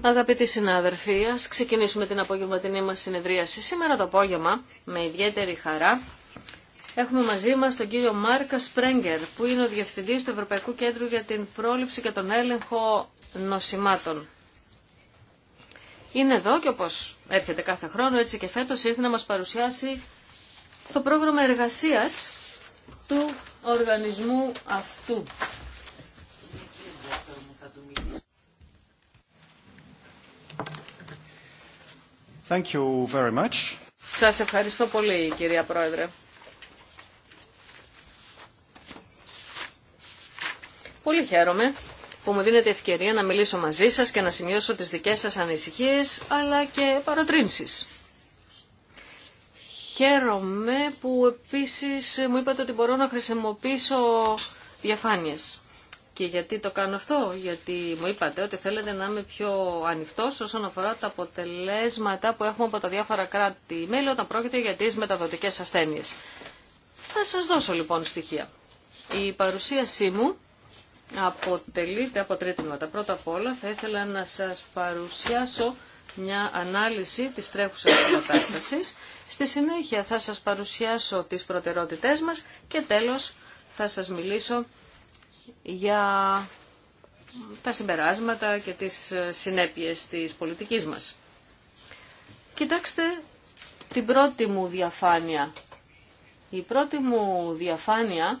Αγαπητοί συνάδελφοι, ας ξεκινήσουμε την απογευματινή μας συνεδρίαση. Σήμερα το απόγευμα, με ιδιαίτερη χαρά, έχουμε μαζί μας τον κύριο Μάρκα Σπρέγκερ, που είναι ο Διευθυντής του Ευρωπαϊκού Κέντρου για την Πρόληψη και τον Έλεγχο Νοσημάτων. Είναι εδώ και όπω έρχεται κάθε χρόνο, έτσι και φέτος ήρθε να μα παρουσιάσει το πρόγραμμα εργασίας του οργανισμού αυτού Σας ευχαριστώ πολύ, κυρία Πρόεδρε. Πολύ χαίρομαι που μου δίνετε ευκαιρία να μιλήσω μαζί σας και να σημειώσω τις δικές σας ανησυχίες αλλά και παροτρύνσεις. Χαίρομαι που επίσης μου είπατε ότι μπορώ να χρησιμοποιήσω διαφάνειες. Και γιατί το κάνω αυτό, γιατί μου είπατε ότι θέλετε να είμαι πιο ανοιχτό όσον αφορά τα αποτελέσματα που έχουμε από τα διάφορα κράτη-μέλη όταν πρόκειται για τις μεταδοτικέ ασθένειε. Θα σας δώσω λοιπόν στοιχεία. Η παρουσίασή μου αποτελείται από τρίτηματα. Πρώτα απ' όλα θα ήθελα να σας παρουσιάσω μια ανάλυση της τρέχουσας κατάστασης. Στη συνέχεια θα σας παρουσιάσω τις προτεραιότητές μας και τέλος θα σας μιλήσω για τα συμπεράσματα και τις ε, συνέπειες της πολιτικής μας. Κοιτάξτε την πρώτη μου διαφάνεια. Η πρώτη μου διαφάνεια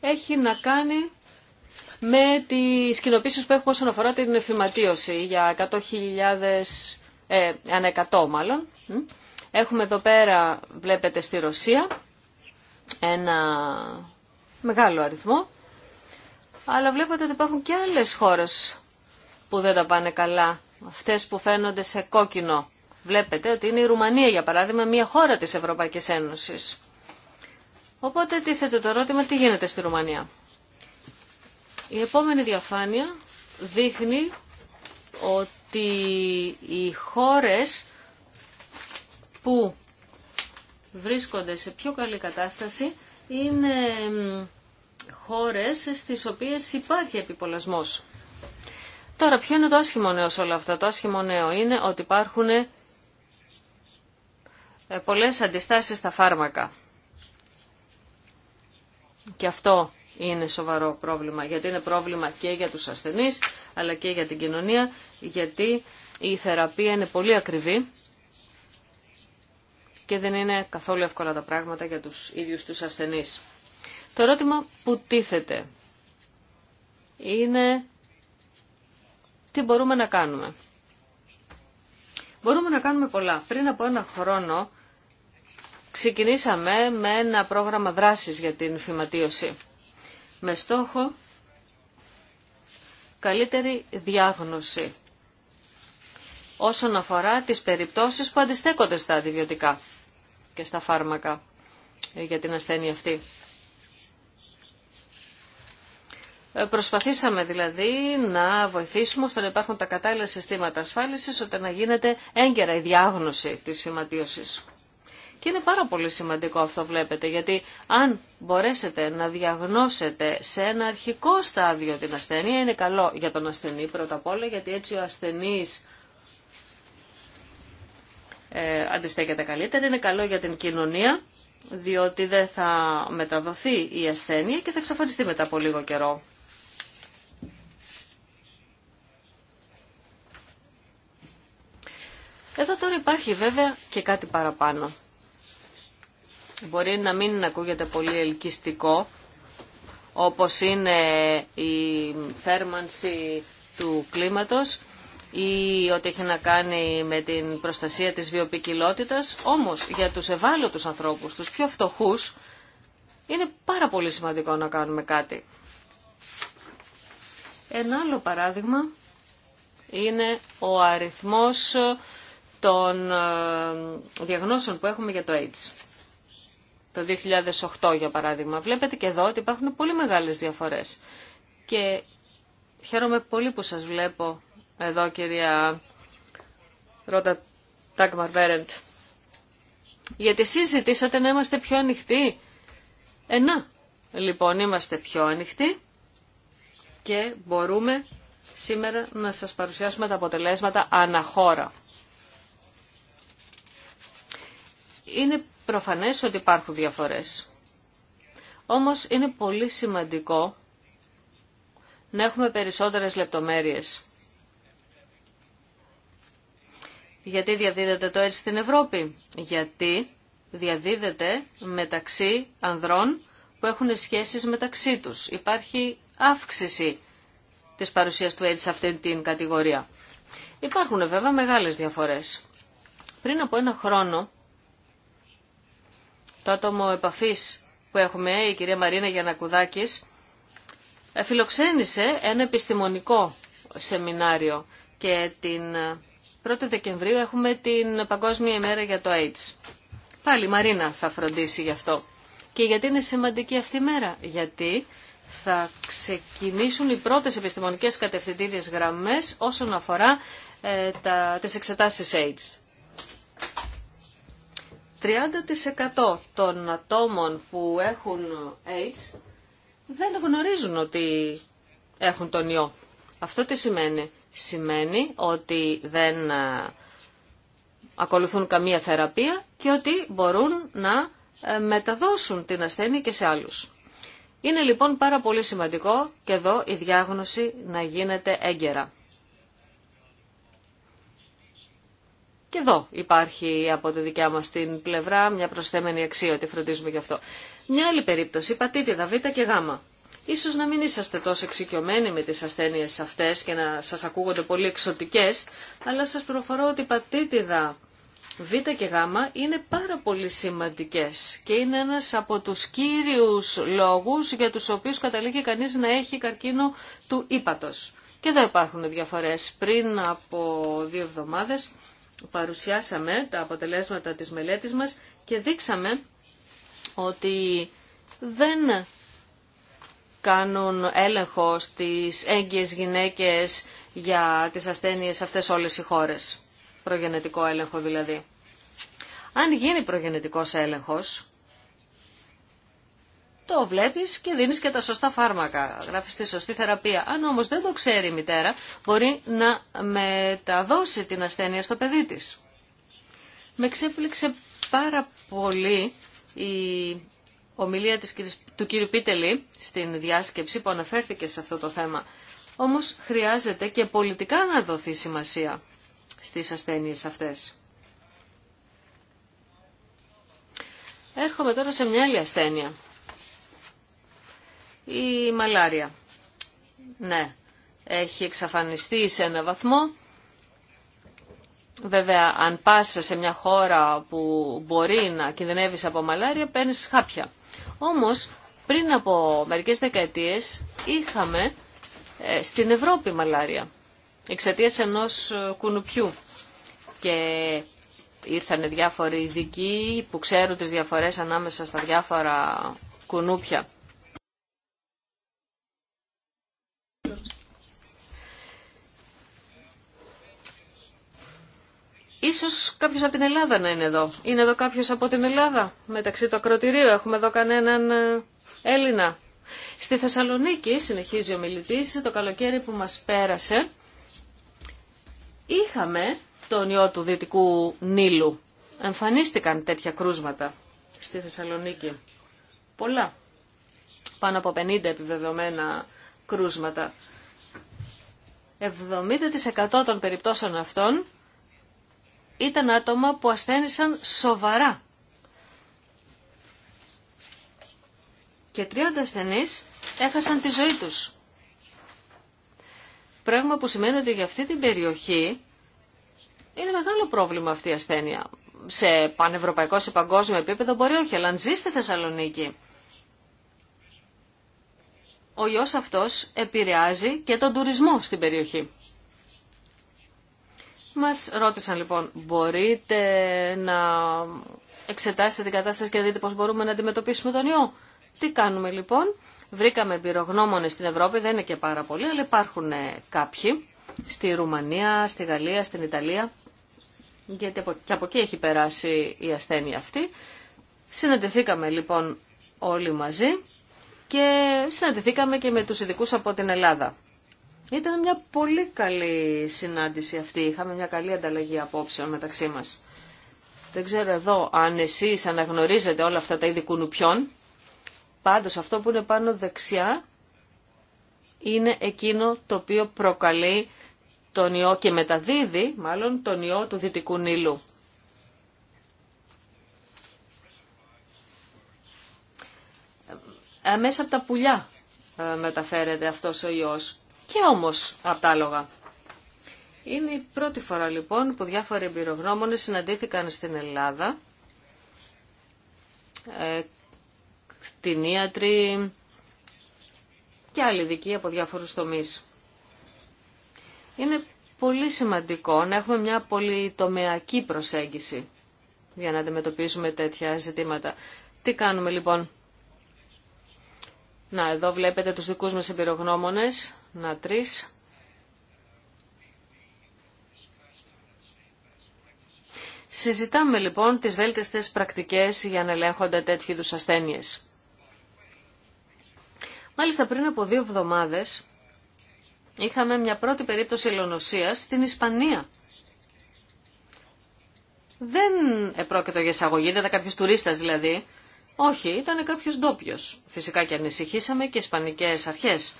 έχει να κάνει με τις κοινοποίησεις που έχουμε όσον αφορά την εφηματίωση για 100.000, ε, μάλλον. Έχουμε εδώ πέρα, βλέπετε στη Ρωσία, ένα μεγάλο αριθμό. Αλλά βλέπετε ότι υπάρχουν και άλλες χώρες που δεν τα πάνε καλά. Αυτές που φαίνονται σε κόκκινο. Βλέπετε ότι είναι η Ρουμανία, για παράδειγμα, μια χώρα της Ευρωπαϊκής Ένωσης. Οπότε τίθεται το ερώτημα τι γίνεται στη Ρουμανία. Η επόμενη διαφάνεια δείχνει ότι οι χώρες που βρίσκονται σε πιο καλή κατάσταση είναι χώρες στις οποίες υπάρχει επιπολασμός. Τώρα, ποιο είναι το άσχημο νέο σε όλα αυτά. Το άσχημο νέο είναι ότι υπάρχουν ε, πολλές αντιστάσεις στα φάρμακα. Και αυτό είναι σοβαρό πρόβλημα, γιατί είναι πρόβλημα και για τους ασθενείς, αλλά και για την κοινωνία, γιατί η θεραπεία είναι πολύ ακριβή και δεν είναι καθόλου εύκολα τα πράγματα για τους ίδιους τους ασθενείς. Το ερώτημα που τίθεται είναι τι μπορούμε να κάνουμε. Μπορούμε να κάνουμε πολλά. Πριν από ένα χρόνο ξεκινήσαμε με ένα πρόγραμμα δράσης για την φυματίωση με στόχο καλύτερη διάγνωση όσον αφορά τις περιπτώσεις που αντιστέκονται στα αντιβιωτικά και στα φάρμακα ε, για την ασθένεια αυτή. Ε, προσπαθήσαμε δηλαδή να βοηθήσουμε ώστε να υπάρχουν τα κατάλληλα συστήματα ασφάλισης, ώστε να γίνεται έγκαιρα η διάγνωση της φυματίωσης. Και είναι πάρα πολύ σημαντικό αυτό βλέπετε, γιατί αν μπορέσετε να διαγνώσετε σε ένα αρχικό στάδιο την ασθένεια, είναι καλό για τον ασθενή πρώτα απ' όλα, γιατί έτσι ο ασθενής ε, αντιστέκεται καλύτερα. Είναι καλό για την κοινωνία, διότι δεν θα μεταδοθεί η ασθένεια και θα εξαφανιστεί μετά από λίγο καιρό. Εδώ τώρα υπάρχει βέβαια και κάτι παραπάνω. Μπορεί να μην ακούγεται πολύ ελκυστικό, όπως είναι η θέρμανση του κλίματος ή ό,τι έχει να κάνει με την προστασία της βιοπικιλότητας, όμως για τους ευάλωτους ανθρώπους, τους πιο φτωχούς, είναι πάρα πολύ σημαντικό να κάνουμε κάτι. Ένα άλλο παράδειγμα είναι ο αριθμός των ε, διαγνώσεων που έχουμε για το AIDS. Το 2008 για παράδειγμα. Βλέπετε και εδώ ότι υπάρχουν πολύ μεγάλες διαφορές. Και χαίρομαι πολύ που σας βλέπω εδώ κυρία Ρότα Τάκμαρ Βέρεντ. Γιατί εσείς ζητήσατε να είμαστε πιο ανοιχτοί. Ενά, Λοιπόν, είμαστε πιο ανοιχτοί και μπορούμε σήμερα να σας παρουσιάσουμε τα αποτελέσματα αναχώρα. Είναι προφανές ότι υπάρχουν διαφορές. Όμως είναι πολύ σημαντικό να έχουμε περισσότερες λεπτομέρειες. Γιατί διαδίδεται το έτσι στην Ευρώπη. Γιατί διαδίδεται μεταξύ ανδρών που έχουν σχέσεις μεταξύ τους. Υπάρχει αύξηση της παρουσίας του AIDS σε αυτήν την κατηγορία. Υπάρχουν βέβαια μεγάλες διαφορές. Πριν από ένα χρόνο, το άτομο επαφής που έχουμε, η κυρία Μαρίνα Γιανακουδάκης, ε, φιλοξένησε ένα επιστημονικό σεμινάριο και την ε, 1 Δεκεμβρίου έχουμε την Παγκόσμια ημέρα για το AIDS. Πάλι η Μαρίνα θα φροντίσει γι' αυτό. Και γιατί είναι σημαντική αυτή η μέρα. Γιατί θα ξεκινήσουν οι πρώτες επιστημονικές κατευθυντήριες γραμμές όσον αφορά ε, τα, τις εξετάσεις AIDS. 30% των ατόμων που έχουν AIDS δεν γνωρίζουν ότι έχουν τον ιό. Αυτό τι σημαίνει σημαίνει ότι δεν ε, ακολουθούν καμία θεραπεία και ότι μπορούν να ε, μεταδώσουν την ασθένεια και σε άλλους. Είναι λοιπόν πάρα πολύ σημαντικό και εδώ η διάγνωση να γίνεται έγκαιρα. Και εδώ υπάρχει από τη δικιά μας την πλευρά μια προσθέμενη αξία ότι φροντίζουμε γι' αυτό. Μια άλλη περίπτωση, πατήτιδα Β και Γ. Ίσως να μην είσαστε τόσο εξοικειωμένοι με τις ασθένειες αυτές και να σας ακούγονται πολύ εξωτικές, αλλά σας προφορώ ότι η πατήτιδα Β και Γ είναι πάρα πολύ σημαντικές και είναι ένας από τους κύριους λόγους για τους οποίους καταλήγει κανείς να έχει καρκίνο του ύπατος. Και εδώ υπάρχουν διαφορές. Πριν από δύο εβδομάδες παρουσιάσαμε τα αποτελέσματα της μελέτης μας και δείξαμε ότι δεν κάνουν έλεγχο στις έγκυες γυναίκες για τις ασθένειες αυτές όλες οι χώρες. Προγενετικό έλεγχο δηλαδή. Αν γίνει προγενετικός έλεγχος, το βλέπεις και δίνεις και τα σωστά φάρμακα, γράφεις τη σωστή θεραπεία. Αν όμως δεν το ξέρει η μητέρα, μπορεί να μεταδώσει την ασθένεια στο παιδί της. Με ξέπληξε πάρα πολύ η ομιλία της, του κύριου Πίτελη στην διάσκεψη που αναφέρθηκε σε αυτό το θέμα. Όμως χρειάζεται και πολιτικά να δοθεί σημασία στις ασθένειες αυτές. Έρχομαι τώρα σε μια άλλη ασθένεια. Η μαλάρια. Ναι, έχει εξαφανιστεί σε ένα βαθμό. Βέβαια, αν πας σε μια χώρα που μπορεί να κινδυνεύεις από μαλάρια, παίρνεις χάπια. Όμως πριν από μερικές δεκαετίες είχαμε ε, στην Ευρώπη μαλάρια εξαιτίας ενός ε, κουνουπιού και ήρθαν διάφοροι ειδικοί που ξέρουν τις διαφορές ανάμεσα στα διάφορα κουνούπια. Ίσως κάποιος από την Ελλάδα να είναι εδώ. Είναι εδώ κάποιος από την Ελλάδα. Μεταξύ του ακροτηρίου έχουμε εδώ κανέναν ε, Έλληνα. Στη Θεσσαλονίκη, συνεχίζει ο μιλητής, το καλοκαίρι που μας πέρασε, είχαμε τον ιό του Δυτικού Νείλου. Εμφανίστηκαν τέτοια κρούσματα στη Θεσσαλονίκη. Πολλά. Πάνω από 50 επιβεβαιωμένα κρούσματα. 70% των περιπτώσεων αυτών ήταν άτομα που ασθένησαν σοβαρά. Και 30 ασθενείς έχασαν τη ζωή τους. Πράγμα που σημαίνει ότι για αυτή την περιοχή είναι μεγάλο πρόβλημα αυτή η ασθένεια. Σε πανευρωπαϊκό, σε παγκόσμιο επίπεδο μπορεί όχι, αλλά αν ζει στη Θεσσαλονίκη. Ο ιός αυτός επηρεάζει και τον τουρισμό στην περιοχή. Μας ρώτησαν λοιπόν, μπορείτε να εξετάσετε την κατάσταση και να δείτε πώς μπορούμε να αντιμετωπίσουμε τον ιό. Τι κάνουμε λοιπόν. Βρήκαμε εμπειρογνώμονες στην Ευρώπη, δεν είναι και πάρα πολλοί, αλλά υπάρχουν ε, κάποιοι στη Ρουμανία, στη Γαλλία, στην Ιταλία, γιατί και από εκεί έχει περάσει η ασθένεια αυτή. Συναντηθήκαμε λοιπόν όλοι μαζί και συναντηθήκαμε και με τους ειδικού από την Ελλάδα. Ήταν μια πολύ καλή συνάντηση αυτή. Είχαμε μια καλή ανταλλαγή απόψεων μεταξύ μα. Δεν ξέρω εδώ αν εσεί αναγνωρίζετε όλα αυτά τα είδη κουνουπιών. Πάντως αυτό που είναι πάνω δεξιά είναι εκείνο το οποίο προκαλεί τον ιό και μεταδίδει μάλλον τον ιό του Δυτικού Νείλου. Ε, μέσα από τα πουλιά ε, μεταφέρεται αυτός ο ιός και όμως απ' Είναι η πρώτη φορά λοιπόν που διάφοροι εμπειρογνώμονες συναντήθηκαν στην Ελλάδα. Ε, κτηνίατροι και άλλοι ειδικοί από διάφορους τομείς. Είναι πολύ σημαντικό να έχουμε μια πολυτομεακή προσέγγιση για να αντιμετωπίσουμε τέτοια ζητήματα. Τι κάνουμε λοιπόν. Να, εδώ βλέπετε τους δικούς μας εμπειρογνώμονες. Να, τρεις. Συζητάμε λοιπόν τις βέλτιστες πρακτικές για να ελέγχονται τέτοιου είδους ασθένειες. Μάλιστα πριν από δύο εβδομάδες είχαμε μια πρώτη περίπτωση ελονοσίας στην Ισπανία. Δεν επρόκειτο για εισαγωγή, δεν ήταν κάποιος τουρίστας δηλαδή, όχι, ήταν κάποιος ντόπιο. Φυσικά και ανησυχήσαμε και οι ισπανικές αρχές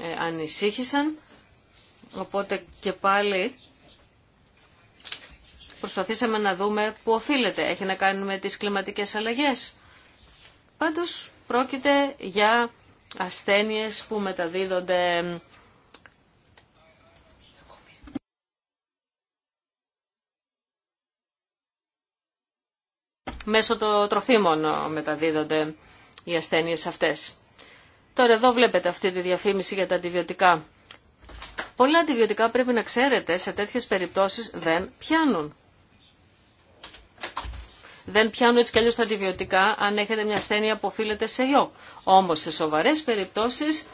ε, ανησύχησαν. Οπότε και πάλι προσπαθήσαμε να δούμε πού οφείλεται. Έχει να κάνει με τις κλιματικές αλλαγές. Πάντως πρόκειται για ασθένειες που μεταδίδονται μέσω των τροφίμων μεταδίδονται οι ασθένειες αυτές. Τώρα εδώ βλέπετε αυτή τη διαφήμιση για τα αντιβιωτικά. Πολλά αντιβιωτικά πρέπει να ξέρετε σε τέτοιες περιπτώσεις δεν πιάνουν. Δεν πιάνουν έτσι κι αλλιώς τα αντιβιωτικά αν έχετε μια ασθένεια που οφείλεται σε ιό. Όμως σε σοβαρές περιπτώσεις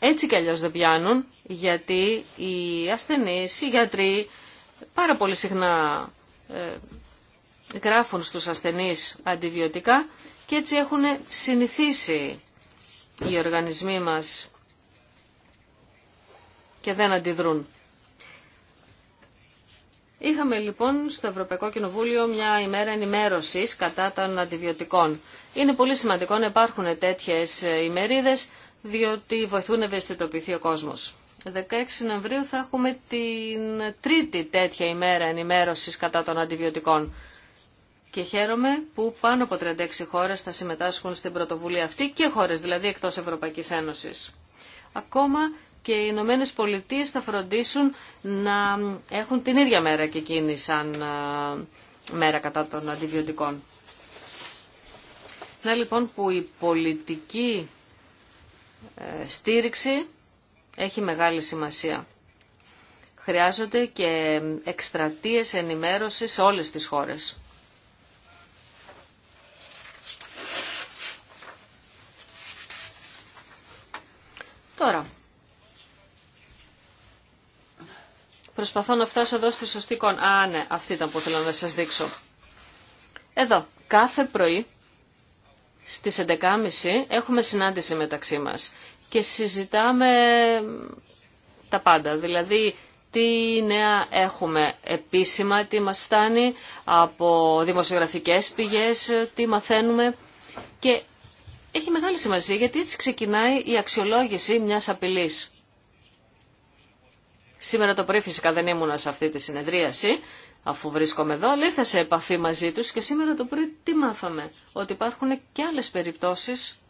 έτσι κι αλλιώς δεν πιάνουν γιατί οι ασθενείς, οι γιατροί πάρα πολύ συχνά ε, γράφουν στους ασθενείς αντιβιωτικά και έτσι έχουν συνηθίσει οι οργανισμοί μας και δεν αντιδρούν. Είχαμε λοιπόν στο Ευρωπαϊκό Κοινοβούλιο μια ημέρα ενημέρωσης κατά των αντιβιωτικών. Είναι πολύ σημαντικό να υπάρχουν τέτοιες ημερίδες διότι βοηθούν να ευαισθητοποιηθεί ο κόσμος. 16 Νοεμβρίου θα έχουμε την τρίτη τέτοια ημέρα ενημέρωσης κατά των αντιβιωτικών. Και χαίρομαι που πάνω από 36 χώρες θα συμμετάσχουν στην πρωτοβουλία αυτή και χώρες δηλαδή εκτός Ευρωπαϊκής Ένωσης. Ακόμα και οι Ηνωμένε Πολιτείε θα φροντίσουν να έχουν την ίδια μέρα και εκείνη σαν μέρα κατά των αντιβιωτικών. Να λοιπόν που η πολιτική ε, στήριξη έχει μεγάλη σημασία. Χρειάζονται και εκστρατείες ενημέρωσης σε όλες τις χώρες. Τώρα, προσπαθώ να φτάσω εδώ στη σωστή εικόνα. Α, ναι, αυτή ήταν που θέλω να σας δείξω. Εδώ, κάθε πρωί στις 11.30 έχουμε συνάντηση μεταξύ μας και συζητάμε τα πάντα. Δηλαδή τι νέα έχουμε επίσημα, τι μας φτάνει από δημοσιογραφικές πηγές, τι μαθαίνουμε και έχει μεγάλη σημασία γιατί έτσι ξεκινάει η αξιολόγηση μιας απειλής. Σήμερα το πρωί φυσικά δεν ήμουνα σε αυτή τη συνεδρίαση, αφού βρίσκομαι εδώ, αλλά ήρθα σε επαφή μαζί τους και σήμερα το πρωί τι μάθαμε, ότι υπάρχουν και άλλες περιπτώσεις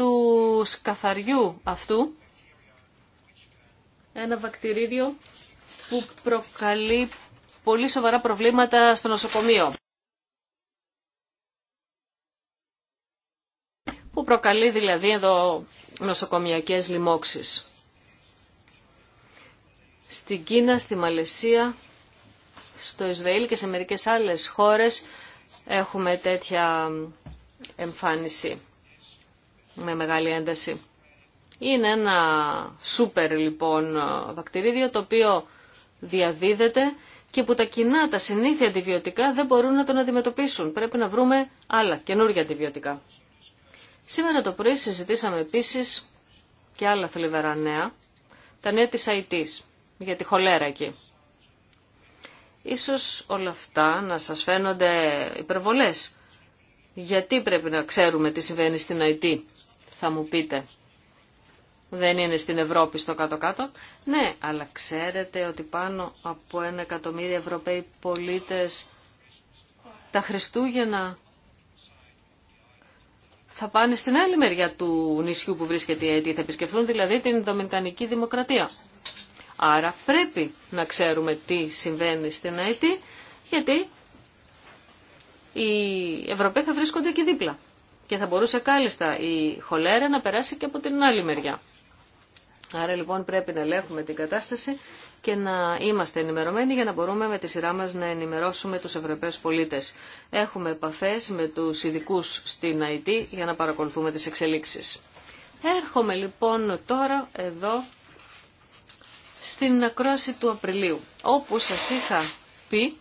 του σκαθαριού αυτού, ένα βακτηρίδιο που προκαλεί πολύ σοβαρά προβλήματα στο νοσοκομείο. Που προκαλεί δηλαδή εδώ νοσοκομιακές λοιμώξεις. Στην Κίνα, στη Μαλαισία, στο Ισραήλ και σε μερικές άλλες χώρες έχουμε τέτοια εμφάνιση με μεγάλη ένταση. Είναι ένα σούπερ λοιπόν βακτηρίδιο το οποίο διαδίδεται και που τα κοινά, τα συνήθεια αντιβιωτικά δεν μπορούν να τον αντιμετωπίσουν. Πρέπει να βρούμε άλλα, καινούργια αντιβιωτικά. Σήμερα το πρωί συζητήσαμε επίσης και άλλα θλιβερά νέα, τα νέα της ΑΙΤΙΣ, για τη χολέρα εκεί. Ίσως όλα αυτά να σας φαίνονται υπερβολές. Γιατί πρέπει να ξέρουμε τι συμβαίνει στην ΑΙΤΙΣ θα μου πείτε. Δεν είναι στην Ευρώπη στο κάτω-κάτω. Ναι, αλλά ξέρετε ότι πάνω από ένα εκατομμύριο Ευρωπαίοι πολίτες τα Χριστούγεννα θα πάνε στην άλλη μεριά του νησιού που βρίσκεται η Αιτή Θα επισκεφθούν δηλαδή την Δομινικανική Δημοκρατία. Άρα πρέπει να ξέρουμε τι συμβαίνει στην Αίτη, γιατί οι Ευρωπαίοι θα βρίσκονται εκεί δίπλα. Και θα μπορούσε κάλλιστα η χολέρα να περάσει και από την άλλη μεριά. Άρα λοιπόν πρέπει να ελέγχουμε την κατάσταση και να είμαστε ενημερωμένοι για να μπορούμε με τη σειρά μας να ενημερώσουμε τους Ευρωπαίους πολίτες. Έχουμε επαφές με τους ειδικού στην ΑΕΤ για να παρακολουθούμε τις εξελίξεις. Έρχομαι λοιπόν τώρα εδώ στην ακρόαση του Απριλίου, όπου σας είχα πει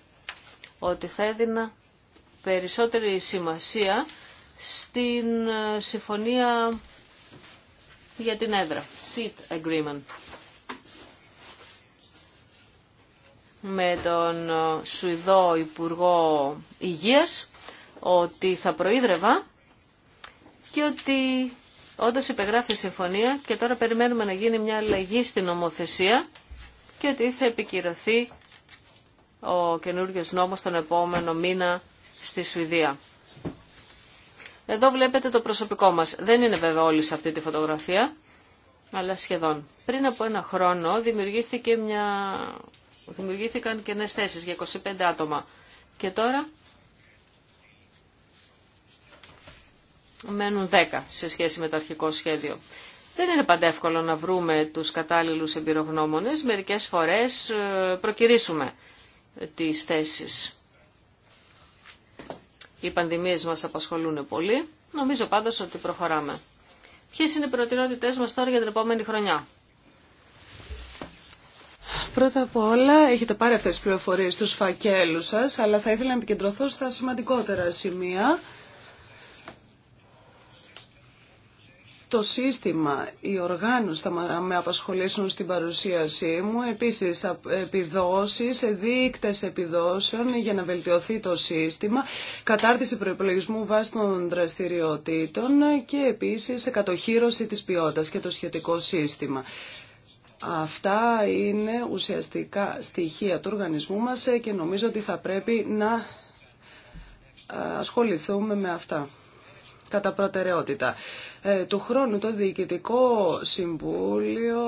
ότι θα έδινα περισσότερη σημασία στην ε, συμφωνία για την έδρα, seat agreement, με τον ε, Σουηδό Υπουργό Υγείας, ότι θα προείδρευα και ότι όντως υπεγράφει συμφωνία και τώρα περιμένουμε να γίνει μια αλλαγή στην νομοθεσία και ότι θα επικυρωθεί ο καινούργιος νόμος τον επόμενο μήνα στη Σουηδία. Εδώ βλέπετε το προσωπικό μας. Δεν είναι βέβαια όλοι σε αυτή τη φωτογραφία, αλλά σχεδόν. Πριν από ένα χρόνο δημιουργήθηκε μια... δημιουργήθηκαν και νέες θέσεις για 25 άτομα. Και τώρα μένουν 10 σε σχέση με το αρχικό σχέδιο. Δεν είναι πάντα εύκολο να βρούμε τους κατάλληλους εμπειρογνώμονες. Μερικές φορές ε, προκυρήσουμε τις θέσεις. Οι πανδημίες μας απασχολούν πολύ. Νομίζω πάντως ότι προχωράμε. Ποιες είναι οι προτεραιότητές μας τώρα για την επόμενη χρονιά. Πρώτα απ' όλα έχετε πάρει αυτές τις πληροφορίες στους φακέλους σας, αλλά θα ήθελα να επικεντρωθώ στα σημαντικότερα σημεία. το σύστημα, οι οργάνους θα με απασχολήσουν στην παρουσίασή μου. Επίσης, επιδόσεις, δείκτες επιδόσεων για να βελτιωθεί το σύστημα, κατάρτιση προϋπολογισμού βάσει των δραστηριοτήτων και επίσης εκατοχήρωση της ποιότητας και το σχετικό σύστημα. Αυτά είναι ουσιαστικά στοιχεία του οργανισμού μας και νομίζω ότι θα πρέπει να ε, ασχοληθούμε με αυτά κατά προτεραιότητα. Ε, του χρόνου το Διοικητικό Συμβούλιο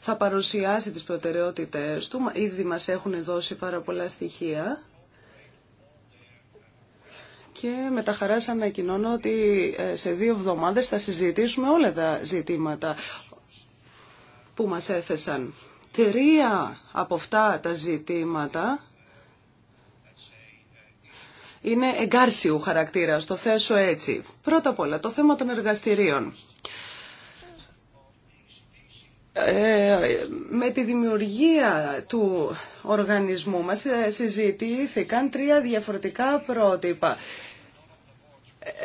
θα παρουσιάσει τις προτεραιότητες του. Ήδη μας έχουν δώσει πάρα πολλά στοιχεία. Και με τα σας ανακοινώνω ότι ε, σε δύο εβδομάδες θα συζητήσουμε όλα τα ζητήματα που μας έθεσαν. Τρία από αυτά τα ζητήματα είναι εγκάρσιου χαρακτήρα, το θέσω έτσι. Πρώτα απ' όλα, το θέμα των εργαστηρίων. Ε, με τη δημιουργία του οργανισμού μας ε, συζητήθηκαν τρία διαφορετικά πρότυπα.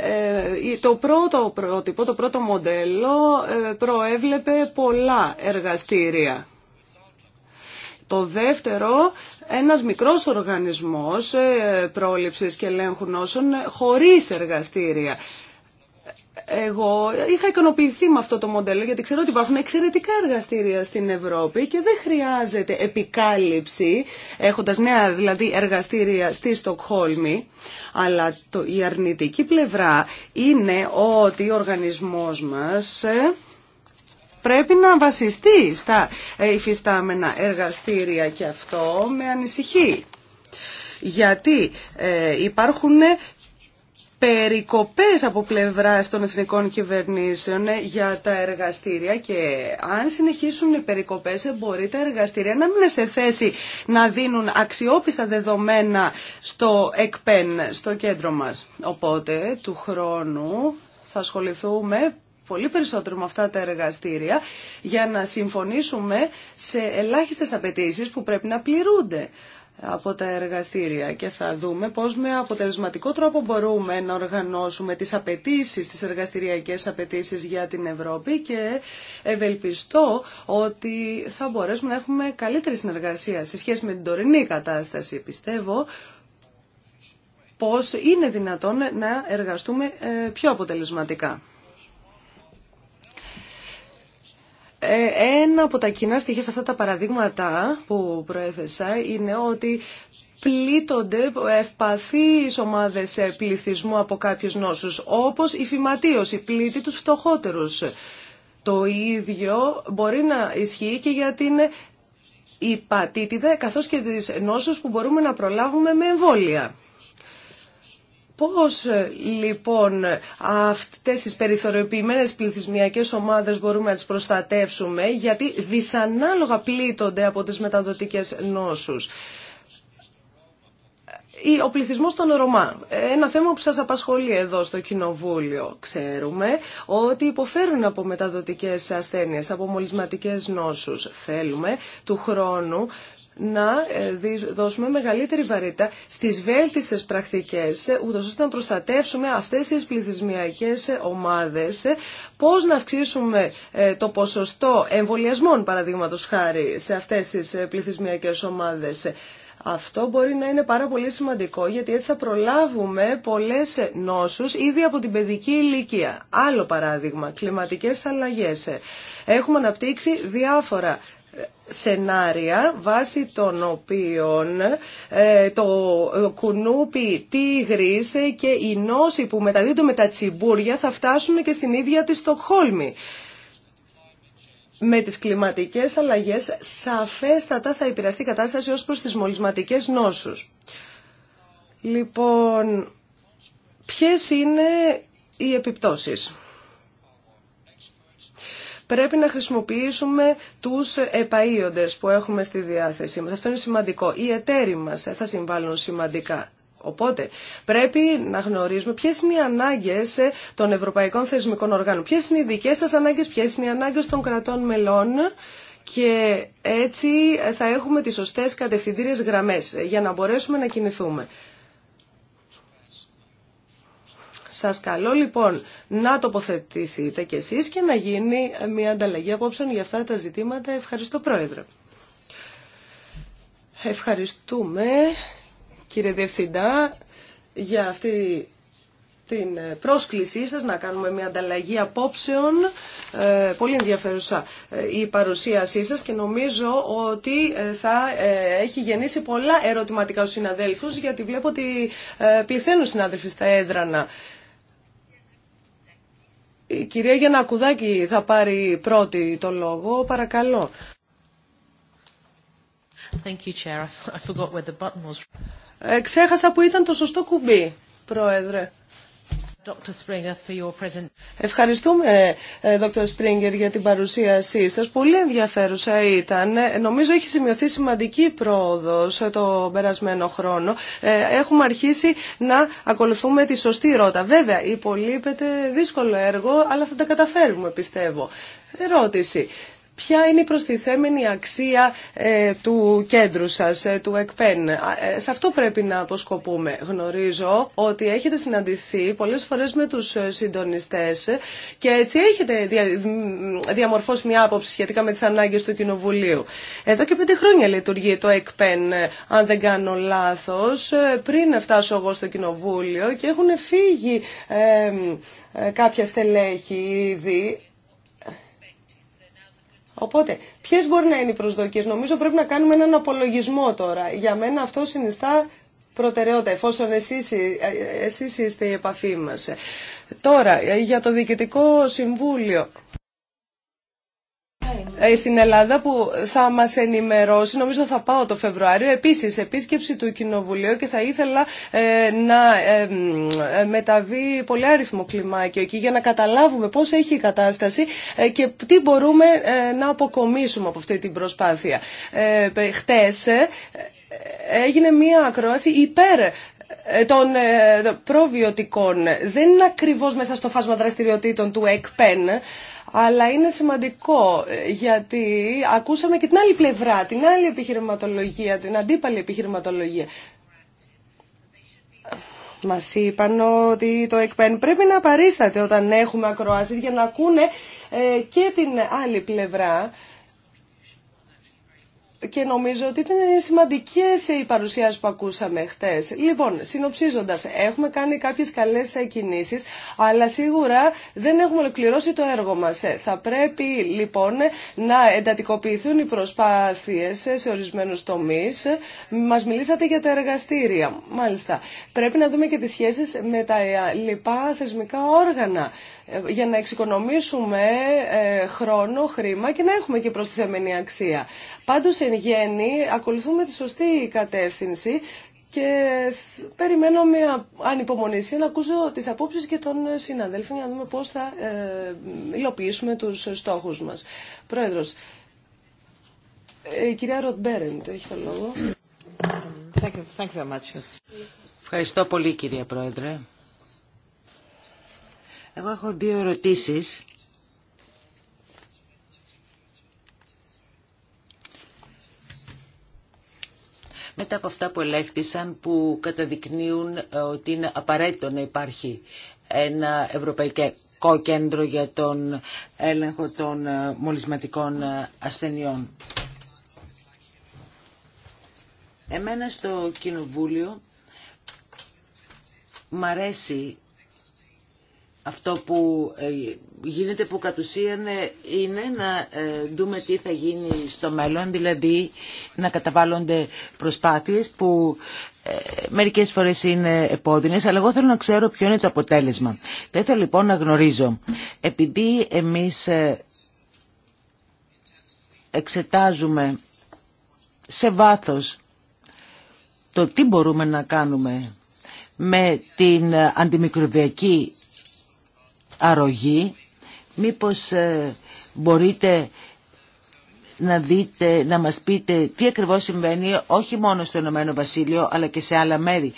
Ε, το πρώτο πρότυπο, το πρώτο μοντέλο ε, προέβλεπε πολλά εργαστήρια το δεύτερο, ένας μικρός οργανισμός ε, πρόληψης και ελέγχου νόσων ε, χωρίς εργαστήρια. Εγώ είχα ικανοποιηθεί με αυτό το μοντέλο γιατί ξέρω ότι υπάρχουν εξαιρετικά εργαστήρια στην Ευρώπη και δεν χρειάζεται επικάλυψη έχοντας νέα δηλαδή εργαστήρια στη Στοκχόλμη αλλά το, η αρνητική πλευρά είναι ότι ο οργανισμός μας ε, πρέπει να βασιστεί στα ε, υφιστάμενα εργαστήρια και αυτό με ανησυχεί. Γιατί ε, υπάρχουν περικοπές από πλευράς των εθνικών κυβερνήσεων ε, για τα εργαστήρια και αν συνεχίσουν οι περικοπές μπορεί τα εργαστήρια να μην είναι σε θέση να δίνουν αξιόπιστα δεδομένα στο ΕΚΠΕΝ, στο κέντρο μας. Οπότε του χρόνου θα ασχοληθούμε πολύ περισσότερο με αυτά τα εργαστήρια για να συμφωνήσουμε σε ελάχιστες απαιτήσει που πρέπει να πληρούνται από τα εργαστήρια και θα δούμε πώς με αποτελεσματικό τρόπο μπορούμε να οργανώσουμε τις απαιτήσει, τις εργαστηριακές απαιτήσει για την Ευρώπη και ευελπιστώ ότι θα μπορέσουμε να έχουμε καλύτερη συνεργασία σε σχέση με την τωρινή κατάσταση. Πιστεύω πώς είναι δυνατόν να εργαστούμε ε, πιο αποτελεσματικά. Ε, ένα από τα κοινά στοιχεία σε αυτά τα παραδείγματα που προέθεσα είναι ότι πλήττονται ευπαθείς ομάδες πληθυσμού από κάποιους νόσους, όπως η φυματίωση πλήττει τους φτωχότερους. Το ίδιο μπορεί να ισχύει και για την υπατήτηδα, καθώς και τις νόσους που μπορούμε να προλάβουμε με εμβόλια. Πώς ε, λοιπόν αυτές τις περιθωριοποιημένες πληθυσμιακές ομάδες μπορούμε να τις προστατεύσουμε γιατί δυσανάλογα πλήττονται από τις μεταδοτικές νόσους. Ο πληθυσμός των Ρωμά. Ένα θέμα που σας απασχολεί εδώ στο Κοινοβούλιο. Ξέρουμε ότι υποφέρουν από μεταδοτικές ασθένειες, από μολυσματικές νόσους. Θέλουμε του χρόνου να ε, δώσουμε μεγαλύτερη βαρύτητα στις βέλτιστες πρακτικές, ε, ούτως ώστε να προστατεύσουμε αυτές τις πληθυσμιακές ε, ομάδες, πώς να αυξήσουμε το ποσοστό εμβολιασμών, παραδείγματος χάρη, σε αυτές τις πληθυσμιακές ομάδες. Αυτό μπορεί να είναι πάρα πολύ σημαντικό γιατί έτσι θα προλάβουμε πολλές νόσους ήδη από την παιδική ηλικία. Άλλο παράδειγμα, κλιματικές αλλαγές. Έχουμε αναπτύξει διάφορα σενάρια βάσει των οποίων ε, το κουνούπι τίγρης και η νόση που μεταδίδονται με τα τσιμπούρια θα φτάσουν και στην ίδια τη Στοκχόλμη. Με τις κλιματικές αλλαγές σαφέστατα θα επηρεαστεί η κατάσταση ως προς τις μολυσματικές νόσους. Λοιπόν, ποιες είναι οι επιπτώσεις πρέπει να χρησιμοποιήσουμε τους επαίοντε που έχουμε στη διάθεσή μας. Αυτό είναι σημαντικό. Οι εταίροι μας θα συμβάλλουν σημαντικά. Οπότε πρέπει να γνωρίζουμε ποιε είναι οι ανάγκε των ευρωπαϊκών θεσμικών οργάνων, ποιε είναι οι δικέ σας ανάγκε, ποιε είναι οι ανάγκε των κρατών μελών και έτσι θα έχουμε τις σωστές κατευθυντήριε γραμμές για να μπορέσουμε να κινηθούμε. Σας καλώ λοιπόν να τοποθετηθείτε κι εσείς και να γίνει μια ανταλλαγή απόψεων για αυτά τα ζητήματα. Ευχαριστώ Πρόεδρε. Ευχαριστούμε κύριε Διευθυντά για αυτή την πρόσκλησή σας να κάνουμε μια ανταλλαγή απόψεων. Ε, πολύ ενδιαφέρουσα ε, η παρουσίασή σας και νομίζω ότι ε, θα ε, έχει γεννήσει πολλά ερωτηματικά στους συναδέλφους γιατί βλέπω ότι πληθαίνουν συνάδελφοι στα έδρανα. Η κυρία Γιανακουδάκη θα πάρει πρώτη το λόγο. Παρακαλώ. Thank you, Chair. I forgot where the button was. Ε, που ήταν το σωστό κουμπί, Πρόεδρε. Ευχαριστούμε, ε, Dr. Springer, για την παρουσίασή σας. Πολύ ενδιαφέρουσα ήταν. Ε, νομίζω έχει σημειωθεί σημαντική πρόοδος ε, το περασμένο χρόνο. Έχουμε αρχίσει να ακολουθούμε τη σωστή ρότα. Βέβαια, υπολείπεται δύσκολο έργο, αλλά θα τα καταφέρουμε, πιστεύω. Ερώτηση. Ποια είναι η προστιθέμενη αξία ε, του κέντρου σας, ε, του ΕΚΠΕΝ. Ε, σε αυτό πρέπει να αποσκοπούμε. Γνωρίζω ότι έχετε συναντηθεί πολλές φορές με τους συντονιστές και έτσι έχετε διαμορφώσει μια άποψη σχετικά με τις ανάγκες του Κοινοβουλίου. Εδώ και πέντε χρόνια λειτουργεί το ΕΚΠΕΝ, αν δεν κάνω λάθος, πριν φτάσω εγώ στο Κοινοβούλιο και έχουν φύγει κάποια στελέχη ήδη Οπότε, ποιε μπορεί να είναι οι προσδοκίε, Νομίζω πρέπει να κάνουμε έναν απολογισμό τώρα. Για μένα αυτό συνιστά προτεραιότητα, εφόσον εσείς, ε, ε, εσείς είστε η επαφή μας. Τώρα, ε, για το Διοικητικό Συμβούλιο. Ε, στην Ελλάδα που θα μας ενημερώσει. Νομίζω θα πάω το Φεβρουάριο. Επίσης, επίσκεψη του Κοινοβουλίου και θα ήθελα ε, να ε, μεταβεί πολύ αριθμό κλιμάκιο εκεί για να καταλάβουμε πώς έχει η κατάσταση και τι μπορούμε να αποκομίσουμε από αυτή την προσπάθεια. Χτες έγινε μία ακρόαση υπέρ των προβιωτικών. Δεν είναι ακριβώς μέσα στο φάσμα δραστηριοτήτων του ΕΚΠΕΝ, αλλά είναι σημαντικό ε, γιατί ακούσαμε και την άλλη πλευρά, την άλλη επιχειρηματολογία, την αντίπαλη επιχειρηματολογία. Μα είπαν ότι το ΕΚΠΕΝ πρέπει να παρίσταται όταν έχουμε ακροάσει για να ακούνε ε, και την άλλη πλευρά και νομίζω ότι ήταν σημαντικές οι παρουσιάσει που ακούσαμε χτες. Λοιπόν, συνοψίζοντας, έχουμε κάνει κάποιες καλές κινήσει, αλλά σίγουρα δεν έχουμε ολοκληρώσει το έργο μας. Ε, θα πρέπει λοιπόν να εντατικοποιηθούν οι προσπάθειες ε, σε ορισμένους τομεί. Μας μιλήσατε για τα εργαστήρια, μάλιστα. Πρέπει να δούμε και τι σχέσει με τα ε, λοιπά θεσμικά όργανα. Ε, για να εξοικονομήσουμε ε, χρόνο, χρήμα και να έχουμε και προστιθέμενη αξία. Πάντως, εν γέννη, ακολουθούμε τη σωστή κατεύθυνση και περιμένω μια ανυπομονησία να ακούσω τις απόψεις και των συναδέλφων για να δούμε πώς θα ε, υλοποιήσουμε τους στόχους μας. Πρόεδρος, η κυρία Ροτμπέρεντ έχει το λόγο. Thank you. Thank you very much. Ευχαριστώ πολύ κυρία Πρόεδρε. Εγώ έχω δύο ερωτήσεις. μετά από αυτά που ελέγχθησαν που καταδεικνύουν ε, ότι είναι απαραίτητο να υπάρχει ένα ευρωπαϊκό κέντρο για τον έλεγχο των ε, μολυσματικών ε, ασθενειών. Εμένα στο Κοινοβούλιο μ' αρέσει αυτό που ε, γίνεται που κατ' ε, είναι να ε, δούμε τι θα γίνει στο μέλλον, δηλαδή να καταβάλλονται προσπάθειες που μερικές φορές είναι επώδυνες, αλλά εγώ θέλω να ξέρω ποιο είναι το αποτέλεσμα. Θα ήθελα λοιπόν να γνωρίζω, επειδή εμείς εξετάζουμε σε βάθος το τι μπορούμε να κάνουμε με την αντιμικροβιακή αρρωγή. Μήπως ε, μπορείτε να δείτε, να μας πείτε τι ακριβώς συμβαίνει όχι μόνο στο Ηνωμένο Βασίλειο αλλά και σε άλλα μέρη.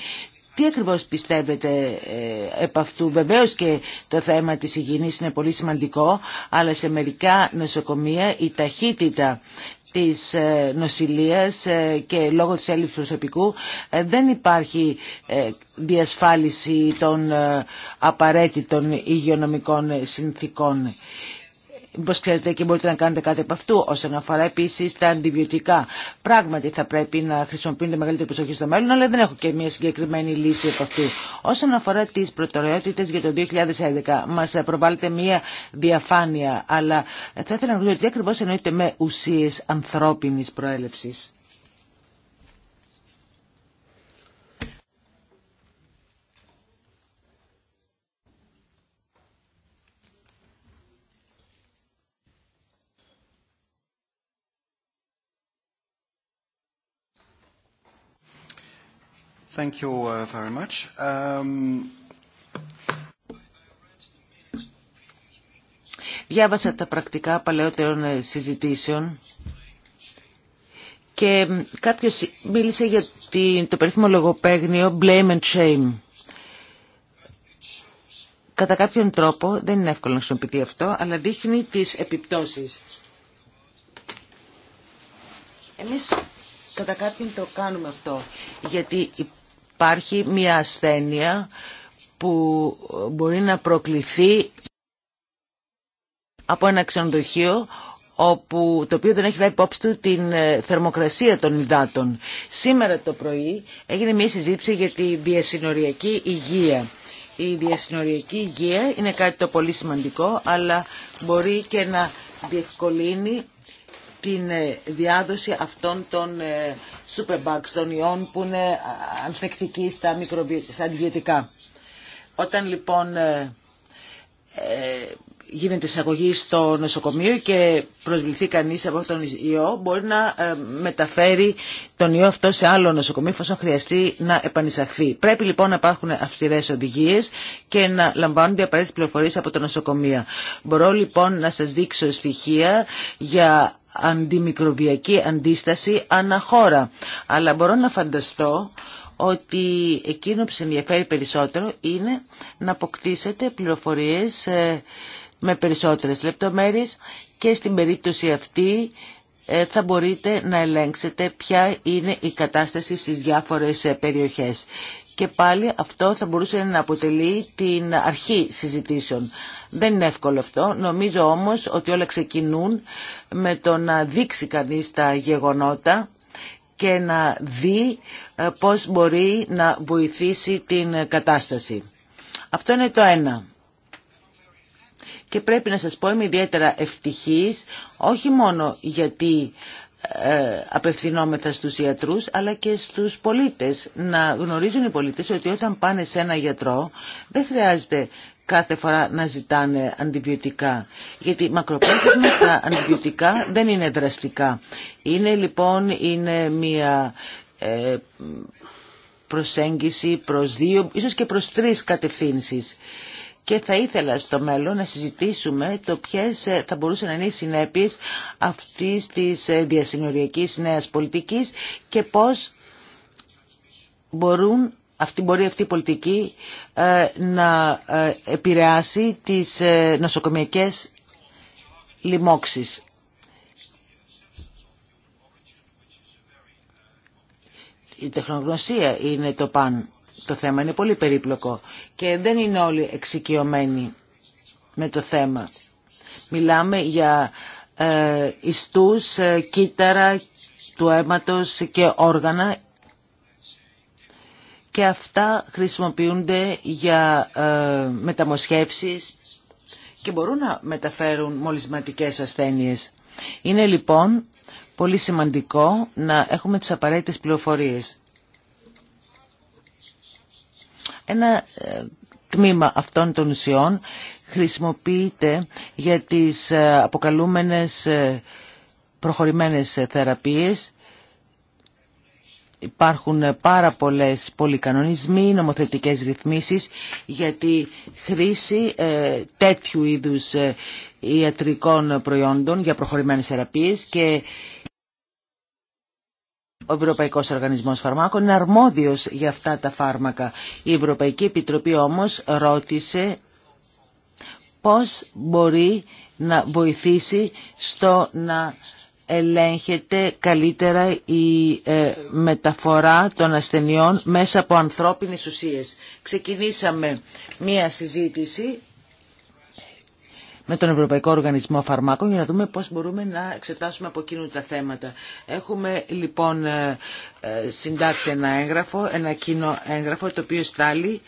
Τι ακριβώς πιστεύετε ε, επ' αυτού. Βεβαίως και το θέμα της υγιεινής είναι πολύ σημαντικό, αλλά σε μερικά νοσοκομεία η ταχύτητα της ε, νοσηλείας ε, και λόγω της έλλειψης προσωπικού ε, δεν υπάρχει διασφάλιση των απαραίτητων υγειονομικών συνθήκων. Μήπως ξέρετε και μπορείτε να κάνετε κάτι από αυτού όσον αφορά επίσης τα αντιβιωτικά. Πράγματι θα πρέπει να χρησιμοποιούνται μεγαλύτερη προσοχή στο μέλλον, αλλά δεν έχω και μια συγκεκριμένη λύση από αυτού. Όσον αφορά τις προτεραιότητες για το 2011, μας προβάλλεται μια διαφάνεια, αλλά θα ήθελα να ρωτήσω τι ακριβώς εννοείται με ουσίες ανθρώπινης προέλευσης. Thank you uh, very much. Um, Διάβασα τα πρακτικά παλαιότερων ε, συζητήσεων και κάποιος μίλησε για το περίφημο λογοπαίγνιο blame and shame. Κατά κάποιον τρόπο, δεν είναι εύκολο να χρησιμοποιηθεί αυτό, αλλά δείχνει τις επιπτώσεις. Εμείς κατά κάποιον το κάνουμε αυτό, γιατί υπάρχει μια ασθένεια που μπορεί να προκληθεί από ένα ξενοδοχείο όπου, το οποίο δεν έχει λάβει υπόψη του την ε, θερμοκρασία των υδάτων. Σήμερα το πρωί έγινε μια συζήτηση για τη διασυνοριακή υγεία. Η διασυνοριακή υγεία είναι κάτι το πολύ σημαντικό, αλλά μπορεί και να διευκολύνει την ε, διάδοση αυτών των ε, superbugs, των ιών που είναι ανθεκτικοί στα, μικροβι... αντιβιωτικά. Όταν λοιπόν ε, γίνεται εισαγωγή στο νοσοκομείο και προσβληθεί κανείς από αυτόν τον ιό, μπορεί να μεταφέρει τον ιό αυτό σε άλλο νοσοκομείο, εφόσον χρειαστεί να επανεισαχθεί. Πρέπει λοιπόν να υπάρχουν αυστηρές οδηγίες και να λαμβάνονται απαραίτητες πληροφορίες από τα νοσοκομεία. Μπορώ λοιπόν να σας δείξω στοιχεία για αντιμικροβιακή αντίσταση αναχώρα. Αλλά μπορώ να φανταστώ ότι εκείνο που σε ενδιαφέρει περισσότερο είναι να αποκτήσετε πληροφορίες ε, με περισσότερες λεπτομέρειες και στην περίπτωση αυτή ε, θα μπορείτε να ελέγξετε ποια είναι η κατάσταση στις διάφορες ε, περιοχές και πάλι αυτό θα μπορούσε να αποτελεί την αρχή συζητήσεων. Δεν είναι εύκολο αυτό. Νομίζω όμως ότι όλα ξεκινούν με το να δείξει κανείς τα γεγονότα και να δει ε, πώς μπορεί να βοηθήσει την κατάσταση. Αυτό είναι το ένα. Και πρέπει να σας πω είμαι ιδιαίτερα ευτυχής, όχι μόνο γιατί ε, απευθυνόμεθα στους ιατρούς αλλά και στους πολίτες να γνωρίζουν οι πολίτες ότι όταν πάνε σε ένα γιατρό δεν χρειάζεται κάθε φορά να ζητάνε αντιβιωτικά γιατί μακροπρόθεσμα τα αντιβιωτικά δεν είναι δραστικά είναι λοιπόν είναι μια ε, προσέγγιση προς δύο ίσως και προς τρεις κατευθύνσεις και θα ήθελα στο μέλλον να συζητήσουμε το ποιες ε, θα μπορούσαν να είναι οι συνέπειες αυτής της ε, διασυνοριακής νέας πολιτικής και πώς μπορούν αυτή μπορεί αυτή η πολιτική ε, να επηρεάσει τις νοσοκομιακές λοιμώξεις. Η τεχνογνωσία είναι το παν το θέμα είναι πολύ περίπλοκο και δεν είναι όλοι εξοικειωμένοι με το θέμα. Μιλάμε για ε, ιστούς, ε, κύτταρα του αίματος και όργανα και αυτά χρησιμοποιούνται για ε, μεταμοσχεύσεις και μπορούν να μεταφέρουν μολυσματικές ασθένειες. Είναι λοιπόν πολύ σημαντικό να έχουμε τις απαραίτητες πληροφορίες. Ένα ε, τμήμα αυτών των ουσιών χρησιμοποιείται για τις ε, αποκαλούμενες ε, προχωρημένες θεραπείες. Υπάρχουν πάρα πολλές πολυκανονισμοί, νομοθετικές ρυθμίσεις για τη χρήση τέτοιου είδους ιατρικών προϊόντων για προχωρημένες θεραπείες και ο Ευρωπαϊκός Οργανισμός Φαρμάκων είναι αρμόδιος για αυτά τα φάρμακα. Η Ευρωπαϊκή Επιτροπή όμως ρώτησε πώς μπορεί να βοηθήσει στο να ελέγχεται καλύτερα η ε, μεταφορά των ασθενειών μέσα από ανθρώπινες ουσίες. Ξεκινήσαμε μία συζήτηση με τον Ευρωπαϊκό Οργανισμό Φαρμάκων για να δούμε πώς μπορούμε να εξετάσουμε από εκείνου τα θέματα. Έχουμε λοιπόν ε, ε, συντάξει ένα έγγραφο, ένα κοινό έγγραφο το οποίο στάλει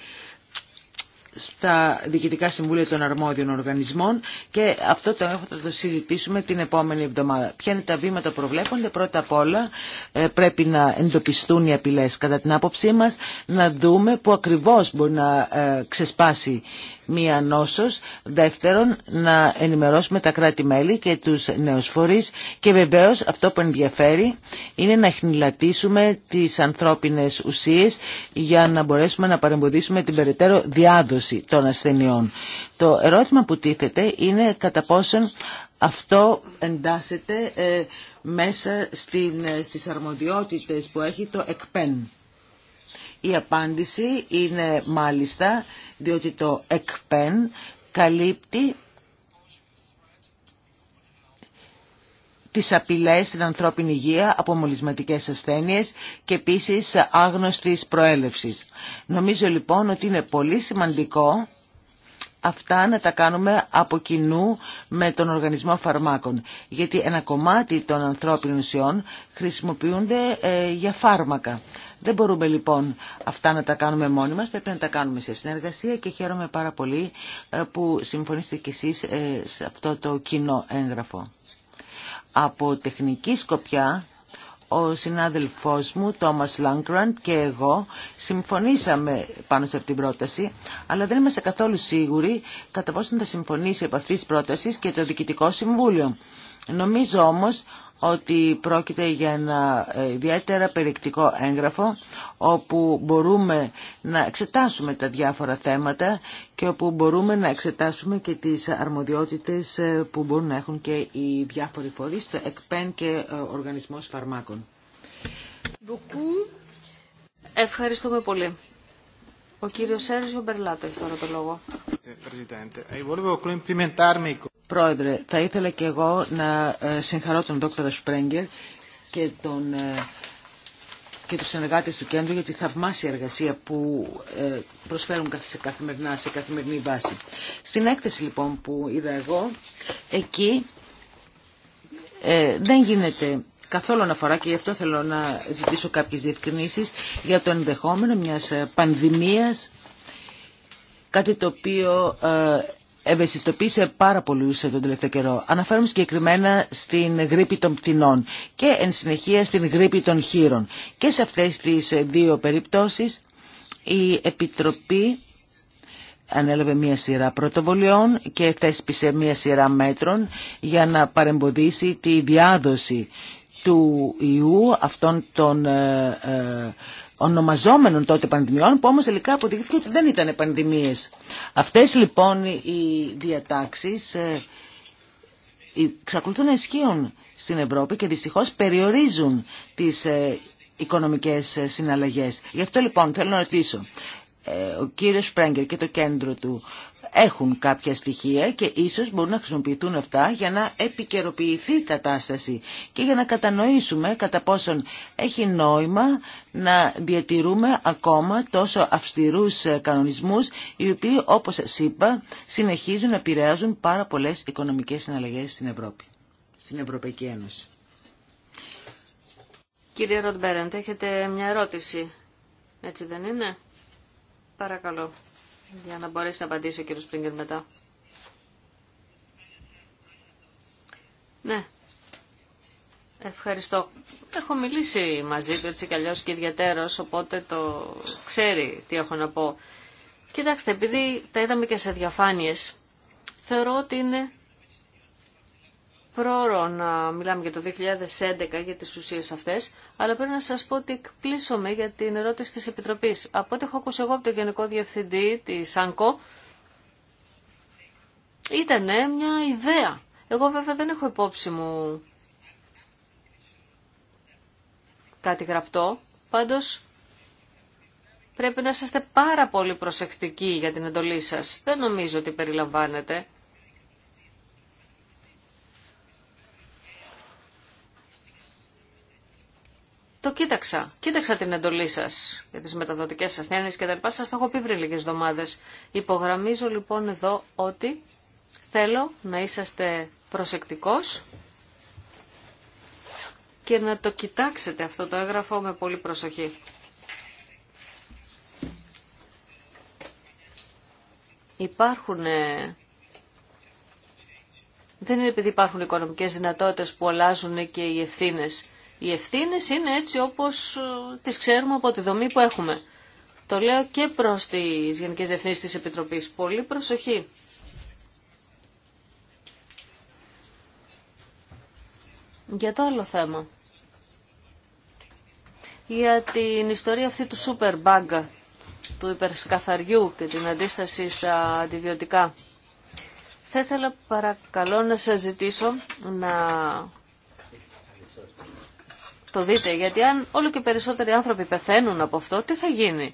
στα διοικητικά συμβούλια των αρμόδιων οργανισμών και αυτό το έχω θα το συζητήσουμε την επόμενη εβδομάδα. Ποια είναι τα βήματα που προβλέπονται. Πρώτα απ' όλα ε, πρέπει να εντοπιστούν οι απειλέ κατά την άποψή μας, να δούμε που ακριβώς μπορεί να ξεσπάσει μία νόσος. Δεύτερον, να ενημερώσουμε τα κράτη-μέλη και τους νέους φορείς. Και βεβαίως αυτό που ενδιαφέρει είναι να χνηλατήσουμε τις ανθρώπινες ουσίες για να μπορέσουμε να παρεμποδίσουμε την περαιτέρω διάδοση των ασθενειών. Το ερώτημα που τίθεται είναι κατά πόσον αυτό εντάσσεται ε, μέσα στην, ε, στις αρμοδιότητες που έχει το ΕΚΠΕΝ. Η απάντηση είναι μάλιστα διότι το ΕΚΠΕΝ καλύπτει τις απειλές στην ανθρώπινη υγεία από μολυσματικές ασθένειες και επίσης άγνωστης προέλευσης. Νομίζω λοιπόν ότι είναι πολύ σημαντικό αυτά να τα κάνουμε από κοινού με τον Οργανισμό Φαρμάκων. Γιατί ένα κομμάτι των ανθρώπινων ουσιών χρησιμοποιούνται ε, για φάρμακα. Δεν μπορούμε λοιπόν αυτά να τα κάνουμε μόνοι μας, πρέπει να τα κάνουμε σε συνεργασία και χαίρομαι πάρα πολύ ε, που συμφωνήσετε κι εσείς ε, σε αυτό το κοινό έγγραφο. Από τεχνική σκοπιά, ο συνάδελφός μου, Τόμας Λάγκραντ και εγώ συμφωνήσαμε πάνω σε αυτή την πρόταση, αλλά δεν είμαστε καθόλου σίγουροι κατά πόσο θα συμφωνήσει από αυτής της πρότασης και το Διοικητικό Συμβούλιο. Νομίζω όμως ότι πρόκειται για ένα ε, ιδιαίτερα περιεκτικό έγγραφο όπου μπορούμε να εξετάσουμε τα διάφορα θέματα και όπου μπορούμε να εξετάσουμε και τις αρμοδιότητες ε, που μπορούν να έχουν και οι διάφοροι φορείς, το ΕΚΠΕΝ και ε, ο Οργανισμός Φαρμάκων. Ευχαριστούμε πολύ. Ο κύριος Σέρζιο Μπερλάτο έχει τώρα το λόγο. Πρόεδρε, θα ήθελα και εγώ να ε, συγχαρώ τον δόκτωρα Σπρέγγερ και τον ε, και τους συνεργάτες του κέντρου για τη θαυμάσια εργασία που ε, προσφέρουν σε καθημερινά, σε καθημερινή βάση. Στην έκθεση λοιπόν που είδα εγώ, εκεί δεν γίνεται καθόλου αναφορά και γι' αυτό θέλω να ζητήσω κάποιες διευκρινήσεις για το ενδεχόμενο μιας πανδημίας, κάτι το οποίο ευαισθητοποίησε πάρα σε τον τελευταίο καιρό. Αναφέρομαι συγκεκριμένα στην γρήπη των πτηνών και εν συνεχεία στην γρήπη των χείρων. Και σε αυτές τις δύο περιπτώσεις η Επιτροπή ανέλαβε μία σειρά πρωτοβολιών και θέσπισε μία σειρά μέτρων για να παρεμποδίσει τη διάδοση του ιού αυτών των ε, ε, ονομαζόμενων τότε πανδημιών που όμως τελικά αποδείχθηκε ότι δεν ήταν πανδημίες. Αυτές λοιπόν οι διατάξεις ε, εξακολουθούν να ισχύουν στην Ευρώπη και δυστυχώς περιορίζουν τις ε, οικονομικές ε, συναλλαγές. Γι' αυτό λοιπόν θέλω να ρωτήσω ο κύριος Σπρέγκερ και το κέντρο του έχουν κάποια στοιχεία και ίσως μπορούν να χρησιμοποιηθούν αυτά για να επικαιροποιηθεί η κατάσταση και για να κατανοήσουμε κατά πόσον έχει νόημα να διατηρούμε ακόμα τόσο αυστηρούς κανονισμούς οι οποίοι όπως σας είπα συνεχίζουν να επηρεάζουν πάρα πολλές οικονομικές συναλλαγές στην Ευρώπη, στην Ευρωπαϊκή Ένωση. Κύριε Ροντμπέρεντ, έχετε μια ερώτηση. Έτσι δεν είναι. Παρακαλώ για να μπορέσει να απαντήσει ο κύριος Σπρίγκερ μετά. Ναι. Ευχαριστώ. Έχω μιλήσει μαζί του έτσι κι αλλιώς και ιδιαίτερος, οπότε το ξέρει τι έχω να πω. Κοιτάξτε, επειδή τα είδαμε και σε διαφάνειες, θεωρώ ότι είναι πρόωρο να μιλάμε για το 2011 για τις ουσίες αυτές, αλλά πρέπει να σας πω ότι εκπλήσωμαι για την ερώτηση της Επιτροπής. Από ό,τι έχω ακούσει εγώ από τον Γενικό Διευθυντή της Σάνκο. ήταν μια ιδέα. Εγώ βέβαια δεν έχω υπόψη μου κάτι γραπτό, πάντως πρέπει να είστε πάρα πολύ προσεκτικοί για την εντολή σας. Δεν νομίζω ότι περιλαμβάνετε Το κοίταξα. Κοίταξα την εντολή σα για τι μεταδοτικέ ασθένειε και τα λοιπά. Σα το έχω πει πριν λίγε εβδομάδε. Υπογραμμίζω λοιπόν εδώ ότι θέλω να είσαστε προσεκτικό και να το κοιτάξετε αυτό το έγγραφο με πολύ προσοχή. Υπάρχουν ε, δεν είναι επειδή υπάρχουν οικονομικές δυνατότητες που αλλάζουν και οι ευθύνες. Οι ευθύνε είναι έτσι όπως ε, τις ξέρουμε από τη δομή που έχουμε. Το λέω και προς τι γενικέ Διευθύνσει τη Επιτροπής. Πολύ προσοχή. Για το άλλο θέμα. Για την ιστορία αυτή του super bug, του υπερσκαθαριού και την αντίσταση στα αντιβιωτικά. Θα ήθελα παρακαλώ να σας ζητήσω να το δείτε, γιατί αν όλο και περισσότεροι άνθρωποι πεθαίνουν από αυτό, τι θα γίνει.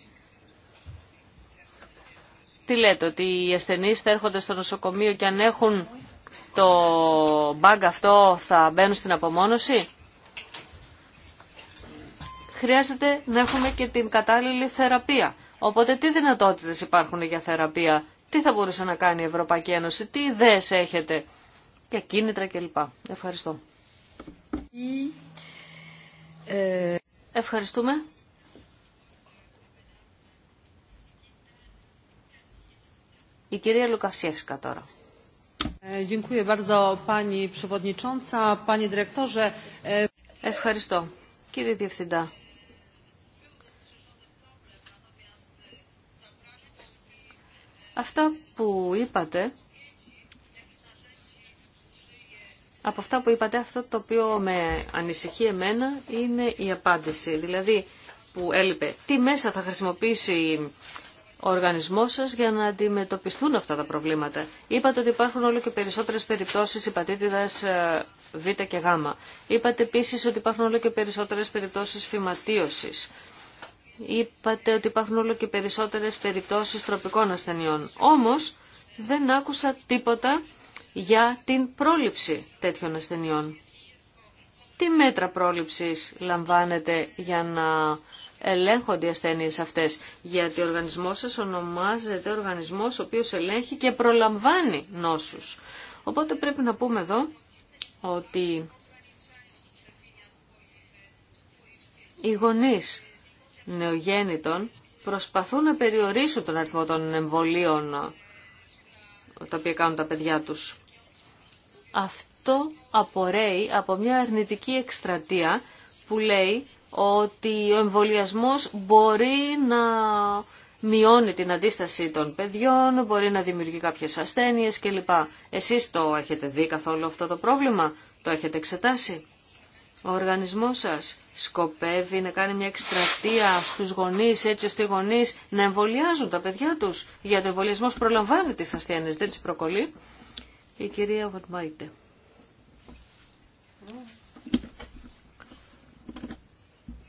Τι λέτε, ότι οι ασθενείς θα έρχονται στο νοσοκομείο και αν έχουν το μπαγκ αυτό θα μπαίνουν στην απομόνωση. Χρειάζεται να έχουμε και την κατάλληλη θεραπεία. Οπότε τι δυνατότητες υπάρχουν για θεραπεία, τι θα μπορούσε να κάνει η Ευρωπαϊκή Ένωση, τι ιδέες έχετε και κίνητρα κλπ. Ευχαριστώ. Ευχαριστούμε. Η κυρία Λουκασιεύσκα τώρα. E, Ευχαριστώ. Κύριε Διευθυντά. Αυτά που είπατε από αυτά που είπατε, αυτό το οποίο με ανησυχεί εμένα είναι η απάντηση. Δηλαδή, που έλειπε, τι μέσα θα χρησιμοποιήσει ο οργανισμός σας για να αντιμετωπιστούν αυτά τα προβλήματα. Είπατε ότι υπάρχουν όλο και περισσότερες περιπτώσεις υπατήτηδα ε, Β και Γ. Είπατε επίση ότι υπάρχουν όλο και περισσότερε περιπτώσει φυματίωση, Είπατε ότι υπάρχουν όλο και περισσότερε περιπτώσει τροπικών ασθενειών. Όμω, δεν άκουσα τίποτα για την πρόληψη τέτοιων ασθενειών. Τι μέτρα πρόληψης λαμβάνεται για να ελέγχονται οι ασθένειες αυτές, γιατί ο οργανισμός σας ονομάζεται οργανισμός ο οποίος ελέγχει και προλαμβάνει νόσους. Οπότε πρέπει να πούμε εδώ ότι οι γονείς νεογέννητων προσπαθούν να περιορίσουν τον αριθμό των εμβολίων τα οποία κάνουν τα παιδιά τους. Αυτό απορρέει από μια αρνητική εκστρατεία που λέει ότι ο εμβολιασμός μπορεί να μειώνει την αντίσταση των παιδιών, μπορεί να δημιουργεί κάποιες ασθένειες κλπ. Εσείς το έχετε δει καθόλου αυτό το πρόβλημα, το έχετε εξετάσει. Ο οργανισμός σας σκοπεύει να κάνει μια εκστρατεία στους γονείς έτσι ώστε οι γονείς να εμβολιάζουν τα παιδιά τους γιατί το εμβολιασμό προλαμβάνει τις ασθένειε. δεν τις προκολεί. Η κυρία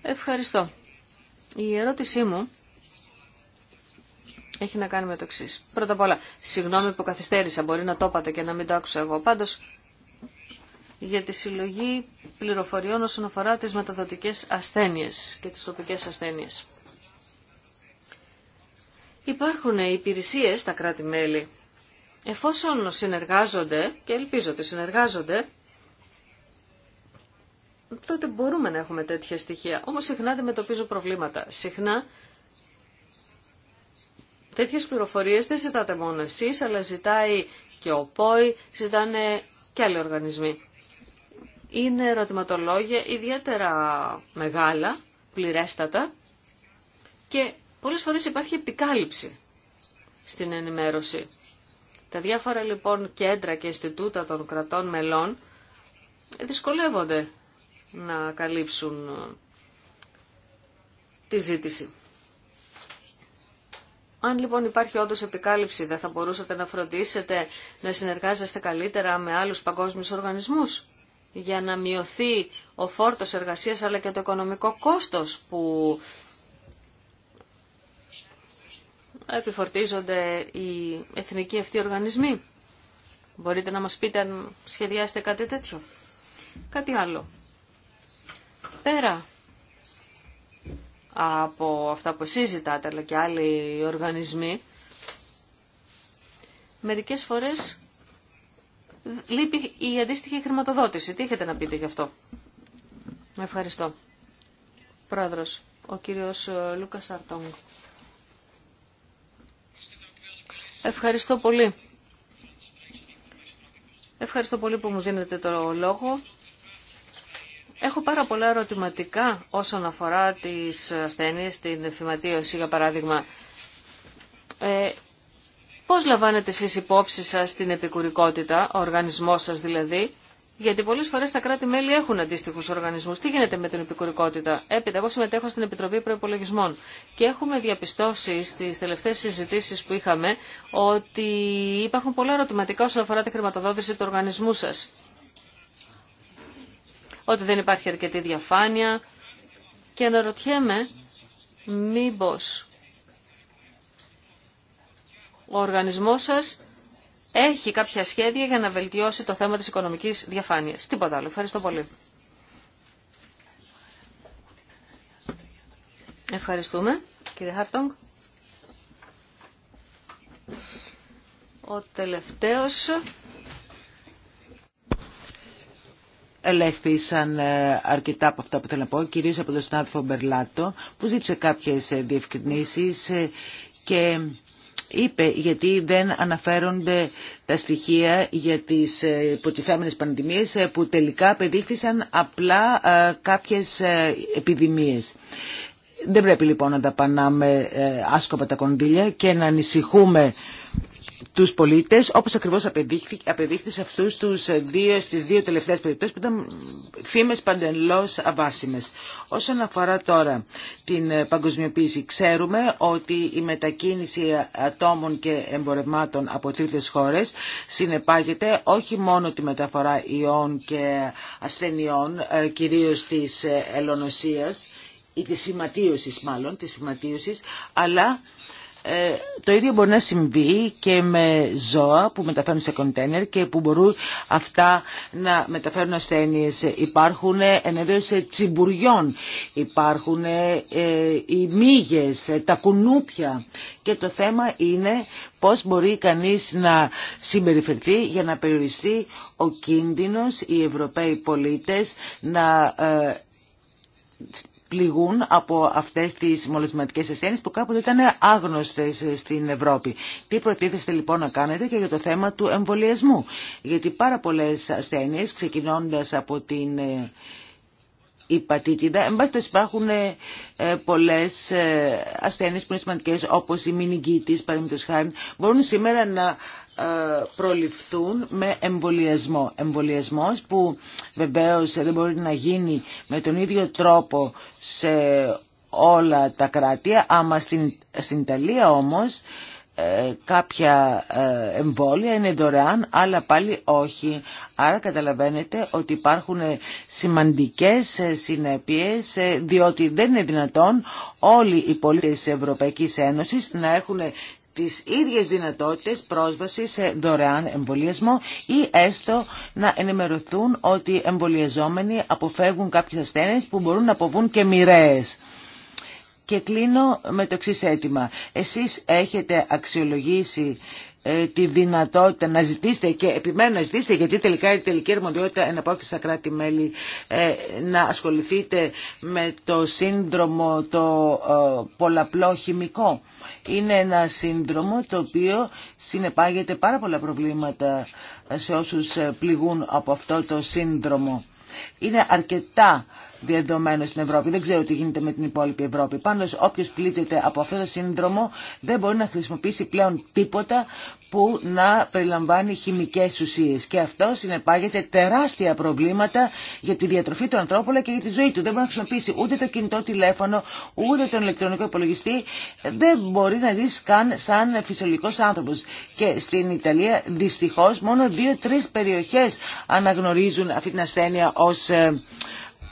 Ευχαριστώ. Η ερώτησή μου έχει να κάνει με το εξή. Πρώτα απ' όλα, συγγνώμη που καθυστέρησα, μπορεί να το είπατε και να μην το άκουσα εγώ. Πάντως, για τη συλλογή πληροφοριών όσον αφορά τις μεταδοτικές ασθένειες και τις τοπικές ασθένειες. Υπάρχουν υπηρεσίες στα κράτη-μέλη. Εφόσον συνεργάζονται, και ελπίζω ότι συνεργάζονται, τότε μπορούμε να έχουμε τέτοια στοιχεία. Όμως συχνά αντιμετωπίζω προβλήματα. Συχνά τέτοιες πληροφορίες δεν ζητάτε μόνο εσείς, αλλά ζητάει και ο ΠΟΗ, ζητάνε και άλλοι οργανισμοί είναι ερωτηματολόγια ιδιαίτερα μεγάλα, πληρέστατα και πολλές φορές υπάρχει επικάλυψη στην ενημέρωση. Τα διάφορα λοιπόν κέντρα και αισθητούτα των κρατών μελών δυσκολεύονται να καλύψουν ε, τη ζήτηση. Αν λοιπόν υπάρχει όντω επικάλυψη, δεν θα μπορούσατε να φροντίσετε να συνεργάζεστε καλύτερα με άλλους παγκόσμιους οργανισμούς για να μειωθεί ο φόρτος εργασίας αλλά και το οικονομικό κόστος που επιφορτίζονται οι εθνικοί αυτοί οργανισμοί. Μπορείτε να μας πείτε αν σχεδιάσετε κάτι τέτοιο. Κάτι άλλο. Πέρα από αυτά που εσείς ζητάτε αλλά και άλλοι οργανισμοί, μερικές φορές λείπει η αντίστοιχη χρηματοδότηση. Τι έχετε να πείτε γι' αυτό. Ευχαριστώ. Πρόεδρος, ο κύριος ε, Λούκας Αρτόγκ. Ευχαριστώ πολύ. Ευχαριστώ πολύ που μου δίνετε το λόγο. Έχω πάρα πολλά ερωτηματικά όσον αφορά τις ασθένειες, την φυματίωση για παράδειγμα. Ε, Πώς λαμβάνετε εσείς υπόψη σας την επικουρικότητα, ο οργανισμός σας δηλαδή, γιατί πολλές φορές τα κράτη-μέλη έχουν αντίστοιχου οργανισμού. Τι γίνεται με την επικουρικότητα. Έπειτα, εγώ συμμετέχω στην Επιτροπή Προπολογισμών και έχουμε διαπιστώσει στις τελευταίες συζητήσεις που είχαμε ότι υπάρχουν πολλά ερωτηματικά όσον αφορά τη χρηματοδότηση του οργανισμού σας. Ότι δεν υπάρχει αρκετή διαφάνεια. Και αναρωτιέμαι μήπως ο οργανισμός σας έχει κάποια σχέδια για να βελτιώσει το θέμα της οικονομικής διαφάνειας. Τίποτα άλλο. Ευχαριστώ πολύ. Ευχαριστούμε, κύριε Χάρτογκ. Ο τελευταίος ελέγχθησαν ε, αρκετά από αυτά που θέλω να πω, κυρίως από τον συνάδελφο Μπερλάτο, που ζήτησε κάποιες ε, διευκρινήσεις ε, και είπε γιατί δεν αναφέρονται τα στοιχεία για τις ε, υποτιθέμενες πανδημίες ε, που τελικά απεδείχθησαν απλά ε, κάποιες επιδημίες. Δεν πρέπει λοιπόν να τα πανάμε άσκοπα τα κονδύλια και να ανησυχούμε τους πολίτες, όπως ακριβώς απεδείχθη σε αυτούς τους ε, δύο, στις δύο τελευταίες περιπτώσεις που ήταν φήμες παντελώς αβάσιμες. Όσον αφορά τώρα την ε, παγκοσμιοποίηση, ξέρουμε ότι η μετακίνηση ατόμων και εμπορευμάτων από τρίτες χώρες συνεπάγεται όχι μόνο τη μεταφορά ιών και ασθενειών, ε, κυρίως της ελονοσίας ή της φυματίωσης μάλλον, της φυματίωσης, αλλά ε, το ίδιο μπορεί να συμβεί και με ζώα που μεταφέρουν σε κοντένερ και που μπορούν αυτά να μεταφέρουν ασθένειες. Υπάρχουν ενέδρε τσιμπουριών, υπάρχουν ε, οι μύγες, τα κουνούπια και το θέμα είναι πώς μπορεί κανείς να συμπεριφερθεί για να περιοριστεί ο κίνδυνος οι Ευρωπαίοι πολίτες να ε, πληγούν από αυτές τις μολυσματικές ασθένειες που κάποτε ήταν άγνωστες στην Ευρώπη. Τι προτίθεστε λοιπόν να κάνετε και για το θέμα του εμβολιασμού. Γιατί πάρα πολλές ασθένειες ξεκινώντας από την ε, υπατήτηδα, εν πάση υπάρχουν ε, ε, πολλές ασθένειες που είναι σημαντικές όπως η μηνυγκίτης, παραδείγματος χάρη, μπορούν σήμερα να προληφθούν με εμβολιασμό. Εμβολιασμός που βεβαίως δεν μπορεί να γίνει με τον ίδιο τρόπο σε όλα τα κράτη, άμα στην, στην Ιταλία όμως ε, κάποια ε, εμβόλια είναι δωρεάν, αλλά πάλι όχι. Άρα καταλαβαίνετε ότι υπάρχουν σημαντικές συνέπειες, ε, διότι δεν είναι δυνατόν όλοι οι πολίτες της Ευρωπαϊκής Ένωσης να έχουν τις ίδιες δυνατότητες πρόσβασης σε δωρεάν εμβολιασμό ή έστω να ενημερωθούν ότι οι εμβολιαζόμενοι αποφεύγουν κάποιες ασθένειες που μπορούν να αποβούν και μοιραίες. Και κλείνω με το εξή αίτημα. Εσείς έχετε αξιολογήσει ε, τη δυνατότητα να ζητήσετε και επιμένω να ζητήσετε γιατί τελικά η τελική αρμοδιότητα εναπόκειται στα κράτη-μέλη ε, να ασχοληθείτε με το σύνδρομο το ε, πολλαπλό χημικό. Είναι ένα σύνδρομο το οποίο συνεπάγεται πάρα πολλά προβλήματα σε όσους πληγούν από αυτό το σύνδρομο. Είναι αρκετά διαδεδομένο στην Ευρώπη. Δεν ξέρω τι γίνεται με την υπόλοιπη Ευρώπη. Πάντως όποιο πλήττεται από αυτό το σύνδρομο δεν μπορεί να χρησιμοποιήσει πλέον τίποτα που να περιλαμβάνει χημικέ ουσίε. Και αυτό συνεπάγεται τεράστια προβλήματα για τη διατροφή του ανθρώπου αλλά και για τη ζωή του. Δεν μπορεί να χρησιμοποιήσει ούτε το κινητό τηλέφωνο, ούτε τον ηλεκτρονικό υπολογιστή. Δεν μπορεί να ζήσει καν σαν φυσιολογικό άνθρωπο. Και στην ιταλια δυστυχω δυστυχώς μόνο δύο-τρει περιοχέ αναγνωρίζουν αυτή την ασθένεια ω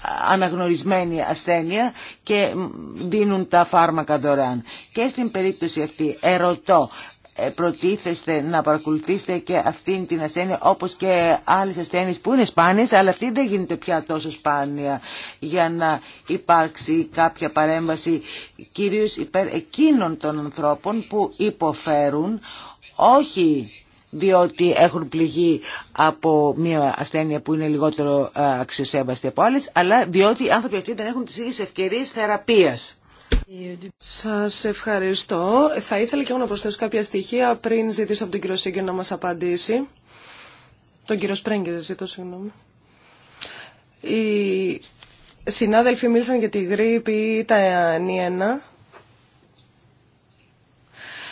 αναγνωρισμένη ασθένεια και δίνουν τα φάρμακα δωρεάν. Και στην περίπτωση αυτή ερωτώ, ε, προτίθεστε να παρακολουθήσετε και αυτήν την ασθένεια όπως και άλλες ασθένειες που είναι σπάνιες αλλά αυτή δεν γίνεται πια τόσο σπάνια για να υπάρξει κάποια παρέμβαση κυρίως υπέρ εκείνων των ανθρώπων που υποφέρουν όχι διότι έχουν πληγεί από μια ασθένεια που είναι λιγότερο ε, αξιοσέβαστη από άλλες, αλλά διότι οι άνθρωποι αυτοί δεν έχουν τις ίδιες ευκαιρίες θεραπείας. Σας ευχαριστώ. Θα ήθελα και εγώ να προσθέσω κάποια στοιχεία πριν ζητήσω από τον κύριο Σίγκερ να μας απαντήσει. Τον κύριο Σπρέγκερ ζητώ, συγγνώμη. Οι συνάδελφοι μίλησαν για τη γρήπη ή τα νιένα.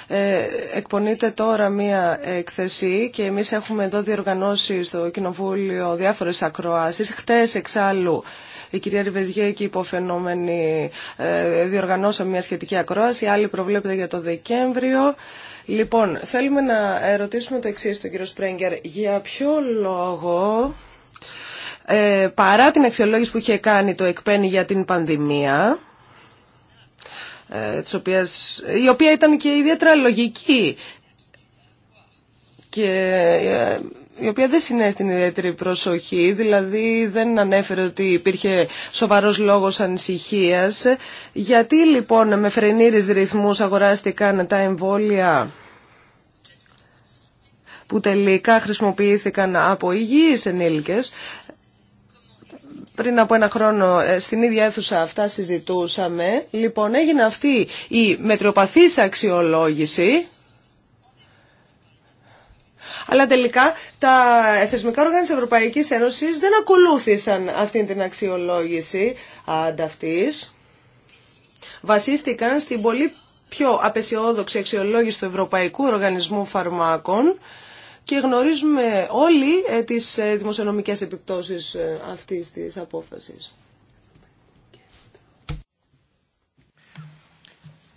Ε, εκπονείται τώρα μία εκθεσή και εμείς έχουμε εδώ διοργανώσει στο Κοινοβούλιο διάφορες ακροάσεις. Χτες εξάλλου η κυρία Ριβεζιέ και οι ε, διοργανώσαμε μια σχετική ακρόαση, άλλη προβλέπεται για το Δεκέμβριο. Λοιπόν, θέλουμε να ερωτήσουμε το εξής τον κύριο Σπρέγκερ. Για ποιο λόγο, ε, παρά την αξιολόγηση που είχε κάνει το ΕΚΠΕΝ για την πανδημία, ε, της η οποία ήταν και ιδιαίτερα λογική και ε, η οποία δεν συνέστη ιδιαίτερη προσοχή, δηλαδή δεν ανέφερε ότι υπήρχε σοβαρός λόγος ανησυχίας. Γιατί λοιπόν με φρενήρις ρυθμούς αγοράστηκαν τα εμβόλια που τελικά χρησιμοποιήθηκαν από υγιείς ενήλικες πριν από ένα χρόνο ε, στην ίδια αίθουσα αυτά συζητούσαμε. Λοιπόν, έγινε αυτή η μετροπαθής αξιολόγηση. Αλλά τελικά τα θεσμικά όργανα της Ευρωπαϊκής Ένωσης δεν ακολούθησαν αυτή την αξιολόγηση ανταυτής. Βασίστηκαν στην πολύ πιο απεσιόδοξη αξιολόγηση του Ευρωπαϊκού Οργανισμού Φαρμάκων και γνωρίζουμε όλοι ε, τις ε, δημοσιονομικές επιπτώσεις ε, αυτής της απόφασης.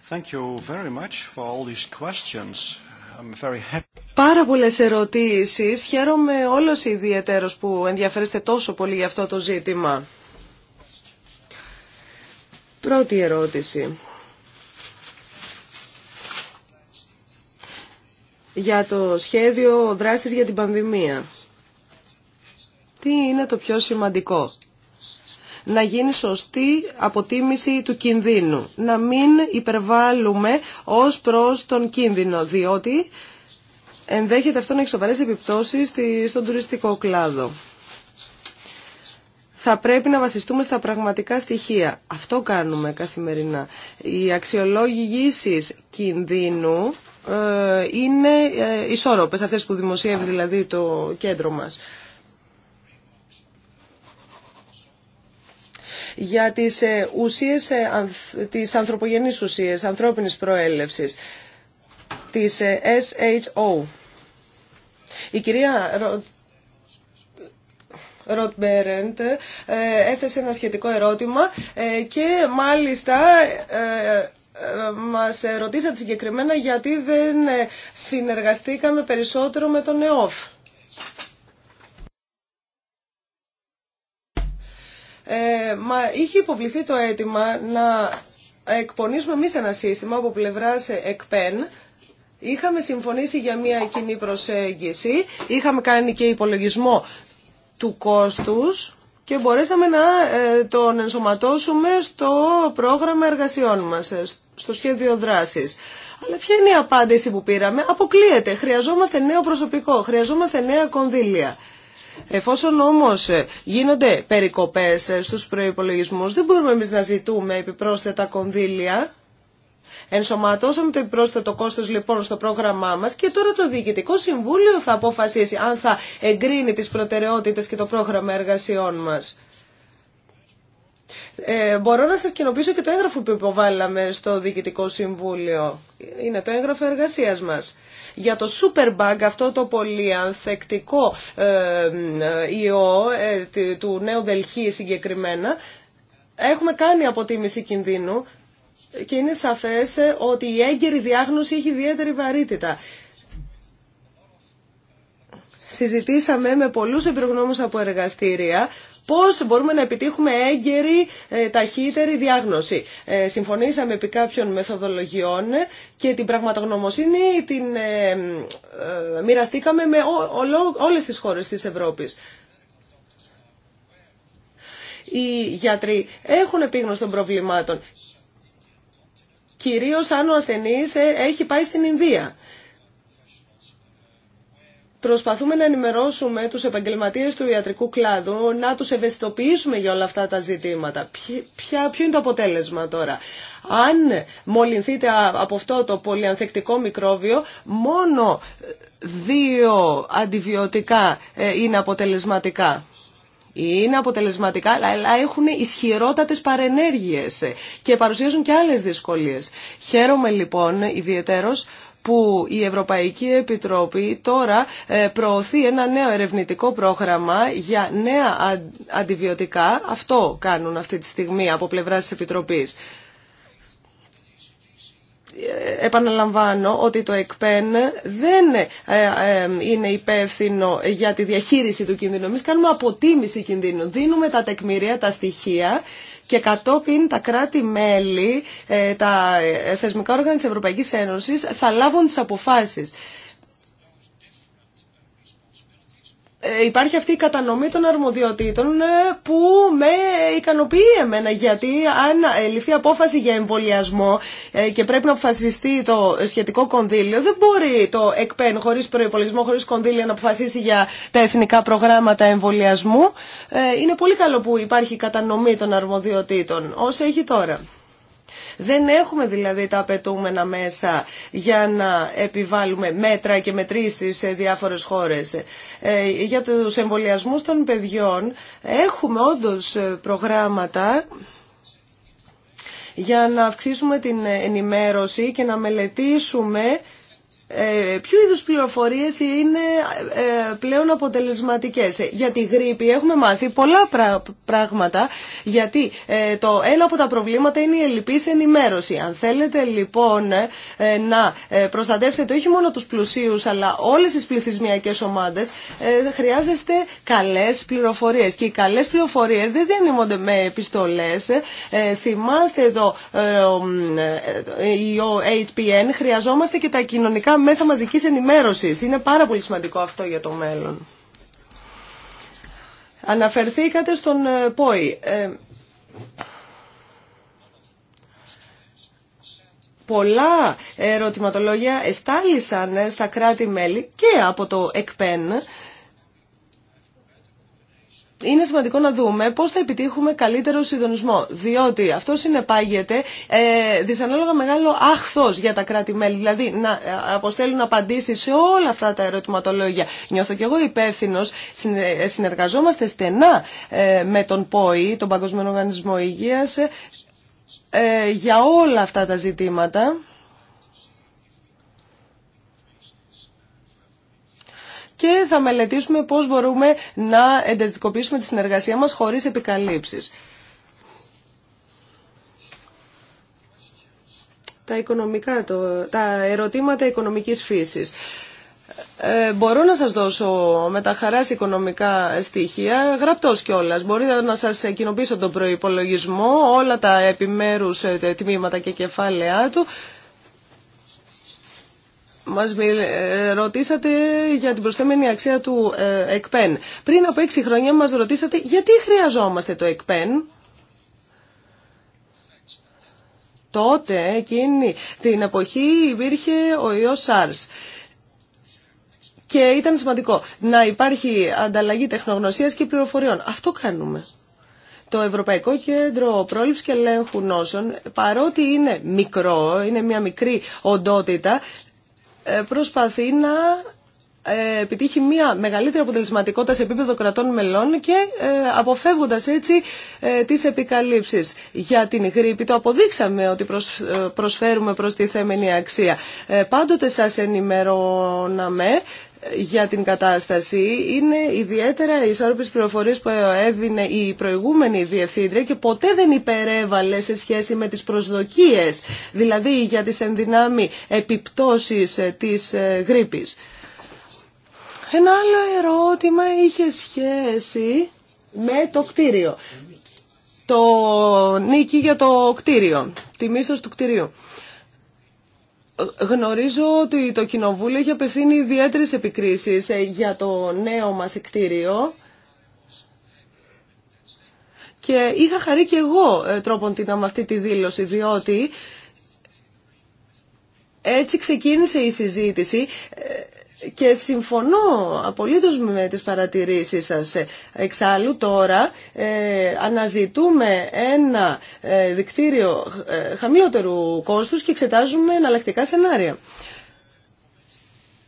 Thank you very much for Πάρα πολλές ερωτήσεις. Χαίρομαι όλος ιδιαίτερος που ενδιαφέρεστε τόσο πολύ για αυτό το ζήτημα. Πρώτη ερώτηση. για το σχέδιο δράσης για την πανδημία. Τι είναι το πιο σημαντικό. Να γίνει σωστή αποτίμηση του κινδύνου. Να μην υπερβάλλουμε ως προς τον κίνδυνο, διότι ενδέχεται αυτό να έχει σοβαρές επιπτώσεις στον τουριστικό κλάδο. Θα πρέπει να βασιστούμε στα πραγματικά στοιχεία. Αυτό κάνουμε καθημερινά. Οι αξιολόγησεις κινδύνου ε, είναι ε, ισόρροπες, αυτές που δημοσιεύει δηλαδή το κέντρο μας. για τις ε, ουσίες, τις ανθρωπογενείς ουσίες, ανθρώπινης προέλευσης, SHO. Η κυρία Ροτ έθεσε ένα σχετικό ερώτημα και μάλιστα Μα ρωτήσατε συγκεκριμένα γιατί δεν ε, συνεργαστήκαμε περισσότερο με τον ΕΟΦ. Ε, μα είχε υποβληθεί το αίτημα να εκπονήσουμε εμεί ένα σύστημα από πλευρά ΕΚΠΕΝ. Είχαμε συμφωνήσει για μια κοινή προσέγγιση, είχαμε κάνει και υπολογισμό του κόστους και μπορέσαμε να ε, τον ενσωματώσουμε στο πρόγραμμα εργασιών μας, ε, στο σχέδιο δράσης. Αλλά ποια είναι η απάντηση που πήραμε. Αποκλείεται. Χρειαζόμαστε νέο προσωπικό, χρειαζόμαστε νέα κονδύλια. Εφόσον όμως ε, γίνονται περικοπές στους προϋπολογισμούς, δεν μπορούμε εμείς να ζητούμε επιπρόσθετα κονδύλια Ενσωματώσαμε το επιπρόσθετο κόστος λοιπόν στο πρόγραμμά μας και τώρα το Διοικητικό Συμβούλιο θα αποφασίσει αν θα εγκρίνει τις προτεραιότητες και το πρόγραμμα εργασιών μας. Ε, μπορώ να σας κοινοποιήσω και το έγγραφο που υποβάλαμε στο Διοικητικό Συμβούλιο. Είναι το έγγραφο εργασίας μας. Για το Superbug, αυτό το πολύ ανθεκτικό ε, ιό ε, του Νέου Δελχή συγκεκριμένα, έχουμε κάνει αποτίμηση κινδύνου και είναι σαφές ε, ότι η έγκαιρη διάγνωση έχει ιδιαίτερη βαρύτητα. Συζητήσαμε με πολλούς εμπειρογνώμους από εργαστήρια πώς μπορούμε να επιτύχουμε έγκαιρη, ε, ταχύτερη διάγνωση. Ε, συμφωνήσαμε επί κάποιων μεθοδολογιών και την πραγματογνωμοσύνη την μοιραστήκαμε με όλες τις χώρες της Ευρώπης. Οι γιατροί έχουν επίγνωση των προβλημάτων κυρίως αν ο ασθενής ε, έχει πάει στην Ινδία. Προσπαθούμε να ενημερώσουμε τους επαγγελματίες του ιατρικού κλάδου, να τους ευαισθητοποιήσουμε για όλα αυτά τα ζητήματα. Ποια, ποιο είναι το αποτέλεσμα τώρα. Αν μολυνθείτε από αυτό το πολυανθεκτικό μικρόβιο, μόνο δύο αντιβιωτικά ε, είναι αποτελεσματικά είναι αποτελεσματικά, αλλά έχουν ισχυρότατες παρενέργειες και παρουσιάζουν και άλλες δυσκολίες. Χαίρομαι λοιπόν ιδιαίτερω που η Ευρωπαϊκή Επιτροπή τώρα ε, προωθεί ένα νέο ερευνητικό πρόγραμμα για νέα αντιβιωτικά. Αυτό κάνουν αυτή τη στιγμή από πλευρά τη Επιτροπής επαναλαμβάνω ότι το ΕΚΠΕΝ δεν ε, ε, είναι υπεύθυνο για τη διαχείριση του κινδύνου. Εμεί κάνουμε αποτίμηση κινδύνου. Δίνουμε τα τεκμηρία, τα στοιχεία και κατόπιν τα κράτη-μέλη, ε, τα θεσμικά όργανα της Ευρωπαϊκής Ένωσης θα λάβουν τις αποφάσεις. Ε, υπάρχει αυτή η κατανομή των αρμοδιοτήτων ε, που με ικανοποιεί εμένα γιατί αν ε, ληφθεί απόφαση για εμβολιασμό και πρέπει να αποφασιστεί το σχετικό κονδύλιο δεν μπορεί το ΕΚΠΕΝ χωρίς προϋπολογισμό, χωρίς κονδύλιο να αποφασίσει για τα εθνικά προγράμματα εμβολιασμού είναι πολύ καλό που υπάρχει κατανομή των αρμοδιοτήτων όσο έχει τώρα. Δεν έχουμε δηλαδή τα απαιτούμενα μέσα για να επιβάλλουμε μέτρα και μετρήσεις σε διάφορες χώρες. Ε, για τους εμβολιασμούς των παιδιών έχουμε όντως ε, προγράμματα για να αυξήσουμε την ε, ενημέρωση και να μελετήσουμε ε, ποιο είδους πληροφορίες είναι ε, πλέον αποτελεσματικές. Για τη γρήπη έχουμε μάθει πολλά πράγματα, γιατί ε, το ένα από τα προβλήματα είναι η ελλειπής ενημέρωση. Αν θέλετε λοιπόν να προστατεύσετε όχι μόνο τους πλουσίους, αλλά όλες τις πληθυσμιακές ομάδες, χρειάζεστε καλές πληροφορίες. Και οι καλές πληροφορίες δεν διανύμονται με επιστολές. θυμάστε το, ε, HPN, χρειαζόμαστε και τα κοινωνικά μέσα μαζικής ενημέρωσης. Είναι πάρα πολύ σημαντικό αυτό για το μέλλον. Αναφερθήκατε στον ε, ΠΟΗ. Ε, πολλά ερωτηματολόγια εστάλησαν ε, στα κράτη-μέλη και από το ΕΚΠΕΝ είναι σημαντικό να δούμε πώ θα επιτύχουμε καλύτερο συντονισμό. Διότι αυτό συνεπάγεται ε, δυσανάλογα μεγάλο άχθο για τα κράτη-μέλη. Δηλαδή να ε, αποστέλουν απαντήσει σε όλα αυτά τα ερωτηματολόγια. Νιώθω κι εγώ υπεύθυνο. Ε, συνεργαζόμαστε στενά ε, με τον ΠΟΗ, τον Παγκοσμίο Οργανισμό Υγεία, ε, για όλα αυτά τα ζητήματα. και θα μελετήσουμε πώς μπορούμε να εντατικοποιήσουμε τη συνεργασία μας χωρίς επικαλύψεις. Τα, οικονομικά, το, τα ερωτήματα οικονομικής φύσης. Ε, μπορώ να σας δώσω με τα χαράς οικονομικά στοιχεία, γραπτός κιόλα. Μπορείτε να σας κοινοποιήσω τον προϋπολογισμό, όλα τα επιμέρους ε, τμήματα και κεφάλαιά του. Μας ε, ρωτήσατε για την προσθέμενη αξία του ε, ΕΚΠΕΝ. Πριν από έξι χρόνια μας ρωτήσατε γιατί χρειαζόμαστε το ΕΚΠΕΝ. Τότε, εκείνη την εποχή, υπήρχε ο ιός SARS. Και ήταν σημαντικό να υπάρχει ανταλλαγή τεχνογνωσίας και πληροφοριών. Αυτό κάνουμε. Το Ευρωπαϊκό Κέντρο Πρόληψης και Ελέγχου Νόσων, παρότι είναι μικρό, είναι μια μικρή οντότητα, ε, προσπαθεί να ε, επιτύχει μια μεγαλύτερη αποτελεσματικότητα σε επίπεδο κρατών μελών και ε, αποφεύγοντας έτσι τις επικαλύψεις. Για την γρήπη το αποδείξαμε ότι προσφέρουμε προς τη θέμενη αξία. Πάντοτε σας ενημερώναμε για την κατάσταση είναι ιδιαίτερα οι ισόρροπες που έδινε η προηγούμενη διευθύντρια και ποτέ δεν υπερέβαλε σε σχέση με τις προσδοκίες, δηλαδή για τις ενδυνάμει επιπτώσεις ε, της ε, γρήπης. Ένα άλλο ερώτημα είχε σχέση με το κτίριο. Το νίκη για το κτίριο, τη μίσθωση του κτίριου. Γνωρίζω ότι το Κοινοβούλιο έχει απευθύνει ιδιαίτερε επικρίσει ε, για το νέο μας εκτίριο και είχα χαρεί και εγώ ε, τρόπον την με αυτή τη δήλωση διότι έτσι ξεκίνησε η συζήτηση ε, και συμφωνώ απολύτως με τις παρατηρήσεις σας. Εξάλλου τώρα ε, αναζητούμε ένα ε, δικτύριο ε, χαμηλότερου κόστους και εξετάζουμε εναλλακτικά σενάρια.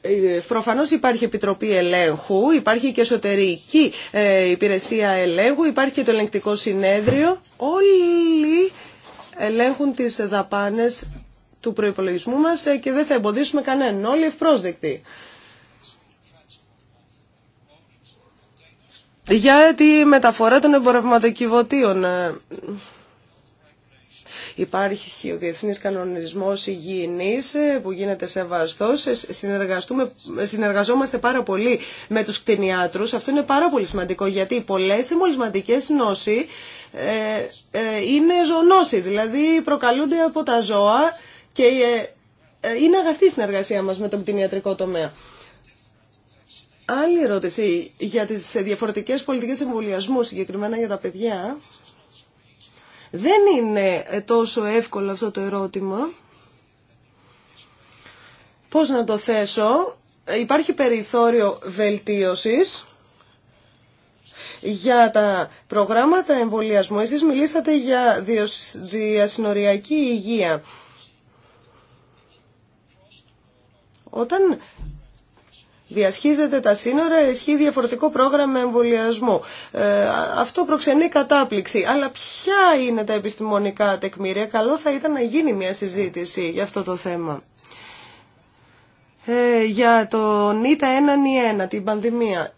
Ε, προφανώς υπάρχει Επιτροπή Ελέγχου, υπάρχει και εσωτερική υπηρεσία ελέγχου, υπάρχει και το ελεγκτικό συνέδριο. Όλοι ελέγχουν τις δαπάνες του προϋπολογισμού μας και δεν θα εμποδίσουμε κανέναν. Όλοι ευπρόσδεκτοι. για τη μεταφορά των εμπορευματοκιβωτίων. Ε, υπάρχει ο Διεθνής Κανονισμός Υγιεινής ε, που γίνεται σεβαστός. Ε, συνεργαστούμε, συνεργαζόμαστε πάρα πολύ με τους κτηνιάτρους. Αυτό είναι πάρα πολύ σημαντικό γιατί πολλές εμολυσματικές νόσοι είναι ζωνόσοι, δηλαδή προκαλούνται από τα ζώα και είναι αγαστή η συνεργασία μας με τον κτηνιατρικό τομέα. Άλλη ερώτηση για τις διαφορετικές πολιτικές εμβολιασμού, συγκεκριμένα για τα παιδιά. Δεν είναι τόσο εύκολο αυτό το ερώτημα. Πώς να το θέσω. Υπάρχει περιθώριο βελτίωσης για τα προγράμματα εμβολιασμού. Εσείς μιλήσατε για διασυνοριακή υγεία. Όταν Διασχίζεται τα σύνορα, ισχύει διαφορετικό πρόγραμμα εμβολιασμού. Ε, αυτό προξενεί κατάπληξη. Αλλά ποια είναι τα επιστημονικά τεκμήρια. Καλό θα ήταν να γίνει μια συζήτηση για αυτό το θέμα. Ε, για το ΝΙΤΑ 1 1 την πανδημία.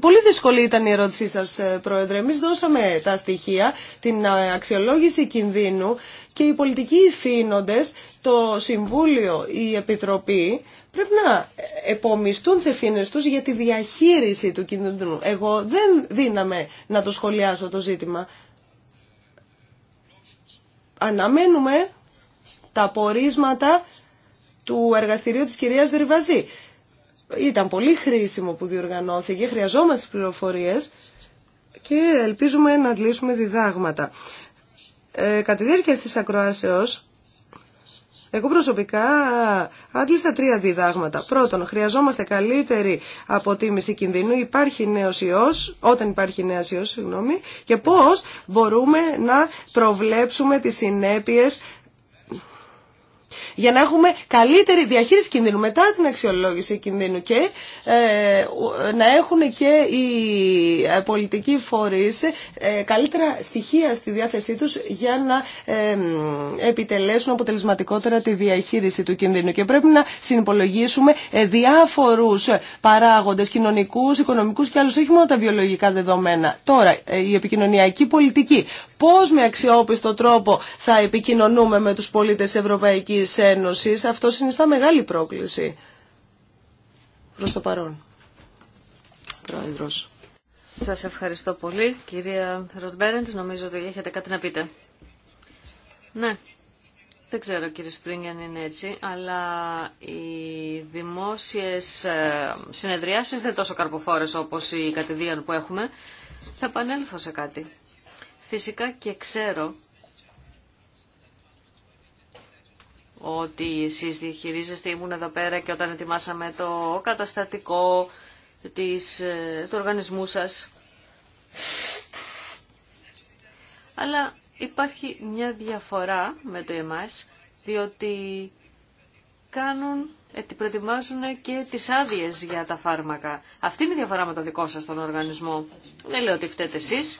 Πολύ δύσκολη ήταν η ερώτησή σας, ε, Πρόεδρε. Εμείς δώσαμε τα στοιχεία, την ε, αξιολόγηση κινδύνου και οι πολιτικοί ηθήνοντες, το Συμβούλιο, η Επιτροπή, πρέπει να ε, επομιστούν τι τους για τη διαχείριση του κινδύνου. Εγώ δεν δύναμε να το σχολιάσω το ζήτημα. Αναμένουμε τα πορίσματα του εργαστηρίου της κυρίας Δρυβαζή ήταν πολύ χρήσιμο που διοργανώθηκε, χρειαζόμαστε πληροφορίες και ελπίζουμε να αντλήσουμε διδάγματα. Ε, κατά τη διάρκεια της ακροάσεως, εγώ προσωπικά άντλησα τρία διδάγματα. Πρώτον, χρειαζόμαστε καλύτερη αποτίμηση κινδύνου. Υπάρχει νέος ιός όταν υπάρχει νέος ιός συγγνώμη, και πώς μπορούμε να προβλέψουμε τις συνέπειες για να έχουμε καλύτερη διαχείριση κινδύνου μετά την αξιολόγηση κινδύνου και ε, να έχουν και οι ε, πολιτικοί φορείς ε, καλύτερα στοιχεία στη διάθεσή τους για να επιτελέσουν αποτελεσματικότερα τη διαχείριση του κινδύνου και πρέπει να συνυπολογίσουμε διάφορους παράγοντες κοινωνικούς, οικονομικούς και αλλού όχι μόνο τα βιολογικά δεδομένα. Τώρα, η επικοινωνιακή πολιτική πώς με αξιόπιστο τρόπο θα επικοινωνούμε με τους πολίτες Ευρωπαϊκής Ένωσης. Αυτό συνιστά μεγάλη πρόκληση προς το παρόν. Πρόεδρος. Σας ευχαριστώ πολύ. Κυρία Ροτμπέρεντ, νομίζω ότι έχετε κάτι να πείτε. Ναι. Δεν ξέρω κύριε Σπρίνγκ αν είναι έτσι, αλλά οι δημόσιες ε, συνεδριάσεις δεν είναι τόσο καρποφόρες όπως οι κατηδίαν που έχουμε. Θα επανέλθω σε κάτι. Φυσικά και ξέρω ότι εσείς διαχειρίζεστε, ήμουν εδώ πέρα και όταν ετοιμάσαμε το καταστατικό της, ε, του οργανισμού σας. Αλλά υπάρχει μια διαφορά με το εμάς, διότι κάνουν, ε, προετοιμάζουν και τις άδειες για τα φάρμακα. Αυτή είναι η διαφορά με το δικό σας τον οργανισμό. Δεν λέω ότι φταίτε εσείς,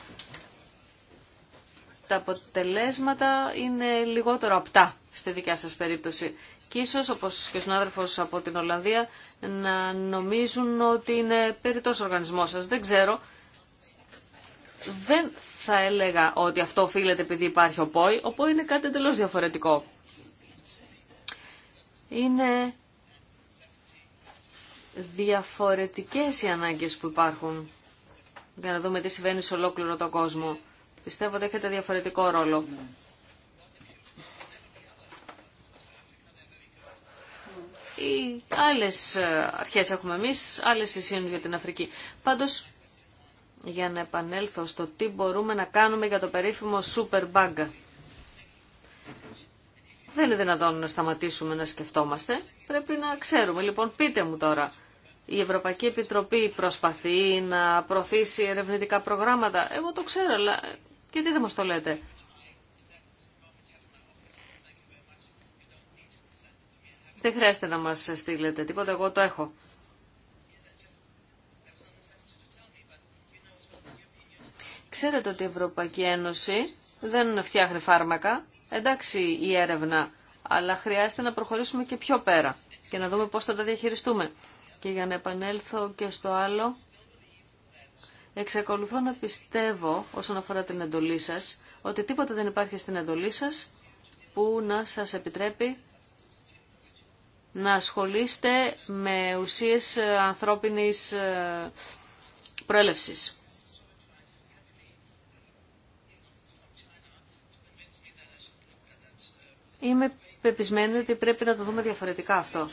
τα αποτελέσματα είναι λιγότερο απτά στη δικιά σας περίπτωση. Και ίσως, όπως και ο συνάδελφος από την Ολλανδία, να νομίζουν ότι είναι περιττός ο σας. Δεν ξέρω. Δεν θα έλεγα ότι αυτό οφείλεται επειδή υπάρχει ο ΠΟΗ. Ο ΠΟΗ είναι κάτι εντελώς διαφορετικό. Είναι διαφορετικές οι ανάγκες που υπάρχουν για να δούμε τι συμβαίνει σε ολόκληρο το κόσμο. Πιστεύω ότι έχετε διαφορετικό ρόλο. Οι άλλες ε, αρχές έχουμε εμείς, άλλες εισήνουν για την Αφρική. Πάντως, για να επανέλθω στο τι μπορούμε να κάνουμε για το περίφημο Super Bug. Δεν είναι δυνατόν να σταματήσουμε να σκεφτόμαστε. Πρέπει να ξέρουμε. Λοιπόν, πείτε μου τώρα. Η Ευρωπαϊκή Επιτροπή προσπαθεί να προωθήσει ερευνητικά προγράμματα. Εγώ το ξέρω, αλλά γιατί δεν μας το λέτε. Δεν χρειάζεται να μας στείλετε τίποτα, εγώ το έχω. Ξέρετε ότι η Ευρωπαϊκή Ένωση δεν φτιάχνει φάρμακα, εντάξει η έρευνα, αλλά χρειάζεται να προχωρήσουμε και πιο πέρα και να δούμε πώς θα τα διαχειριστούμε. Και για να επανέλθω και στο άλλο, Εξακολουθώ να πιστεύω, όσον αφορά την εντολή σας, ότι τίποτα δεν υπάρχει στην εντολή σας που να σας επιτρέπει να ασχολείστε με ουσίες ανθρώπινης ε, προέλευσης. Είμαι πεπισμένη ότι πρέπει να το δούμε διαφορετικά αυτό.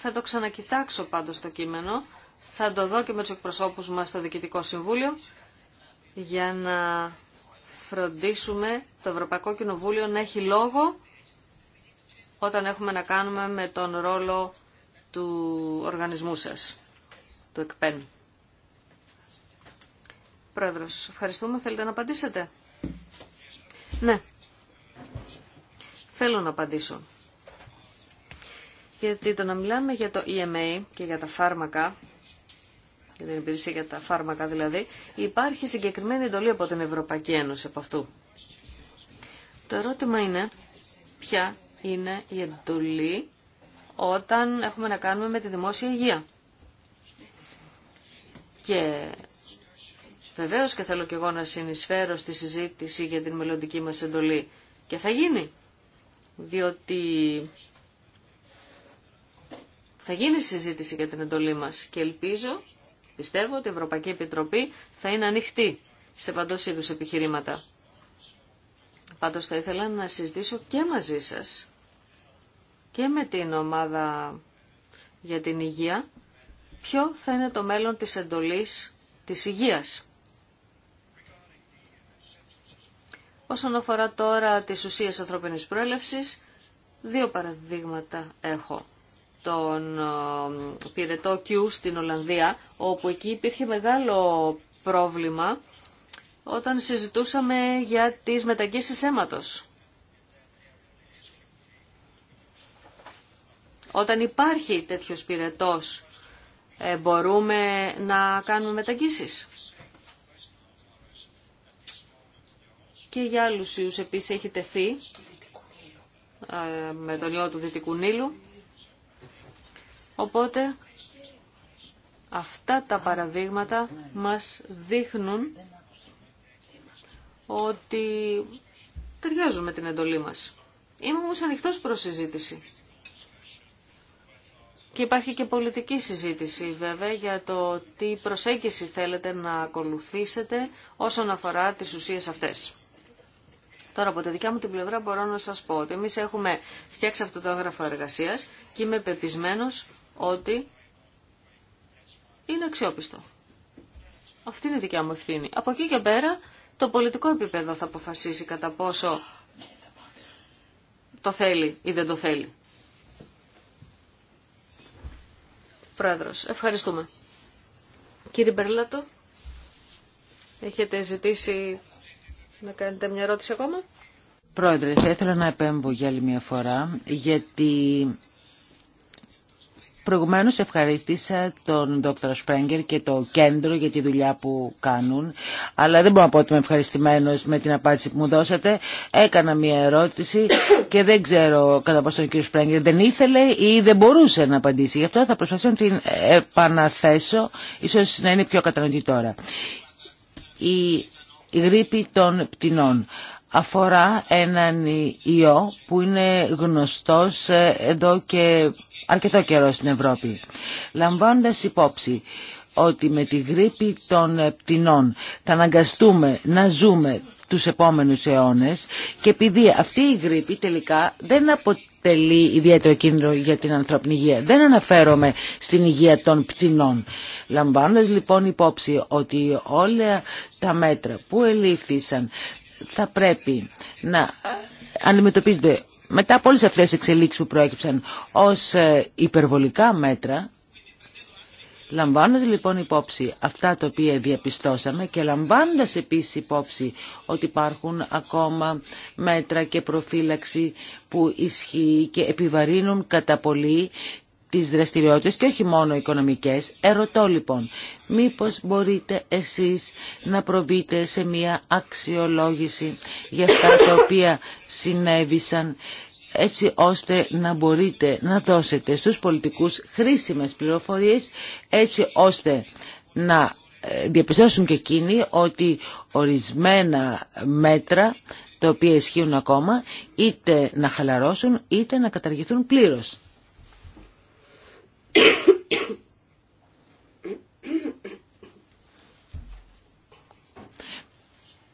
Θα το ξανακοιτάξω πάντως το κείμενο. Θα το δω και με τους εκπροσώπους μας στο Διοικητικό Συμβούλιο για να φροντίσουμε το Ευρωπαϊκό Κοινοβούλιο να έχει λόγο όταν έχουμε να κάνουμε με τον ρόλο του οργανισμού σας, του ΕΚΠΕΝ. Πρόεδρος, ευχαριστούμε. Θέλετε να απαντήσετε. Ναι. Θέλω να απαντήσω. Γιατί το να μιλάμε για το EMA και για τα φάρμακα, για την υπηρεσία για τα φάρμακα δηλαδή, υπάρχει συγκεκριμένη εντολή από την Ευρωπαϊκή Ένωση από αυτού. Το ερώτημα είναι ποια είναι η εντολή όταν έχουμε να κάνουμε με τη δημόσια υγεία. Και βεβαίω και θέλω και εγώ να συνεισφέρω στη συζήτηση για την μελλοντική μας εντολή. Και θα γίνει. Διότι θα γίνει συζήτηση για την εντολή μας και ελπίζω, πιστεύω ότι η Ευρωπαϊκή Επιτροπή θα είναι ανοιχτή σε παντό είδου επιχειρήματα. Πάντως θα ήθελα να συζητήσω και μαζί σας και με την ομάδα για την υγεία ποιο θα είναι το μέλλον της εντολής της υγείας. Όσον αφορά τώρα τις ουσίες ανθρώπινης προέλευσης, δύο παραδείγματα έχω τον ε, πυρετό Q στην Ολλανδία, όπου εκεί υπήρχε μεγάλο πρόβλημα όταν συζητούσαμε για τις μεταγγίσεις αίματος. Όταν υπάρχει τέτοιος πυρετός, ε, μπορούμε να κάνουμε μεταγγίσεις. Και για άλλους ιούς επίσης έχει τεθεί ε, με τον ιό του Δυτικού Νείλου. Οπότε αυτά τα παραδείγματα μας δείχνουν ότι ταιριάζουν με την εντολή μας. Είμαι όμως ανοιχτός προς συζήτηση. Και υπάρχει και πολιτική συζήτηση βέβαια για το τι προσέγγιση θέλετε να ακολουθήσετε όσον αφορά τις ουσίες αυτές. Τώρα από τη δικιά μου την πλευρά μπορώ να σας πω ότι εμείς έχουμε φτιάξει αυτό το έγγραφο εργασίας και είμαι πεπισμένος ότι είναι αξιόπιστο. Αυτή είναι η δικιά μου ευθύνη. Από εκεί και πέρα το πολιτικό επίπεδο θα αποφασίσει κατά πόσο το θέλει ή δεν το θέλει. Πρόεδρος, ευχαριστούμε. Κύριε Μπερλάτο, έχετε ζητήσει να κάνετε μια ερώτηση ακόμα. Πρόεδρε, θα ήθελα να επέμβω για άλλη μια φορά, γιατί Προηγουμένως ευχαρίστησα τον Δόκτωρα Σπρέγκερ και το κέντρο για τη δουλειά που κάνουν, αλλά δεν μπορώ να πω ότι είμαι ευχαριστημένος με την απάντηση που μου δώσατε. Έκανα μια ερώτηση και δεν ξέρω κατά πόσο ο κ. Σπρέγκερ δεν ήθελε ή δεν μπορούσε να απαντήσει. Γι' αυτό θα προσπαθήσω να την επαναθέσω, ίσως να είναι πιο κατανοητή τώρα. Η γρήπη των πτηνών αφορά έναν ιό που είναι γνωστός ε, εδώ και αρκετό καιρό στην Ευρώπη. Λαμβάνοντας υπόψη ότι με τη γρήπη των ε, πτηνών θα αναγκαστούμε να ζούμε τους επόμενους αιώνες και επειδή αυτή η γρήπη τελικά δεν αποτελεί ιδιαίτερο κίνδυνο για την ανθρώπινη υγεία. Δεν αναφέρομαι στην υγεία των πτηνών. Λαμβάνοντας λοιπόν υπόψη ότι όλα τα μέτρα που ελήφθησαν θα πρέπει να αντιμετωπίζονται μετά από όλες αυτές τις εξελίξεις που προέκυψαν ως ε, υπερβολικά μέτρα Λαμβάνοντας λοιπόν υπόψη αυτά τα οποία διαπιστώσαμε και λαμβάνοντας επίσης υπόψη ότι υπάρχουν ακόμα μέτρα και προφύλαξη που ισχύει και επιβαρύνουν κατά πολύ τις δραστηριότητες και όχι μόνο οικονομικές. Ερωτώ λοιπόν, μήπως μπορείτε εσείς να προβείτε σε μια αξιολόγηση για αυτά τα οποία συνέβησαν έτσι ώστε να μπορείτε να δώσετε στους πολιτικούς χρήσιμες πληροφορίες έτσι ώστε να ε, διαπιστώσουν και εκείνοι ότι ορισμένα μέτρα τα οποία ισχύουν ακόμα είτε να χαλαρώσουν είτε να καταργηθούν πλήρως.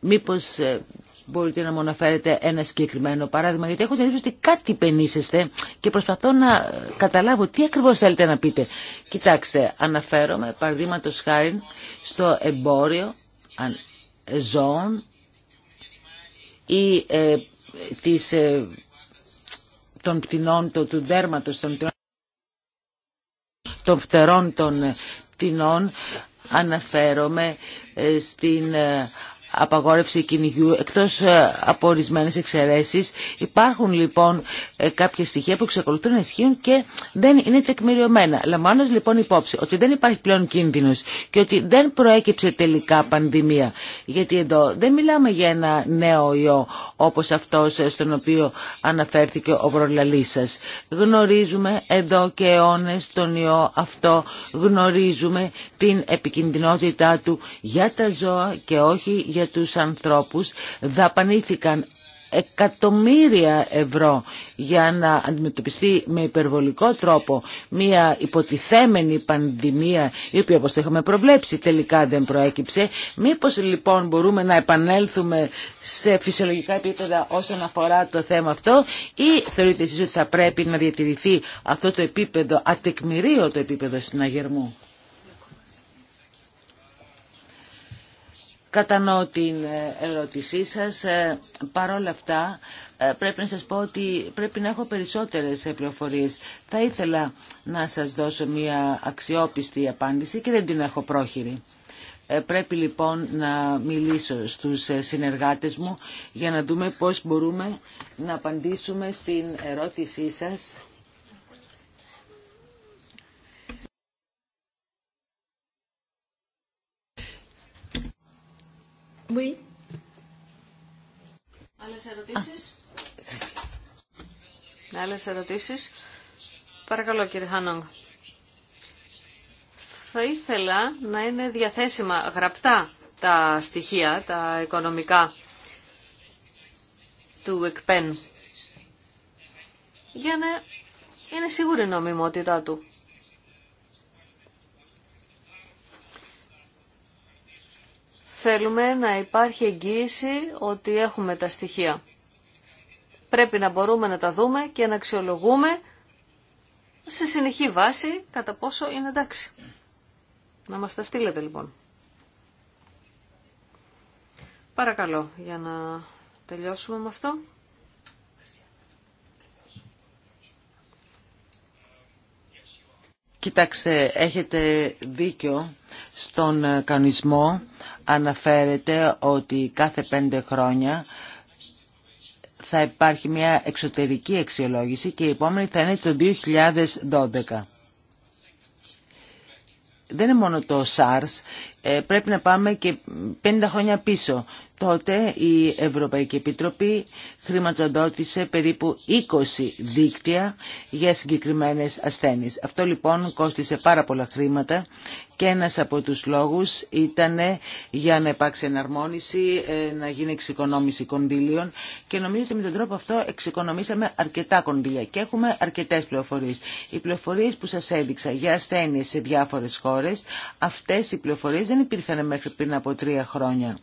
Μήπως ε, μπορείτε να μου αναφέρετε ένα συγκεκριμένο παράδειγμα, γιατί έχω τελείψει ότι κάτι πενήσεστε και προσπαθώ να ε, καταλάβω τι ακριβώς θέλετε να πείτε. Κοιτάξτε, αναφέρομαι παραδείγματο χάρη στο εμπόριο ε, ζώων ή ε, της, των πτηνών, του δέρματος των πτηνών των φτερών των πτηνών αναφέρομαι ε, στην ε, απαγόρευση κυνηγιού εκτός ε, από ορισμένε εξαιρέσεις. Υπάρχουν λοιπόν ε, κάποια στοιχεία που εξακολουθούν να ισχύουν και δεν είναι τεκμηριωμένα. Λαμβάνοντας λοιπόν υπόψη ότι δεν υπάρχει πλέον κίνδυνος και ότι δεν προέκυψε τελικά πανδημία. Γιατί εδώ δεν μιλάμε για ένα νέο ιό όπως αυτός στον οποίο αναφέρθηκε ο προλαλής σα. Γνωρίζουμε εδώ και αιώνε τον ιό αυτό, γνωρίζουμε την επικινδυνότητά του για τα ζώα και όχι για για τους ανθρώπους δαπανήθηκαν εκατομμύρια ευρώ για να αντιμετωπιστεί με υπερβολικό τρόπο μια υποτιθέμενη πανδημία η οποία όπως το έχουμε προβλέψει τελικά δεν προέκυψε μήπως λοιπόν μπορούμε να επανέλθουμε σε φυσιολογικά επίπεδα όσον αφορά το θέμα αυτό ή θεωρείτε εσείς ότι θα πρέπει να διατηρηθεί αυτό το επίπεδο το επίπεδο συναγερμού Κατανοώ την ε, ερώτησή σας. Ε, Παρ' όλα αυτά ε, πρέπει να σας πω ότι πρέπει να έχω περισσότερες πληροφορίες. Θα ήθελα να σας δώσω μια αξιόπιστη απάντηση και δεν την έχω πρόχειρη. Πρέπει λοιπόν να μιλήσω στους συνεργάτες μου για να δούμε πώς μπορούμε να απαντήσουμε στην ερώτησή σας Oui. Άλλες ερωτήσεις. Άλλες ερωτήσεις. Παρακαλώ κύριε Χανόγκ. Θα ήθελα να είναι διαθέσιμα γραπτά τα στοιχεία, τα οικονομικά του ΕΚΠΕΝ για να είναι σίγουρη η νομιμότητά του. Θέλουμε να υπάρχει εγγύηση ότι έχουμε τα στοιχεία. Πρέπει να μπορούμε να τα δούμε και να αξιολογούμε σε συνεχή βάση κατά πόσο είναι εντάξει. Να μας τα στείλετε λοιπόν. Παρακαλώ για να τελειώσουμε με αυτό. Κοιτάξτε, έχετε δίκιο στον ε, κανονισμό. Αναφέρεται ότι κάθε πέντε χρόνια θα υπάρχει μια εξωτερική αξιολόγηση και η επόμενη θα είναι το 2012. Δεν είναι μόνο το SARS, ε, πρέπει να πάμε και 50 χρόνια πίσω. Τότε η Ευρωπαϊκή Επιτροπή χρηματοδότησε περίπου 20 δίκτυα για συγκεκριμένες ασθένειες. Αυτό λοιπόν κόστισε πάρα πολλά χρήματα και ένας από τους λόγους ήταν για να υπάρξει εναρμόνιση, ε, να γίνει εξοικονόμηση κονδύλιων και νομίζω ότι με τον τρόπο αυτό εξοικονομήσαμε αρκετά κονδύλια και έχουμε αρκετές πληροφορίες. Οι πληροφορίες που σας έδειξα για ασθένειες σε διάφορες χώρες, αυτές οι πληροφορίες δεν υπήρχαν μέχρι πριν από τρία χρόνια.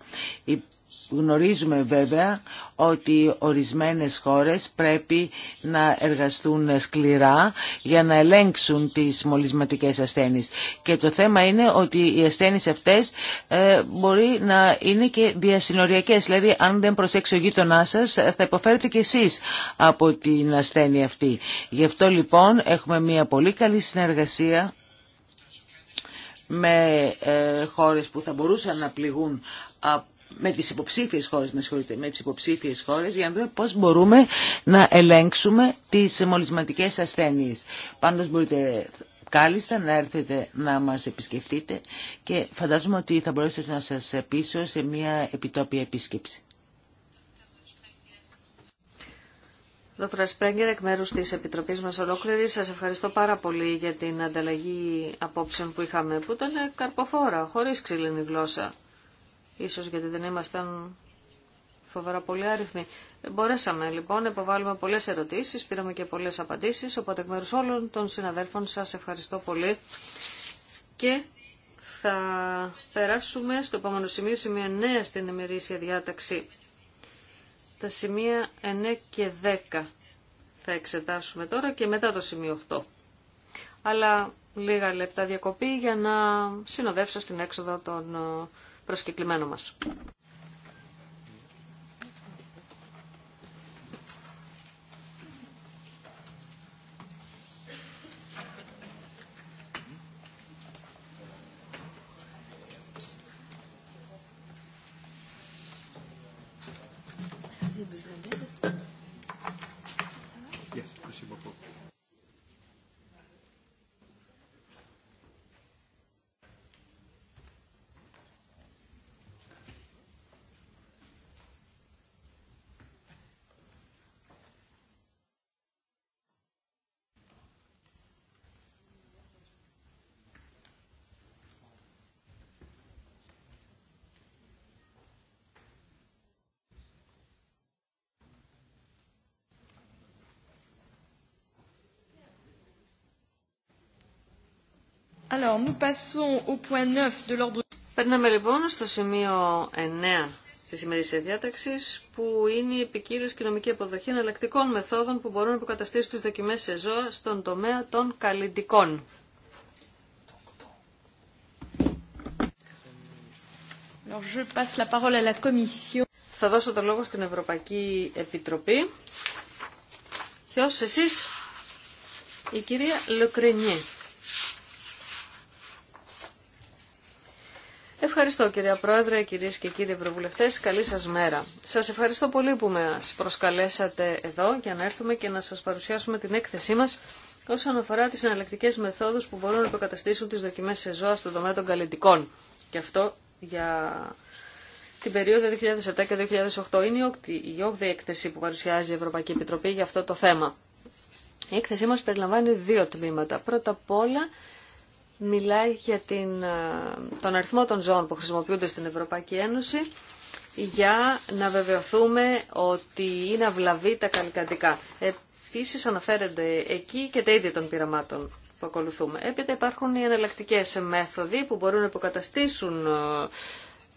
Γνωρίζουμε βέβαια ότι ορισμένες χώρες πρέπει να εργαστούν σκληρά για να ελέγξουν τις μολυσματικές ασθένειες. Και το θέμα είναι ότι οι ασθένειες αυτές ε, μπορεί να είναι και διασυνοριακές. Δηλαδή αν δεν προσέξει ο γείτονά σα, ε, θα υποφέρετε και εσείς από την ασθένεια αυτή. Γι' αυτό λοιπόν έχουμε μια πολύ καλή συνεργασία με ε, χώρες που θα μπορούσαν να πληγούν με τις υποψήφιες χώρες, με με τις υποψήφιες χώρες για να δούμε πώς μπορούμε να ελέγξουμε τις μολυσματικές ασθένειες. Πάντως μπορείτε κάλλιστα να έρθετε να μας επισκεφτείτε και φαντάζομαι ότι θα μπορέσετε να σας πείσω σε μια επιτόπια επίσκεψη. Δόκτωρα Σπρέγγερ, εκ μέρου τη Επιτροπή μα ολόκληρη, σα ευχαριστώ πάρα πολύ για την ανταλλαγή απόψεων που είχαμε, που ήταν καρποφόρα, χωρί ξύλινη γλώσσα. Ίσως γιατί δεν ήμασταν φοβερά πολύ άριθμοι. Μπορέσαμε λοιπόν να υποβάλουμε πολλέ ερωτήσει, πήραμε και πολλέ απαντήσει. Οπότε, εκ μέρου όλων των συναδέλφων, σα ευχαριστώ πολύ. Και θα περάσουμε στο επόμενο σημείο, σημείο 9 στην ημερήσια διάταξη. Τα σημεία 9 και 10 θα εξετάσουμε τώρα και μετά το σημείο 8. Αλλά λίγα λεπτά διακοπή για να συνοδεύσω στην έξοδο των ε, προσκεκλημένων μας. Περνάμε λοιπόν στο σημείο 9 της ημερήσια διάταξη, που είναι η επικύρωση και νομική αποδοχή εναλλακτικών μεθόδων που μπορούν να υποκαταστήσουν τι δοκιμέ σε ζώα στον τομέα των καλλιντικών. Θα δώσω το λόγο στην Ευρωπαϊκή Επιτροπή. Ποιος εσεί, η κυρία Λεκρενιέ. Ευχαριστώ κυρία Πρόεδρε, κυρίες και κύριοι Ευρωβουλευτές. Καλή σας μέρα. Σας ευχαριστώ πολύ που μας προσκαλέσατε εδώ για να έρθουμε και να σας παρουσιάσουμε την έκθεσή μας όσον αφορά τις εναλλακτικέ μεθόδους που μπορούν να υποκαταστήσουν τις δοκιμές σε ζώα στο τομέα των καλλιτικών. Και αυτό για την περίοδο 2007 και 2008 είναι η 8η έκθεση που παρουσιάζει η Ευρωπαϊκή Επιτροπή για αυτό το θέμα. Η έκθεσή μας περιλαμβάνει δύο τμήματα. Πρώτα απ' όλα μιλάει για την, ε, τον αριθμό των ζώων που χρησιμοποιούνται στην Ευρωπαϊκή Ένωση για να βεβαιωθούμε ότι είναι αυλαβή τα καλλικαντικά. Επίσης αναφέρεται εκεί και τα ίδια των πειραμάτων που ακολουθούμε. Έπειτα υπάρχουν οι εναλλακτικέ μέθοδοι που μπορούν να υποκαταστήσουν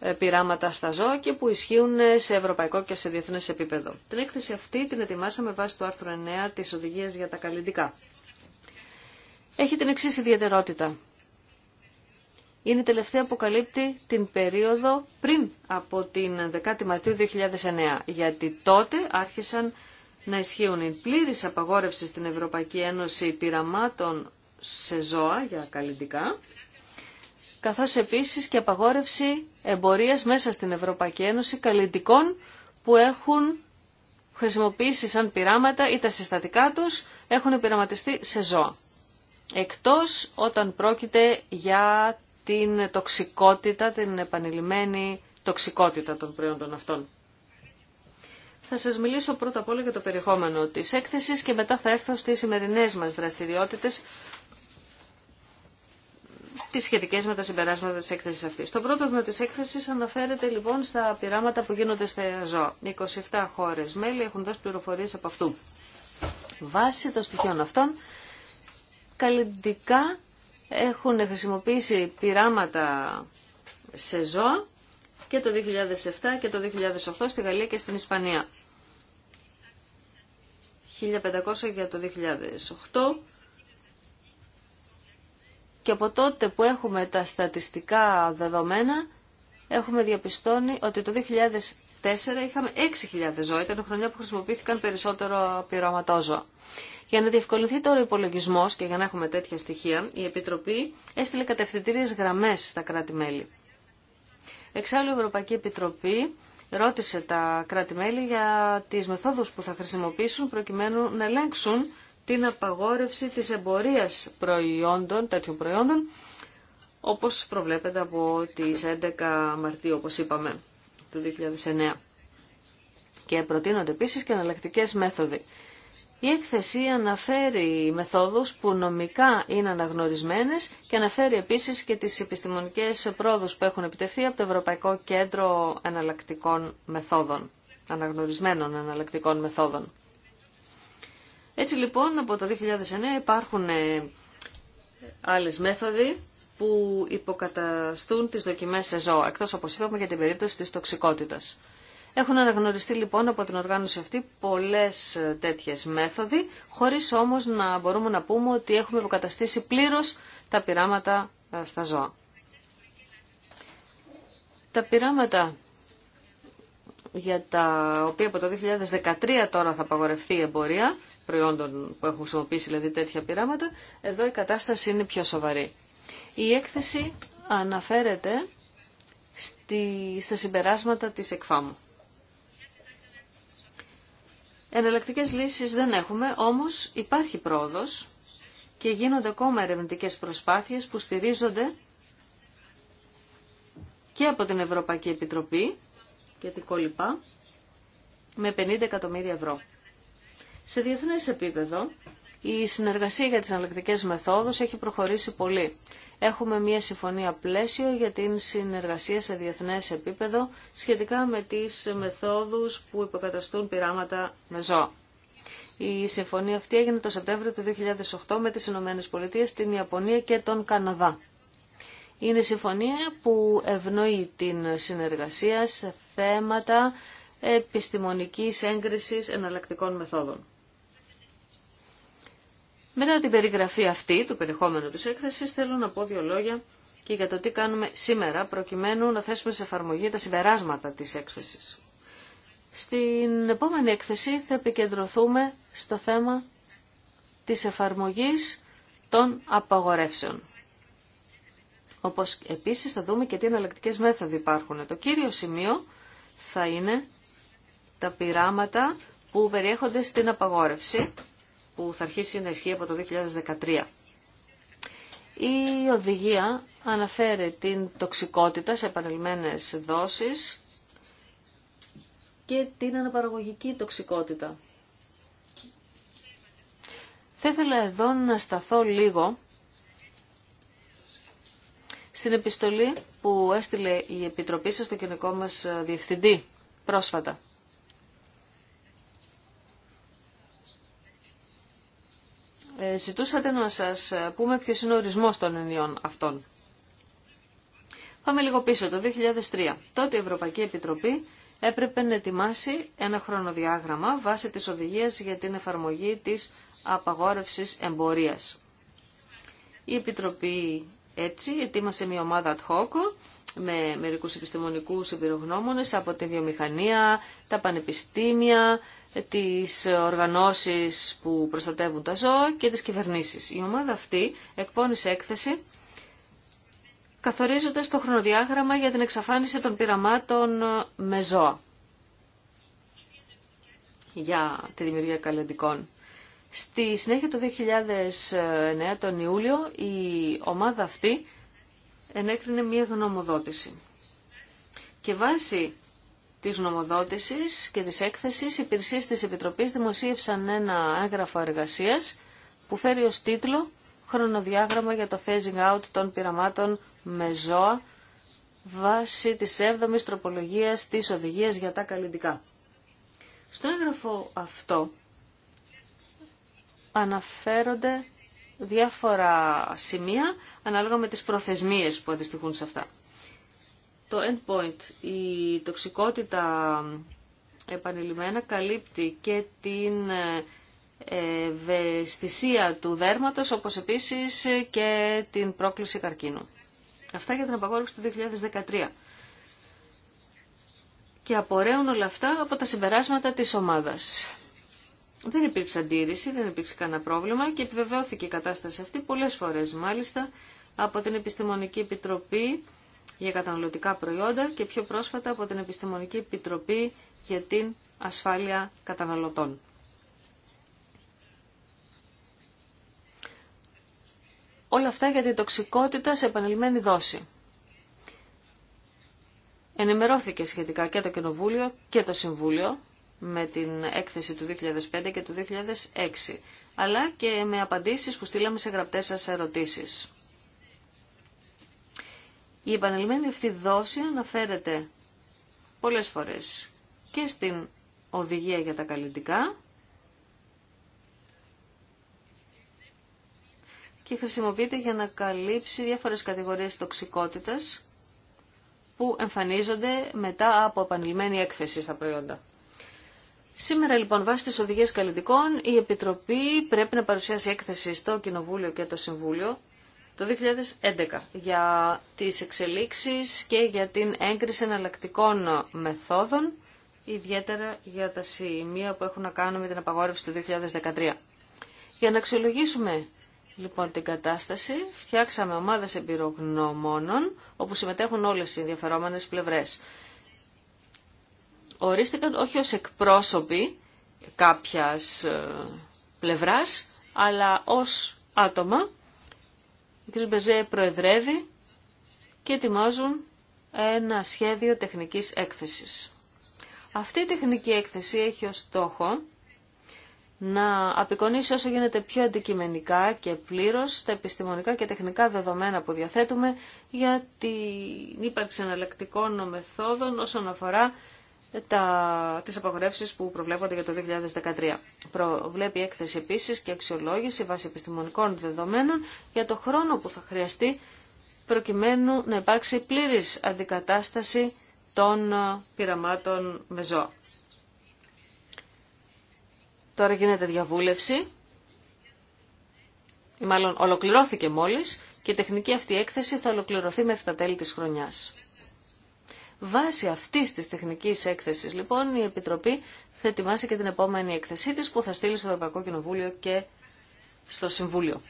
ε, πειράματα στα ζώα και που ισχύουν σε ευρωπαϊκό και σε διεθνέ επίπεδο. Την έκθεση αυτή την ετοιμάσαμε βάσει του άρθρου 9 τη οδηγία για τα Καλλιντικά. Έχει την εξή ιδιαιτερότητα είναι η τελευταία που καλύπτει την περίοδο πριν από την 10η Μαρτίου 2009, γιατί τότε άρχισαν να ισχύουν η πλήρης να ισχυουν οι πληρης απαγορευση στην Ευρωπαϊκή Ένωση πειραμάτων σε ζώα για καλλιντικά, καθώς επίσης και απαγόρευση εμπορίας μέσα στην Ευρωπαϊκή Ένωση καλλιντικών που έχουν χρησιμοποιήσει σαν πειράματα ή τα συστατικά τους έχουν πειραματιστεί σε ζώα. Εκτός όταν πρόκειται για την τοξικότητα, την επανειλημμένη τοξικότητα των προϊόντων αυτών. Θα σας μιλήσω πρώτα απ' όλα για το περιεχόμενο της έκθεσης και μετά θα έρθω στις σημερινές μας δραστηριότητες τις σχετικές με τα συμπεράσματα της έκθεσης αυτής. Το πρώτο τμήμα τη έκθεσης αναφέρεται λοιπόν στα πειράματα που γίνονται στα ζώα. 27 χώρες μέλη έχουν δώσει πληροφορίες από αυτού. Βάσει των στοιχείων αυτών, καλλιντικά έχουν χρησιμοποιήσει πειράματα σε ζώα και το 2007 και το 2008 στη Γαλλία και στην Ισπανία. 1500 για το 2008 και από τότε που έχουμε τα στατιστικά δεδομένα έχουμε διαπιστώνει ότι το 2004 είχαμε 6.000 ζώα, ήταν χρονιά που χρησιμοποιήθηκαν περισσότερο πειραματόζωα. Για να διευκολυνθεί τώρα ο υπολογισμό και για να έχουμε τέτοια στοιχεία, η Επιτροπή έστειλε κατευθυντήριε γραμμέ στα κράτη-μέλη. Εξάλλου, η Ευρωπαϊκή Επιτροπή ρώτησε τα κράτη-μέλη για τι μεθόδου που θα χρησιμοποιήσουν προκειμένου να ελέγξουν την απαγόρευση της εμπορίας προϊόντων, τέτοιων προϊόντων, όπως προβλέπεται από τις 11 Μαρτίου, όπως είπαμε, του 2009. Και προτείνονται επίσης και αναλλακτικέ μέθοδοι. Η έκθεση αναφέρει μεθόδους που νομικά είναι αναγνωρισμένες και αναφέρει επίσης και τις επιστημονικές πρόοδους που έχουν επιτευχθεί από το Ευρωπαϊκό Κέντρο Εναλλακτικών Μεθόδων, αναγνωρισμένων εναλλακτικών μεθόδων. Έτσι λοιπόν από το 2009 υπάρχουν ε, άλλες μέθοδοι που υποκαταστούν τις δοκιμές σε ζώα, εκτός όπως είπαμε για την περίπτωση της τοξικότητας. Έχουν αναγνωριστεί λοιπόν από την οργάνωση αυτή πολλές ε, τέτοιες μέθοδοι, χωρίς όμως να μπορούμε να πούμε ότι έχουμε υποκαταστήσει πλήρως τα πειράματα ε, στα ζώα. Τα πειράματα για τα οποία από το 2013 τώρα θα απαγορευτεί η εμπορία προϊόντων που έχουν χρησιμοποιήσει δηλαδή τέτοια πειράματα, εδώ η κατάσταση είναι πιο σοβαρή. Η έκθεση αναφέρεται στα συμπεράσματα της εκφάμου. Εναλλακτικές λύσεις δεν έχουμε, όμως υπάρχει πρόοδος και γίνονται ακόμα ερευνητικέ προσπάθειες που στηρίζονται και από την Ευρωπαϊκή Επιτροπή και την κόλυπα με 50 εκατομμύρια ευρώ. Σε διεθνές επίπεδο η συνεργασία για τις αναλλακτικές μεθόδους έχει προχωρήσει πολύ έχουμε μια συμφωνία πλαίσιο για την συνεργασία σε διεθνές επίπεδο σχετικά με τις μεθόδους που υποκαταστούν πειράματα με ζώα. Η συμφωνία αυτή έγινε το Σεπτέμβριο του 2008 με τις Ηνωμένες Πολιτείες, την Ιαπωνία και τον Καναδά. Είναι συμφωνία που ευνοεί την συνεργασία σε θέματα επιστημονικής έγκρισης εναλλακτικών μεθόδων. Μετά την περιγραφή αυτή του περιεχόμενου της έκθεσης θέλω να πω δύο λόγια και για το τι κάνουμε σήμερα προκειμένου να θέσουμε σε εφαρμογή τα συμπεράσματα της έκθεσης. Στην επόμενη έκθεση θα επικεντρωθούμε στο θέμα της εφαρμογής των απαγορεύσεων. Όπως επίσης θα δούμε και τι εναλλακτικέ μέθοδοι υπάρχουν. Το κύριο σημείο θα είναι τα πειράματα που περιέχονται στην απαγόρευση που θα αρχίσει να ισχύει από το 2013. Η οδηγία αναφέρει την τοξικότητα σε επανελμένες δόσεις και την αναπαραγωγική τοξικότητα. Θα ήθελα εδώ να σταθώ λίγο στην επιστολή που έστειλε η Επιτροπή σας στο κοινικό μας διευθυντή πρόσφατα. Ε, ζητούσατε να σας ε, πούμε ποιος είναι ο ορισμός των ενιών αυτών. Πάμε λίγο πίσω, το 2003. Τότε η Ευρωπαϊκή Επιτροπή έπρεπε να ετοιμάσει ένα χρονοδιάγραμμα βάσει της οδηγίας για την εφαρμογή της απαγόρευσης εμπορίας. Η Επιτροπή έτσι ετοίμασε μια ομάδα ad hoc με μερικούς επιστημονικούς εμπειρογνώμονες από τη βιομηχανία, τα πανεπιστήμια, τις οργανώσεις που προστατεύουν τα ζώα και τις κυβερνήσεις. Η ομάδα αυτή εκπώνησε έκθεση καθορίζοντας το χρονοδιάγραμμα για την εξαφάνιση των πειραμάτων ε, με ζώα για τη δημιουργία καλλιντικών. Στη συνέχεια το 2009, τον Ιούλιο, η ομάδα αυτή ενέκρινε μία γνωμοδότηση. Και βάσει της νομοδότησης και της έκθεσης, οι υπηρεσίε της Επιτροπής δημοσίευσαν ένα έγγραφο εργασίας που φέρει ως τίτλο «Χρονοδιάγραμμα για το phasing out των πειραμάτων με ζώα βάσει της 7ης τροπολογίας της οδηγίας για τα καλλιντικά». Στο έγγραφο αυτό αναφέρονται διάφορα σημεία ανάλογα με τις προθεσμίες που αντιστοιχούν σε αυτά. Το endpoint, η τοξικότητα επανειλημμένα καλύπτει και την ε, ευαισθησία του δέρματος, όπως επίσης και την πρόκληση καρκίνου. Αυτά για την απαγόρευση του 2013. Και απορρέουν όλα αυτά από τα συμπεράσματα της ομάδας. Δεν υπήρξε αντίρρηση, δεν υπήρξε κανένα πρόβλημα και επιβεβαιώθηκε η κατάσταση αυτή πολλές φορές μάλιστα από την Επιστημονική Επιτροπή για καταναλωτικά προϊόντα και πιο πρόσφατα από την Επιστημονική Επιτροπή για την Ασφάλεια Καταναλωτών. Όλα αυτά για την τοξικότητα σε επανελειμμένη δόση. Ενημερώθηκε σχετικά και το Κοινοβούλιο και το Συμβούλιο με την έκθεση του 2005 και του 2006, αλλά και με απαντήσεις που στείλαμε σε γραπτές σας ερωτήσεις. Η επανελειμμένη αυτή δόση αναφέρεται πολλές φορές και στην οδηγία για τα καλλιτικά και χρησιμοποιείται για να καλύψει διάφορες κατηγορίες τοξικότητας που εμφανίζονται μετά από επανειλημμένη έκθεση στα προϊόντα. Σήμερα λοιπόν βάσει τις οδηγίες καλλιτικών η Επιτροπή πρέπει να παρουσιάσει έκθεση στο Κοινοβούλιο και το Συμβούλιο το 2011 για τις εξελίξεις και για την έγκριση εναλλακτικών μεθόδων, ιδιαίτερα για τα σημεία που έχουν να κάνουν με την απαγόρευση του 2013. Για να αξιολογήσουμε λοιπόν την κατάσταση, φτιάξαμε ομάδες εμπειρογνωμόνων, όπου συμμετέχουν όλες οι ενδιαφερόμενες πλευρές. Ορίστηκαν όχι ως εκπρόσωποι κάποιας ε, πλευράς, αλλά ως άτομα ο κ. Μπεζέ προεδρεύει και ετοιμάζουν ένα σχέδιο τεχνικής έκθεσης. Αυτή η τεχνική έκθεση έχει ως στόχο να απεικονίσει όσο γίνεται πιο αντικειμενικά και πλήρως τα επιστημονικά και τεχνικά δεδομένα που διαθέτουμε για την ύπαρξη εναλλακτικών μεθόδων όσον αφορά τα, τις απαγορεύσεις που προβλέπονται για το 2013. Προβλέπει έκθεση επίσης και αξιολόγηση βάσει επιστημονικών δεδομένων για το χρόνο που θα χρειαστεί προκειμένου να υπάρξει πλήρης αντικατάσταση των ε, πειραμάτων με ζώα. Τώρα γίνεται διαβούλευση, μάλλον ολοκληρώθηκε μόλις και η τεχνική αυτή έκθεση θα ολοκληρωθεί μέχρι τα τέλη της χρονιάς. Βάσει αυτής της τεχνικής έκθεση, λοιπόν η Επιτροπή θα ετοιμάσει και την επόμενη έκθεσή τη που θα στείλει στο Ευρωπαϊκό Κοινοβούλιο και στο Συμβούλιο.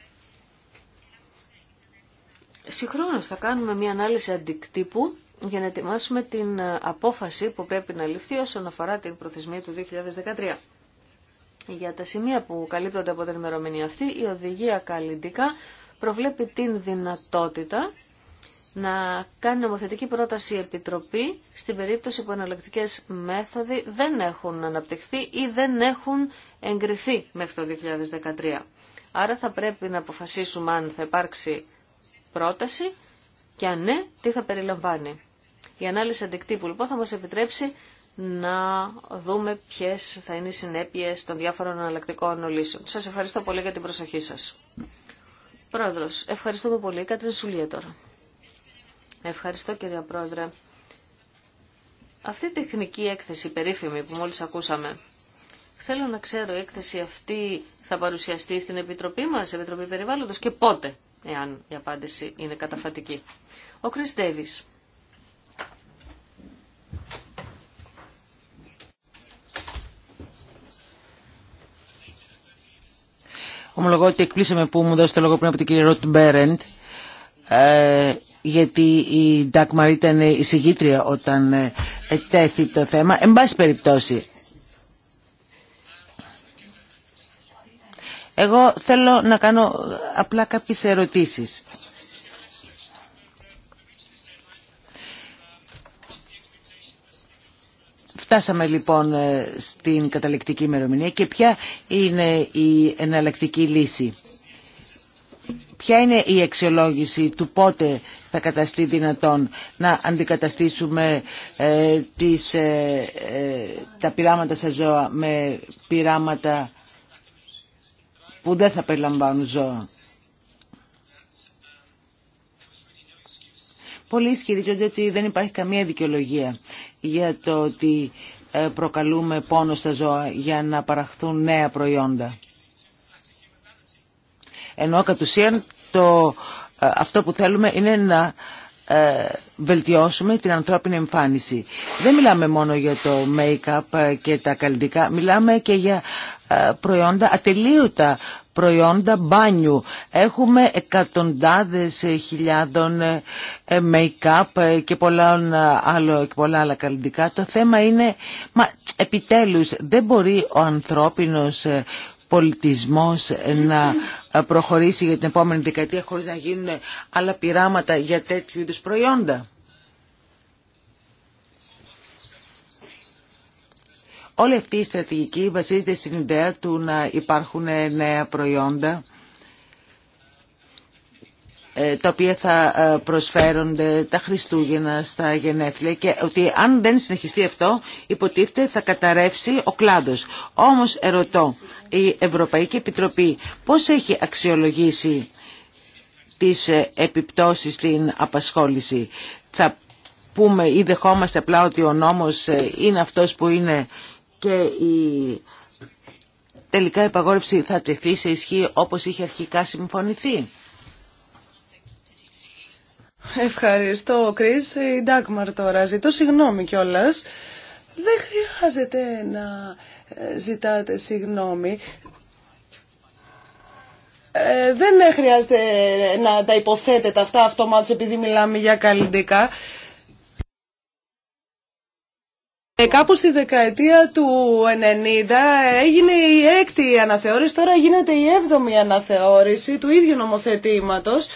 Συγχρόνως θα κάνουμε μια ανάλυση αντικτύπου για να ετοιμάσουμε την ε, απόφαση που πρέπει να ληφθεί όσον αφορά την προθεσμία του 2013. Για τα σημεία που καλύπτονται από την ημερομηνία αυτή, η οδηγία καλλιντικά προβλέπει την δυνατότητα να κάνει νομοθετική πρόταση η Επιτροπή στην περίπτωση που εναλλακτικέ μέθοδοι δεν έχουν αναπτυχθεί ή δεν έχουν εγκριθεί μέχρι το 2013. Άρα θα πρέπει να αποφασίσουμε αν θα υπάρξει πρόταση και αν ναι, τι θα περιλαμβάνει. Η ανάλυση αντικτύπου λοιπόν θα μας επιτρέψει να δούμε ποιες θα είναι οι συνέπειες των διάφορων αναλλακτικών λύσεων. Σας ευχαριστώ πολύ για την προσοχή σας. Πρόεδρος, ευχαριστούμε πολύ. Κατριν Σουλία τώρα. Ευχαριστώ κύριε Πρόεδρε. Αυτή η τεχνική έκθεση περίφημη που μόλις ακούσαμε, θέλω να ξέρω η έκθεση αυτή θα παρουσιαστεί στην Επιτροπή μας, Επιτροπή Περιβάλλοντος και πότε, εάν η απάντηση είναι καταφατική. Ο Κρις Ντέβης. Ομολογώ ότι εκπλήσαμε που μου δώσετε λόγο πριν από την κυρία Ροτ Μπέρεντ. Ε, γιατί η Ντάκμαρ ήταν η συγγήτρια όταν ε, ετέθη το θέμα. Εν πάση περιπτώσει, εγώ θέλω να κάνω απλά κάποιες ερωτήσεις. Φτάσαμε λοιπόν ε, στην καταληκτική ημερομηνία και ποια είναι η εναλλακτική λύση. Ποια είναι η αξιολόγηση του πότε θα καταστεί δυνατόν να αντικαταστήσουμε ε, τις, ε, ε, τα πειράματα στα ζώα με πειράματα που δεν θα περιλαμβάνουν ζώα. Πολλοί ισχυρίζονται ότι δεν υπάρχει καμία δικαιολογία για το ότι προκαλούμε πόνο στα ζώα για να παραχθούν νέα προϊόντα. Ενώ κατ' ουσίαν ε, αυτό που θέλουμε είναι να ε, βελτιώσουμε την ανθρώπινη εμφάνιση. Δεν μιλάμε μόνο για το make-up ε, και τα καλλιτικά, μιλάμε και για προϊόντα ατελείωτα προϊόντα μπάνιου. Έχουμε εκατοντάδες χιλιάδων make-up και πολλά πολλά άλλα καλλιτικά. Το θέμα είναι, μα επιτέλους δεν μπορεί ο ανθρώπινος πολιτισμός να ε, προχωρήσει για την επόμενη δεκαετία χωρίς να γίνουν άλλα πειράματα για τέτοιου είδους προϊόντα. Όλη αυτή η στρατηγική βασίζεται στην ιδέα του να υπάρχουν νέα προϊόντα ε, τα οποία θα ε, προσφέρονται τα Χριστούγεννα στα γενέθλια και ότι αν δεν συνεχιστεί αυτό υποτίθεται θα καταρρεύσει ο κλάδος. Όμως ερωτώ, η Ευρωπαϊκή Επιτροπή πώς έχει αξιολογήσει τις ε, επιπτώσεις στην απασχόληση. Θα πούμε ή δεχόμαστε απλά ότι ο νόμος είναι αυτός που είναι και η τελικά η θα τεθεί σε ισχύ όπως είχε αρχικά συμφωνηθεί. Ευχαριστώ, Κρυ. Η ε, Ντάκμαρ τώρα. Ζητώ συγγνώμη κιόλα. Δεν χρειάζεται να ε, ζητάτε συγγνώμη. Ε, δεν χρειάζεται να τα υποθέτετε αυτά αυτομάτως επειδή μιλάμε για καλλιντικά. Ε, κάπου στη δεκαετία του 90 έγινε η έκτη αναθεώρηση, τώρα γίνεται η έβδομη αναθεώρηση του ίδιου νομοθετήματος.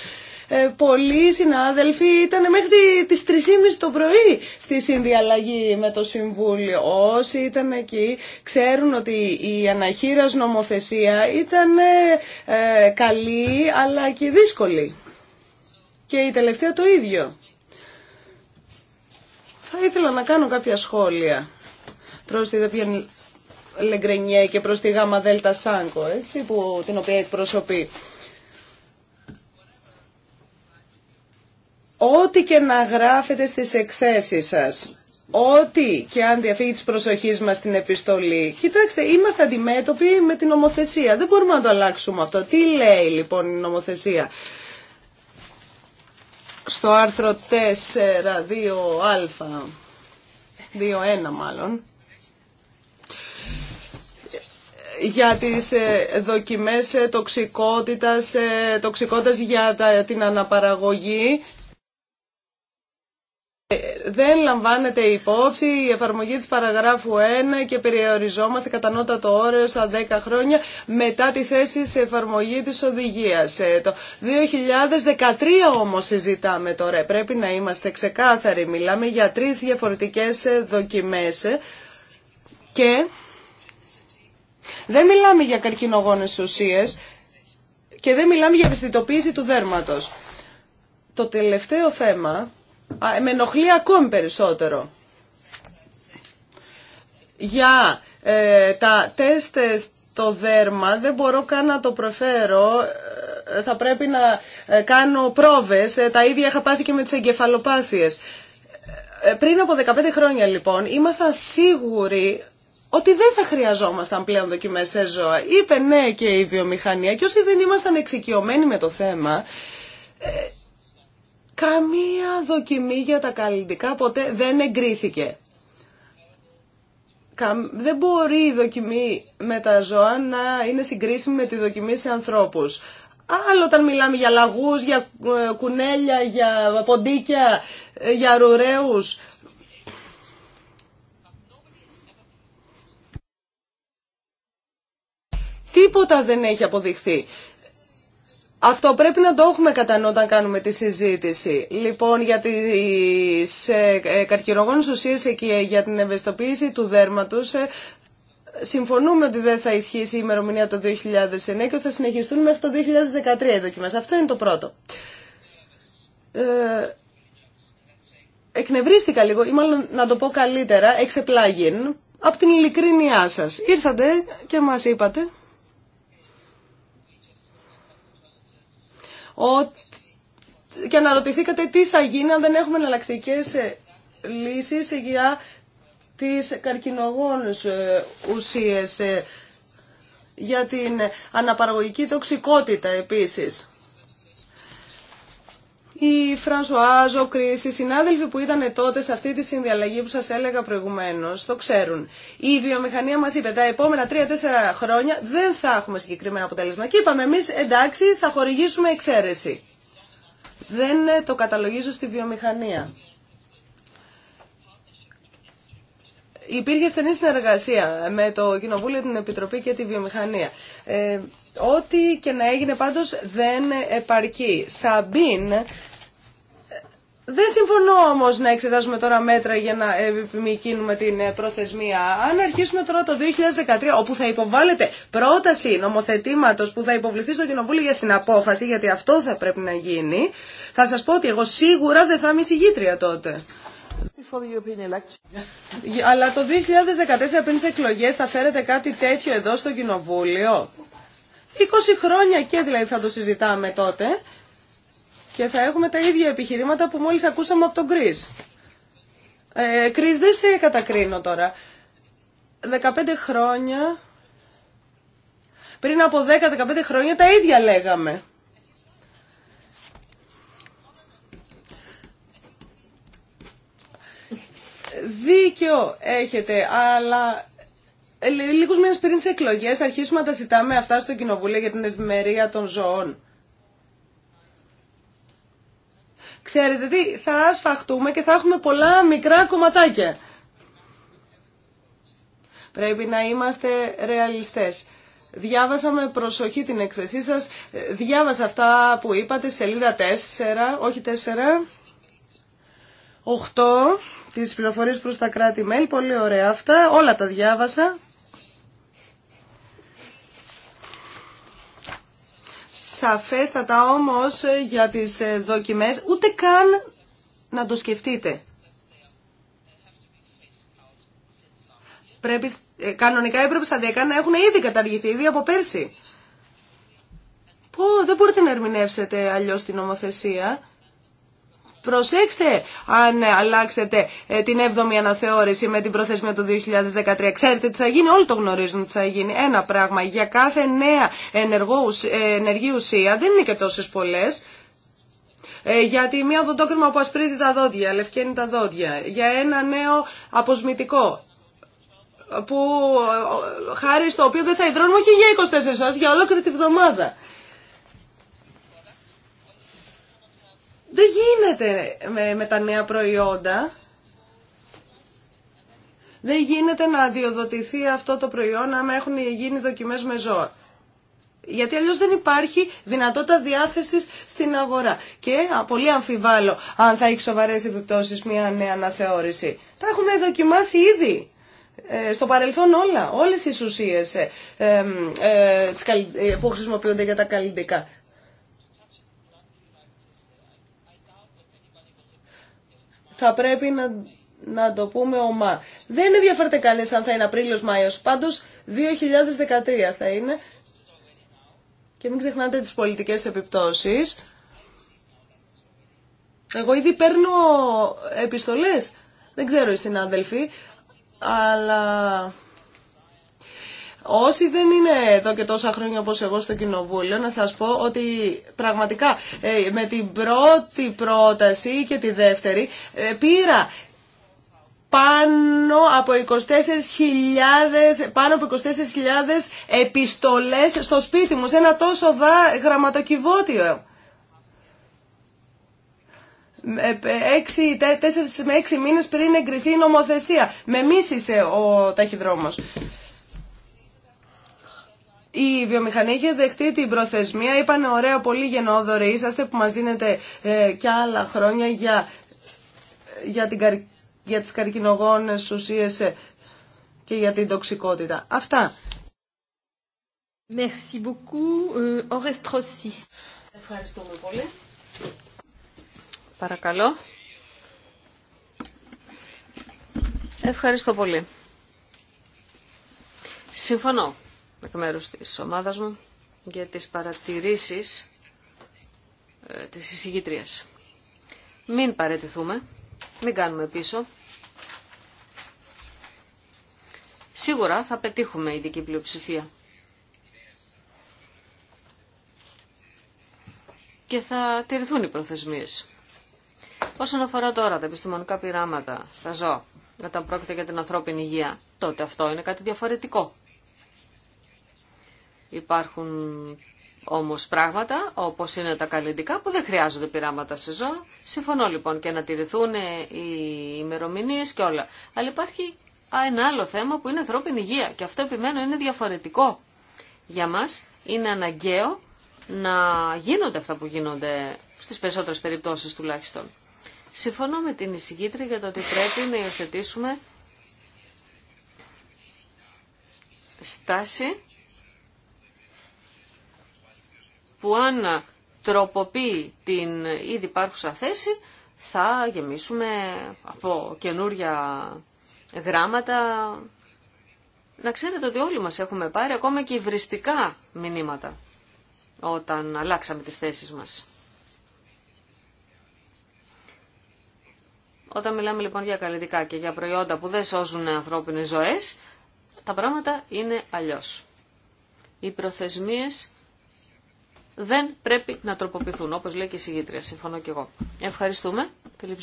Ε, πολλοί συνάδελφοι ήταν μέχρι τις 3.30 το πρωί στη συνδιαλλαγή με το Συμβούλιο. Όσοι ήταν εκεί ξέρουν ότι η αναχείρας νομοθεσία ήταν ε, ε, καλή αλλά και δύσκολη. Και η τελευταία το ίδιο. Θα ήθελα να κάνω κάποια σχόλια προς τη Δεπιαν Λεγκρενιέ και προς τη Γάμα Δέλτα Σάνκο, έτσι, που, την οποία εκπροσωπεί. ό,τι και να γράφετε στις εκθέσεις σας, ό,τι και αν διαφύγει της προσοχής μας την επιστολή, κοιτάξτε, είμαστε αντιμέτωποι με την νομοθεσία. Δεν μπορούμε να το αλλάξουμε αυτό. Τι λέει λοιπόν η νομοθεσία. Στο άρθρο 4, α 2.1 μάλλον, για τις ε, δοκιμές ε, τοξικότητας, ε, τοξικότητας για την αναπαραγωγή ε, δεν λαμβάνεται υπόψη η εφαρμογή της παραγράφου 1 και περιοριζόμαστε κατά το όριο στα 10 χρόνια μετά τη θέση σε εφαρμογή της οδηγίας. Ε, το 2013 όμως συζητάμε τώρα, ε, πρέπει να είμαστε ξεκάθαροι, μιλάμε για τρεις διαφορετικές δοκιμές και δεν μιλάμε για καρκινογόνες ουσίες και δεν μιλάμε για ευαισθητοποίηση του δέρματος. Το τελευταίο θέμα με ενοχλεί ακόμη περισσότερο. Για ε, τα τεστ στο δέρμα δεν μπορώ καν να το προφέρω. Ε, θα πρέπει να ε, κάνω πρόβες. Τα ίδια είχα πάθει και με τις εγκεφαλοπάθειες. Πριν από 15 χρόνια λοιπόν ήμασταν σίγουροι ότι δεν θα χρειαζόμασταν πλέον δοκιμές σε ζώα. Είπε ναι και η βιομηχανία και όσοι δεν ήμασταν εξοικειωμένοι με το θέμα Καμία δοκιμή για τα καλλιντικά ποτέ δεν εγκρίθηκε. Δεν μπορεί η δοκιμή με τα ζώα να είναι συγκρίσιμη με τη δοκιμή σε ανθρώπους. Άλλο όταν μιλάμε για λαγούς, για ε, κουνέλια, για ποντίκια, ε, για ρουρέους. Τίποτα δεν έχει αποδειχθεί. Αυτό πρέπει να το έχουμε κατά νου όταν κάνουμε τη συζήτηση. Λοιπόν, για τις ε, ε, καρκινογόνες ουσίες και ε, για την ευαισθητοποίηση του δέρματος, συμφωνούμε ότι δεν θα ισχύσει η ημερομηνία το 2009 και θα συνεχιστούν μέχρι το 2013 οι δοκιμέ. Αυτό είναι το πρώτο. Ε, εκνευρίστηκα λίγο, ή μάλλον να το πω καλύτερα, εξεπλάγιν, από την ειλικρίνειά σας. Ήρθατε και μας είπατε και αναρωτηθήκατε τι θα γίνει αν δεν έχουμε εναλλακτικέ ε, λύσεις για τις καρκινογόνε ε, ουσίες, ε, για την αναπαραγωγική τοξικότητα επίσης η Φρανσουάζο, ο Κρίς, οι συνάδελφοι που ήταν τότε σε αυτή τη συνδιαλλαγή που σας έλεγα προηγουμένως, το ξέρουν. Η βιομηχανία μας είπε τα επόμενα 3-4 χρόνια δεν θα έχουμε συγκεκριμένα αποτέλεσμα. Και είπαμε εμείς εντάξει θα χορηγήσουμε εξαίρεση. Δεν ε, το καταλογίζω στη βιομηχανία. Υπήρχε στενή συνεργασία με το Κοινοβούλιο, την Επιτροπή και τη Βιομηχανία. Ε, ό,τι και να έγινε πάντως δεν επαρκεί. Σαμπίν δεν συμφωνώ όμως να εξετάζουμε τώρα μέτρα για να επιμηκύνουμε την ε, προθεσμία. Αν αρχίσουμε τώρα το 2013, όπου θα υποβάλλεται πρόταση νομοθετήματος που θα υποβληθεί στο Κοινοβούλιο για συναπόφαση, γιατί αυτό θα πρέπει να γίνει, θα σας πω ότι εγώ σίγουρα δεν θα είμαι συγγήτρια τότε. Αλλά το 2014 πριν τι εκλογέ, θα φέρετε κάτι τέτοιο εδώ στο Κοινοβούλιο. 20 χρόνια και δηλαδή θα το συζητάμε τότε. Και θα έχουμε τα ίδια επιχειρήματα που μόλις ακούσαμε από τον Κρίς. Ε, δεν σε κατακρίνω τώρα. 15 χρόνια, πριν από 10-15 χρόνια τα ίδια λέγαμε. Δίκιο έχετε, αλλά ε, λίγους μήνες πριν τις εκλογές θα αρχίσουμε να τα ζητάμε αυτά στο Κοινοβούλιο για την ευημερία των ζωών. Ξέρετε τι, θα ασφαχτούμε και θα έχουμε πολλά μικρά κομματάκια. Πρέπει να είμαστε ρεαλιστές. Διάβασα με προσοχή την εκθεσή σας. Διάβασα αυτά που είπατε, σελίδα 4, όχι 4, 8, τις πληροφορίες προς τα κράτη-μέλη, πολύ ωραία αυτά. Όλα τα διάβασα. σαφέστατα όμως για τις ε, δοκιμές, ούτε καν να το σκεφτείτε. Πρέπει, ε, κανονικά έπρεπε σταδιακά να έχουν ήδη καταργηθεί, ήδη από πέρσι. Πω, δεν μπορείτε να ερμηνεύσετε αλλιώς την νομοθεσία προσέξτε αν αλλάξετε ε, την 7η αναθεώρηση με την προθεσμία του 2013. Ξέρετε τι θα γίνει, όλοι το γνωρίζουν τι θα γίνει. Ένα πράγμα, για κάθε νέα ενεργό, ε, ενεργή ουσία δεν είναι και τόσες πολλές. Ε, γιατί μία δοντόκρυμα που ασπρίζει τα δόντια, λευκένει τα δόντια. Για ένα νέο αποσμητικό που χάρη στο οποίο δεν θα υδρώνουμε όχι για 24 ώρες, για ολόκληρη τη βδομάδα. Δεν γίνεται με, τα νέα προϊόντα. Δεν γίνεται να αδειοδοτηθεί αυτό το προϊόν άμα έχουν γίνει δοκιμές με ζώα. Γιατί αλλιώς δεν υπάρχει δυνατότητα διάθεσης στην αγορά. Και πολύ αμφιβάλλω αν θα έχει σοβαρές επιπτώσεις μια νέα αναθεώρηση. Τα έχουμε δοκιμάσει ήδη. Ε, στο παρελθόν όλα, όλες τις ουσίες ε, ε, ε που χρησιμοποιούνται για τα καλλιντικά. θα πρέπει να, να το πούμε ομά. Δεν ενδιαφέρεται κανεί αν θα ειναι Απρίλιος, Μάιος. Πάντως, 2013 θα είναι. Και μην ξεχνάτε τις πολιτικές επιπτώσεις. Εγώ ήδη παίρνω επιστολές. Δεν ξέρω οι συνάδελφοι, αλλά Όσοι δεν είναι εδώ και τόσα χρόνια όπως εγώ στο Κοινοβούλιο, να σας πω ότι πραγματικά ε, με την πρώτη πρόταση και τη δεύτερη ε, πήρα πάνω από 24.000 πάνω από 24.000 επιστολές στο σπίτι μου σε ένα τόσο δα γραμματοκιβώτιο. Ε, τέσσερις με έξι μήνες πριν εγκριθεί η νομοθεσία. Με μίσησε ο ταχυδρόμος. Η βιομηχανία είχε δεχτεί την προθεσμία, είπανε ωραία πολύ γενναιόδοροι είσαστε που μας δίνετε ε, και άλλα χρόνια για, για, την, καρ... για τις καρκινογόνες ουσίες ε, και για την τοξικότητα. Αυτά. Merci beaucoup. Ε, Ευχαριστούμε πολύ. Παρακαλώ. Ευχαριστώ πολύ. Συμφωνώ εκ μέρους της ομάδας μου για τις παρατηρήσεις ε, της εισηγήτριας. Μην παρετηθούμε, μην κάνουμε πίσω. Σίγουρα θα πετύχουμε ειδική πλειοψηφία. Και θα τηρηθούν οι προθεσμίες. Όσον αφορά τώρα τα επιστημονικά πειράματα στα ζώα, όταν πρόκειται για την ανθρώπινη υγεία, τότε αυτό είναι κάτι διαφορετικό. Υπάρχουν όμως πράγματα, όπως είναι τα καλλιντικά, που δεν χρειάζονται πειράματα σε ζώα. Συμφωνώ λοιπόν και να τηρηθούν οι ημερομηνίε και όλα. Αλλά υπάρχει ένα άλλο θέμα που είναι ανθρώπινη υγεία και αυτό επιμένω είναι διαφορετικό. Για μας είναι αναγκαίο να γίνονται αυτά που γίνονται στις περισσότερες περιπτώσεις τουλάχιστον. Συμφωνώ με την εισηγήτρια για το ότι πρέπει να υιοθετήσουμε στάση που αν τροποποιεί την ήδη υπάρχουσα θέση θα γεμίσουμε από καινούρια γράμματα. Να ξέρετε ότι όλοι μας έχουμε πάρει ακόμα και υβριστικά μηνύματα όταν αλλάξαμε τις θέσεις μας. Όταν μιλάμε λοιπόν για καλλιτικά και για προϊόντα που δεν σώζουν ανθρώπινες ζωές, τα πράγματα είναι αλλιώς. Οι προθεσμίες δεν πρέπει να τροποποιηθούν, όπως λέει και η συγγήτρια. Συμφωνώ και εγώ. Ευχαριστούμε. Φιλίπ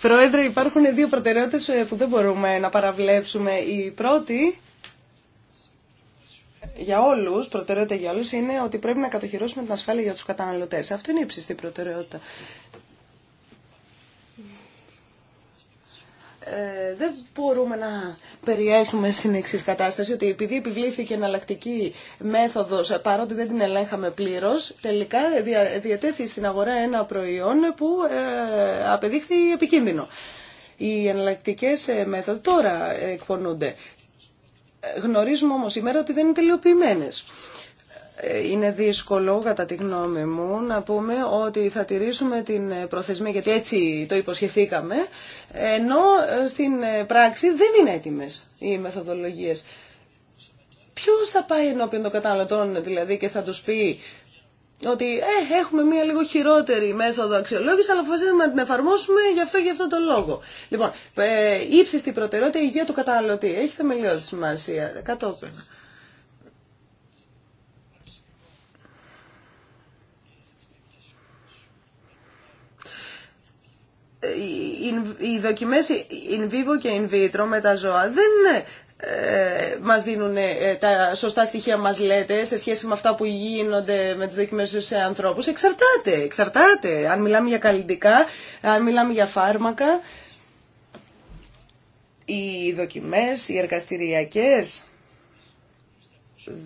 Πρόεδρε, υπάρχουν δύο προτεραιότητες ε, που δεν μπορούμε να παραβλέψουμε. Η πρώτη για όλου, προτεραιότητα για όλους, είναι ότι πρέπει να κατοχυρώσουμε την ασφάλεια για του καταναλωτέ. Αυτό είναι η ψηστή προτεραιότητα. Ε, δεν μπορούμε να περιέχουμε στην εξή κατάσταση ότι επειδή επιβλήθηκε εναλλακτική μέθοδος παρότι δεν την ελέγχαμε πλήρως τελικά διατέθη στην αγορά ένα προϊόν που ε, απεδείχθη επικίνδυνο. Οι εναλλακτικέ ε, μέθοδοι τώρα εκπονούνται. Γνωρίζουμε όμως σήμερα ότι δεν είναι τελειοποιημένες είναι δύσκολο κατά τη γνώμη μου να πούμε ότι θα τηρήσουμε την προθεσμία γιατί έτσι το υποσχεθήκαμε ενώ ε, στην ε, πράξη δεν είναι έτοιμες οι μεθοδολογίες. Ποιο θα πάει ενώπιον των καταναλωτών δηλαδή και θα του πει ότι ε, έχουμε μία λίγο χειρότερη μέθοδο αξιολόγηση, αλλά αποφασίζουμε να την εφαρμόσουμε γι' αυτό γι' αυτό τον λόγο. Λοιπόν, ε, ύψιστη προτεραιότητα η υγεία του καταναλωτή. Έχει θεμελιώδη σημασία. Κατόπιν. οι δοκιμές in vivo και in vitro με τα ζώα δεν μας δίνουν τα σωστά στοιχεία μας λέτε σε σχέση με αυτά που γίνονται με τις δοκιμές σε ανθρώπους. Εξαρτάται, εξαρτάται. Αν μιλάμε για καλλιτικά, αν μιλάμε για φάρμακα, οι δοκιμές, οι εργαστηριακές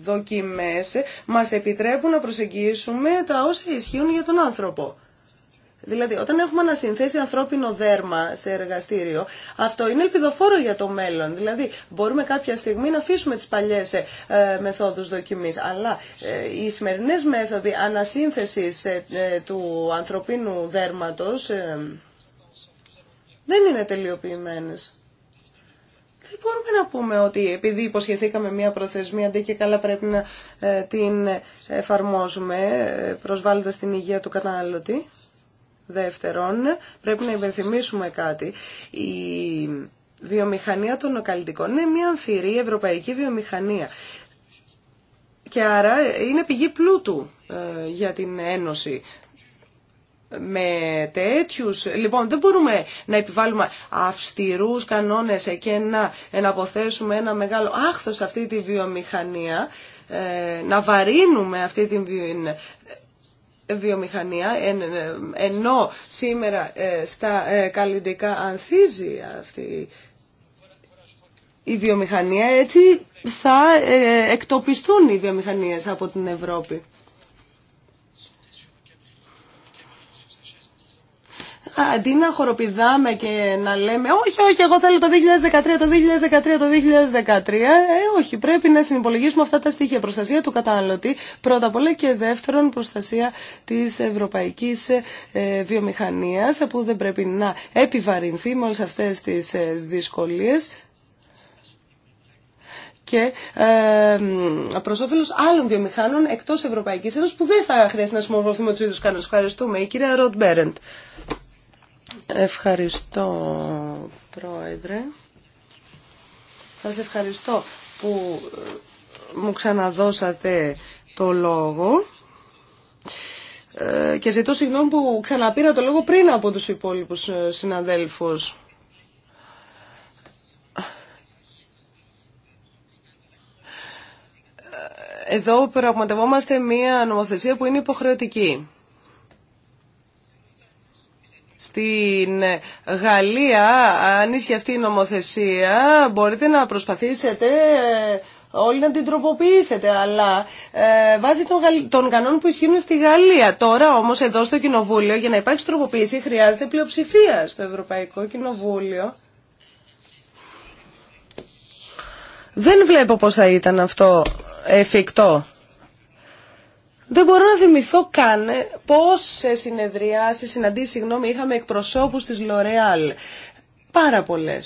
δοκιμές μας επιτρέπουν να προσεγγίσουμε τα όσα ισχύουν για τον άνθρωπο. Δηλαδή, όταν έχουμε ανασυνθέσει ανθρώπινο δέρμα σε εργαστήριο, αυτό είναι ελπιδοφόρο για το μέλλον. Δηλαδή, μπορούμε κάποια στιγμή να αφήσουμε τις παλιέ ε, μεθόδους δοκιμής. Αλλά ε, οι σημερινέ μέθοδοι ανασύνθεσης ε, ε, του ανθρωπίνου δέρματος δεν είναι τελειοποιημένε. Δεν μπορούμε να πούμε ότι επειδή υποσχεθήκαμε μία προθεσμία, αντί και καλά πρέπει να την εφαρμόζουμε, προσβάλλοντας την υγεία του καταναλωτή. Δεύτερον, πρέπει να υπενθυμίσουμε κάτι. Η βιομηχανία των νοκαλυτικών είναι μια ανθυρή ευρωπαϊκή βιομηχανία. Και άρα είναι πηγή πλούτου ε, για την Ένωση με τέτοιους, λοιπόν δεν μπορούμε να επιβάλλουμε αυστηρούς κανόνες και να αποθέσουμε ένα μεγάλο άχθος σε αυτή τη βιομηχανία, ε, να βαρύνουμε αυτή την βιομηχανία, ε, ενώ σήμερα ε, στα ε, καλλιντικά ανθίζει αυτή η βιομηχανία, έτσι θα εκτοπιστούν οι βιομηχανίες από την Ευρώπη. αντί να χοροπηδάμε και να λέμε όχι, όχι, εγώ θέλω το 2013, το 2013, το 2013, ε, όχι, πρέπει να συνυπολογίσουμε αυτά τα στοιχεία. Προστασία του καταναλωτή, πρώτα απ' όλα, και δεύτερον, προστασία της ευρωπαϊκής ε, βιομηχανίας, που δεν πρέπει να επιβαρυνθεί με όλες αυτές τις ε, δυσκολίες και ε, προ όφελο άλλων βιομηχάνων εκτό Ευρωπαϊκή Ένωση που δεν θα χρειαστεί να συμμορφωθούμε του ίδιου κανόνε. Ευχαριστούμε. Η κυρία Ροτ Μπέρεντ. Ευχαριστώ, Πρόεδρε. Σας ευχαριστώ που ε, μου ξαναδώσατε το λόγο ε, και ζητώ συγγνώμη που ξαναπήρα το λόγο πριν από τους υπόλοιπους ε, συναδέλφους. Εδώ πραγματευόμαστε μία νομοθεσία που είναι υποχρεωτική. Στην Γαλλία, αν είσαι αυτή η νομοθεσία, μπορείτε να προσπαθήσετε ε, όλοι να την τροποποιήσετε, αλλά ε, τον των, κανόνων που ισχύουν στη Γαλλία. Τώρα όμως εδώ στο Κοινοβούλιο, για να υπάρξει τροποποίηση, χρειάζεται πλειοψηφία στο Ευρωπαϊκό Κοινοβούλιο. Δεν βλέπω πώς θα ήταν αυτό εφικτό. Δεν μπορώ να θυμηθώ καν πόσες συνεδριάσει, συναντησει συγγνώμη, είχαμε εκπροσώπους της ΛΟΡΕΑΛ. Πάρα πολλε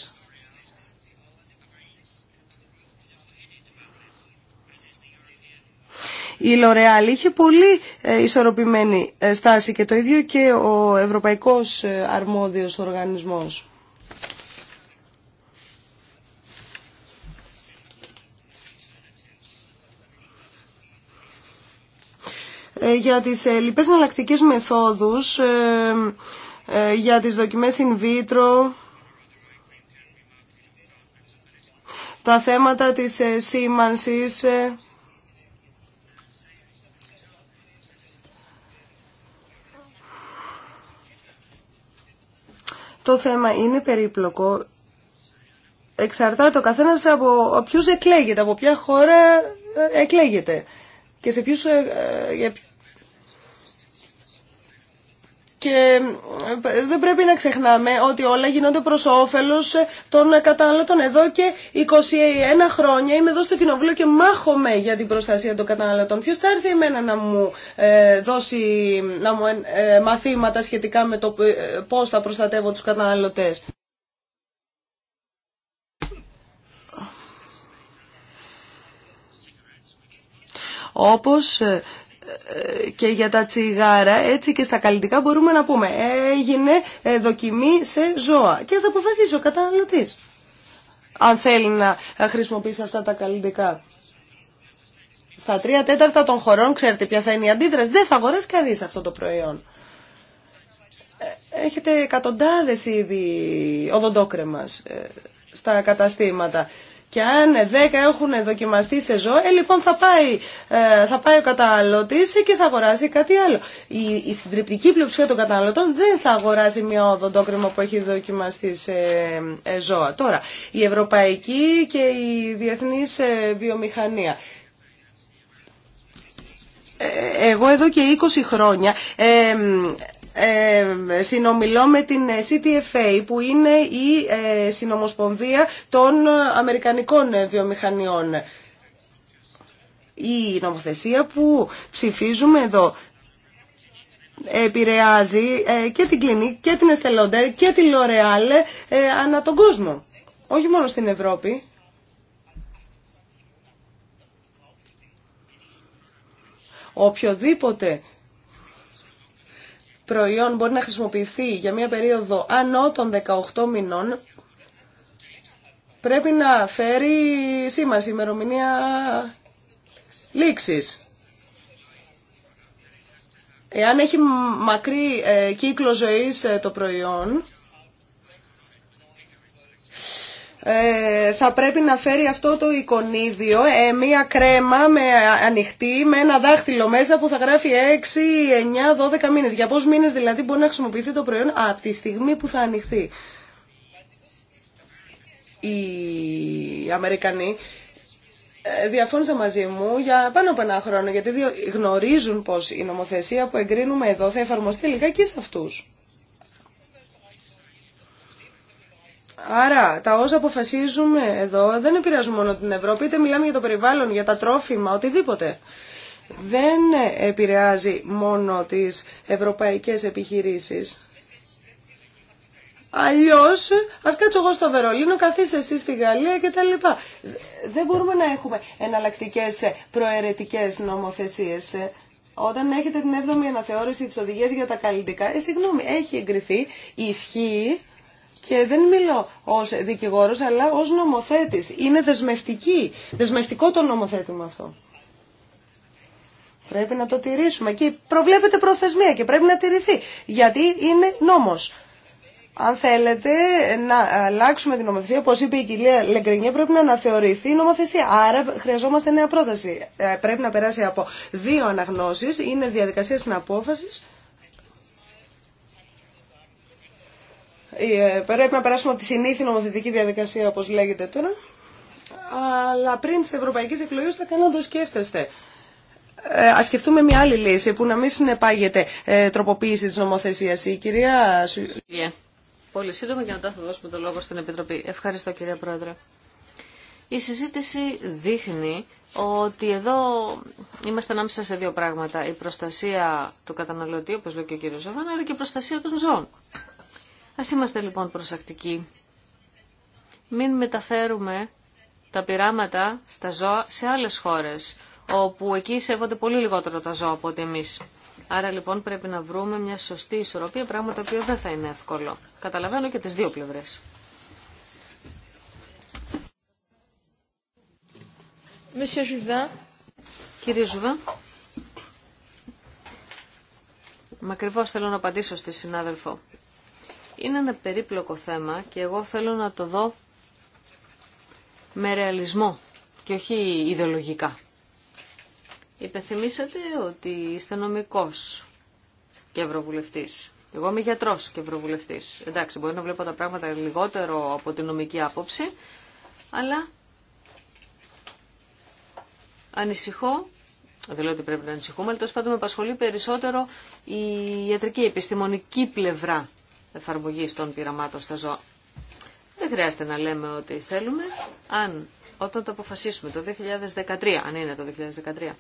Η ΛΟΡΕΑΛ είχε πολύ ε, ισορροπημένη ε, στάση και το ίδιο και ο Ευρωπαϊκός ε, Αρμόδιος Οργανισμός. Ε, για τις ε, λοιπές εναλλακτικέ μεθόδους, ε, για τις δοκιμές in vitro, τα θέματα της σήμανσης, Το θέμα είναι περίπλοκο. Εξαρτάται ο καθένας από ποιους εκλέγεται, από ποια χώρα εκλέγεται και σε ποιους, και ε, δεν πρέπει να ξεχνάμε ότι όλα γίνονται προς όφελος των καταναλωτών. Εδώ και 21 χρόνια είμαι εδώ στο Κοινοβούλιο και μάχομαι για την προστασία των καταναλωτών. Ποιος θα έρθει εμένα να μου ε, δώσει να μου, ε, μαθήματα σχετικά με το πώς θα προστατεύω τους καταναλωτές. Όπως και για τα τσιγάρα, έτσι και στα καλλιτικά μπορούμε να πούμε έγινε ε, δοκιμή σε ζώα και ας αποφασίσει ο καταναλωτής αν θέλει να ε, χρησιμοποιήσει αυτά τα καλλιτικά. Στα τρία τέταρτα των χωρών, ξέρετε ποια θα είναι η αντίδραση, δεν θα αγοράσει κανεί αυτό το προϊόν. Ε, έχετε εκατοντάδες ήδη οδοντόκρεμας στα καταστήματα. Και αν 10 έχουν δοκιμαστεί σε ζώα, ε, λοιπόν θα πάει, ε, θα πάει ο καταναλωτή και θα αγοράσει κάτι άλλο. Η, η συντριπτική πλειοψηφία των καταναλωτών δεν θα αγοράσει μια οδοντόκρεμα που έχει δοκιμαστεί σε ε, ζώα. Τώρα, η ευρωπαϊκή και η διεθνή ε, βιομηχανία. Εγώ εδώ και 20 χρόνια ε, συνομιλώ με την CTFA που είναι η ε, συνομοσπονδία των Αμερικανικών βιομηχανιών. Η νομοθεσία που ψηφίζουμε εδώ επηρεάζει ε, και την Κλινή και την Εστελόντερ και τη Λορεάλ ανά τον κόσμο. Όχι μόνο στην Ευρώπη. Οποιοδήποτε προϊόν μπορεί να χρησιμοποιηθεί για μια περίοδο ανώ των 18 μηνών, πρέπει να φέρει σήμαση ημερομηνία λήξης. Εάν έχει μακρύ ε, κύκλο ζωής ε, το προϊόν, ε, θα πρέπει να φέρει αυτό το εικονίδιο, ε, μία κρέμα με ανοιχτή, με ένα δάχτυλο μέσα που θα γράφει 6, 9, 12 μήνες. Για πόσους μήνες δηλαδή μπορεί να χρησιμοποιηθεί το προϊόν από τη στιγμή που θα ανοιχθεί. Οι Αμερικανοί ε, διαφώνησαν μαζί μου για πάνω από ένα χρόνο, γιατί γνωρίζουν πως η νομοθεσία που εγκρίνουμε εδώ θα εφαρμοστεί λιγάκι σε αυτούς. Άρα τα όσα αποφασίζουμε εδώ δεν επηρεάζουν μόνο την Ευρώπη, είτε μιλάμε για το περιβάλλον, για τα τρόφιμα, οτιδήποτε. Δεν επηρεάζει μόνο τις ευρωπαϊκές επιχειρήσεις. Αλλιώς, ας κάτσω εγώ στο Βερολίνο, καθίστε εσείς στη Γαλλία λοιπά. Δεν μπορούμε να έχουμε εναλλακτικέ προαιρετικέ νομοθεσίες. Όταν έχετε την 7η αναθεώρηση της οδηγίας για τα καλλιτικά, ε, συγγνώμη, έχει εγκριθεί, ισχύει και δεν μιλώ ως δικηγόρος αλλά ως νομοθέτης. Είναι δεσμευτική, δεσμευτικό το νομοθέτημα αυτό. Πρέπει να το τηρήσουμε και προβλέπεται προθεσμία και πρέπει να τηρηθεί γιατί είναι νόμος. Αν θέλετε να αλλάξουμε την νομοθεσία, όπω είπε η κυρία Λεγκρινιέ, πρέπει να αναθεωρηθεί η νομοθεσία. Άρα χρειαζόμαστε νέα πρόταση. Ε, πρέπει να περάσει από δύο αναγνώσει, είναι διαδικασία συναπόφαση Ε, πρέπει να περάσουμε από τη συνήθινη νομοθετική διαδικασία όπω λέγεται τώρα αλλά πριν τι ευρωπαϊκέ εκλογέ, θα κάνω να το σκέφτεστε. Ε, Α σκεφτούμε μια άλλη λύση που να μην συνεπάγεται ε, τροποποίηση τη νομοθεσία. Η κυρία yeah. Πολύ σύντομα και μετά θα δώσουμε το λόγο στην Επιτροπή. Ευχαριστώ κυρία Πρόεδρε. Η συζήτηση δείχνει ότι εδώ είμαστε ανάμεσα σε δύο πράγματα. Η προστασία του καταναλωτή, όπως λέει και ο κύριος Ζωβάν, αλλά και η προστασία των ζώων. Ας είμαστε λοιπόν προσεκτικοί. Μην μεταφέρουμε τα πειράματα στα ζώα σε άλλες χώρες, όπου εκεί σέβονται πολύ λιγότερο τα ζώα από ότι εμείς. Άρα λοιπόν πρέπει να βρούμε μια σωστή ισορροπία, πράγμα το οποίο δεν θα είναι εύκολο. Καταλαβαίνω και τις δύο πλευρές. Κύριε Ζουβά, μακριβώς θέλω να απαντήσω στη συνάδελφο. Είναι ένα περίπλοκο θέμα και εγώ θέλω να το δω με ρεαλισμό και όχι ιδεολογικά. Υπενθυμίσατε ότι είστε νομικός και ευρωβουλευτής. Εγώ είμαι γιατρός και ευρωβουλευτής. Εντάξει, μπορεί να βλέπω τα πράγματα λιγότερο από την νομική άποψη, αλλά ανησυχώ, δεν λέω ότι πρέπει να ανησυχούμε, αλλά τόσο πάντων με απασχολεί περισσότερο η ιατρική, επιστημονική πλευρά εφαρμογή των πειραμάτων στα ζώα. Δεν χρειάζεται να λέμε ότι θέλουμε, αν όταν το αποφασίσουμε το 2013, αν είναι το 2013,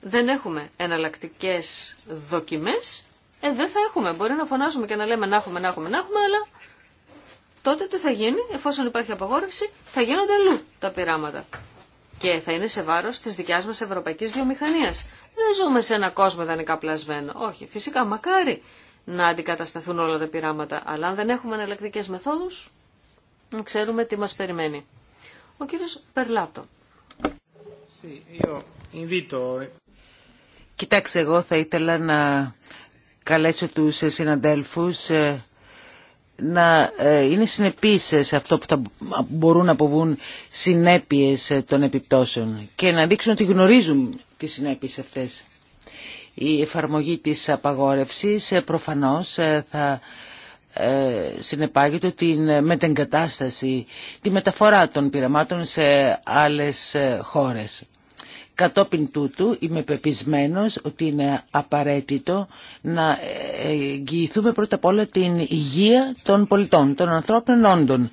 δεν έχουμε εναλλακτικέ δοκιμές, ε, δεν θα έχουμε. Μπορεί να φωνάζουμε και να λέμε να έχουμε, να έχουμε, να έχουμε, αλλά τότε τι θα γίνει, εφόσον υπάρχει απαγόρευση, θα γίνονται αλλού τα πειράματα. Και θα είναι σε βάρο τη δικιά μα ευρωπαϊκή βιομηχανία. Δεν ζούμε σε ένα κόσμο ιδανικά πλασμένο. Όχι, φυσικά, μακάρι να αντικατασταθούν όλα τα πειράματα. Αλλά αν δεν έχουμε εναλλακτικέ μεθόδους, ξέρουμε τι μας περιμένει. Ο κύριος Περλάτο. Κοιτάξτε, εγώ θα ήθελα να καλέσω τους συναντέλφου ε, να ε, είναι συνεπείς σε αυτό που θα μπορούν να αποβούν συνέπειες ε, των επιπτώσεων και να δείξουν ότι γνωρίζουν τις συνέπειες αυτές η εφαρμογή της απαγόρευσης ε, προφανώς ε, θα ε, συνεπάγεται την μετεγκατάσταση, τη μεταφορά των πειραμάτων σε άλλες χώρες. Κατόπιν τούτου είμαι πεπισμένος ότι είναι απαραίτητο να εγγυηθούμε πρώτα απ' όλα την υγεία των πολιτών, των ανθρώπινων όντων.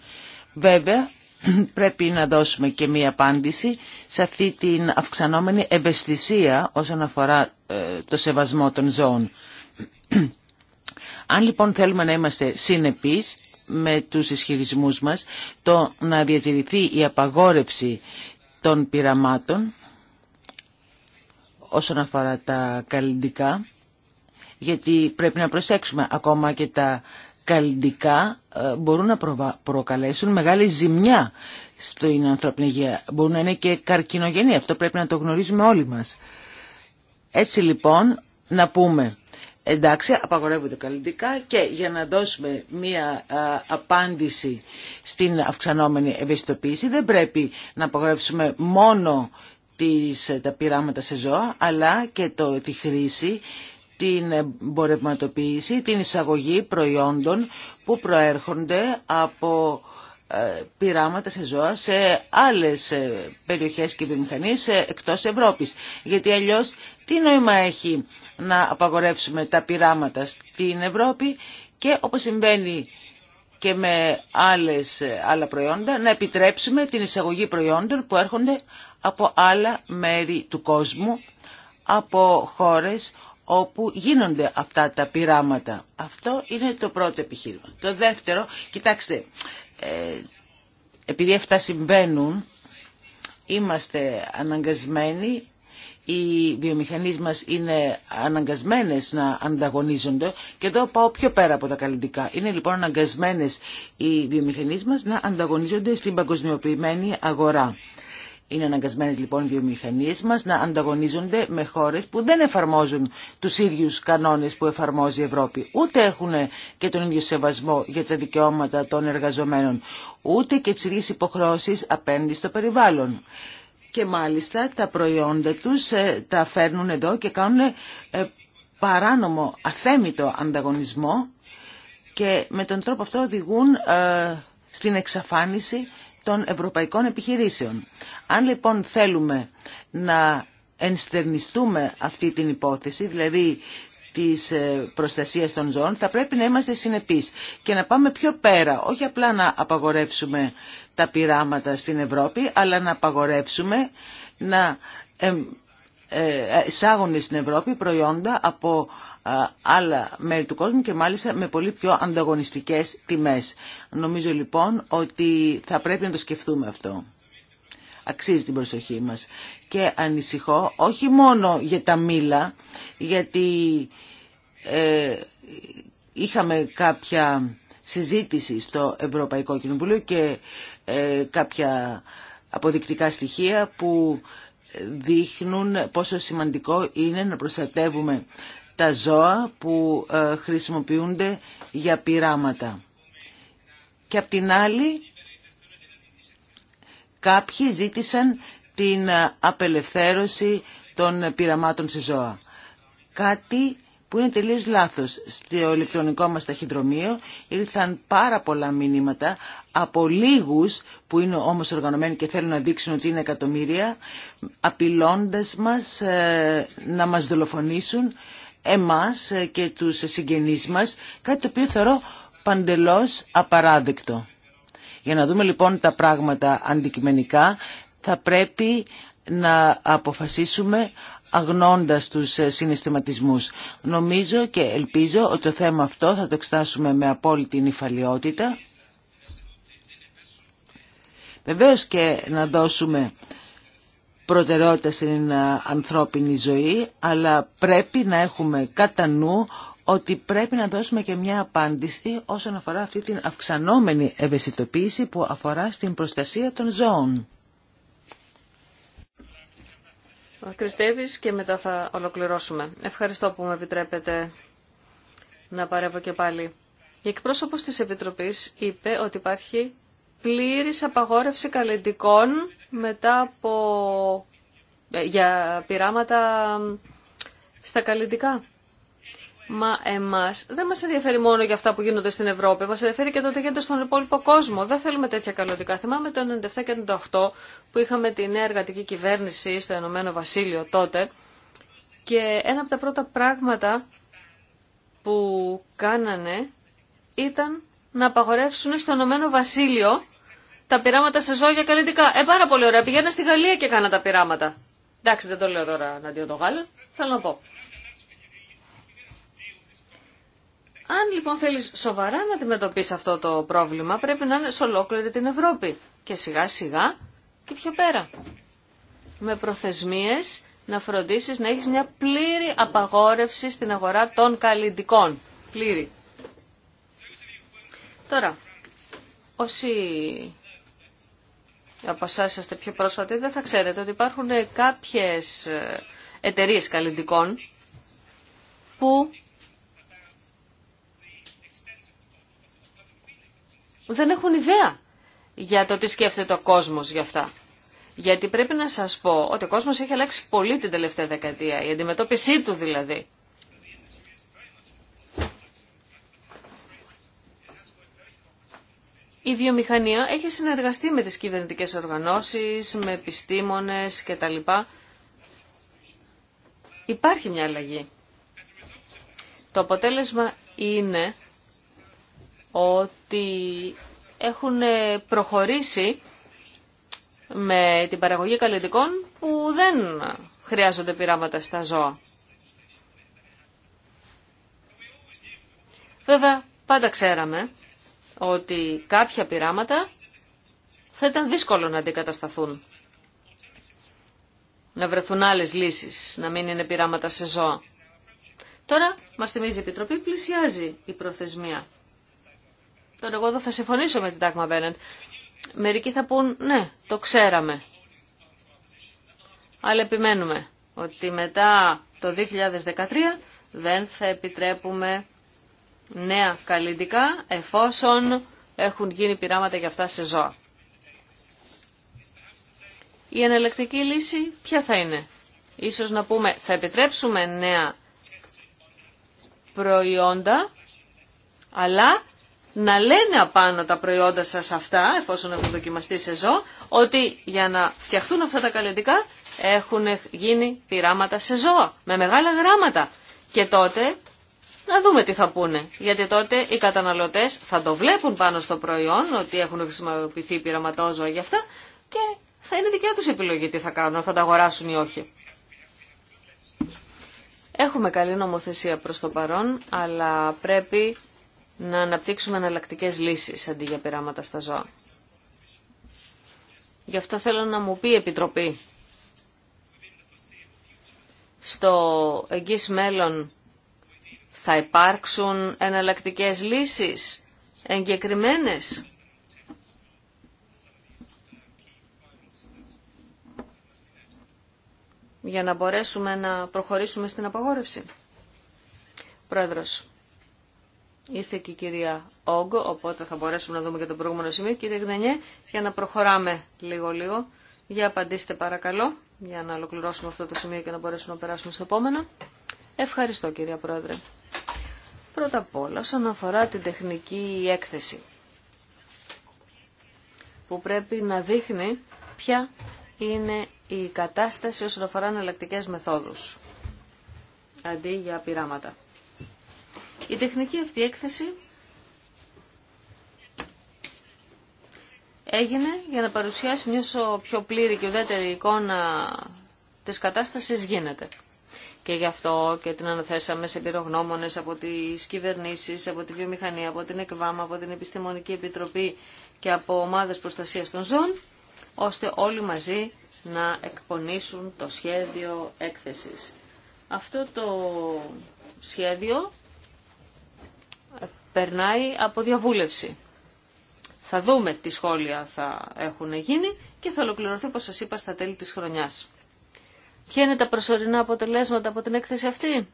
Βέβαια πρέπει να δώσουμε και μία απάντηση σε αυτή την αυξανόμενη ευαισθησία όσον αφορά ε, το σεβασμό των ζώων. Αν λοιπόν θέλουμε να είμαστε συνεπείς με τους ισχυρισμούς μας, το να διατηρηθεί η απαγόρευση των πειραμάτων όσον αφορά τα καλλιντικά, γιατί πρέπει να προσέξουμε ακόμα και τα καλλιντικά ε, μπορούν να προκαλέσουν μεγάλη ζημιά στην ανθρώπινη υγεία. Μπορούν να είναι και καρκινογενή. Αυτό πρέπει να το γνωρίζουμε όλοι μας. Έτσι λοιπόν να πούμε εντάξει απαγορεύονται καλλιντικά και για να δώσουμε μία απάντηση στην αυξανόμενη ευαισθητοποίηση δεν πρέπει να απαγορεύσουμε μόνο τις, τα πειράματα σε ζώα αλλά και το, τη χρήση την εμπορευματοποίηση, την εισαγωγή προϊόντων που προέρχονται από ε, πειράματα σε ζώα σε άλλες ε, περιοχές και βιομηχανίε εκτός Ευρώπης. Γιατί αλλιώς τι νόημα έχει να απαγορεύσουμε τα πειράματα στην Ευρώπη και όπως συμβαίνει και με άλλες, ε, άλλα προϊόντα να επιτρέψουμε την εισαγωγή προϊόντων που έρχονται από άλλα μέρη του κόσμου, από χώρες όπου γίνονται αυτά τα πειράματα. Αυτό είναι το πρώτο επιχείρημα. Το δεύτερο, κοιτάξτε, ε, επειδή αυτά συμβαίνουν, είμαστε αναγκασμένοι, οι βιομηχανίες μας είναι αναγκασμένες να ανταγωνίζονται και εδώ πάω πιο πέρα από τα καλλιτικά. Είναι λοιπόν αναγκασμένες οι βιομηχανίες μας να ανταγωνίζονται στην παγκοσμιοποιημένη αγορά. Είναι αναγκασμένες λοιπόν οι βιομηχανίες μας να ανταγωνίζονται με χώρες που δεν εφαρμόζουν τους ίδιους κανόνες που εφαρμόζει η Ευρώπη. Ούτε έχουν και τον ίδιο σεβασμό για τα δικαιώματα των εργαζομένων, ούτε και τις ίδιες υποχρεώσεις απέναντι στο περιβάλλον. Και μάλιστα τα προϊόντα τους ε, τα φέρνουν εδώ και κάνουν ε, παράνομο, αθέμητο ανταγωνισμό και με τον τρόπο αυτό οδηγούν ε, στην εξαφάνιση των ευρωπαϊκών επιχειρήσεων. Αν λοιπόν θέλουμε να ενστερνιστούμε αυτή την υπόθεση, δηλαδή της ε, προστασίας των ζώων, θα πρέπει να είμαστε συνεπείς και να πάμε πιο πέρα, όχι απλά να απαγορεύσουμε τα πειράματα στην Ευρώπη, αλλά να απαγορεύσουμε να ε, ε, εισάγουν στην Ευρώπη προϊόντα από άλλα μέρη του κόσμου και μάλιστα με πολύ πιο ανταγωνιστικές τιμές. Νομίζω λοιπόν ότι θα πρέπει να το σκεφτούμε αυτό. Αξίζει την προσοχή μας. Και ανησυχώ όχι μόνο για τα μήλα, γιατί ε, είχαμε κάποια συζήτηση στο Ευρωπαϊκό Κοινοβούλιο και ε, κάποια αποδεικτικά στοιχεία που δείχνουν πόσο σημαντικό είναι να προστατεύουμε τα ζώα που ε, χρησιμοποιούνται για πειράματα. Και απ' την άλλη κάποιοι ζήτησαν την ε, απελευθέρωση των πειραμάτων σε ζώα. Κάτι που είναι τελείως λάθος. Στο ηλεκτρονικό μας ταχυδρομείο ήρθαν πάρα πολλά μηνύματα από λίγους που είναι όμως οργανωμένοι και θέλουν να δείξουν ότι είναι εκατομμύρια απειλώντας μας ε, να μας δολοφονήσουν εμάς και τους συγγενείς μας, κάτι το οποίο θεωρώ παντελώς απαράδεκτο. Για να δούμε λοιπόν τα πράγματα αντικειμενικά, θα πρέπει να αποφασίσουμε αγνώντας τους συναισθηματισμούς. Νομίζω και ελπίζω ότι το θέμα αυτό θα το εξτάσουμε με απόλυτη νυφαλιότητα. Βεβαίως και να δώσουμε προτεραιότητα στην ε, ανθρώπινη ζωή, αλλά πρέπει να έχουμε κατά νου ότι πρέπει να δώσουμε και μια απάντηση όσον αφορά αυτή την αυξανόμενη ευαισθητοποίηση που αφορά στην προστασία των ζώων. Κριστέβης και μετά θα ολοκληρώσουμε. Ευχαριστώ που με επιτρέπετε να παρεύω και πάλι. Η εκπρόσωπος της Επιτροπής είπε ότι υπάρχει πλήρης απαγόρευση καλλιντικών μετά από... Ε, για πειράματα στα καλλιντικά. Μα εμάς δεν μας ενδιαφέρει μόνο για αυτά που γίνονται στην Ευρώπη, μας ενδιαφέρει και το ότι γίνεται στον υπόλοιπο κόσμο. Δεν θέλουμε τέτοια καλλιντικά. Θυμάμαι το 97 και 98 που είχαμε τη νέα εργατική κυβέρνηση στο Ενωμένο Βασίλειο τότε και ένα από τα πρώτα πράγματα που κάνανε ήταν να απαγορεύσουν στο Ενωμένο Βασίλειο τα πειράματα σε ζώα καλλιτικά. Ε, πάρα πολύ ωραία. Πηγαίνα στη Γαλλία και κάνα τα πειράματα. Εντάξει, δεν το λέω τώρα αντίον των Γάλλων. Θέλω να πω. Αν λοιπόν θέλεις σοβαρά να αντιμετωπίσει αυτό το πρόβλημα, πρέπει να είναι σε ολόκληρη την Ευρώπη. Και σιγά σιγά και πιο πέρα. Με προθεσμίες να φροντίσεις να έχεις μια πλήρη απαγόρευση στην αγορά των καλλιντικών. Πλήρη. Τώρα, όσοι από εσά είστε πιο πρόσφατοι, δεν θα ξέρετε ότι υπάρχουν ε, κάποιε εταιρείε καλλιντικών που δεν έχουν ιδέα για το τι σκέφτεται ο κόσμος για αυτά. Γιατί πρέπει να σας πω ότι ο κόσμος έχει αλλάξει πολύ την τελευταία δεκαετία, η αντιμετώπιση του δηλαδή. Η βιομηχανία έχει συνεργαστεί με τις κυβερνητικές οργανώσεις, με επιστήμονες κτλ. Υπάρχει μια αλλαγή. Το αποτέλεσμα είναι ότι έχουν προχωρήσει με την παραγωγή καλλιτικών που δεν χρειάζονται πειράματα στα ζώα. Βέβαια, πάντα ξέραμε ότι κάποια πειράματα θα ήταν δύσκολο να αντικατασταθούν. Να βρεθούν άλλες λύσεις, να μην είναι πειράματα σε ζώα. Τώρα, μας θυμίζει η Επιτροπή, πλησιάζει η προθεσμία. Τώρα εγώ εδώ θα συμφωνήσω με την Τάκμα Μπένετ. Μερικοί θα πούν, ναι, το ξέραμε. Αλλά επιμένουμε ότι μετά το 2013 δεν θα επιτρέπουμε νέα καλλιντικά εφόσον έχουν γίνει πειράματα για αυτά σε ζώα. Η εναλλακτική λύση ποια θα είναι. Ίσως να πούμε θα επιτρέψουμε νέα προϊόντα, αλλά να λένε απάνω τα προϊόντα σας αυτά, εφόσον έχουν δοκιμαστεί σε ζώα, ότι για να φτιαχτούν αυτά τα καλλιντικά έχουν γίνει πειράματα σε ζώα, με μεγάλα γράμματα. Και τότε να δούμε τι θα πούνε. Γιατί τότε οι καταναλωτές θα το βλέπουν πάνω στο προϊόν ότι έχουν χρησιμοποιηθεί πειραματόζωα για αυτά και θα είναι δικιά τους επιλογή τι θα κάνουν, θα τα αγοράσουν ή όχι. Έχουμε καλή νομοθεσία προς το παρόν, αλλά πρέπει να αναπτύξουμε εναλλακτικέ λύσεις αντί για πειράματα στα ζώα. Γι' αυτό θέλω να μου πει η Επιτροπή. Στο εγγύς μέλλον θα υπάρξουν εναλλακτικές λύσεις, εγκεκριμένες. για να μπορέσουμε να προχωρήσουμε στην απαγόρευση. Πρόεδρος, ήρθε και η κυρία Όγκο, οπότε θα μπορέσουμε να δούμε και το προηγούμενο σημείο. Κύριε Γνενιέ, για να προχωράμε λίγο-λίγο. Για απαντήστε παρακαλώ, για να ολοκληρώσουμε αυτό το σημείο και να μπορέσουμε να περάσουμε στο επόμενο. Ευχαριστώ κυρία Πρόεδρε. Πρώτα απ' όλα, όσον αφορά την τεχνική έκθεση, που πρέπει να δείχνει ποια είναι η κατάσταση όσον αφορά εναλλακτικέ μεθόδους, αντί για πειράματα. Η τεχνική αυτή έκθεση έγινε για να παρουσιάσει μια πιο πλήρη και ουδέτερη εικόνα της κατάστασης γίνεται. Και γι' αυτό και την αναθέσαμε σε πυρογνώμονε από τι κυβερνήσει, από τη βιομηχανία, από την ΕΚΒΑΜΑ, από την Επιστημονική Επιτροπή και από ομάδε προστασία των ζώων, ώστε όλοι μαζί να εκπονήσουν το σχέδιο έκθεσης. Αυτό το σχέδιο ε, περνάει από διαβούλευση. Θα δούμε τι σχόλια θα έχουν γίνει και θα ολοκληρωθεί, όπως σας είπα, στα τέλη της χρονιάς. Ποια είναι τα προσωρινά αποτελέσματα από την έκθεση αυτή.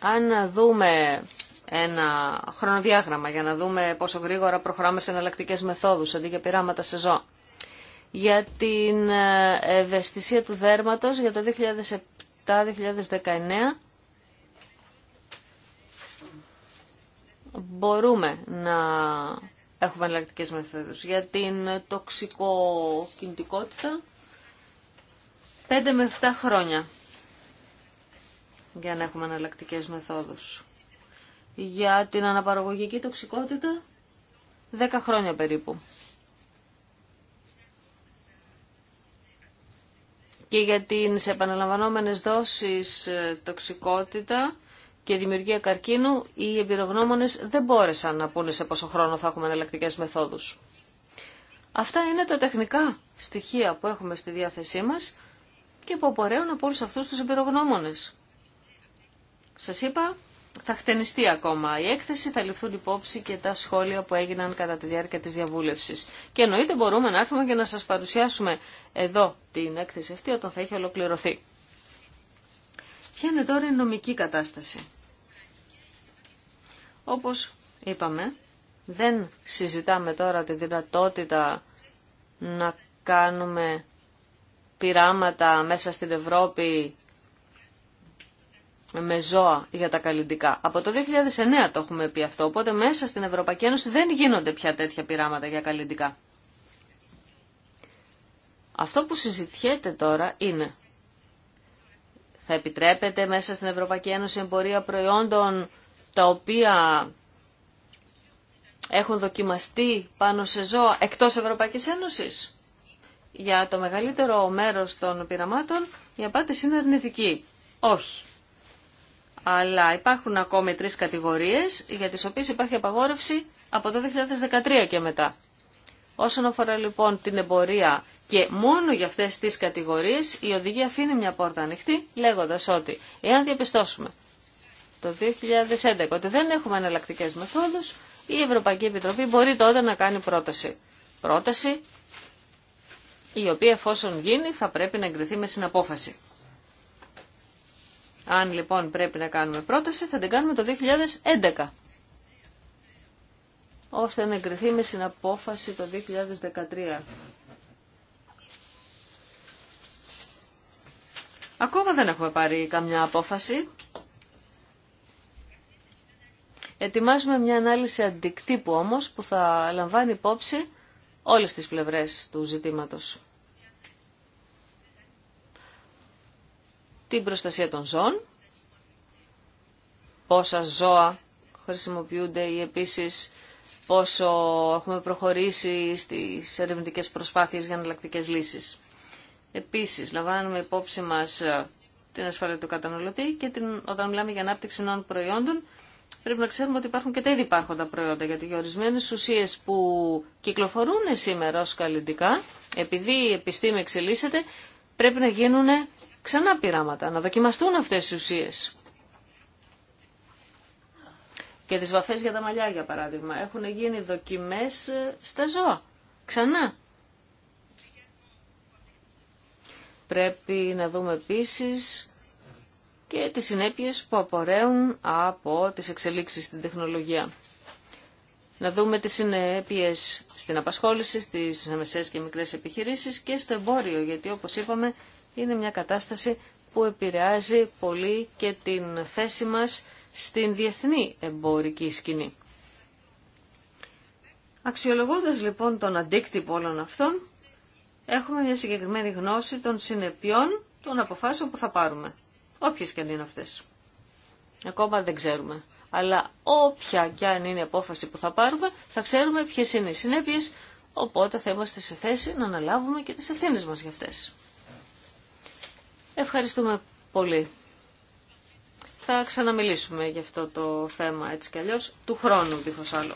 Αν δούμε ένα χρονοδιάγραμμα για να δούμε πόσο γρήγορα προχωράμε σε εναλλακτικέ μεθόδους αντί για πειράματα σε ζώα. Για την ε, ευαισθησία του δέρματος για το 2007-2019 μπορούμε να έχουμε εναλλακτικές μεθόδους. Για την τοξικό κινητικότητα, 5 με 7 χρόνια για να έχουμε εναλλακτικέ μεθόδους. Για την αναπαραγωγική τοξικότητα, 10 χρόνια περίπου. Και για τις επαναλαμβανόμενες δόσεις τοξικότητα, και δημιουργία καρκίνου, οι εμπειρογνώμονε δεν μπόρεσαν να πούνε σε πόσο χρόνο θα έχουμε εναλλακτικέ μεθόδου. Αυτά είναι τα τεχνικά στοιχεία που έχουμε στη διάθεσή μα και που απορρέουν από όλου αυτού του εμπειρογνώμονε. Σα είπα, θα χτενιστεί ακόμα η έκθεση, θα ληφθούν υπόψη και τα σχόλια που έγιναν κατά τη διάρκεια τη διαβούλευση. Και εννοείται μπορούμε να έρθουμε και να σα παρουσιάσουμε εδώ την έκθεση αυτή όταν θα έχει ολοκληρωθεί. Ποια είναι τώρα η νομική κατάσταση. Όπως είπαμε, δεν συζητάμε τώρα τη δυνατότητα να κάνουμε πειράματα μέσα στην Ευρώπη με ζώα για τα καλλιντικά. Από το 2009 το έχουμε πει αυτό, οπότε μέσα στην Ευρωπαϊκή Ένωση δεν γίνονται πια τέτοια πειράματα για καλλιντικά. Αυτό που συζητιέται τώρα είναι θα επιτρέπεται μέσα στην Ευρωπαϊκή Ένωση εμπορία προϊόντων τα οποία έχουν δοκιμαστεί πάνω σε ζώα εκτός Ευρωπαϊκής Ένωσης. Για το μεγαλύτερο μέρος των πειραμάτων η απάντηση είναι αρνητική. Όχι. Αλλά υπάρχουν ακόμη τρεις κατηγορίες για τις οποίες υπάρχει απαγόρευση από το 2013 και μετά. Όσον αφορά λοιπόν την εμπορία και μόνο για αυτές τις κατηγορίες η οδηγία αφήνει μια πόρτα ανοιχτή λέγοντας ότι εάν διαπιστώσουμε το 2011 ότι δεν έχουμε εναλλακτικέ μεθόδους, η Ευρωπαϊκή Επιτροπή μπορεί τότε να κάνει πρόταση. Πρόταση η οποία εφόσον γίνει θα πρέπει να εγκριθεί με συναπόφαση. Αν λοιπόν πρέπει να κάνουμε πρόταση θα την κάνουμε το 2011 ώστε να εγκριθεί με συναπόφαση το 2013. Ακόμα δεν έχουμε πάρει καμιά απόφαση Ετοιμάζουμε μια ανάλυση αντικτύπου όμως που θα λαμβάνει υπόψη όλες τις πλευρές του ζητήματος. Την προστασία των ζώων, πόσα ζώα χρησιμοποιούνται ή επίσης πόσο έχουμε προχωρήσει στις ερευνητικές προσπάθειες για εναλλακτικέ λύσεις. Επίσης, λαμβάνουμε υπόψη μας την ασφάλεια του καταναλωτή και την, όταν μιλάμε για ανάπτυξη νέων προϊόντων, πρέπει να ξέρουμε ότι υπάρχουν και τα ήδη υπάρχοντα προϊόντα, γιατί για ορισμένε ουσίε που κυκλοφορούν σήμερα ω καλλιντικά, επειδή η επιστήμη εξελίσσεται, πρέπει να γίνουν ξανά πειράματα, να δοκιμαστούν αυτέ οι ουσίε. Και τι βαφέ για τα μαλλιά, για παράδειγμα, έχουν γίνει δοκιμέ στα ζώα. Ξανά. Πρέπει να δούμε επίσης και τις συνέπειες που απορρέουν από τις εξελίξεις στην τεχνολογία. Να δούμε τις συνέπειες στην απασχόληση, στις μεσαίες και μικρές επιχειρήσεις και στο εμπόριο, γιατί όπως είπαμε είναι μια κατάσταση που επηρεάζει πολύ και την θέση μας στην διεθνή εμπορική σκηνή. Αξιολογώντας λοιπόν τον αντίκτυπο όλων αυτών, έχουμε μια συγκεκριμένη γνώση των συνεπειών των αποφάσεων που θα πάρουμε. Όποιες και αν είναι αυτές. Ακόμα δεν ξέρουμε. Αλλά όποια και αν είναι η απόφαση που θα πάρουμε, θα ξέρουμε ποιες είναι οι συνέπειες, οπότε θα είμαστε σε θέση να αναλάβουμε και τις ευθύνε μας για αυτές. Ευχαριστούμε πολύ. Θα ξαναμιλήσουμε για αυτό το θέμα έτσι κι αλλιώς, του χρόνου δίχως άλλο.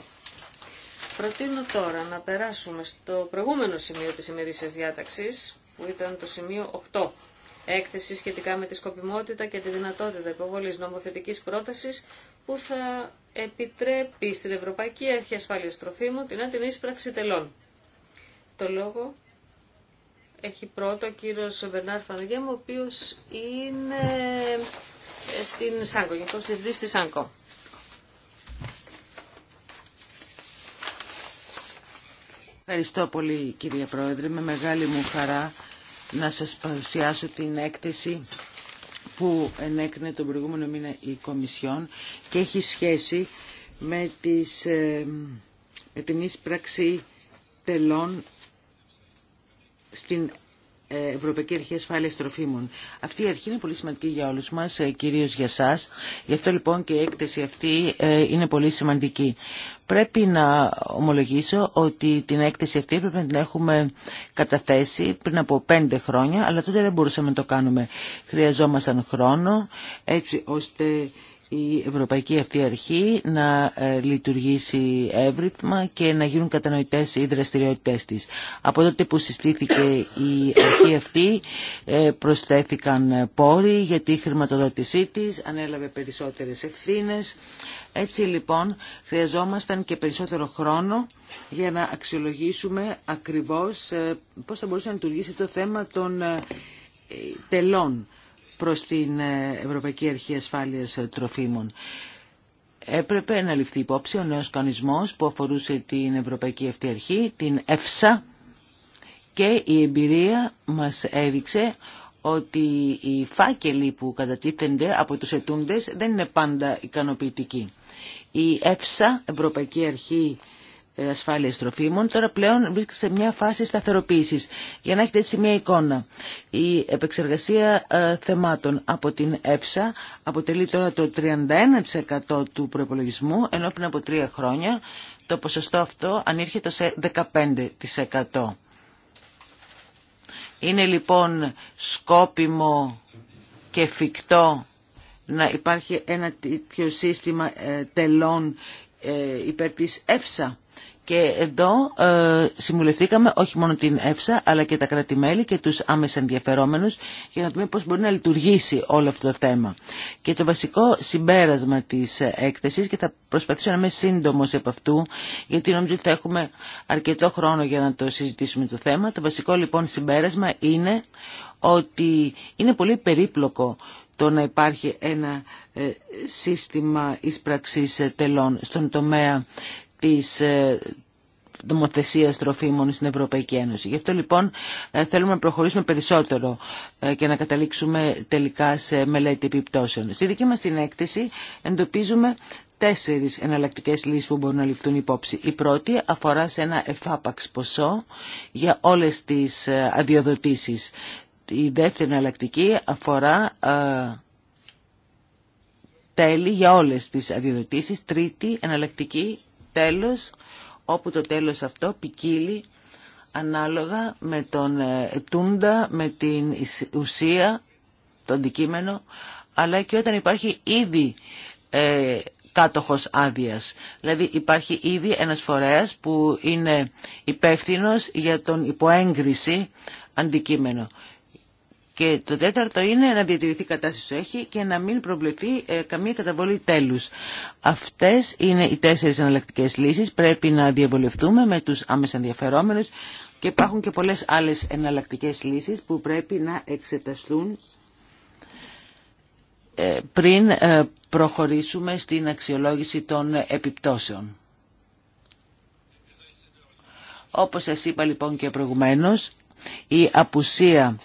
Προτείνω τώρα να περάσουμε στο προηγούμενο σημείο της ημερήσιας διάταξης, που ήταν το σημείο 8 έκθεση σχετικά με τη σκοπιμότητα και τη δυνατότητα υποβολής νομοθετικής πρότασης που θα επιτρέπει στην Ευρωπαϊκή Αρχή Ασφάλεια Τροφίμων την αντινήσπραξη τελών. Το λόγο έχει πρώτο ο κύριο Μπερνάρ ο οποίος είναι ε, στην ΣΑΝΚΟ, γενικός στη ΣΑΝΚΟ. Ευχαριστώ πολύ κυρία Πρόεδρε, με μεγάλη μου χαρά να σας παρουσιάσω την έκθεση που ενέκρινε τον προηγούμενο μήνα η Κομισιόν και έχει σχέση με, τις, ε, με την ίσπραξη τελών στην Ευρωπαϊκή Αρχή ασφάλεια Τροφίμων. Αυτή η αρχή είναι πολύ σημαντική για όλους μας, ε, κυρίως για σας. Γι' αυτό λοιπόν και η έκθεση αυτή ε, είναι πολύ σημαντική. Πρέπει να ομολογήσω ότι την έκθεση αυτή πρέπει να την έχουμε καταθέσει πριν από πέντε χρόνια, αλλά τότε δεν μπορούσαμε να το κάνουμε. Χρειαζόμασταν χρόνο έτσι ώστε η Ευρωπαϊκή αυτή αρχή να ε, λειτουργήσει εύρυθμα και να γίνουν κατανοητές οι δραστηριότητες της. Από τότε που συστήθηκε η αρχή αυτή ε, προσθέθηκαν πόροι γιατί η χρηματοδότησή της ανέλαβε περισσότερες ευθύνες. Έτσι λοιπόν χρειαζόμασταν και περισσότερο χρόνο για να αξιολογήσουμε ακριβώς ε, πώς θα μπορούσε να λειτουργήσει το θέμα των τελών προς την ε, Ευρωπαϊκή Αρχή Ασφάλειας ε, Τροφίμων. Έπρεπε να ληφθεί υπόψη ο νέος κανονισμός που αφορούσε την Ευρωπαϊκή Αυτή Αρχή, την ΕΦΣΑ και η εμπειρία μας έδειξε ότι οι φάκελοι που κατατίθενται από τους ετούντες δεν είναι πάντα ικανοποιητικοί. Η ΕΦΣΑ, Ευρωπαϊκή Αρχή ε, ασφάλεια τροφίμων, τώρα πλέον βρίσκεται σε μια φάση σταθεροποίησης. Για να έχετε έτσι μια εικόνα, η επεξεργασία ε, θεμάτων από την ΕΦΣΑ αποτελεί τώρα το 31% του προπολογισμού, ενώ πριν από τρία χρόνια το ποσοστό αυτό ανήρχεται σε 15%. Είναι λοιπόν σκόπιμο και φυκτό να υπάρχει ένα τέτοιο σύστημα ε, τελών υπέρ της ΕΦΣΑ. Και εδώ ε, συμβουλευτήκαμε όχι μόνο την ΕΦΣΑ αλλά και τα κρατημέλη και τους άμεσα ενδιαφερόμενους για να δούμε πώς μπορεί να λειτουργήσει όλο αυτό το θέμα. Και το βασικό συμπέρασμα της έκθεσης και θα προσπαθήσω να είμαι σύντομο από αυτού γιατί νομίζω ότι θα έχουμε αρκετό χρόνο για να το συζητήσουμε το θέμα. Το βασικό λοιπόν συμπέρασμα είναι ότι είναι πολύ περίπλοκο το να υπάρχει ένα ε, σύστημα εισπραξής τελών στον τομέα της ε, νομοθεσία τροφίμων στην Ευρωπαϊκή Ένωση. Γι' αυτό λοιπόν ε, θέλουμε να προχωρήσουμε περισσότερο ε, και να καταλήξουμε τελικά σε μελέτη επιπτώσεων. Στη δική μας την έκθεση εντοπίζουμε τέσσερις εναλλακτικέ λύσεις που μπορούν να ληφθούν υπόψη. Η πρώτη αφορά σε ένα εφάπαξ ποσό για όλες τις αδειοδοτήσεις. Η δεύτερη εναλλακτική αφορά τέλη για όλες τις αδειοδοτήσεις. Τρίτη εναλλακτική τέλος, όπου το τέλος αυτό ποικίλει ανάλογα με τον ε, τούντα, με την ουσία, το αντικείμενο, αλλά και όταν υπάρχει ήδη ε, κάτοχος άδειας. Δηλαδή υπάρχει ήδη ένας φορέας που είναι υπεύθυνος για τον υποέγκριση αντικείμενο. Και το τέταρτο είναι να διατηρηθεί η κατάσταση έχει και να μην προβλεφθεί ε, καμία καταβολή τέλους. Αυτές είναι οι τέσσερις εναλλακτικέ λύσεις. Πρέπει να διαβολευτούμε με τους άμεσα ενδιαφερόμενους και υπάρχουν και πολλές άλλες εναλλακτικέ λύσεις που πρέπει να εξεταστούν ε, πριν ε, προχωρήσουμε στην αξιολόγηση των επιπτώσεων. Όπως σας είπα λοιπόν και προηγουμένως, η απουσία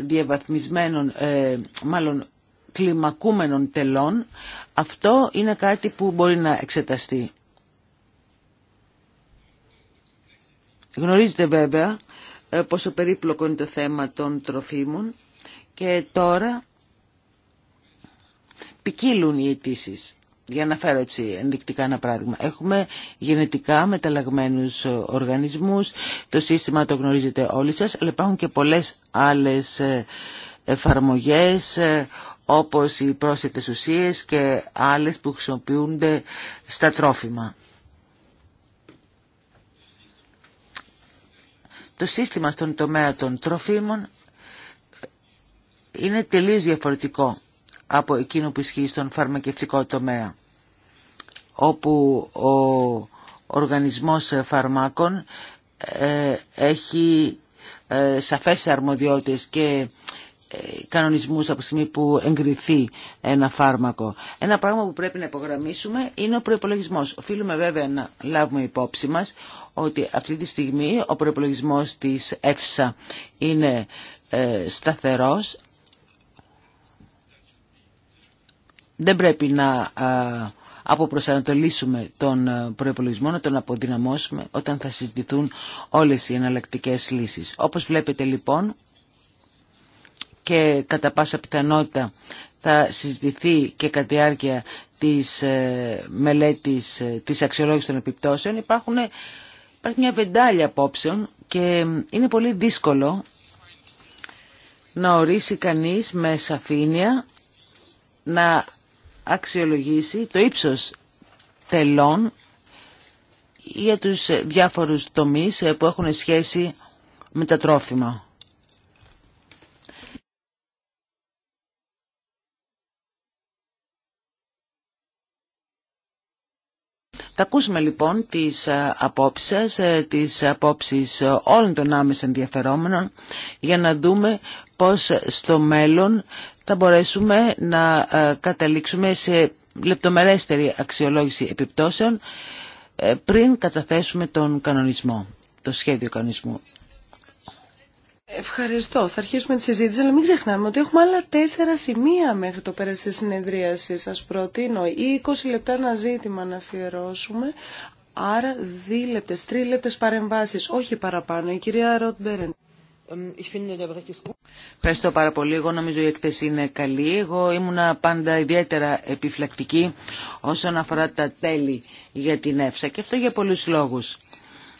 διαβαθμισμένων, ε, μάλλον κλιμακούμενων τελών, αυτό είναι κάτι που μπορεί να εξεταστεί. Γνωρίζετε βέβαια ε, πόσο περίπλοκο είναι το θέμα των τροφίμων και τώρα ποικίλουν οι αιτήσει. Για να φέρω έτσι ενδεικτικά ένα πράγμα. Έχουμε γενετικά μεταλλαγμένους οργανισμούς, το σύστημα το γνωρίζετε όλοι σας, αλλά υπάρχουν και πολλές άλλες ε, εφαρμογές ε, όπως οι πρόσθετες ουσίες και άλλες που χρησιμοποιούνται στα τρόφιμα. Το σύστημα στον τομέα των τροφίμων είναι τελείως διαφορετικό από εκείνο που ισχύει στον φαρμακευτικό τομέα, όπου ο οργανισμός φαρμάκων ε, έχει ε, σαφές αρμοδιότητες και ε, κανονισμούς από τη στιγμή που εγκριθεί ένα φάρμακο. Ένα πράγμα που πρέπει να υπογραμμίσουμε είναι ο προϋπολογισμός. Οφείλουμε βέβαια να λάβουμε υπόψη μας ότι αυτή τη στιγμή ο προϋπολογισμός της ΕΦΣΑ είναι σταθερός Δεν πρέπει να αποπροσανατολίσουμε τον προπολογισμό, να τον αποδυναμώσουμε όταν θα συζητηθούν όλες οι εναλλακτικέ λύσεις. Όπως βλέπετε λοιπόν και κατά πάσα πιθανότητα θα συζητηθεί και κατά τη διάρκεια της ε, μελέτης ε, της αξιολόγησης των επιπτώσεων υπάρχουν, ε, υπάρχει μια βεντάλια απόψεων και είναι πολύ δύσκολο να ορίσει κανείς με σαφήνεια να αξιολογήσει το ύψος τελών για τους διάφορους τομείς που έχουν σχέση με τα τρόφιμα. Θα ακούσουμε λοιπόν τις απόψεις, τις απόψεις όλων των άμεσα ενδιαφερόμενων για να δούμε πώς στο μέλλον θα μπορέσουμε να ε, καταλήξουμε σε λεπτομερέστερη αξιολόγηση επιπτώσεων ε, πριν καταθέσουμε τον κανονισμό, το σχέδιο κανονισμού. Ευχαριστώ. Θα αρχίσουμε τη συζήτηση, αλλά μην ξεχνάμε ότι έχουμε άλλα τέσσερα σημεία μέχρι το πέρα τη συνεδρίαση. Σα προτείνω ή 20 λεπτά ένα ζήτημα να αφιερώσουμε. Άρα δίλεπτε, τρίλεπτε παρεμβάσει, όχι παραπάνω. Η 20 λεπτα ενα ζητημα να αφιερωσουμε αρα 3 λεπτές παρεμβασει οχι παραπανω η κυρια Ροτ Ευχαριστώ πάρα πολύ. Εγώ νομίζω η εκθέση είναι καλή. Εγώ ήμουνα πάντα ιδιαίτερα επιφλακτική όσον αφορά τα τέλη για την ΕΦΣΑ και αυτό για πολλούς λόγους.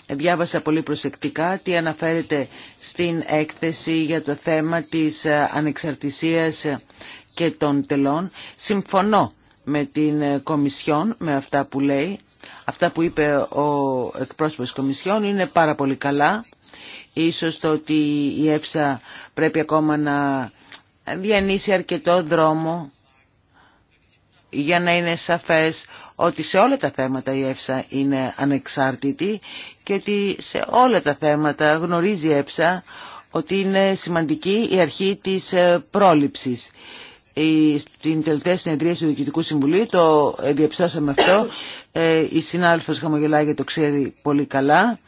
Διάβασα πολύ προσεκτικά τι αναφέρεται στην έκθεση για το θέμα της ε, ανεξαρτησίας και των τελών. Συμφωνώ με την ε, Κομισιόν, με αυτά που λέει. Αυτά που είπε ο εκπρόσωπος Κομισιόν είναι πάρα πολύ καλά Ίσως το ότι η ΕΦΣΑ πρέπει ακόμα να διανύσει αρκετό δρόμο για να είναι σαφές ότι σε όλα τα θέματα η ΕΦΣΑ είναι ανεξάρτητη και ότι σε όλα τα θέματα γνωρίζει η ΕΦΣΑ ότι είναι σημαντική η αρχή της ε, πρόληψης. Στην τελευταία συνεδρία του Διοικητικού Συμβουλίου το ε, διαψώσαμε αυτό. Ε, η συνάδελφος Χαμογελάγια το ξέρει πολύ καλά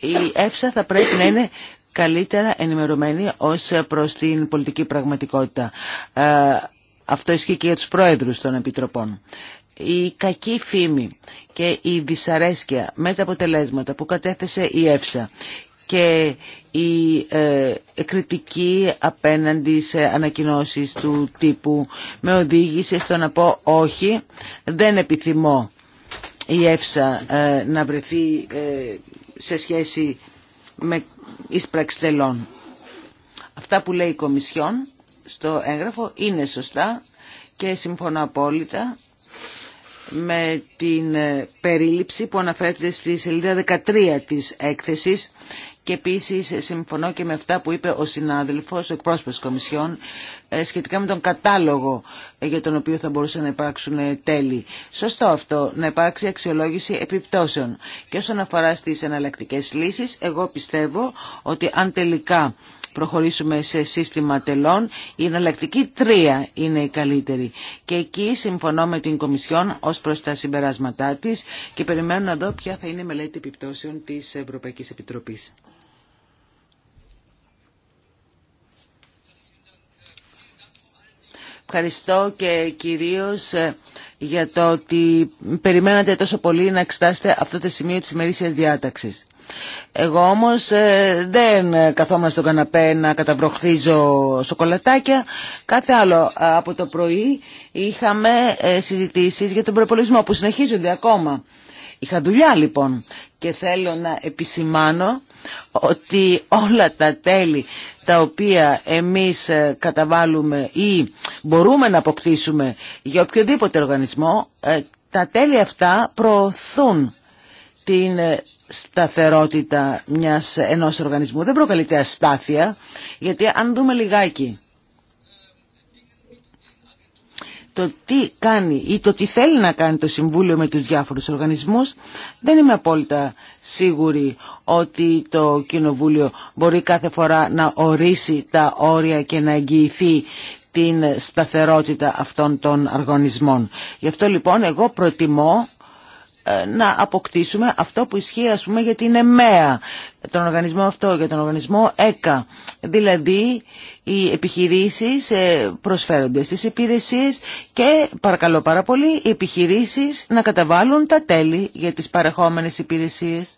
η ΕΦΣΑ θα πρέπει να είναι καλύτερα ενημερωμένη ως προς την πολιτική πραγματικότητα. Ε, αυτό ισχύει και για τους πρόεδρους των επιτροπών. Η κακή φήμη και η δυσαρέσκεια με τα αποτελέσματα που κατέθεσε η ΕΦΣΑ και η ε, κριτική απέναντι σε ανακοινώσεις του τύπου με οδήγησε στο να πω όχι, δεν επιθυμώ η ΕΦΣΑ ε, να βρεθεί σε σχέση με εισπραξη Αυτά που λέει η Κομισιόν στο έγγραφο είναι σωστά και συμφωνώ απόλυτα με την ε, περίληψη που αναφέρεται στη σελίδα 13 της έκθεσης και επίσης συμφωνώ και με αυτά που είπε ο συνάδελφος, ο εκπρόσωπος της Κομισιόν, ε, σχετικά με τον κατάλογο ε, για τον οποίο θα μπορούσαν να υπάρξουν ε, τέλη. Σωστό αυτό, να υπάρξει αξιολόγηση επιπτώσεων. Και όσον αφορά στις εναλλακτικέ λύσεις, εγώ πιστεύω ότι αν τελικά προχωρήσουμε σε σύστημα τελών, η εναλλακτική τρία είναι η καλύτερη. Και εκεί συμφωνώ με την Κομισιόν ως προς τα συμπεράσματά της και περιμένω να δω ποια θα είναι η μελέτη επιπτώσεων της Ευρωπαϊκής Επιτροπής. Ευχαριστώ και κυρίως ε, για το ότι περιμένατε τόσο πολύ να εξετάσετε αυτό το σημείο της ημερήσιας διάταξης. Εγώ όμως ε, δεν καθόμουν στον καναπέ να καταβροχθίζω σοκολατάκια. Κάθε άλλο ε, από το πρωί είχαμε συζητήσεις για τον προπολογισμό που συνεχίζονται ακόμα. Είχα δουλειά λοιπόν και θέλω να επισημάνω ότι όλα τα τέλη τα οποία εμείς ε, καταβάλουμε ή μπορούμε να αποκτήσουμε για οποιοδήποτε οργανισμό, ε, τα τέλη αυτά προωθούν την ε, σταθερότητα μιας, ενός οργανισμού. Δεν προκαλείται αστάθεια, γιατί αν δούμε λιγάκι το τι κάνει ή το τι θέλει να κάνει το Συμβούλιο με τους διάφορους οργανισμούς δεν είμαι απόλυτα σίγουρη ότι το Κοινοβούλιο μπορεί κάθε φορά να ορίσει τα όρια και να εγγυηθεί την σταθερότητα αυτών των οργανισμών. Γι' αυτό λοιπόν εγώ προτιμώ ε, να αποκτήσουμε αυτό που ισχύει ας πούμε για την ΕΜΕΑ, τον οργανισμό αυτό, για τον οργανισμό ΕΚΑ. Δηλαδή οι επιχειρήσεις ε, προσφέρονται στις υπηρεσίες και παρακαλώ πάρα πολύ οι επιχειρήσεις να καταβάλουν τα τέλη για τις παρεχόμενες υπηρεσίες.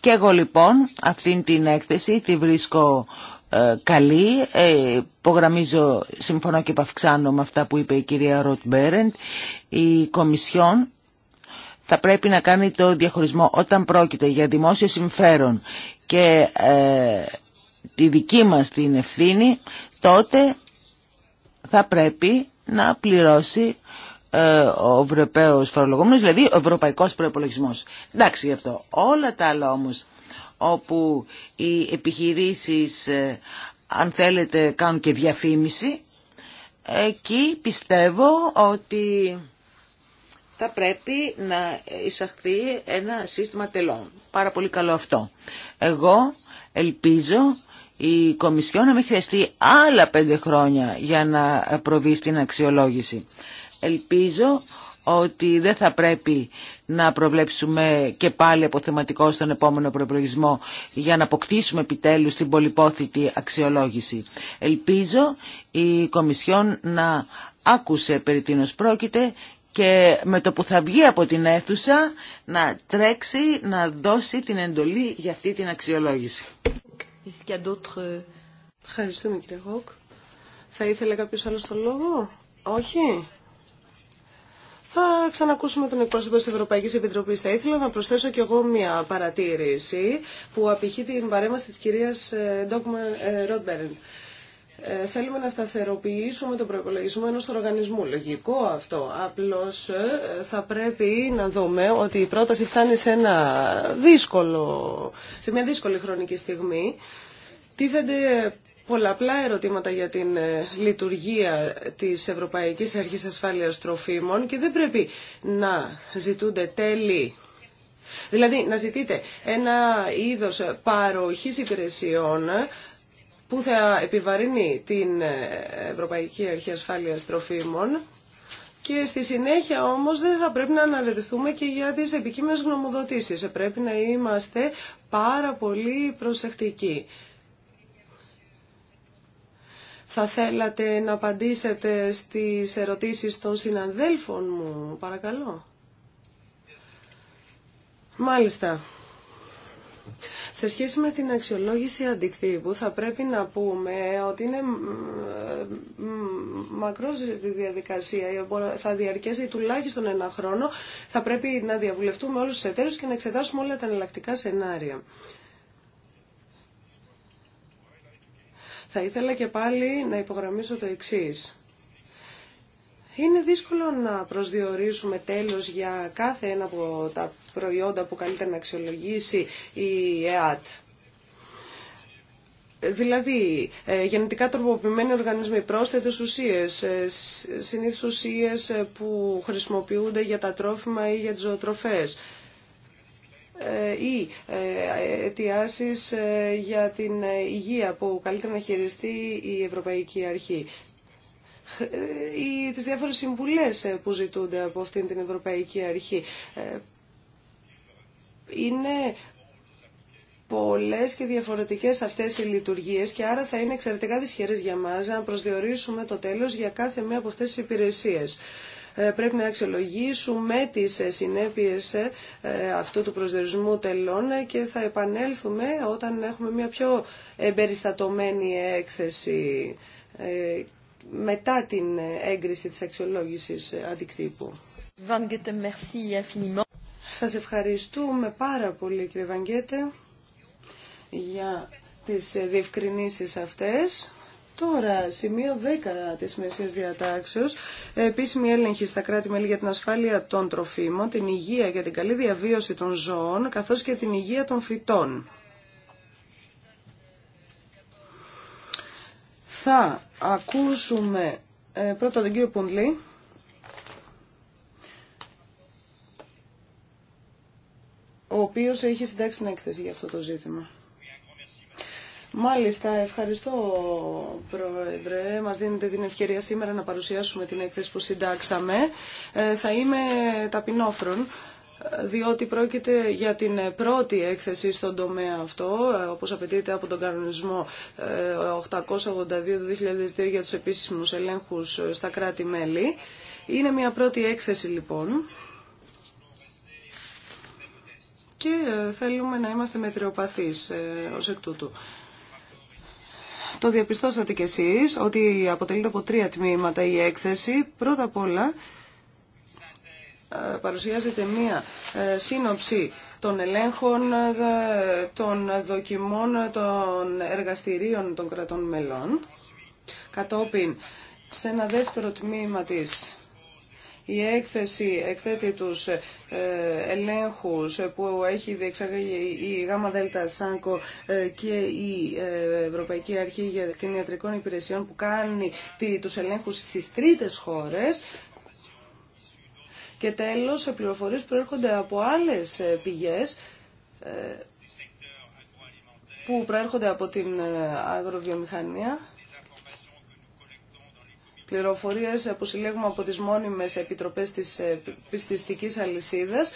Και εγώ λοιπόν αυτήν την έκθεση τη βρίσκω ε, καλή. Ε, υπογραμμίζω, συμφωνώ και επαυξάνω με αυτά που είπε η κυρία Ροτ Μπέρεντ. Η Κομισιόν θα πρέπει να κάνει το διαχωρισμό όταν πρόκειται για δημόσιο συμφέρον και ε, τη δική μας την ευθύνη, τότε θα πρέπει να πληρώσει ε, ο Ευρωπαίος φορολογόμενος, δηλαδή ο Ευρωπαϊκός Προϋπολογισμός. Εντάξει γι' αυτό. Όλα τα άλλα όμως όπου οι επιχειρήσεις ε, αν θέλετε κάνουν και διαφήμιση εκεί πιστεύω ότι θα πρέπει να εισαχθεί ένα σύστημα τελών. Πάρα πολύ καλό αυτό. Εγώ ελπίζω η Κομισιό να μην χρειαστεί άλλα πέντε χρόνια για να προβεί στην αξιολόγηση. Ελπίζω ότι δεν θα πρέπει να προβλέψουμε και πάλι αποθεματικό στον επόμενο προεπλογισμό για να αποκτήσουμε επιτέλους την πολυπόθητη αξιολόγηση. Ελπίζω η Κομισιόν να άκουσε περί τίνος πρόκειται και με το που θα βγει από την αίθουσα να τρέξει να δώσει την εντολή για αυτή την αξιολόγηση. Ευχαριστούμε κύριε Χόκ. Θα ήθελε κάποιος άλλος το λόγο. Όχι. Θα ξανακούσουμε τον εκπρόσωπο τη Ευρωπαϊκή Επιτροπή. Θα ήθελα να προσθέσω κι εγώ μια παρατήρηση που απηχεί την παρέμβαση τη κυρία ε, Ντόκμαν ε, ε, Θέλουμε να σταθεροποιήσουμε τον προπολογισμό ενός οργανισμού. Λογικό αυτό. Απλώς ε, θα πρέπει να δούμε ότι η πρόταση φτάνει σε, ένα δύσκολο, σε μια δύσκολη χρονική στιγμή. Τίθενται πολλαπλά ερωτήματα για την ε, λειτουργία της Ευρωπαϊκής Αρχής Ασφάλειας Τροφίμων και δεν πρέπει να ζητούνται τέλη Δηλαδή να ζητείτε ένα είδος παροχής υπηρεσιών που θα επιβαρύνει την ε, Ευρωπαϊκή Αρχή Ασφάλειας Τροφίμων και στη συνέχεια όμως δεν θα πρέπει να αναρωτηθούμε και για τις επικείμενες γνωμοδοτήσεις. Ε, πρέπει να είμαστε πάρα πολύ προσεκτικοί. Θα θέλατε να απαντήσετε στις ερωτήσεις των συναδέλφων μου, παρακαλώ. Μάλιστα. Σε σχέση με την αξιολόγηση αντικτύπου θα πρέπει να πούμε ότι είναι μακρός τη διαδικασία, θα διαρκέσει τουλάχιστον ένα χρόνο, θα πρέπει να διαβουλευτούμε όλους τους εταίρους και να εξετάσουμε όλα τα εναλλακτικά σενάρια. Θα ήθελα και πάλι να υπογραμμίσω το εξής. Είναι δύσκολο να προσδιορίσουμε τέλος για κάθε ένα από τα προϊόντα που καλύτερα να αξιολογήσει η ΕΑΤ. Δηλαδή, ε, γενετικά τροποποιημένοι οργανισμοί, πρόσθετες ουσίες, ε, συνήθως ουσίες ε, που χρησιμοποιούνται για τα τρόφιμα ή για τις ζωοτροφές. Ε, ή ε, αιτιάσει ε, για την υγεία που καλύτερα να χειριστεί η Ευρωπαϊκή Αρχή ή τις διάφορες συμβουλές που ζητούνται από αυτήν την Ευρωπαϊκή Αρχή. Είναι πολλές και διαφορετικές αυτές οι λειτουργίες και άρα θα είναι εξαιρετικά δυσχερές για μας να προσδιορίσουμε το τέλος για κάθε μία από αυτές τις υπηρεσίες. Ε, πρέπει να αξιολογήσουμε τις ε, συνέπειες ε, αυτού του προσδιορισμού τελών και θα επανέλθουμε όταν έχουμε μια πιο εμπεριστατωμένη έκθεση μετά την έγκριση της αξιολόγησης αντικτύπου. Σας ευχαριστούμε πάρα πολύ κύριε Βαγγέτε για τις διευκρινήσεις αυτές. Τώρα, σημείο 10 της Μεσίας Διατάξεως, επίσημη έλεγχη στα κράτη-μέλη για την ασφάλεια των τροφίμων, την υγεία για την καλή διαβίωση των ζώων, καθώς και την υγεία των φυτών. Θα ακούσουμε ε, πρώτα τον κύριο Πουντλή. ο οποίος έχει συντάξει την έκθεση για αυτό το ζήτημα. Μάλιστα, ευχαριστώ Πρόεδρε. Μας δίνετε την ευκαιρία σήμερα να παρουσιάσουμε την έκθεση που συντάξαμε. Ε, θα είμαι ταπεινόφρον διότι πρόκειται για την πρώτη έκθεση στον τομέα αυτό, ε, όπως απαιτείται από τον κανονισμό 882 ε, 2002 για τους επίσημους ελέγχους ε, στα κράτη-μέλη. Είναι μια πρώτη έκθεση λοιπόν και θέλουμε να είμαστε μετριοπαθείς ως εκ τούτου. Το διαπιστώσατε κι εσείς ότι αποτελείται από τρία τμήματα η έκθεση. Πρώτα απ' όλα ε, παρουσιάζεται μία ε, σύνοψη των ελέγχων, ε, των δοκιμών, των εργαστηρίων των κρατών μελών. Κατόπιν, σε ένα δεύτερο τμήμα της η έκθεση εκθέτει τους ε, ελέγχους που έχει διεξαγάγει η ΓΑΜΑ ΔΕΛΤΑ ΣΑΝΚΟ ε, και η ε, Ευρωπαϊκή Αρχή για την Ιατρικών Υπηρεσιών που κάνει τους ελέγχους στις τρίτες χώρες και τέλος πληροφορίες προέρχονται από άλλες πηγές που προέρχονται από την αγροβιομηχανία πληροφορίες που συλλέγουμε από τις μόνιμες επιτροπές της ε, πιστιστικής αλυσίδας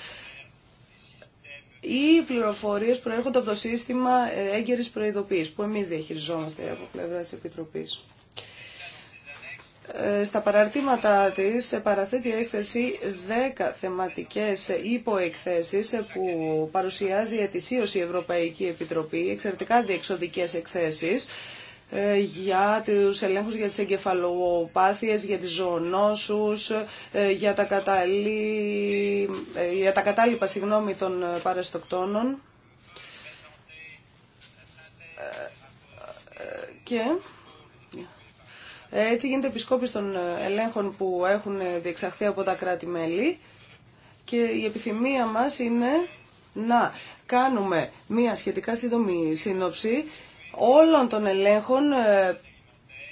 ή πληροφορίες προέρχονται από το σύστημα ε, έγκαιρης προειδοποίησης που εμείς διαχειριζόμαστε από πλευρά της Επιτροπής. Ε, στα παραρτήματα της παραθέτει έκθεση 10 θεματικές υποεκθέσεις που παρουσιάζει ετησίως η Ευρωπαϊκή Επιτροπή, εξαιρετικά διεξοδικές εκθέσεις. Ε, για τους ελέγχους για τις εγκεφαλοπάθειες, για τις ζωονόσους, ε, για τα, καταλή... Ε, για τα κατάλοιπα συγγνώμη, των παραστοκτώνων. Και... Έτσι γίνεται επισκόπηση των ελέγχων που έχουν διεξαχθεί από τα κράτη-μέλη και η επιθυμία μας είναι να κάνουμε μία σχετικά σύντομη σύνοψη όλων των ελέγχων ε,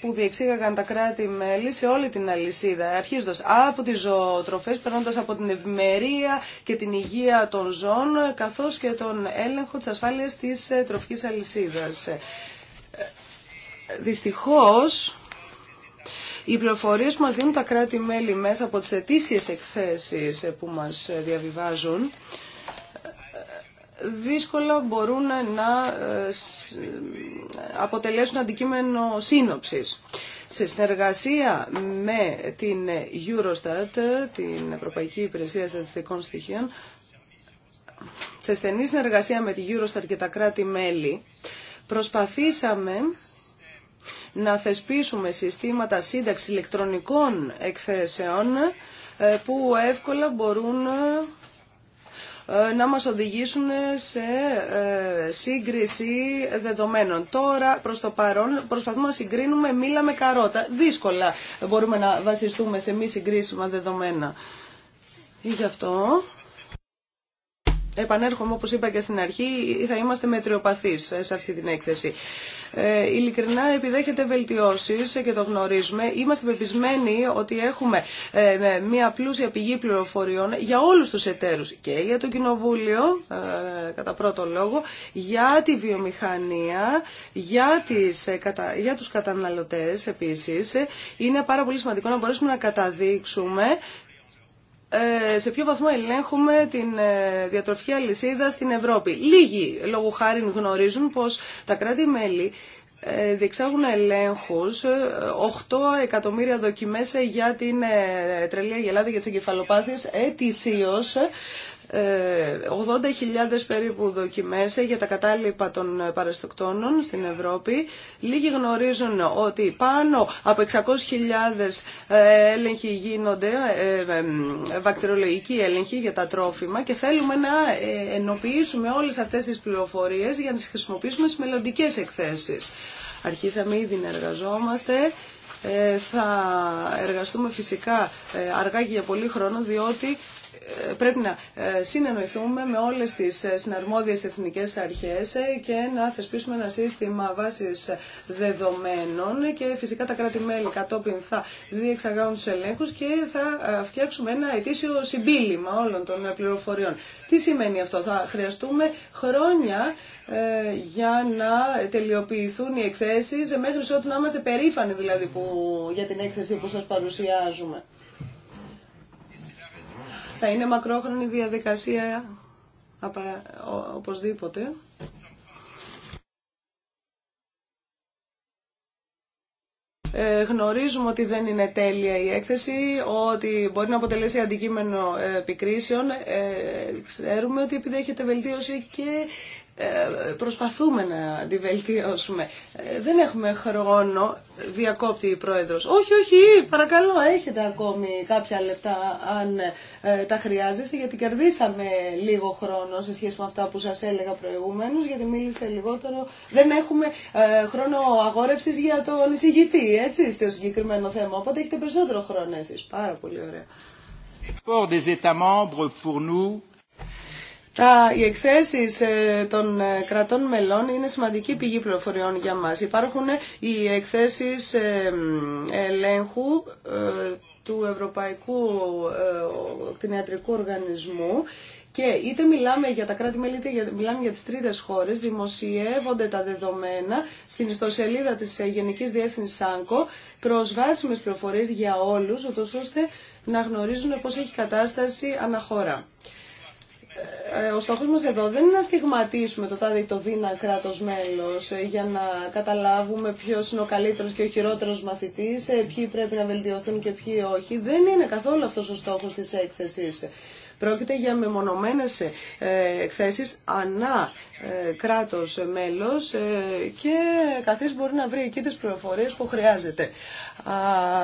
που διεξήγαγαν τα κράτη-μέλη σε όλη την αλυσίδα, αρχίζοντας από τις ζωοτροφές, περνώντας από την ευημερία και την υγεία των ζώων, καθώς και τον έλεγχο της ασφάλειας της ε, τροφικής αλυσίδας. Ε, δυστυχώς, οι πληροφορίε που μας δίνουν τα κράτη-μέλη μέσα από τις ετήσιες εκθέσεις που μας διαβιβάζουν, δύσκολα μπορούν να ε, αποτελέσουν αντικείμενο σύνοψης. Σε συνεργασία με την Eurostat, την Ευρωπαϊκή Υπηρεσία Στατιστικών Στοιχείων, σε στενή συνεργασία με την Eurostat και τα κράτη-μέλη, προσπαθήσαμε να θεσπίσουμε συστήματα σύνταξη ηλεκτρονικών εκθέσεων ε, που εύκολα μπορούν ε, να μας οδηγήσουν σε ε, σύγκριση δεδομένων. Τώρα, προς το παρόν, προσπαθούμε να συγκρίνουμε μήλα με καρότα. Δύσκολα μπορούμε να βασιστούμε σε μη συγκρίσιμα δεδομένα. Γι' αυτό επανέρχομαι όπως είπα και στην αρχή, θα είμαστε μετριοπαθείς σε αυτή την έκθεση. Ε, ειλικρινά επιδέχεται βελτιώσεις και το γνωρίζουμε. Είμαστε πεπισμένοι ότι έχουμε ε, μια πλούσια πηγή πληροφοριών για όλους τους εταίρου και για το Κοινοβούλιο, ε, κατά πρώτο λόγο, για τη βιομηχανία, για, τις, για τους καταναλωτές επίσης. Είναι πάρα πολύ σημαντικό να μπορέσουμε να καταδείξουμε ε, σε ποιο βαθμό ελέγχουμε την ε, διατροφική αλυσίδα στην Ευρώπη. Λίγοι λόγου χάρη γνωρίζουν πως τα κράτη-μέλη ε, διεξάγουν ελέγχους 8 εκατομμύρια δοκιμές για την τρελή αγελάδα για τις εγκεφαλοπάθειες ετησίως 80.000 περίπου δοκιμές για τα κατάλοιπα των παραστοκτόνων στην Ευρώπη. Λίγοι γνωρίζουν ότι πάνω από 600.000 ε, έλεγχοι γίνονται, ε, ε, βακτηριολογικοί έλεγχοι για τα τρόφιμα και θέλουμε να ενοποιήσουμε όλες αυτές τις πληροφορίες για να τις χρησιμοποιήσουμε στις μελλοντικέ εκθέσεις. Αρχίσαμε ήδη να εργαζόμαστε θα εργαστούμε φυσικά αργά και για πολύ χρόνο διότι ε, πρέπει να ε, συνεννοηθούμε με όλες τις ε, συναρμόδιες εθνικές αρχές και να θεσπίσουμε ένα σύστημα βάσης δεδομένων και φυσικά τα κράτη-μέλη κατόπιν θα διεξαγάγουν τους ελέγχους και θα φτιάξουμε ένα ετήσιο συμπίλημα όλων των πληροφοριών. Τι σημαίνει αυτό, θα χρειαστούμε χρόνια για να τελειοποιηθούν οι εκθέσεις μέχρι ότου να είμαστε περήφανοι δηλαδή που, για την έκθεση που σας παρουσιάζουμε. Θα είναι μακρόχρονη διαδικασία οπωσδήποτε. Ε, γνωρίζουμε ότι δεν είναι τέλεια η έκθεση, ότι μπορεί να αποτελέσει αντικείμενο ε, επικρίσεων. Ε, ξέρουμε ότι επιδέχεται βελτίωση και ε, προσπαθούμε να τη βελτιώσουμε. Ε, δεν έχουμε χρόνο, διακόπτη η Πρόεδρος. Όχι, όχι, παρακαλώ, έχετε ακόμη κάποια λεπτά αν ε, τα χρειάζεστε, γιατί κερδίσαμε λίγο χρόνο σε σχέση με αυτά που σας έλεγα προηγουμένως, γιατί μίλησε λιγότερο. Δεν έχουμε χρόνο αγόρευσης για τον εισηγητή, έτσι, στο συγκεκριμένο θέμα, οπότε έχετε περισσότερο χρόνο εσείς. Πάρα πολύ ωραία. Τα, οι εκθέσει ε, των ε, κρατών μελών είναι σημαντική πηγή πληροφοριών για μας. Υπάρχουν ε, οι εκθέσεις ελέγχου του Ευρωπαϊκού Κτηνιατρικού Οργανισμού και είτε μιλάμε για τα κράτη-μέλη είτε μιλάμε για τις τρίτες χώρες, δημοσιεύονται τα δεδομένα στην ιστοσελίδα της Γενικής Διεύθυνσης ΣΑΝΚΟ, προσβάσιμες πληροφορίες για όλους, ώστε να γνωρίζουν πώς έχει κατάσταση αναχώρα. Ε, ο στόχος μας εδώ δεν είναι να στιγματίσουμε το τάδι το δίνα κράτος μέλος ε, για να καταλάβουμε ποιος είναι ο καλύτερος και ο χειρότερος μαθητής, ε, ποιοι πρέπει να βελτιωθούν και ποιοι όχι. Δεν είναι καθόλου αυτός ο στόχος της έκθεσης. Πρόκειται για μεμονωμένες εκθέσεις ανά κράτος μέλος και καθής μπορεί να βρει εκεί τις πληροφορίες που χρειάζεται.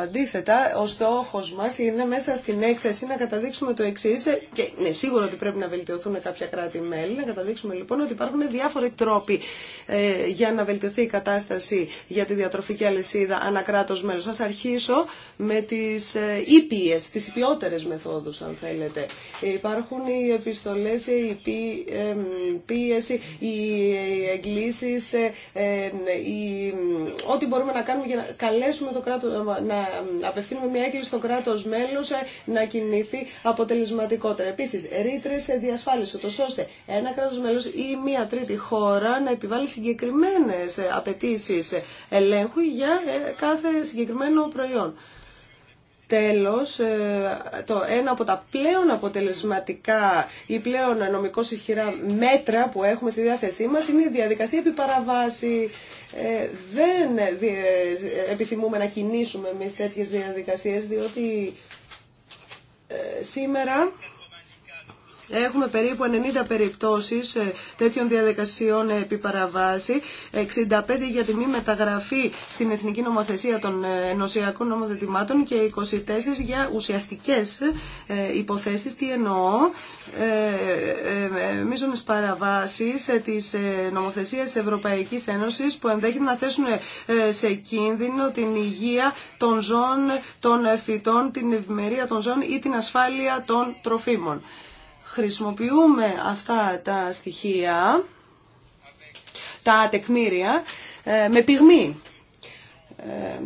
Αντίθετα, ο στόχος μας είναι μέσα στην έκθεση να καταδείξουμε το εξή και είναι σίγουρο ότι πρέπει να βελτιωθούν κάποια κράτη-μέλη, να καταδείξουμε λοιπόν ότι υπάρχουν διάφοροι τρόποι ε, για να βελτιωθεί η κατάσταση για τη διατροφική αλυσίδα ανακράτος μέλος. Σας αρχίσω με τις ε, ήπιες, τις υπιότερες μεθόδους αν θέλετε. Υπάρχουν οι επιστολές, η ε, πίεση, οι εγκλήσεις, ό,τι μπορούμε να κάνουμε για να καλέσουμε το κράτος ε, να απευθύνουμε μια έκκληση στο κράτο μέλο ε, να κινηθεί αποτελεσματικότερα. Επίση, ρήτρε σε διασφάλιση, ώστε ένα κράτο μέλο ή μια τρίτη χώρα να επιβάλλει συγκεκριμένε ε, απαιτήσει ελέγχου για κάθε συγκεκριμένο προϊόν. Τέλος, ε, το ένα από τα πλέον αποτελεσματικά ή πλέον νομικώς ισχυρά μέτρα που έχουμε στη διάθεσή μας είναι η διαδικασία επί η διαδικασια επιπαραβαση ε, δεν ε, επιθυμούμε να κινήσουμε εμείς τέτοιες διαδικασίες διότι σήμερα Έχουμε περίπου 90 περιπτώσεις ε, τέτοιων διαδικασιών ε, επί παραβάση, 65 για τη μη μεταγραφή στην Εθνική Νομοθεσία των ε, Ενωσιακών Νομοθετημάτων και 24 για ουσιαστικές υποθέσεις. Τι εννοώ, μίζονες παραβάσεις της νομοθεσίας της Ευρωπαϊκής Ένωσης που ενδέχεται να θέσουν σε κίνδυνο την υγεία των ζώων, των φυτών, την ευημερία των ζώων ή την ασφάλεια των τροφίμων χρησιμοποιούμε αυτά τα στοιχεία, τα τεκμήρια, ε, με πυγμή ε,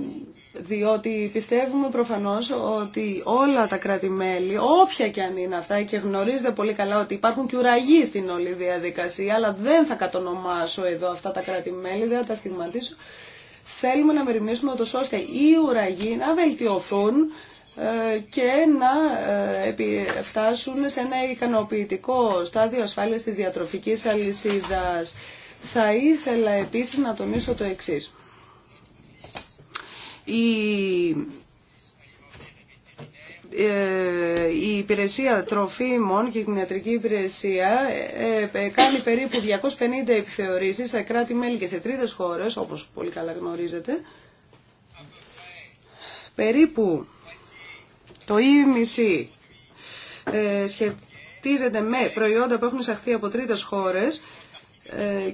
διότι πιστεύουμε προφανώς ότι όλα τα κράτη-μέλη, όποια και αν είναι αυτά και γνωρίζετε πολύ καλά ότι υπάρχουν και ουραγοί στην όλη διαδικασία, αλλά δεν θα κατονομάσω εδώ αυτά τα κράτη-μέλη, δεν θα τα στιγματίσω. Θέλουμε να μεριμνήσουμε ότως ώστε οι ουραγοί να βελτιωθούν ε, και να ε, φτάσουν σε ένα ικανοποιητικό στάδιο ασφάλειας της διατροφικής αλυσίδας. Θα ήθελα επίσης να τονίσω το εξής. Η ε, η υπηρεσία τροφίμων και την ιατρική υπηρεσία κάνει περίπου 250 επιθεωρήσεις σε κράτη-μέλη και σε τρίτες χώρες, όπως πολύ καλά γνωρίζετε. Περίπου το ίμιση ε, σχετίζεται με προϊόντα που έχουν εισαχθεί από τρίτες χώρες ε,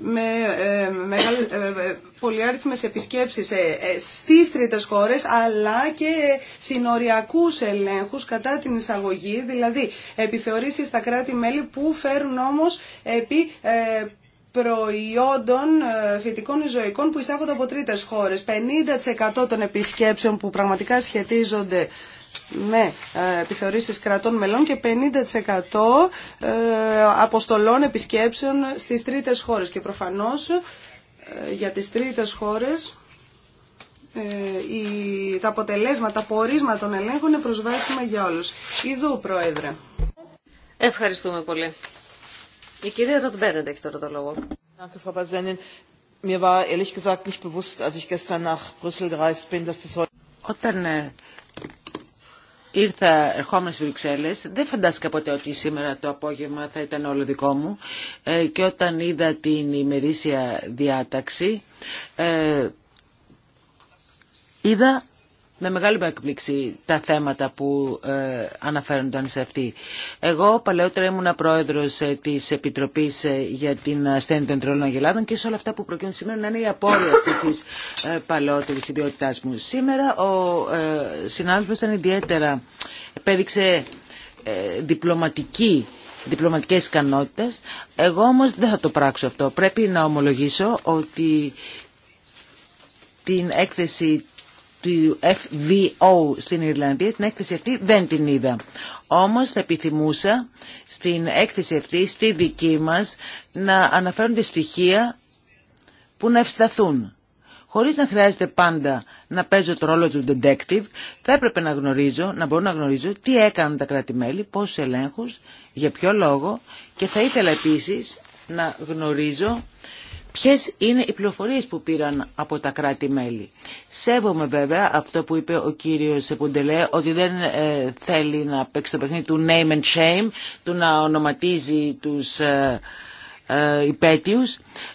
με ε, επισκέψει ε, πολυάριθμες επισκέψεις ε, ε, στις τρίτες χώρες αλλά και συνοριακούς ελέγχους κατά την εισαγωγή, δηλαδή επιθεωρήσεις στα κράτη-μέλη που φέρουν όμως επί ε, προϊόντων ε, φυτικών ζωικών που εισάγονται από τρίτες χώρες. 50% των επισκέψεων που πραγματικά σχετίζονται με ε, επιθεωρήσεις κρατών μελών και 50% ε, αποστολών επισκέψεων στις τρίτες χώρες. Και προφανώς για τις τρίτες χώρες τα αποτελέσματα, τα πορίσματα των ελέγχων είναι προσβάσιμα για όλους. Ιδού, Πρόεδρε. Ευχαριστούμε πολύ. Η κυρία Ροτ έχει το λόγο. Όταν ε, ήρθα ερχόμενα στις Βρυξέλλες, δεν φαντάστηκα ποτέ ότι σήμερα το απόγευμα θα ήταν όλο δικό μου ε, και όταν είδα την ημερήσια διάταξη ε, είδα με μεγάλη τα θέματα που ε, αναφέρονταν σε αυτή. Εγώ παλαιότερα ήμουν πρόεδρος ε, της Επιτροπής ε, για την ασθένεια των τρελών αγελάδων και σε όλα αυτά που προκύπτουν σήμερα να είναι η απόρρια αυτή της ε, παλαιότερης ιδιότητάς μου. Σήμερα ο ε, συνάδελφος ήταν ιδιαίτερα, επέδειξε ε, διπλωματική διπλωματικές ικανότητες. Εγώ όμως δεν θα το πράξω αυτό. Πρέπει να ομολογήσω ότι την έκθεση του FVO στην Ιρλανδία, την έκθεση αυτή δεν την είδα. Όμως θα επιθυμούσα στην έκθεση αυτή, στη δική μας, να αναφέρονται στοιχεία που να ευσταθούν. Χωρίς να χρειάζεται πάντα να παίζω το ρόλο του detective, θα έπρεπε να γνωρίζω, να μπορώ να γνωρίζω τι έκαναν τα κράτη-μέλη, πόσους ελέγχους, για ποιο λόγο και θα ήθελα επίσης να γνωρίζω ποιες είναι οι πληροφορίες που πήραν από τα κράτη-μέλη. Σέβομαι βέβαια αυτό που είπε ο κύριος Πουντελέ, ότι δεν ε, θέλει να παίξει το παιχνίδι του name and shame, του να ονοματίζει τους... Ε, ε,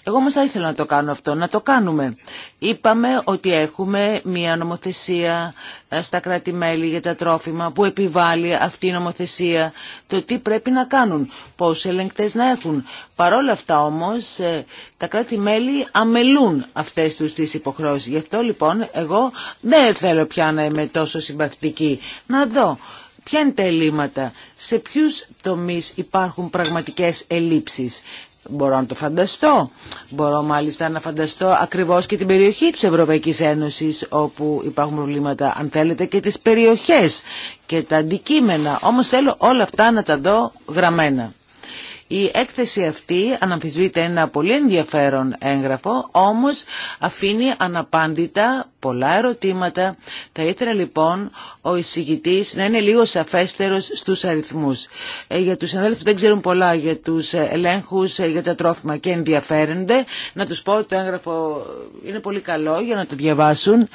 Εγώ όμως θα ήθελα να το κάνω αυτό, να το κάνουμε. Είπαμε ότι έχουμε μια νομοθεσία ε, στα κράτη-μέλη για τα τρόφιμα που επιβάλλει αυτή η νομοθεσία το τι πρέπει να κάνουν, πόσους ελεγκτές να έχουν. Παρόλα αυτά όμως ε, τα κράτη-μέλη αμελούν αυτές τους τις υποχρεώσεις. Γι' αυτό λοιπόν εγώ δεν θέλω πια να είμαι τόσο συμπαθητική. Να δω. Ποια είναι τα ελλείμματα, σε ποιους τομείς υπάρχουν πραγματικές ελλείψεις. Μπορώ να το φανταστώ. Μπορώ μάλιστα να φανταστώ ακριβώς και την περιοχή της Ευρωπαϊκής Ένωσης όπου υπάρχουν προβλήματα, αν θέλετε, και τις περιοχές και τα αντικείμενα. Όμως θέλω όλα αυτά να τα δω γραμμένα. Η έκθεση αυτή αναμφισβείται ένα πολύ ενδιαφέρον έγγραφο, όμως αφήνει αναπάντητα πολλά ερωτήματα. Θα ήθελα λοιπόν ο εισηγητής να είναι λίγο σαφέστερος στους αριθμούς. Ε, για τους συναδέλφους δεν ξέρουν πολλά για τους ελέγχους, ε, για τα τρόφιμα και ενδιαφέρονται, να τους πω ότι το έγγραφο είναι πολύ καλό για να το διαβάσουν.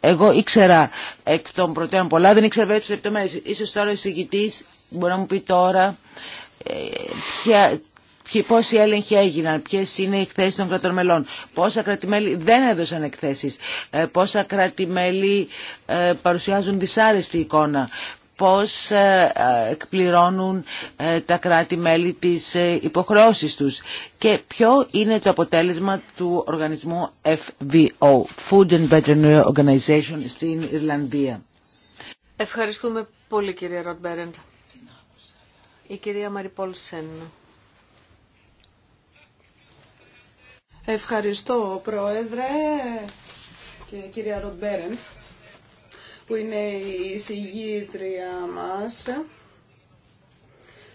Εγώ ήξερα εκ των προτέρων πολλά, δεν ήξερα βέβαια τις λεπτομέρειες. Ίσως τώρα ο εισηγητής μπορεί να μου πει τώρα ποια, πόσοι έλεγχοι έγιναν, ποιε είναι οι εκθέσει των κρατών μελών, πόσα κρατημέλη δεν έδωσαν εκθέσει, ε, πόσα κρατημέλη ε, παρουσιάζουν δυσάρεστη εικόνα, πώς ε, εκπληρώνουν τα κράτη-μέλη τις υποχρεώσεις τους και ποιο είναι το αποτέλεσμα του οργανισμού FVO, Food and Veterinary Organization στην Ιρλανδία. Ευχαριστούμε πολύ κύριε Μπέρεντ. Η κυρία Σεν. Ευχαριστώ, Πρόεδρε και κυρία Ροντμπέρεν, που είναι η συγγήτρια μας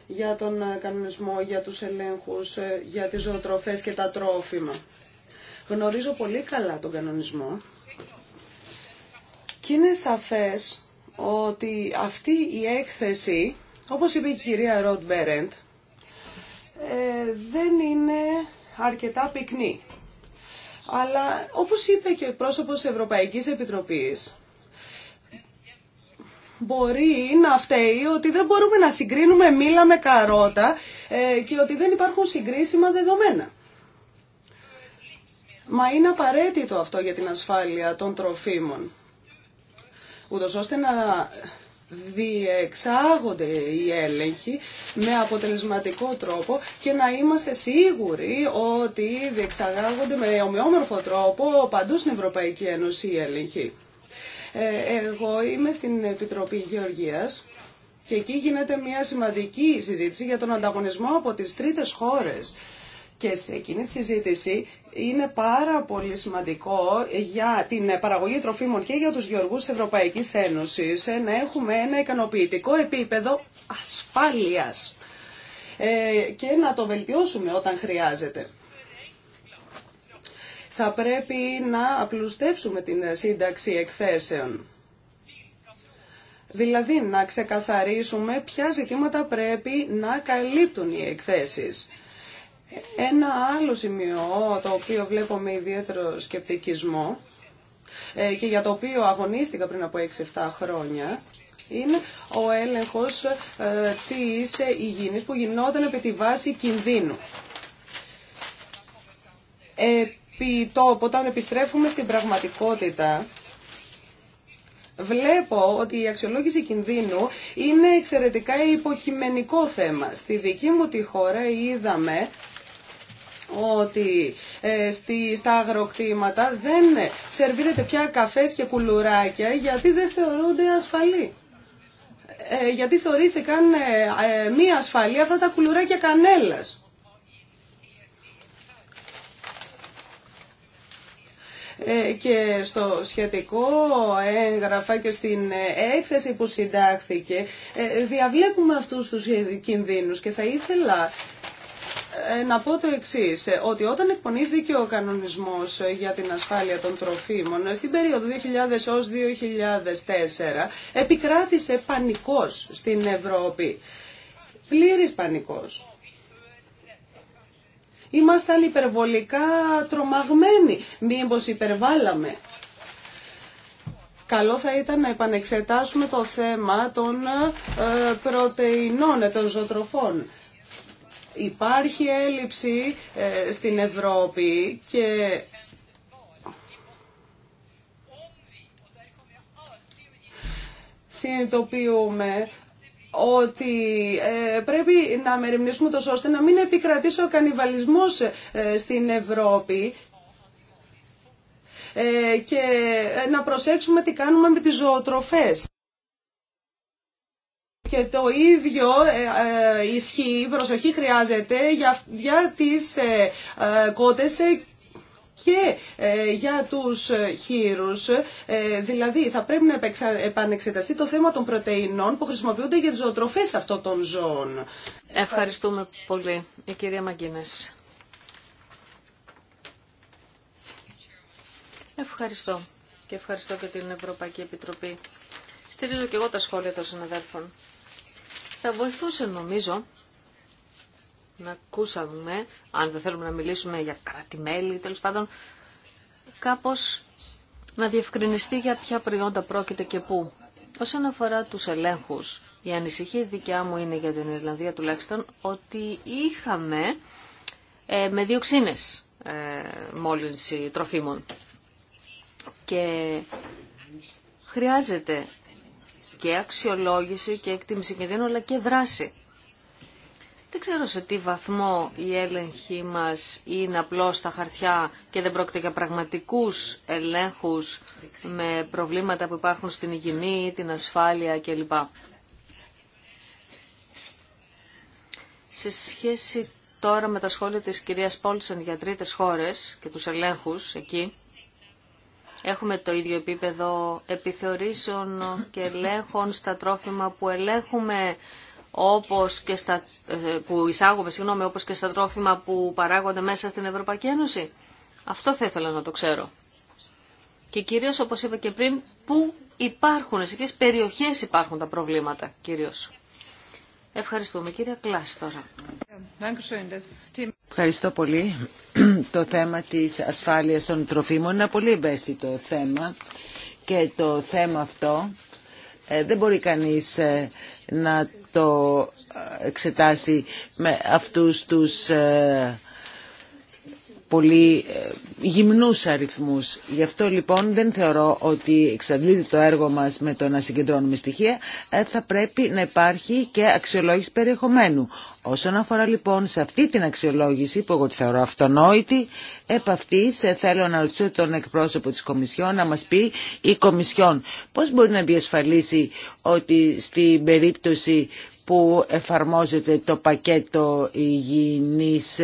για τον κανονισμό, για τους ελέγχους, για τις ζωοτροφές και τα τρόφιμα. Γνωρίζω πολύ καλά τον κανονισμό και είναι σαφές ότι αυτή η έκθεση όπως είπε η κυρία Ροντ Μπέρεντ, ε, δεν είναι αρκετά πυκνή. Αλλά όπως είπε και ο πρόσωπος Ευρωπαϊκής Επιτροπής, μπορεί να φταίει ότι δεν μπορούμε να συγκρίνουμε μήλα με καρότα ε, και ότι δεν υπάρχουν συγκρίσιμα δεδομένα. Μα είναι απαραίτητο αυτό για την ασφάλεια των τροφίμων, ούτως ώστε να διεξάγονται οι έλεγχοι με αποτελεσματικό τρόπο και να είμαστε σίγουροι ότι διεξαγάγονται με ομοιόμορφο τρόπο παντού στην Ευρωπαϊκή Ένωση οι έλεγχοι. Ε, εγώ είμαι στην Επιτροπή Γεωργίας και εκεί γίνεται μια σημαντική συζήτηση για τον ανταγωνισμό από τις τρίτες χώρες. Και σε εκείνη τη συζήτηση είναι πάρα πολύ σημαντικό για την παραγωγή τροφίμων και για τους γεωργούς της Ευρωπαϊκής Ένωσης ε, να έχουμε ένα ικανοποιητικό επίπεδο ασφάλειας ε, και να το βελτιώσουμε όταν χρειάζεται. Θα πρέπει να απλουστεύσουμε την σύνταξη εκθέσεων. Δηλαδή να ξεκαθαρίσουμε ποια ζητήματα πρέπει να καλύπτουν οι εκθέσεις ένα άλλο σημείο το οποίο βλέπω με ιδιαίτερο σκεπτικισμό ε, και για το οποίο αγωνίστηκα πριν από 6-7 χρόνια είναι ο έλεγχος ε, της υγιεινής που γινόταν επί τη βάση κινδύνου. Επί το όταν επιστρέφουμε στην πραγματικότητα, Βλέπω ότι η αξιολόγηση κινδύνου είναι εξαιρετικά υποκειμενικό θέμα. Στη δική μου τη χώρα είδαμε ότι ε, στη, στα αγροκτήματα δεν σερβίρεται πια καφές και κουλουράκια γιατί δεν θεωρούνται ασφαλή. Ε, γιατί θεωρήθηκαν ε, μη ασφαλή αυτά τα κουλουράκια κανέλας. και στο σχετικό έγγραφα και στην έκθεση που συντάχθηκε διαβλέπουμε αυτούς τους κινδύνους και θα ήθελα ε, να πω το εξή, ε, ότι όταν εκπονήθηκε ο κανονισμό ε, για την ασφάλεια των τροφίμων στην περίοδο 2000 2004 επικράτησε πανικός στην Ευρώπη. πλήρη πανικός. Ήμασταν υπερβολικά τρομαγμένοι, μήπως υπερβάλαμε. Καλό θα ήταν να επανεξετάσουμε το θέμα των πρωτεϊνών, των ζωοτροφών. Υπάρχει έλλειψη ε, στην Ευρώπη και συνειδητοποιούμε ότι ε, πρέπει να μεριμνήσουμε τόσο ώστε να μην επικρατήσει ο κανιβαλισμός ε, στην Ευρώπη και να προσέξουμε τι κάνουμε με τις ζωοτροφές. Και το ίδιο ε, ε, ισχύει, προσοχή χρειάζεται για, για τις ε, κότες και για τους χείρους, δηλαδή θα πρέπει να επανεξεταστεί το θέμα των πρωτεϊνών που χρησιμοποιούνται για τις ζωοτροφές αυτών των ζώων. Ευχαριστούμε πολύ, η κυρία Μαγκίνες. Ευχαριστώ και ευχαριστώ και την Ευρωπαϊκή Επιτροπή. Στηρίζω και εγώ τα σχόλια των συναδέλφων. Θα βοηθούσε νομίζω να ακούσαμε, αν δεν θέλουμε να μιλήσουμε για κρατημέλη, μελη τέλος πάντων, κάπως να διευκρινιστεί για ποια προϊόντα πρόκειται και πού. Όσον αφορά τους ελέγχους, η ανησυχία δικιά μου είναι για την Ιρλανδία τουλάχιστον ότι είχαμε ε, με διοξίνες ε, μόλυνση τροφίμων και χρειάζεται και αξιολόγηση και εκτίμηση κινδύνου, αλλά και δράση. Δεν ξέρω σε τι βαθμό η έλεγχη μας είναι απλώς στα χαρτιά και δεν πρόκειται για πραγματικούς ελέγχους με προβλήματα που υπάρχουν στην υγιεινή, την ασφάλεια κλπ. Σε σχέση τώρα με τα σχόλια της κυρίας Πόλσεν για τρίτες χώρες και τους ελέγχους εκεί, Έχουμε το ίδιο επίπεδο επιθεωρήσεων και ελέγχων στα τρόφιμα που ελέγχουμε όπως και στα, ε, που εισάγουμε, συγγνώμη, όπως και στα τρόφιμα που παράγονται μέσα στην Ευρωπαϊκή Ένωση. Αυτό θα ήθελα να το ξέρω. Και κυρίως, όπως είπα και πριν, πού υπάρχουν, σε ποιες περιοχές υπάρχουν τα προβλήματα κυρίως. Ευχαριστούμε. Κύριε Κλάς τώρα. Ευχαριστώ πολύ. Το θέμα της ασφάλειας των τροφίμων είναι ένα πολύ ευαίσθητο θέμα και το θέμα αυτό ε, δεν μπορεί κανείς ε, να το ε, εξετάσει με αυτούς τους πολύ ε, γυμνούς αριθμούς. Γι' αυτό λοιπόν δεν θεωρώ ότι εξαντλείται το έργο μας με το να συγκεντρώνουμε στοιχεία. Ε, θα πρέπει να υπάρχει και αξιολόγηση περιεχομένου. Όσον αφορά λοιπόν σε αυτή την αξιολόγηση που εγώ τη θεωρώ αυτονόητη, επ' αυτής ε, θέλω να ρωτήσω τον εκπρόσωπο της Κομισιόν να μας πει η Κομισιόν πώς μπορεί να διασφαλίσει ότι στην περίπτωση που εφαρμόζεται το πακέτο υγιεινής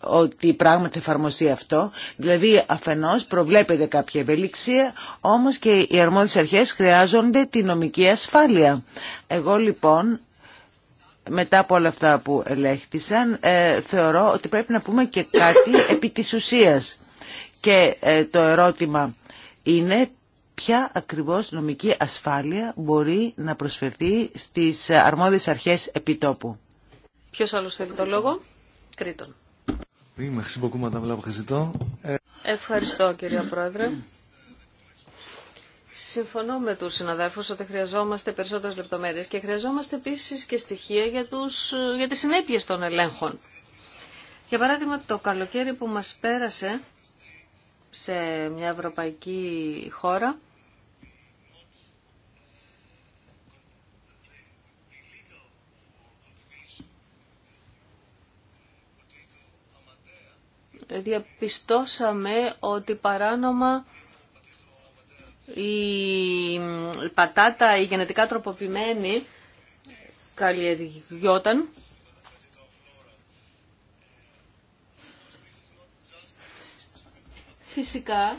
ότι πράγματι θα εφαρμοστεί αυτό. Δηλαδή αφενός προβλέπεται κάποια ευελιξία, όμως και οι αρμόδιες αρχές χρειάζονται τη νομική ασφάλεια. Εγώ λοιπόν μετά από όλα αυτά που ελέγχθησαν ε, θεωρώ ότι πρέπει να πούμε και κάτι επί της ουσίας. Και ε, το ερώτημα είναι ποια ακριβώς νομική ασφάλεια μπορεί να προσφερθεί στις αρμόδιες αρχές επιτόπου. Ποιος άλλος θέλει το λόγο? Κρήτον. Ε, Ευχαριστώ κύριε Πρόεδρε. Συμφωνώ με τους συναδέλφους ότι χρειαζόμαστε περισσότερες λεπτομέρειες και χρειαζόμαστε επίσης και στοιχεία για, τους, για τις συνέπειες των ελέγχων. Για παράδειγμα, το καλοκαίρι που μας πέρασε σε μια ευρωπαϊκή χώρα, διαπιστώσαμε ότι παράνομα η πατάτα, η γενετικά τροποποιημένη καλλιεργιόταν φυσικά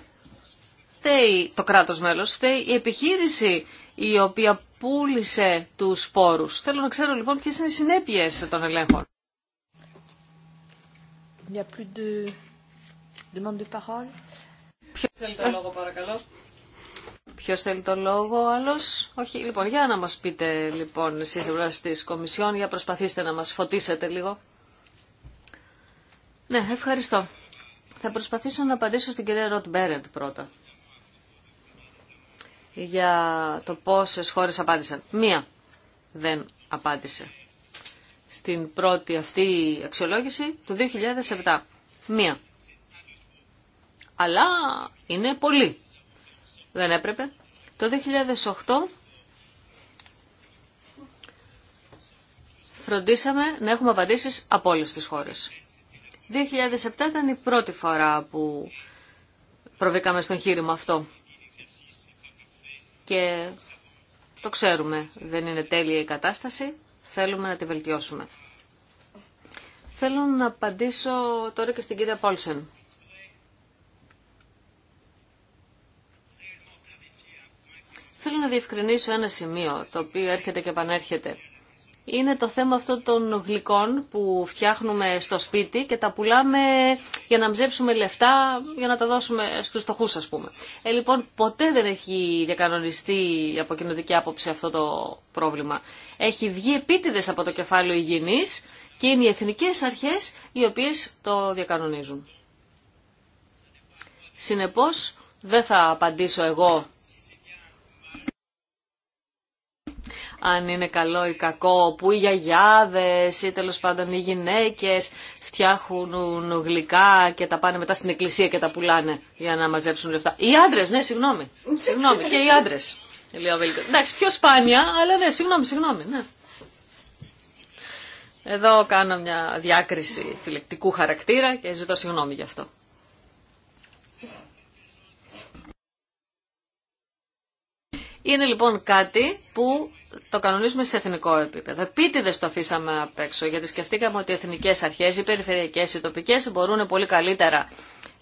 φταίει το κράτος μέλος, φταίει η επιχείρηση η οποία πούλησε τους σπόρους. Θέλω να ξέρω λοιπόν ποιες είναι οι συνέπειες των ελέγχων. Il θέλει το λόγο παρακαλώ. Ποιο θέλει το λόγο άλλος. Όχι, λοιπόν, για να μα πείτε λοιπόν εσείς τη Κομισιόν, για προσπαθήστε να μα φωτίσετε λίγο. Ναι, ευχαριστώ. Θα προσπαθήσω να απαντήσω στην κυρία Ροτ Μπέρετ πρώτα. Για το πόσε χώρε απάντησαν. Μία δεν απάντησε την πρώτη αυτή αξιολόγηση του 2007. Μία. Αλλά είναι πολύ. Δεν έπρεπε. Το 2008 φροντίσαμε να έχουμε απαντήσεις από όλες τις χώρες. 2007 ήταν η πρώτη φορά που προβήκαμε στον χείρημα αυτό. Και το ξέρουμε, δεν είναι τέλεια η κατάσταση, θέλουμε να τη βελτιώσουμε. Θέλω να απαντήσω τώρα και στην κυρία Πόλσεν. Θέλω να διευκρινίσω ένα σημείο το οποίο έρχεται και επανέρχεται. Είναι το θέμα αυτό των γλυκών που φτιάχνουμε στο σπίτι και τα πουλάμε για να μζέψουμε λεφτά για να τα δώσουμε στους στοχούς ας πούμε. Ε, λοιπόν, ποτέ δεν έχει διακανονιστεί από κοινωτική άποψη αυτό το πρόβλημα. Έχει βγει επίτηδες από το κεφάλαιο υγιεινής και είναι οι εθνικές αρχές οι οποίες το διακανονίζουν. Συνεπώς δεν θα απαντήσω εγώ αν είναι καλό ή κακό, που οι γιαγιάδες ή τέλος πάντων οι γυναίκες φτιάχνουν γλυκά και τα πάνε μετά στην εκκλησία και τα πουλάνε για να μαζέψουν λεφτά. Οι άντρες, ναι, συγγνώμη. Συγγνώμη, και οι άντρες. Εντάξει, πιο σπάνια, αλλά ναι, συγγνώμη, συγγνώμη, ναι. Εδώ κάνω μια διάκριση φιλεκτικού χαρακτήρα και ζητώ συγγνώμη γι' αυτό. Είναι λοιπόν κάτι που το κανονίζουμε σε εθνικό επίπεδο. Επίτηδε το αφήσαμε απ' έξω, γιατί σκεφτήκαμε ότι οι εθνικές αρχές, οι περιφερειακές, οι τοπικές μπορούν πολύ καλύτερα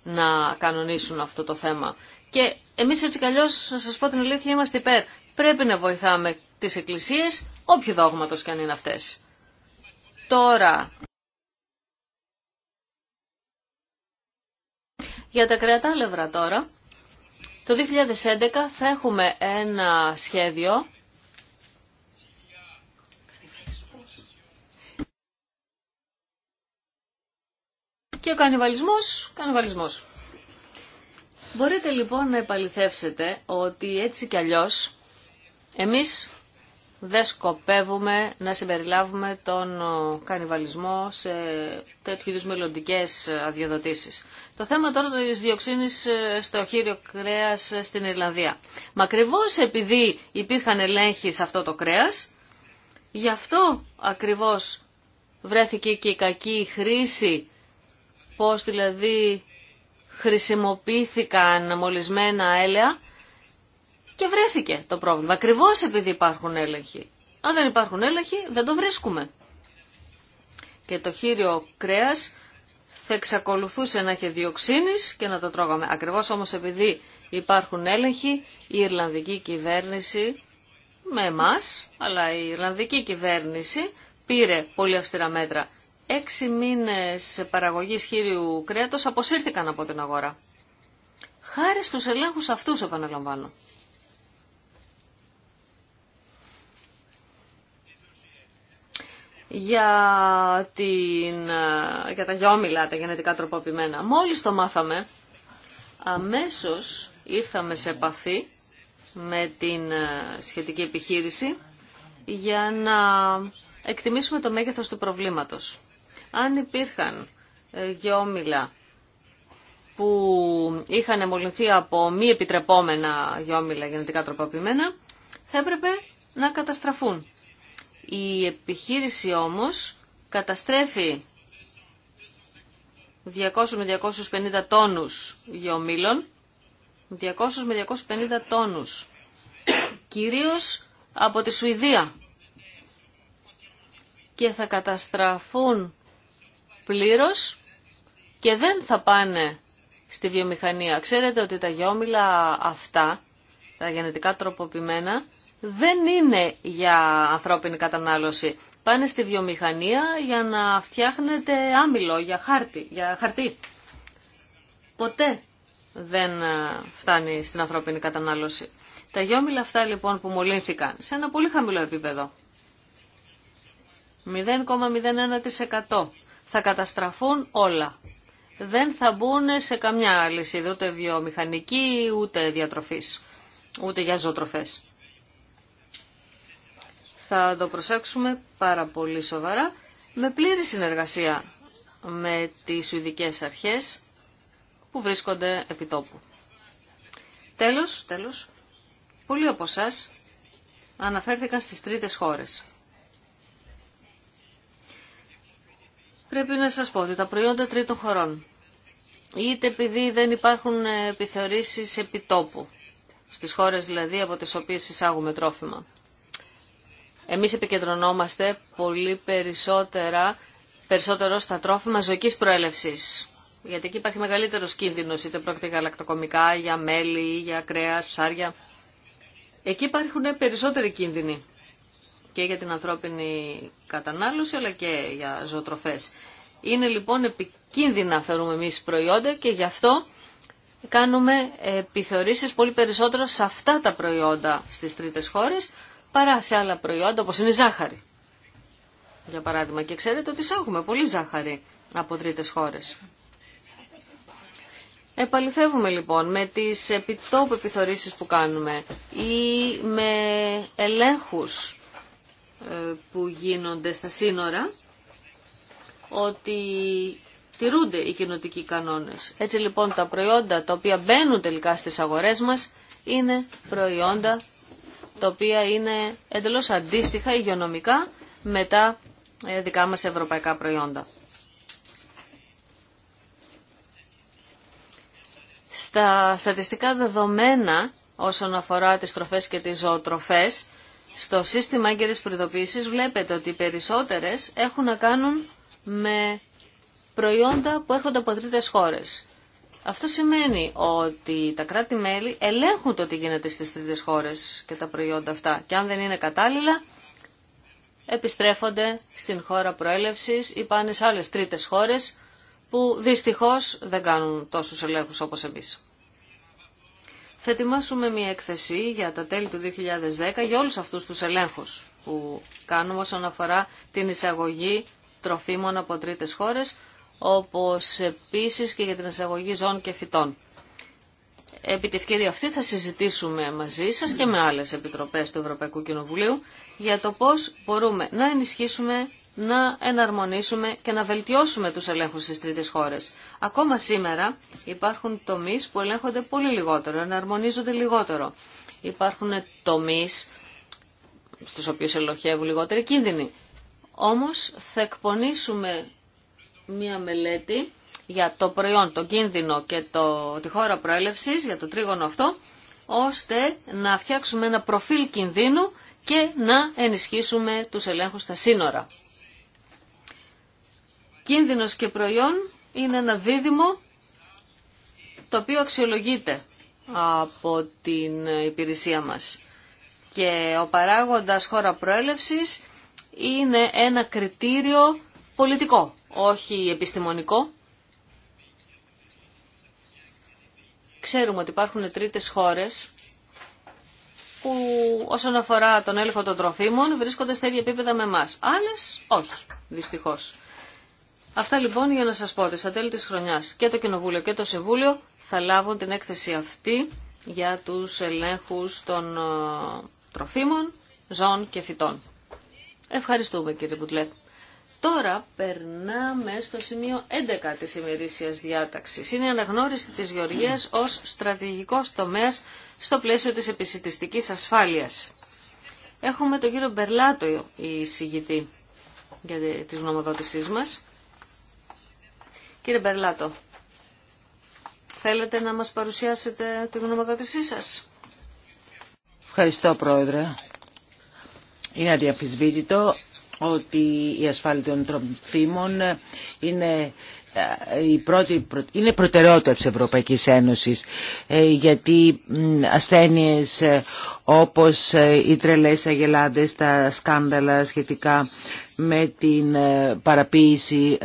να κανονίσουν αυτό το θέμα. Και εμείς έτσι καλώ να σας πω την αλήθεια, είμαστε υπέρ. Πρέπει να βοηθάμε τις εκκλησίες, όποιο δόγματος και αν είναι αυτές. Τώρα, για τα κρεατάλευρα τώρα, το 2011 θα έχουμε ένα σχέδιο και ο κανιβαλισμός, κανιβαλισμός. Μπορείτε λοιπόν να επαληθεύσετε ότι έτσι κι αλλιώς εμείς δεν σκοπεύουμε να συμπεριλάβουμε τον ε, κανιβαλισμό σε τέτοιου είδου μελλοντικέ αδειοδοτήσει. Το θέμα τώρα τη διοξίνη ε, στο χείριο κρέα ε, στην Ιρλανδία. Μα ακριβώ επειδή υπήρχαν ελέγχοι σε αυτό το κρέα, γι' αυτό ακριβώ βρέθηκε και η κακή χρήση, πώς δηλαδή χρησιμοποιήθηκαν μολυσμένα έλαια και βρέθηκε το πρόβλημα. Ακριβώ επειδή υπάρχουν έλεγχοι. Αν δεν υπάρχουν έλεγχοι, δεν το βρίσκουμε. Και το χείριο κρέα θα εξακολουθούσε να έχει διοξίνη και να το τρώγαμε. Ακριβώ όμω επειδή υπάρχουν έλεγχοι, η Ιρλανδική κυβέρνηση με εμά, αλλά η Ιρλανδική κυβέρνηση πήρε πολύ αυστηρά μέτρα. Έξι μήνες παραγωγής χείριου κρέατος αποσύρθηκαν από την αγορά. Χάρη στους ελέγχους αυτούς επαναλαμβάνω. για, την, ε, για τα γιόμιλα, τα γενετικά τροποποιημένα. Μόλις το μάθαμε, αμέσως ήρθαμε σε επαφή με την ε, σχετική επιχείρηση για να εκτιμήσουμε το μέγεθος του προβλήματος. Αν υπήρχαν ε, γιόμιλα που είχαν εμολυνθεί από μη επιτρεπόμενα γιόμιλα γενετικά τροποποιημένα, θα έπρεπε να καταστραφούν. Η επιχείρηση όμως καταστρέφει 200 με 250 τόνους γεωμήλων, 200 με 250 τόνους, κυρίως από τη Σουηδία και θα καταστραφούν πλήρως και δεν θα πάνε στη βιομηχανία. Ξέρετε ότι τα γεώμηλα αυτά, τα γενετικά τροποποιημένα, δεν είναι για ανθρώπινη κατανάλωση. Πάνε στη βιομηχανία για να φτιάχνετε άμυλο για, χάρτη, για χαρτί. Ποτέ δεν ε, φτάνει στην ανθρώπινη κατανάλωση. Τα γιόμιλα αυτά λοιπόν που μολύνθηκαν σε ένα πολύ χαμηλό επίπεδο. 0,01% θα καταστραφούν όλα. Δεν θα μπουν σε καμιά αλυσίδα ούτε βιομηχανική ούτε διατροφής, ούτε για ζωοτροφές. Θα το προσέξουμε πάρα πολύ σοβαρά με πλήρη συνεργασία με τις Σουηδικές Αρχές που βρίσκονται επιτόπου. τόπου. Τέλος, τέλος, πολλοί από εσά αναφέρθηκαν στις τρίτες χώρες. Πρέπει να σας πω ότι τα προϊόντα τρίτων χωρών, είτε επειδή δεν υπάρχουν επιθεωρήσεις επί τόπου, στις χώρες δηλαδή από τις οποίες εισάγουμε τρόφιμα, εμείς επικεντρωνόμαστε πολύ περισσότερα, περισσότερο στα τρόφιμα ζωικής προέλευσης. Γιατί εκεί υπάρχει μεγαλύτερος κίνδυνος, είτε πρόκειται για λακτοκομικά, για μέλι, για κρέας, ψάρια. Εκεί υπάρχουν περισσότεροι κίνδυνοι και για την ανθρώπινη κατανάλωση, αλλά και για ζωοτροφές. Είναι λοιπόν επικίνδυνα φέρουμε εμείς προϊόντα και γι' αυτό κάνουμε επιθεωρήσεις πολύ περισσότερο σε αυτά τα προϊόντα στις τρίτες χώρες, παρά σε άλλα προϊόντα όπως είναι η ζάχαρη. Για παράδειγμα, και ξέρετε ότι εισάγουμε πολύ ζάχαρη από τρίτες χώρες. Επαληθεύουμε λοιπόν με τις επιτόπου επιθορήσεις που κάνουμε ή με ελέγχους ε, που γίνονται στα σύνορα ότι τηρούνται οι κοινοτικοί κανόνες. Έτσι λοιπόν τα προϊόντα τα οποία μπαίνουν τελικά στις αγορές μας είναι προϊόντα τα οποία είναι εντελώς αντίστοιχα υγειονομικά με τα ε, δικά μας ευρωπαϊκά προϊόντα. Στα στατιστικά δεδομένα όσον αφορά τις τροφές και τις ζωοτροφές, στο σύστημα έγκαιρης προειδοποίησης βλέπετε ότι οι περισσότερες έχουν να κάνουν με προϊόντα που έρχονται από τρίτες χώρες. Αυτό σημαίνει ότι τα κράτη-μέλη ελέγχουν το τι γίνεται στις τρίτες χώρες και τα προϊόντα αυτά και αν δεν είναι κατάλληλα επιστρέφονται στην χώρα προέλευσης ή πάνε σε άλλες τρίτες χώρες που δυστυχώς δεν κάνουν τόσους ελέγχους όπως εμείς. Θα ετοιμάσουμε μια έκθεση για τα τέλη του 2010 για όλους αυτούς τους ελέγχους που κάνουμε όσον αφορά την εισαγωγή τροφίμων από τρίτες χώρες όπως επίσης και για την εισαγωγή ζώων και φυτών. Επί τη ευκαιρία αυτή θα συζητήσουμε μαζί σας και με άλλες επιτροπές του Ευρωπαϊκού Κοινοβουλίου για το πώς μπορούμε να ενισχύσουμε, να εναρμονίσουμε και να βελτιώσουμε τους ελέγχους στις τρίτες χώρες. Ακόμα σήμερα υπάρχουν τομείς που ελέγχονται πολύ λιγότερο, εναρμονίζονται λιγότερο. Υπάρχουν τομείς στους οποίους ελοχεύουν λιγότεροι κίνδυνοι. Όμως θα εκπονήσουμε μία μελέτη για το προϊόν, το κίνδυνο και το, τη χώρα προέλευσης, για το τρίγωνο αυτό, ώστε να φτιάξουμε ένα προφίλ κινδύνου και να ενισχύσουμε τους ελέγχους στα σύνορα. Κίνδυνος και προϊόν είναι ένα δίδυμο το οποίο αξιολογείται από την υπηρεσία μας. Και ο παράγοντας χώρα προέλευσης είναι ένα κριτήριο πολιτικό όχι επιστημονικό. Ξέρουμε ότι υπάρχουν τρίτες χώρες που όσον αφορά τον έλεγχο των τροφίμων βρίσκονται στα ίδια επίπεδα με εμά. Άλλες όχι, δυστυχώς. Αυτά λοιπόν για να σας πω ότι στα τέλη της χρονιάς και το Κοινοβούλιο και το Συμβούλιο θα λάβουν την έκθεση αυτή για τους ελέγχους των ε, τροφίμων, ζώων και φυτών. Ευχαριστούμε κύριε Μπουτλέ. Τώρα περνάμε στο σημείο 11 της ημερήσιας διάταξης. Είναι η αναγνώριση της γεωργίας ως στρατηγικός τομέας στο πλαίσιο της επισητιστικής ασφάλειας. Έχουμε τον κύριο Μπερλάτο η συγητή για τις γνωμοδότησής μας. Κύριε Μπερλάτο, θέλετε να μας παρουσιάσετε τη γνωμοδότησή σας. Ευχαριστώ Πρόεδρε. Είναι αδιαφυσβήτητο ότι η ασφάλεια των τροφίμων είναι ε, η πρώτη, είναι προτεραιότητα της Ευρωπαϊκής Ένωσης ε, γιατί ασθένειες ε, όπως οι τρελές αγελάδες, τα σκάνδαλα σχετικά με την παραποίηση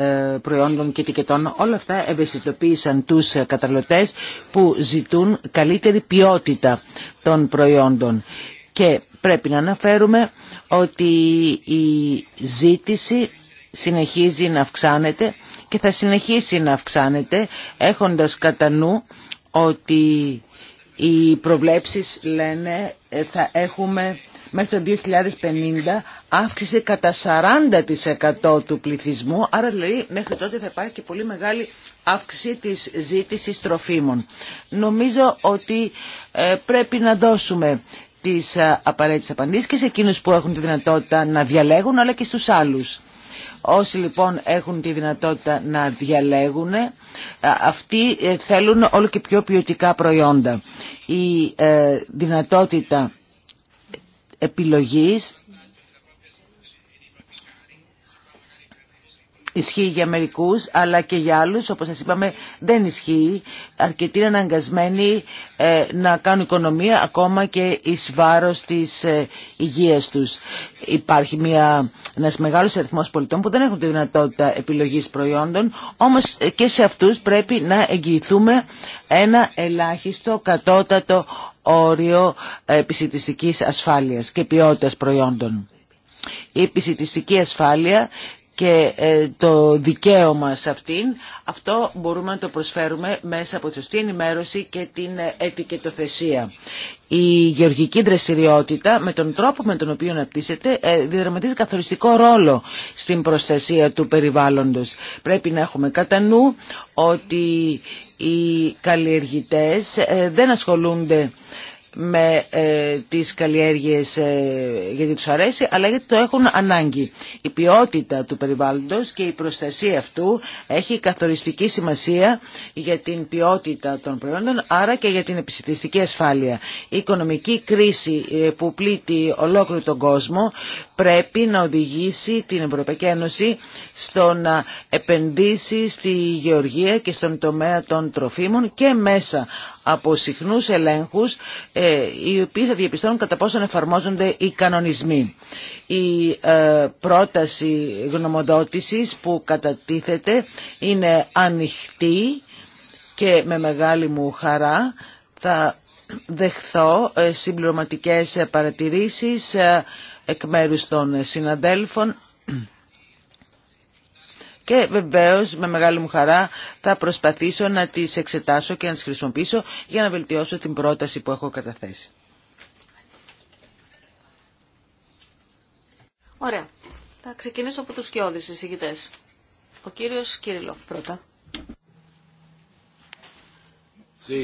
προϊόντων και τικετών, όλα αυτά ευαισθητοποίησαν τους καταλωτές που ζητούν καλύτερη ποιότητα των προϊόντων και πρέπει να αναφέρουμε ότι η ζήτηση συνεχίζει να αυξάνεται και θα συνεχίσει να αυξάνεται έχοντας κατά νου ότι οι προβλέψεις λένε ε, θα έχουμε μέχρι το 2050 αύξηση κατά 40% του πληθυσμού, άρα δηλαδή μέχρι τότε θα υπάρχει και πολύ μεγάλη αύξηση της ζήτησης τροφίμων. Νομίζω ότι ε, πρέπει να δώσουμε τις ε, απαραίτητες απαντήσεις και σε εκείνους που έχουν τη δυνατότητα να διαλέγουν αλλά και στους άλλους. Όσοι λοιπόν έχουν τη δυνατότητα να διαλέγουν, ε, αυτοί ε, θέλουν όλο και πιο ποιοτικά προϊόντα. Η δυνατότητα επιλογής Ισχύει για μερικούς αλλά και για άλλους, όπως σας είπαμε δεν ισχύει. Αρκετοί είναι αναγκασμένοι ε, να κάνουν οικονομία ακόμα και εις βάρος της ε, υγείας τους. Υπάρχει μια, ένας μεγάλος αριθμός πολιτών που δεν έχουν τη δυνατότητα επιλογής προϊόντων, όμως ε, και σε αυτούς πρέπει να εγγυηθούμε ένα ελάχιστο κατώτατο όριο επισητιστικής ασφάλειας και ποιότητας προϊόντων. Η επισητιστική ασφάλεια και ε, το δικαίωμα σε αυτήν, αυτό μπορούμε να το προσφέρουμε μέσα από τη σωστή ενημέρωση και την ε, ετικετοθεσία. Η γεωργική δραστηριότητα με τον τρόπο με τον οποίο αναπτύσσεται ε, διδραματίζει καθοριστικό ρόλο στην προστασία του περιβάλλοντος. Πρέπει να έχουμε κατά νου ότι οι καλλιεργητές δεν ασχολούνται με ε, τις καλλιέργειες ε, γιατί τους αρέσει αλλά γιατί το έχουν ανάγκη. Η ποιότητα του περιβάλλοντος και η προστασία αυτού έχει καθοριστική σημασία για την ποιότητα των προϊόντων άρα και για την επιστημιστική ασφάλεια. Η οικονομική κρίση ε, που πλήττει ολόκληρο τον κόσμο πρέπει να οδηγήσει την Ευρωπαϊκή Ένωση στο να επενδύσει στη γεωργία και στον τομέα των τροφίμων και μέσα από συχνούς ελέγχους ε, οι οποίοι θα διαπιστώνουν κατά πόσον εφαρμόζονται οι κανονισμοί. Η ε, πρόταση γνωμοδότησης που κατατίθεται είναι ανοιχτή και με μεγάλη μου χαρά θα δεχθώ ε, συμπληρωματικές παρατηρήσεις εκ μέρου των συναντέλφων και βεβαίω με μεγάλη μου χαρά θα προσπαθήσω να τι εξετάσω και να τι χρησιμοποιήσω για να βελτιώσω την πρόταση που έχω καταθέσει. Ωραία. Θα ξεκινήσω από τους σκιώδη εισηγητές. Ο κύριο Κύριλοφ πρώτα. Sì,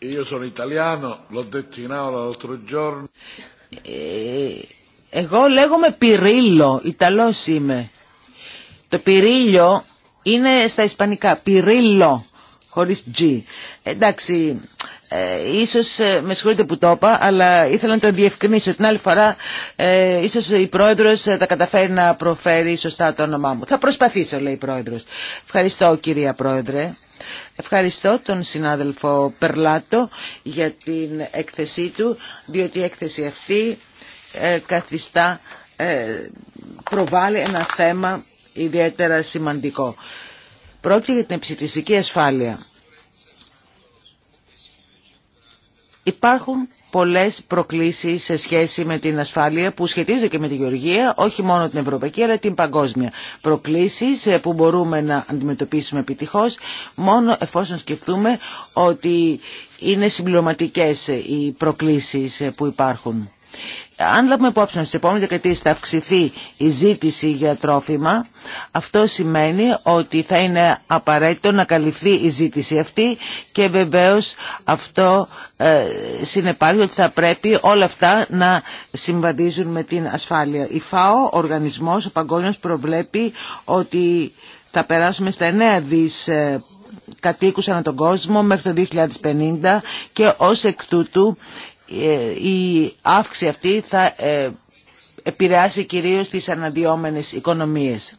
io sono italiano, l'ho detto in aula l'altro ε, εγώ λέγομαι Πυρίλο, Ιταλός είμαι. Το Πυρίλιο είναι στα Ισπανικά, Πυρίλο, χωρίς G. Εντάξει, ε, ίσως ε, με συγχωρείτε που το είπα, αλλά ήθελα να το διευκρινίσω. Την άλλη φορά ε, ίσως η πρόεδρος θα ε, καταφέρει να προφέρει σωστά το όνομά μου. Θα προσπαθήσω, λέει η πρόεδρος. Ευχαριστώ κυρία πρόεδρε. Ευχαριστώ τον συνάδελφο Περλάτο για την έκθεσή του, διότι η έκθεση αυτή καθιστά, προβάλλει ένα θέμα ιδιαίτερα σημαντικό. Πρόκειται για την ψηφιστική ασφάλεια. Υπάρχουν πολλές προκλήσεις σε σχέση με την ασφάλεια που σχετίζονται και με τη γεωργία, όχι μόνο την ευρωπαϊκή αλλά την παγκόσμια. Προκλήσεις ε, που μπορούμε να αντιμετωπίσουμε επιτυχώς μόνο εφόσον σκεφτούμε ότι είναι συμπληρωματικές ε, οι προκλήσεις ε, που υπάρχουν αν λάβουμε υπόψη στις επόμενες δεκαετίες θα αυξηθεί η ζήτηση για τρόφιμα, αυτό σημαίνει ότι θα είναι απαραίτητο να καλυφθεί η ζήτηση αυτή και βεβαίως αυτό ε, συνεπάγει ότι θα πρέπει όλα αυτά να συμβαδίζουν με την ασφάλεια. Η ΦΑΟ, ο οργανισμός, ο παγκόσμιος προβλέπει ότι θα περάσουμε στα 9 δις ε, κατοίκους ανά τον κόσμο μέχρι το 2050 και ως εκ τούτου ε, η αύξηση αυτή θα ε, επηρεάσει κυρίως τις αναδιόμενες οικονομίες.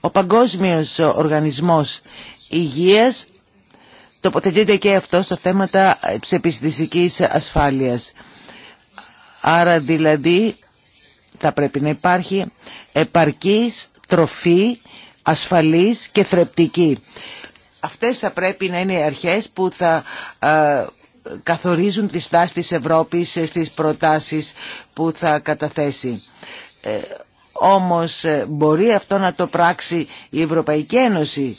Ο Παγκόσμιος Οργανισμός Υγείας τοποθετείται και αυτό στα θέματα ψεπιστικής ασφάλειας. Άρα δηλαδή θα πρέπει να υπάρχει επαρκής τροφή ασφαλής και θρεπτική. Αυτές θα πρέπει να είναι οι αρχές που θα ε, καθορίζουν τη στάση της Ευρώπης ε, στις προτάσεις που θα καταθέσει. Ε, όμως ε, μπορεί αυτό να το πράξει η Ευρωπαϊκή Ένωση.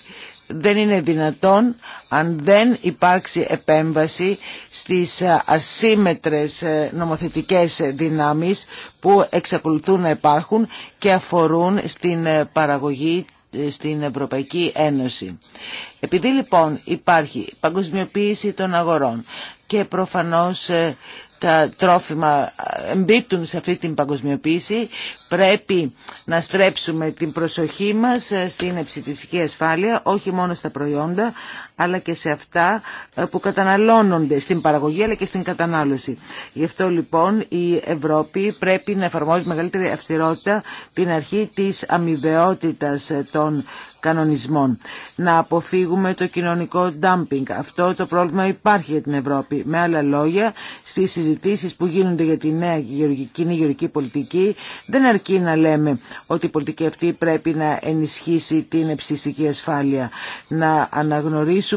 Δεν είναι δυνατόν αν δεν υπάρξει επέμβαση στις ασύμετρες νομοθετικές δυνάμεις που εξακολουθούν να υπάρχουν και αφορούν στην παραγωγή στην Ευρωπαϊκή Ένωση. Επειδή λοιπόν υπάρχει παγκοσμιοποίηση των αγορών και προφανώς ε, τα τρόφιμα ε, εμπίπτουν σε αυτή την παγκοσμιοποίηση, πρέπει να στρέψουμε την προσοχή μας ε, στην ευσυντητική ασφάλεια, όχι μόνο στα προϊόντα, αλλά και σε αυτά ε, που καταναλώνονται στην παραγωγή αλλά και στην κατανάλωση. Γι' αυτό λοιπόν η Ευρώπη πρέπει να εφαρμόζει μεγαλύτερη αυστηρότητα την αρχή της αμοιβαιότητας ε, των κανονισμών. Να αποφύγουμε το κοινωνικό dumping. Αυτό το πρόβλημα υπάρχει για την Ευρώπη. Με άλλα λόγια, στις συζητήσεις που γίνονται για τη νέα κοινή γεωργική πολιτική, δεν αρκεί να λέμε ότι η πολιτική αυτή πρέπει να ενισχύσει την ψηστική ασφάλεια. Να αναγνωρίσουμε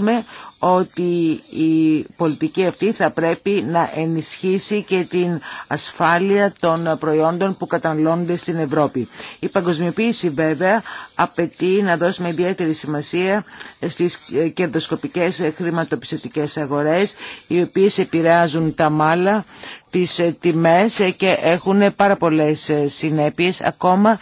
ότι η πολιτική αυτή θα πρέπει να ενισχύσει και την ασφάλεια των προϊόντων που καταναλώνονται στην Ευρώπη. Η παγκοσμιοποίηση βέβαια απαιτεί να δώσουμε ιδιαίτερη σημασία στις κερδοσκοπικές χρηματοπιστωτικές αγορές οι οποίες επηρεάζουν τα μάλα, τις τιμές και έχουν πάρα πολλές συνέπειες ακόμα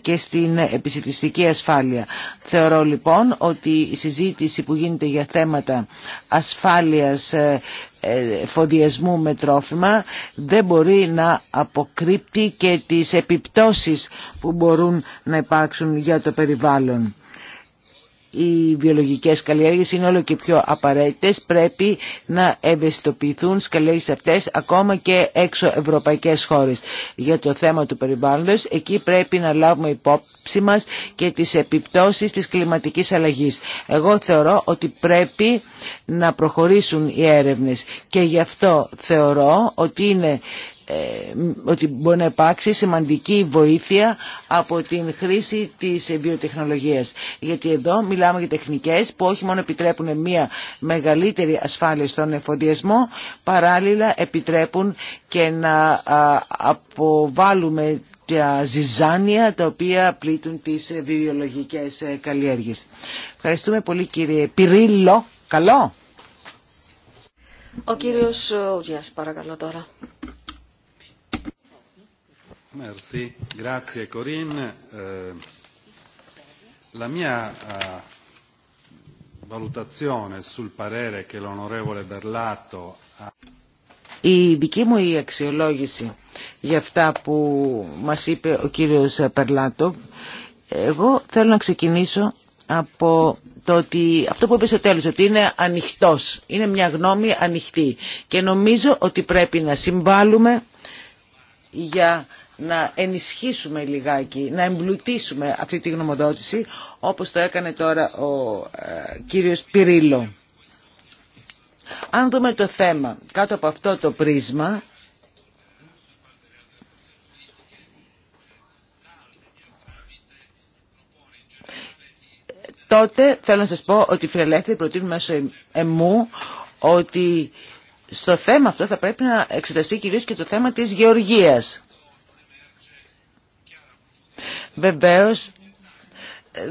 και στην επισητιστική ασφάλεια. Θεωρώ λοιπόν ότι η συζήτηση που γίνεται για θέματα ασφάλειας ε, ε, φοδιασμού με τρόφιμα δεν μπορεί να αποκρύπτει και τις επιπτώσεις που μπορούν να υπάρξουν για το περιβάλλον οι βιολογικές καλλιέργειες είναι όλο και πιο απαραίτητες. Πρέπει να ευαισθητοποιηθούν σκαλλιέργειες αυτές ακόμα και έξω ευρωπαϊκές χώρες. Για το θέμα του περιβάλλοντος, εκεί πρέπει να λάβουμε υπόψη μας και τις επιπτώσεις της κλιματικής αλλαγής. Εγώ θεωρώ ότι πρέπει να προχωρήσουν οι έρευνες και γι' αυτό θεωρώ ότι είναι ε, ότι μπορεί να υπάρξει σημαντική βοήθεια από την χρήση της βιοτεχνολογίας. Γιατί εδώ μιλάμε για τεχνικές που όχι μόνο επιτρέπουν μια μεγαλύτερη ασφάλεια στον εφοδιασμό, παράλληλα επιτρέπουν και να αποβάλουμε τα ζυζάνια τα οποία πλήττουν τις βιολογικές καλλιέργειες. Ευχαριστούμε πολύ κύριε Πυρίλο. Καλό. Ο κύριος Ουγιάς παρακαλώ τώρα. Merci. Grazie Corinne. Eh, la mia eh, valutazione sul parere che η δική μου η αξιολόγηση για αυτά που μας είπε ο κύριος Περλάτο, εγώ θέλω να ξεκινήσω από το ότι αυτό που είπε στο τέλος, ότι είναι ανοιχτός, είναι μια γνώμη ανοιχτή και νομίζω ότι πρέπει να συμβάλλουμε για να ενισχύσουμε λιγάκι, να εμπλουτίσουμε αυτή τη γνωμοδότηση, όπως το έκανε τώρα ο ε, κύριος Πυρίλο. Αν δούμε το θέμα κάτω από αυτό το πρίσμα, τότε θέλω να σας πω ότι οι φιλελεύθεροι προτείνουν μέσω εμού ότι στο θέμα αυτό θα πρέπει να εξεταστεί κυρίως και το θέμα της γεωργίας. Βεβαίως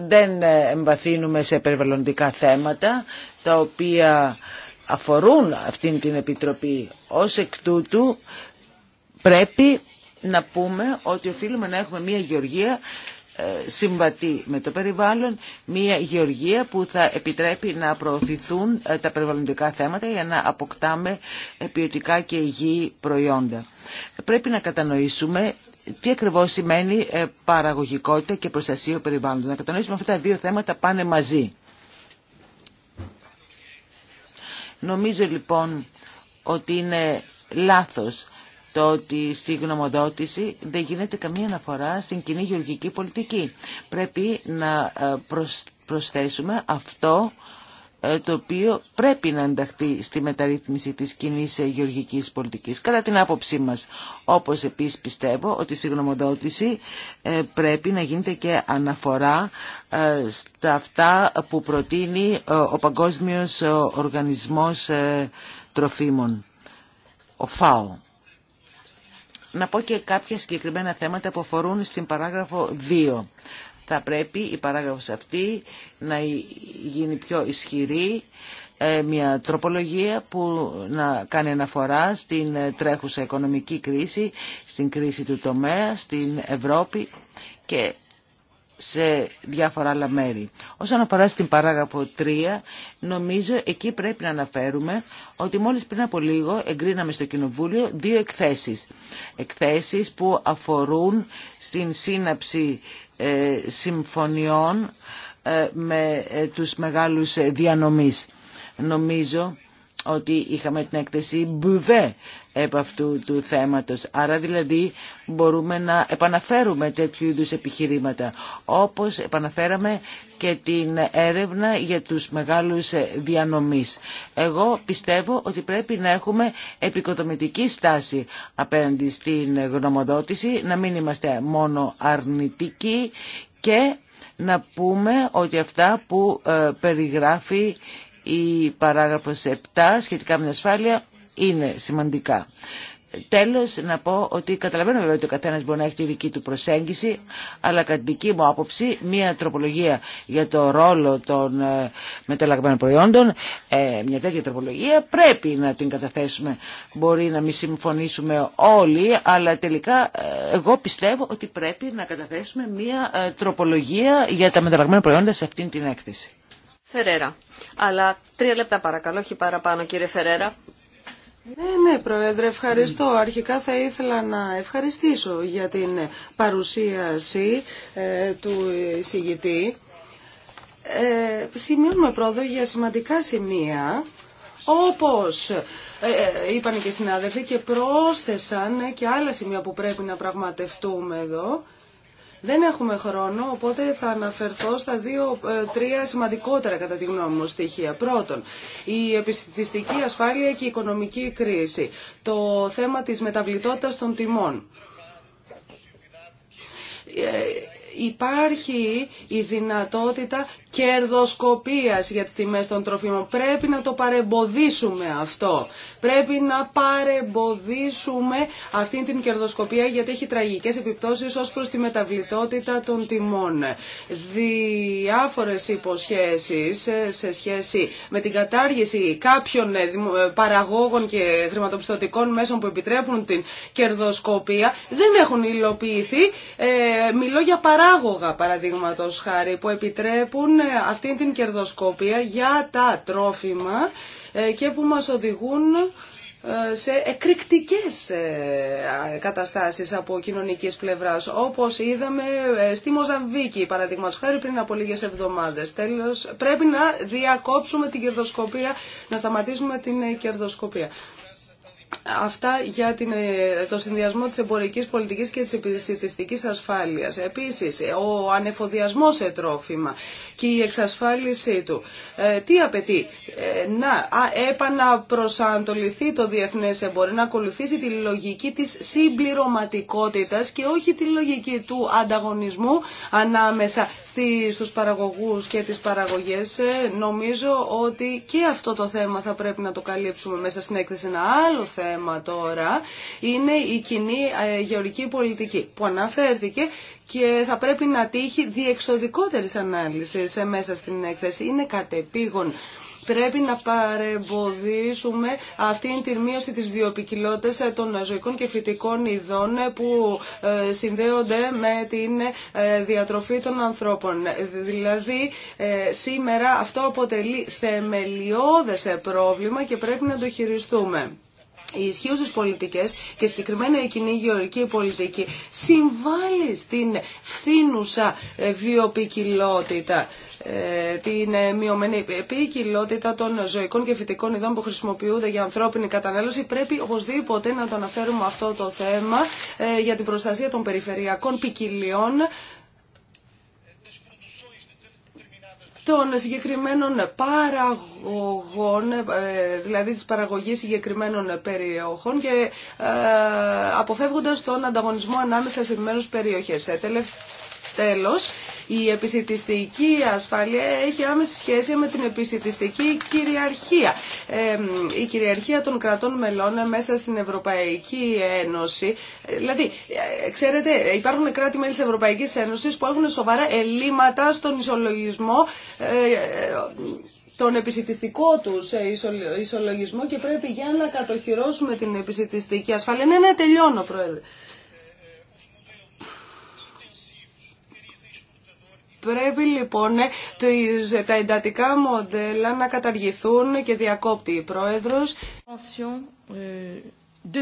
δεν εμβαθύνουμε σε περιβαλλοντικά θέματα τα οποία αφορούν αυτήν την Επιτροπή. Ως εκ τούτου πρέπει να πούμε ότι οφείλουμε να έχουμε μια γεωργία ε, συμβατή με το περιβάλλον, μια γεωργία που θα επιτρέπει να προωθηθούν ε, τα περιβαλλοντικά θέματα για να αποκτάμε ποιοτικά και υγιή προϊόντα. Πρέπει να κατανοήσουμε τι ακριβώς σημαίνει ε, παραγωγικότητα και προστασία περιβάλλοντος. Να κατανοήσουμε αυτά τα δύο θέματα πάνε μαζί. Νομίζω λοιπόν ότι είναι λάθος το ότι στη γνωμοδότηση δεν γίνεται καμία αναφορά στην κοινή γεωργική πολιτική. Πρέπει να ε, προσθέσουμε αυτό ε, το οποίο πρέπει να ενταχθεί στη μεταρρύθμιση της κοινή ε, γεωργικής πολιτικής. Κατά την άποψή μας, όπως επίσης πιστεύω ότι στη γνωμοδότηση ε, πρέπει να γίνεται και αναφορά στα αυτά που προτείνει ο Παγκόσμιος Οργανισμός Τροφίμων, ο ΦΑΟ. Να πω και κάποια συγκεκριμένα θέματα που αφορούν στην παράγραφο 2 θα πρέπει η παράγραφος αυτή να γίνει πιο ισχυρή ε, μια τροπολογία που να κάνει αναφορά στην τρέχουσα οικονομική κρίση, στην κρίση του τομέα, στην Ευρώπη και σε διάφορα άλλα μέρη. Όσον αφορά στην παράγραφο 3, νομίζω εκεί πρέπει να αναφέρουμε ότι μόλις πριν από λίγο εγκρίναμε στο Κοινοβούλιο δύο εκθέσεις. Εκθέσεις που αφορούν στην σύναψη ε, συμφωνιών ε, με ε, τους μεγάλους διανομής. Νομίζω ότι είχαμε την έκθεση Μπουβέ επ' αυτού του θέματος. Άρα δηλαδή μπορούμε να επαναφέρουμε τέτοιου είδους επιχειρήματα, όπως επαναφέραμε και την έρευνα για τους μεγάλους διανομής. Εγώ πιστεύω ότι πρέπει να έχουμε επικοδομητική στάση απέναντι στην γνωμοδότηση, να μην είμαστε μόνο αρνητικοί και να πούμε ότι αυτά που ε, περιγράφει η παράγραφος 7 σχετικά με την ασφάλεια είναι σημαντικά. Τέλος, να πω ότι καταλαβαίνω βέβαια ότι ο καθένας μπορεί να έχει τη δική του προσέγγιση, αλλά κατά δική μου άποψη, μια τροπολογία για το ρόλο των ε, μεταλλαγμένων προϊόντων, ε, μια τέτοια τροπολογία πρέπει να την καταθέσουμε. Μπορεί να μην συμφωνήσουμε όλοι, αλλά τελικά ε, εγώ πιστεύω ότι πρέπει να καταθέσουμε μια τροπολογία για τα μεταλλαγμένα προϊόντα σε αυτήν την έκθεση. Φερέρα. Αλλά τρία λεπτά παρακαλώ, όχι παραπάνω κύριε Φερέρα. Ναι, ναι, Πρόεδρε, ευχαριστώ. Αρχικά θα ήθελα να ευχαριστήσω για την παρουσίαση ε, του εισηγητή. Ε, σημειώνουμε πρόοδο για σημαντικά σημεία, όπως ε, ε είπαν και οι συνάδελφοι και πρόσθεσαν και άλλα σημεία που πρέπει να πραγματευτούμε εδώ. Δεν έχουμε χρόνο, οπότε θα αναφερθώ στα δύο-τρία ε, σημαντικότερα κατά τη γνώμη μου στοιχεία. Πρώτον, η επιστημιστική ασφάλεια και η οικονομική κρίση. Το θέμα της μεταβλητότητας των τιμών ε, υπάρχει η δυνατότητα κερδοσκοπίας για τις τιμές των τροφίμων. Πρέπει να το παρεμποδίσουμε αυτό. Πρέπει να παρεμποδίσουμε αυτή την κερδοσκοπία γιατί έχει τραγικές επιπτώσεις ως προς τη μεταβλητότητα των τιμών. Διάφορες υποσχέσεις ε, σε σχέση με την κατάργηση κάποιων ε, ε, παραγόγων και χρηματοπιστωτικών μέσων που επιτρέπουν την κερδοσκοπία δεν έχουν υλοποιηθεί. Μιλώ για παράγωγα παραδείγματος χάρη που επιτρέπουν ε, αυτή την κερδοσκοπία για τα τρόφιμα ε, και που μας οδηγούν ε, σε εκρηκτικές καταστάσεις από κοινωνικής πλευράς όπως είδαμε στη Μοζαμβίκη παραδείγματος χάρη πριν από λίγες εβδομάδες τέλος πρέπει να διακόψουμε την κερδοσκοπία να σταματήσουμε την κερδοσκοπία Αυτά για την, ε, το συνδυασμό της εμπορικής πολιτικής και της επιστημιστικής ασφάλειας. Επίσης, ο ανεφοδιασμός σε τρόφιμα και η εξασφάλιση του. Ε, τι απαιτεί, ε, να α, επαναπροσανατολιστεί το διεθνές εμπόριο, να ακολουθήσει τη λογική της συμπληρωματικότητας και όχι τη λογική του ανταγωνισμού ανάμεσα στη, στους παραγωγούς και τις παραγωγές. νομίζω ότι και αυτό το θέμα θα πρέπει να το καλύψουμε μέσα στην έκθεση. Ένα άλλο θέμα θέμα τώρα είναι η κοινή ε, γεωρική πολιτική που αναφέρθηκε και θα πρέπει να τύχει διεξοδικότερης ανάλυσης ε, μέσα στην έκθεση. Είναι κατεπήγον πρέπει να παρεμποδίσουμε αυτήν την μείωση της βιοπικιλότητας ε, των ζωικών και φυτικών ειδών που συνδέονται με την διατροφή των ανθρώπων. Δηλαδή σήμερα αυτό αποτελεί θεμελιώδες πρόβλημα και πρέπει να το χειριστούμε οι ισχύουσε πολιτικέ και συγκεκριμένα η κοινή γεωρική πολιτική συμβάλλει στην φθήνουσα ε, βιοπικιλότητα ε, την ε, μειωμένη ποικιλότητα των ζωικών και φυτικών ειδών που χρησιμοποιούνται για ανθρώπινη κατανάλωση. Πρέπει οπωσδήποτε να το αναφέρουμε αυτό το θέμα για την προστασία των περιφερειακών ποικιλιών των συγκεκριμένων παραγωγών, ε, δηλαδή της παραγωγής συγκεκριμένων περιοχών και ε, αποφεύγοντας τον ανταγωνισμό ανάμεσα σε επιμένους περιοχές. Ε, Τέλος, η επισητιστική ασφάλεια έχει άμεση σχέση με την επισητιστική κυριαρχία. η κυριαρχία των κρατών μελών μέσα στην Ευρωπαϊκή Ένωση. Ε, δηλαδή, ε, ξέρετε, υπάρχουν κράτη-μέλη της Ευρωπαϊκής Ένωσης που έχουν σοβαρά ελλείμματα στον ισολογισμό ε, τον επισητιστικό του ισολογισμό και πρέπει για να κατοχυρώσουμε την επισητιστική ασφάλεια. Ναι, ναι, τελειώνω, Πρόεδρε. Πρέπει λοιπόν ε, ε, τα εντατικά μοντέλα να καταργηθούν και διακόπτει η Πρόεδρος. Ε,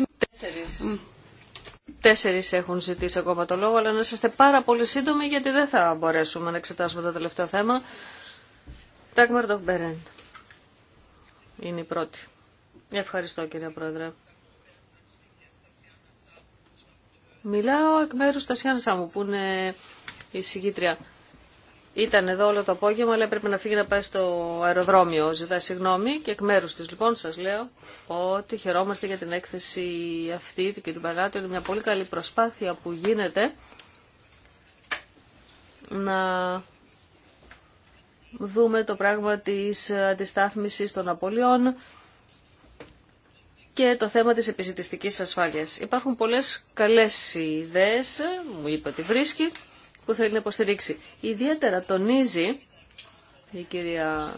τέσσερις. έχουν ζητήσει ακόμα το λόγο, αλλά να είστε πάρα πολύ σύντομοι γιατί δεν θα μπορέσουμε να εξετάσουμε το τελευταίο θέμα. Τάκμαρ Μπέρεν είναι η πρώτη. Ευχαριστώ κύριε Πρόεδρε. Μιλάω εκ μέρους Τασιάν Σάμου, που είναι η συγκήτρια. Ήταν εδώ όλο το απόγευμα, αλλά έπρεπε να φύγει να πάει στο αεροδρόμιο. Ζητά συγγνώμη και εκ μέρου τη λοιπόν σα λέω ότι χαιρόμαστε για την έκθεση αυτή του κ. Παγάτη. Είναι μια πολύ καλή προσπάθεια που γίνεται να δούμε το πράγμα της αντιστάθμισης των απολειών και το θέμα της επιζητιστικής ασφάλειας. Υπάρχουν πολλές καλές ιδέες, μου είπε ότι βρίσκει, που θέλει να υποστηρίξει. Ιδιαίτερα τονίζει η κυρία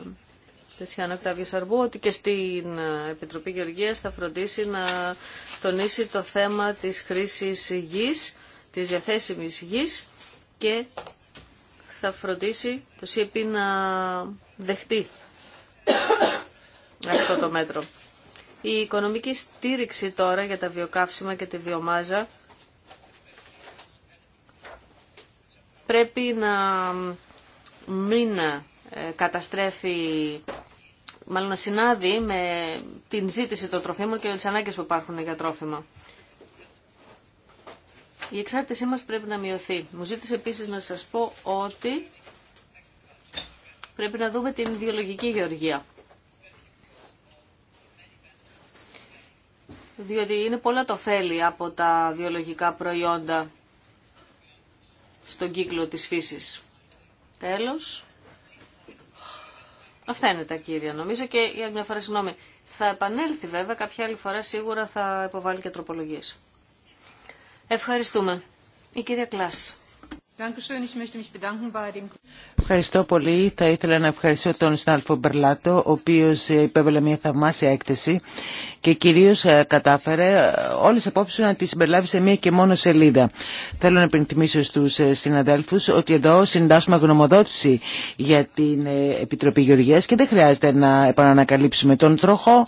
Τεσιάνα Κτάβια Σαρμπού ότι και στην ε, Επιτροπή Γεωργίας θα φροντίσει να τονίσει το θέμα της χρήσης γης, της διαθέσιμης γης και θα φροντίσει το ΣΥΠΗ να δεχτεί αυτό το μέτρο. Η οικονομική στήριξη τώρα για τα βιοκαύσιμα και τη βιομάζα πρέπει να μην ε, καταστρέφει, μάλλον να συνάδει με την ζήτηση των τροφίμων και τις ανάγκες που υπάρχουν για τρόφιμα. Η εξάρτησή μας πρέπει να μειωθεί. Μου ζήτησε επίσης να σας πω ότι πρέπει να δούμε την βιολογική γεωργία. Διότι είναι πολλά το φέλη από τα βιολογικά προϊόντα στον κύκλο της φύσης. Τέλος. Αυτά είναι τα κύρια νομίζω και για μια φορά συγγνώμη. Θα επανέλθει βέβαια κάποια άλλη φορά σίγουρα θα υποβάλει και τροπολογίες. Ευχαριστούμε. Η κυρία Κλάς. Ευχαριστώ πολύ. Θα ήθελα να ευχαριστήσω τον Σνάλφο Μπερλάτο, ο οποίος υπέβαλε μια θαυμάσια έκθεση και κυρίως ε, κατάφερε ε, όλες απόψεις να τις συμπεριλάβει σε μία και μόνο σελίδα. Θέλω να υπενθυμίσω στους ε, συναδέλφους ότι εδώ συντάσσουμε γνωμοδότηση για την Επιτροπή Γεωργίας και δεν χρειάζεται να επανανακαλύψουμε τον τροχό.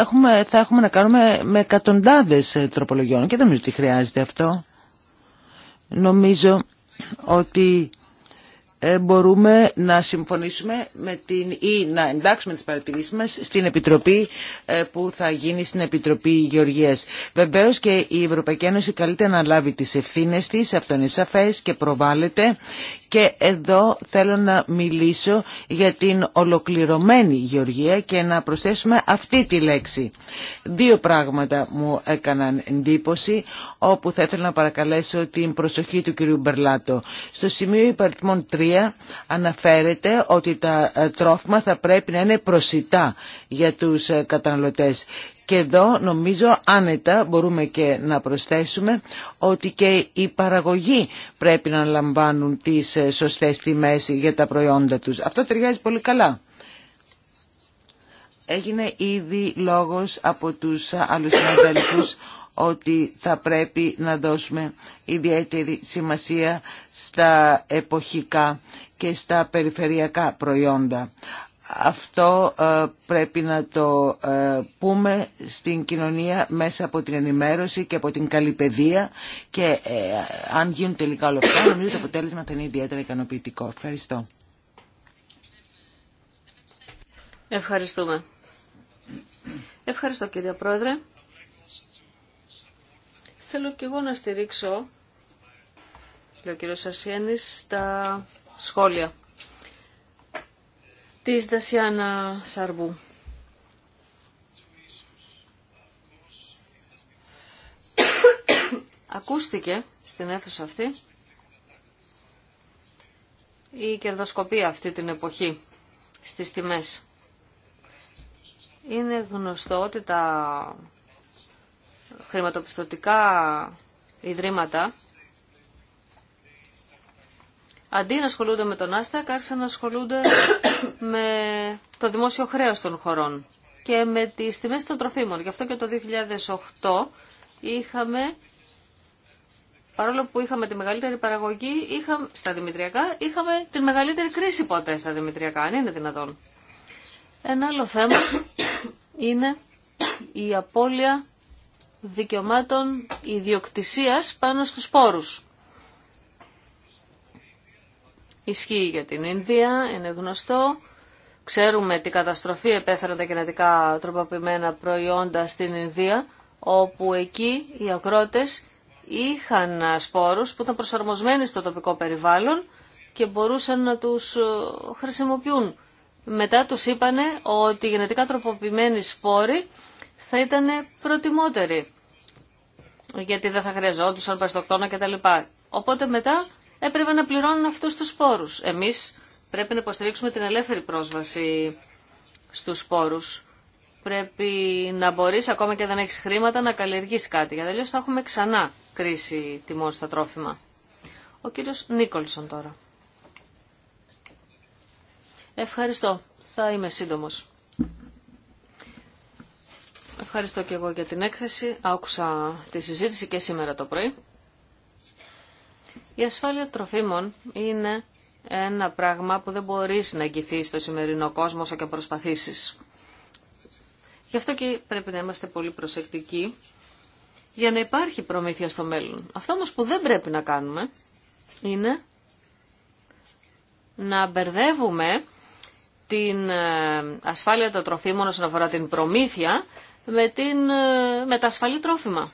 Έχουμε, θα έχουμε να κάνουμε με εκατοντάδες τροπολογιών και δεν νομίζω ότι χρειάζεται αυτό. Νομίζω ότι ε, μπορούμε να συμφωνήσουμε με την, ή να εντάξουμε τις παρατηρήσεις μας στην Επιτροπή ε, που θα γίνει στην Επιτροπή Γεωργίας. Βεβαίως και η Ευρωπαϊκή Ένωση καλείται να λάβει τις ευθύνες της, αυτό είναι σαφές και προβάλλεται και εδώ θέλω να μιλήσω για την ολοκληρωμένη γεωργία και να προσθέσουμε αυτή τη λέξη. Δύο πράγματα μου έκαναν εντύπωση όπου θα ήθελα να παρακαλέσω την προσοχή του κ. Μπερλάτο. Στο σημείο υπαριθμών οποία αναφέρεται ότι τα ε, τρόφιμα θα πρέπει να είναι προσιτά για τους ε, καταναλωτές. Και εδώ νομίζω άνετα μπορούμε και να προσθέσουμε ότι και οι παραγωγοί πρέπει να λαμβάνουν τις ε, σωστές τιμές για τα προϊόντα τους. Αυτό ταιριάζει πολύ καλά. Έγινε ήδη λόγος από τους άλλους ότι θα πρέπει να δώσουμε ιδιαίτερη σημασία στα εποχικά και στα περιφερειακά προϊόντα. Αυτό ε, πρέπει να το ε, πούμε στην κοινωνία μέσα από την ενημέρωση και από την καλή και ε, αν γίνουν τελικά όλα αυτά νομίζω το αποτέλεσμα θα είναι ιδιαίτερα ικανοποιητικό. Ευχαριστώ. Ευχαριστούμε. Ευχαριστώ κύριε Πρόεδρε. Θέλω και εγώ να στηρίξω, λέει ο κύριο τα σχόλια της Δασιάνα Σαρβού. Ακούστηκε στην αίθουσα αυτή η κερδοσκοπία αυτή την εποχή στις τιμές. Είναι γνωστό ότι τα χρηματοπιστωτικά ιδρύματα, αντί να ασχολούνται με τον Άστακ, άρχισαν να ασχολούνται με το δημόσιο χρέος των χωρών και με τις τιμές των τροφίμων. Γι' αυτό και το 2008 είχαμε, παρόλο που είχαμε τη μεγαλύτερη παραγωγή είχαμε στα Δημητριακά, είχαμε την μεγαλύτερη κρίση ποτέ στα Δημητριακά, αν είναι δυνατόν. Ένα άλλο θέμα είναι η απώλεια δικαιωμάτων ιδιοκτησίας πάνω στους πόρους. Ισχύει για την Ινδία, είναι γνωστό. Ξέρουμε τι καταστροφή επέφεραν τα γενετικά τροποποιημένα προϊόντα στην Ινδία, όπου εκεί οι ακρότες είχαν σπόρους που ήταν προσαρμοσμένοι στο τοπικό περιβάλλον και μπορούσαν να τους ε, χρησιμοποιούν. Μετά τους είπανε ότι οι γενετικά τροποποιημένοι σπόροι θα ήταν προτιμότεροι. Γιατί δεν θα χρειαζόντουσαν παστοκτόνα κτλ. Οπότε μετά έπρεπε να πληρώνουν αυτούς τους σπόρους. Εμείς πρέπει να υποστηρίξουμε την ελεύθερη πρόσβαση στους σπόρους. Πρέπει να μπορεί ακόμα και δεν έχεις χρήματα να καλλιεργείς κάτι. Γιατί αλλιώς θα έχουμε ξανά κρίση τιμών στα τρόφιμα. Ο κύριος Νίκολσον τώρα. Ευχαριστώ. Θα είμαι σύντομος. Ευχαριστώ και εγώ για την έκθεση. Άκουσα τη συζήτηση και σήμερα το πρωί. Η ασφάλεια τροφίμων είναι ένα πράγμα που δεν μπορείς να εγγυθεί στο σημερινό κόσμο όσο και προσπαθήσεις. Γι' αυτό και πρέπει να είμαστε πολύ προσεκτικοί για να υπάρχει προμήθεια στο μέλλον. Αυτό όμως που δεν πρέπει να κάνουμε είναι να μπερδεύουμε την ε, ασφάλεια των τροφίμων όσον αφορά την προμήθεια με, την, ε, με τα ασφαλή τρόφιμα.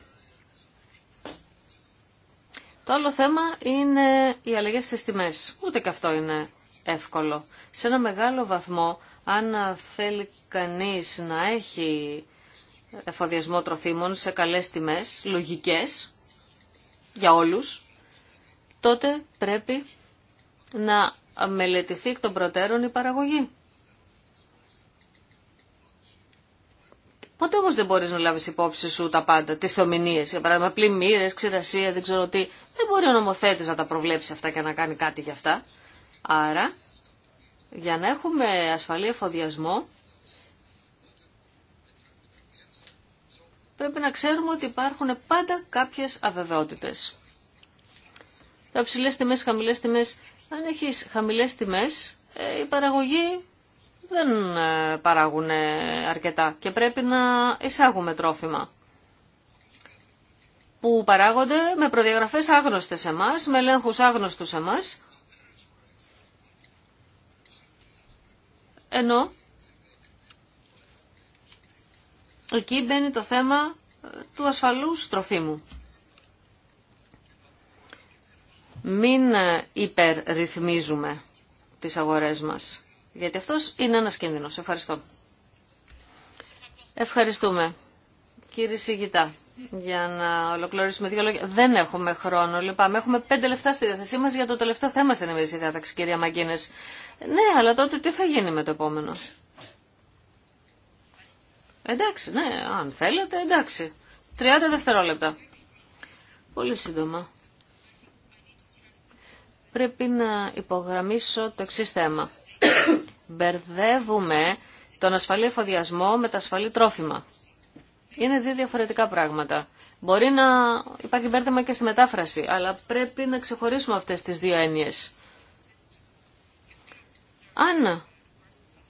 Το άλλο θέμα είναι οι αλλαγές στις τιμές. Ούτε και αυτό είναι εύκολο. Σε ένα μεγάλο βαθμό, αν θέλει κανείς να έχει εφοδιασμό τροφίμων σε καλές τιμές, λογικές, για όλους, τότε πρέπει να μελετηθεί εκ των προτέρων η παραγωγή. Ποτέ όμω δεν μπορεί να λάβει υπόψη σου τα πάντα, τι θεομηνίε, για παράδειγμα πλημμύρε, ξηρασία, δεν ξέρω τι. Δεν μπορεί ο νομοθέτη να τα προβλέψει αυτά και να κάνει κάτι για αυτά. Άρα, για να έχουμε ασφαλή εφοδιασμό, πρέπει να ξέρουμε ότι υπάρχουν πάντα κάποιε αβεβαιότητε. Τα ψηλέ τιμέ, χαμηλέ τιμέ. Αν έχει χαμηλέ τιμέ, ε, η παραγωγή δεν ε, παράγουν αρκετά και πρέπει να εισάγουμε τρόφιμα που παράγονται με προδιαγραφές άγνωστες σε μας, με ελέγχους άγνωστους σε ενώ εκεί μπαίνει το θέμα ε, του ασφαλούς τροφίμου. Μην ε, υπερρυθμίζουμε τις αγορές μας γιατί αυτός είναι ένας κίνδυνος. Ευχαριστώ. Ευχαριστούμε. Κύριε Σιγητά, για να ολοκληρώσουμε δύο λόγια. Δεν έχουμε χρόνο, λυπάμαι. Έχουμε πέντε λεφτά στη διάθεσή μα για το τελευταίο θέμα στην ημερήσια διάταξη, κυρία Μαγκίνε. Ναι, αλλά τότε τι θα γίνει με το επόμενο. Εντάξει, ναι, αν θέλετε, εντάξει. 30 δευτερόλεπτα. Πολύ σύντομα. Πρέπει να υπογραμμίσω το εξή θέμα μπερδεύουμε τον ασφαλή εφοδιασμό με τα ασφαλή τρόφιμα. Είναι δύο διαφορετικά πράγματα. Μπορεί να υπάρχει μπέρδεμα και στη μετάφραση, αλλά πρέπει να ξεχωρίσουμε αυτές τις δύο έννοιες. Αν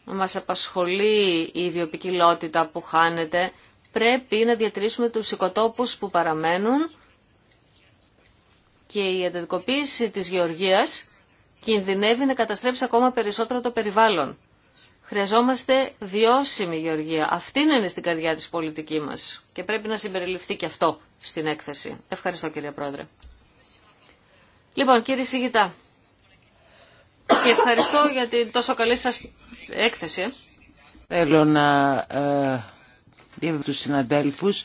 μας απασχολεί η βιοπικιλότητα που χάνεται, πρέπει να διατηρήσουμε τους οικοτόπους που παραμένουν και η εντατικοποίηση της γεωργίας κινδυνεύει να καταστρέψει ακόμα περισσότερο το περιβάλλον. Χρειαζόμαστε βιώσιμη γεωργία. Αυτή είναι στην καρδιά της πολιτικής μας και πρέπει να συμπεριληφθεί και αυτό στην έκθεση. Ευχαριστώ κύριε Πρόεδρε. Λοιπόν κύριε Σιγητά, ευχαριστώ για την τόσο καλή σας έκθεση. Θέλω να ε, τους συναντέλφους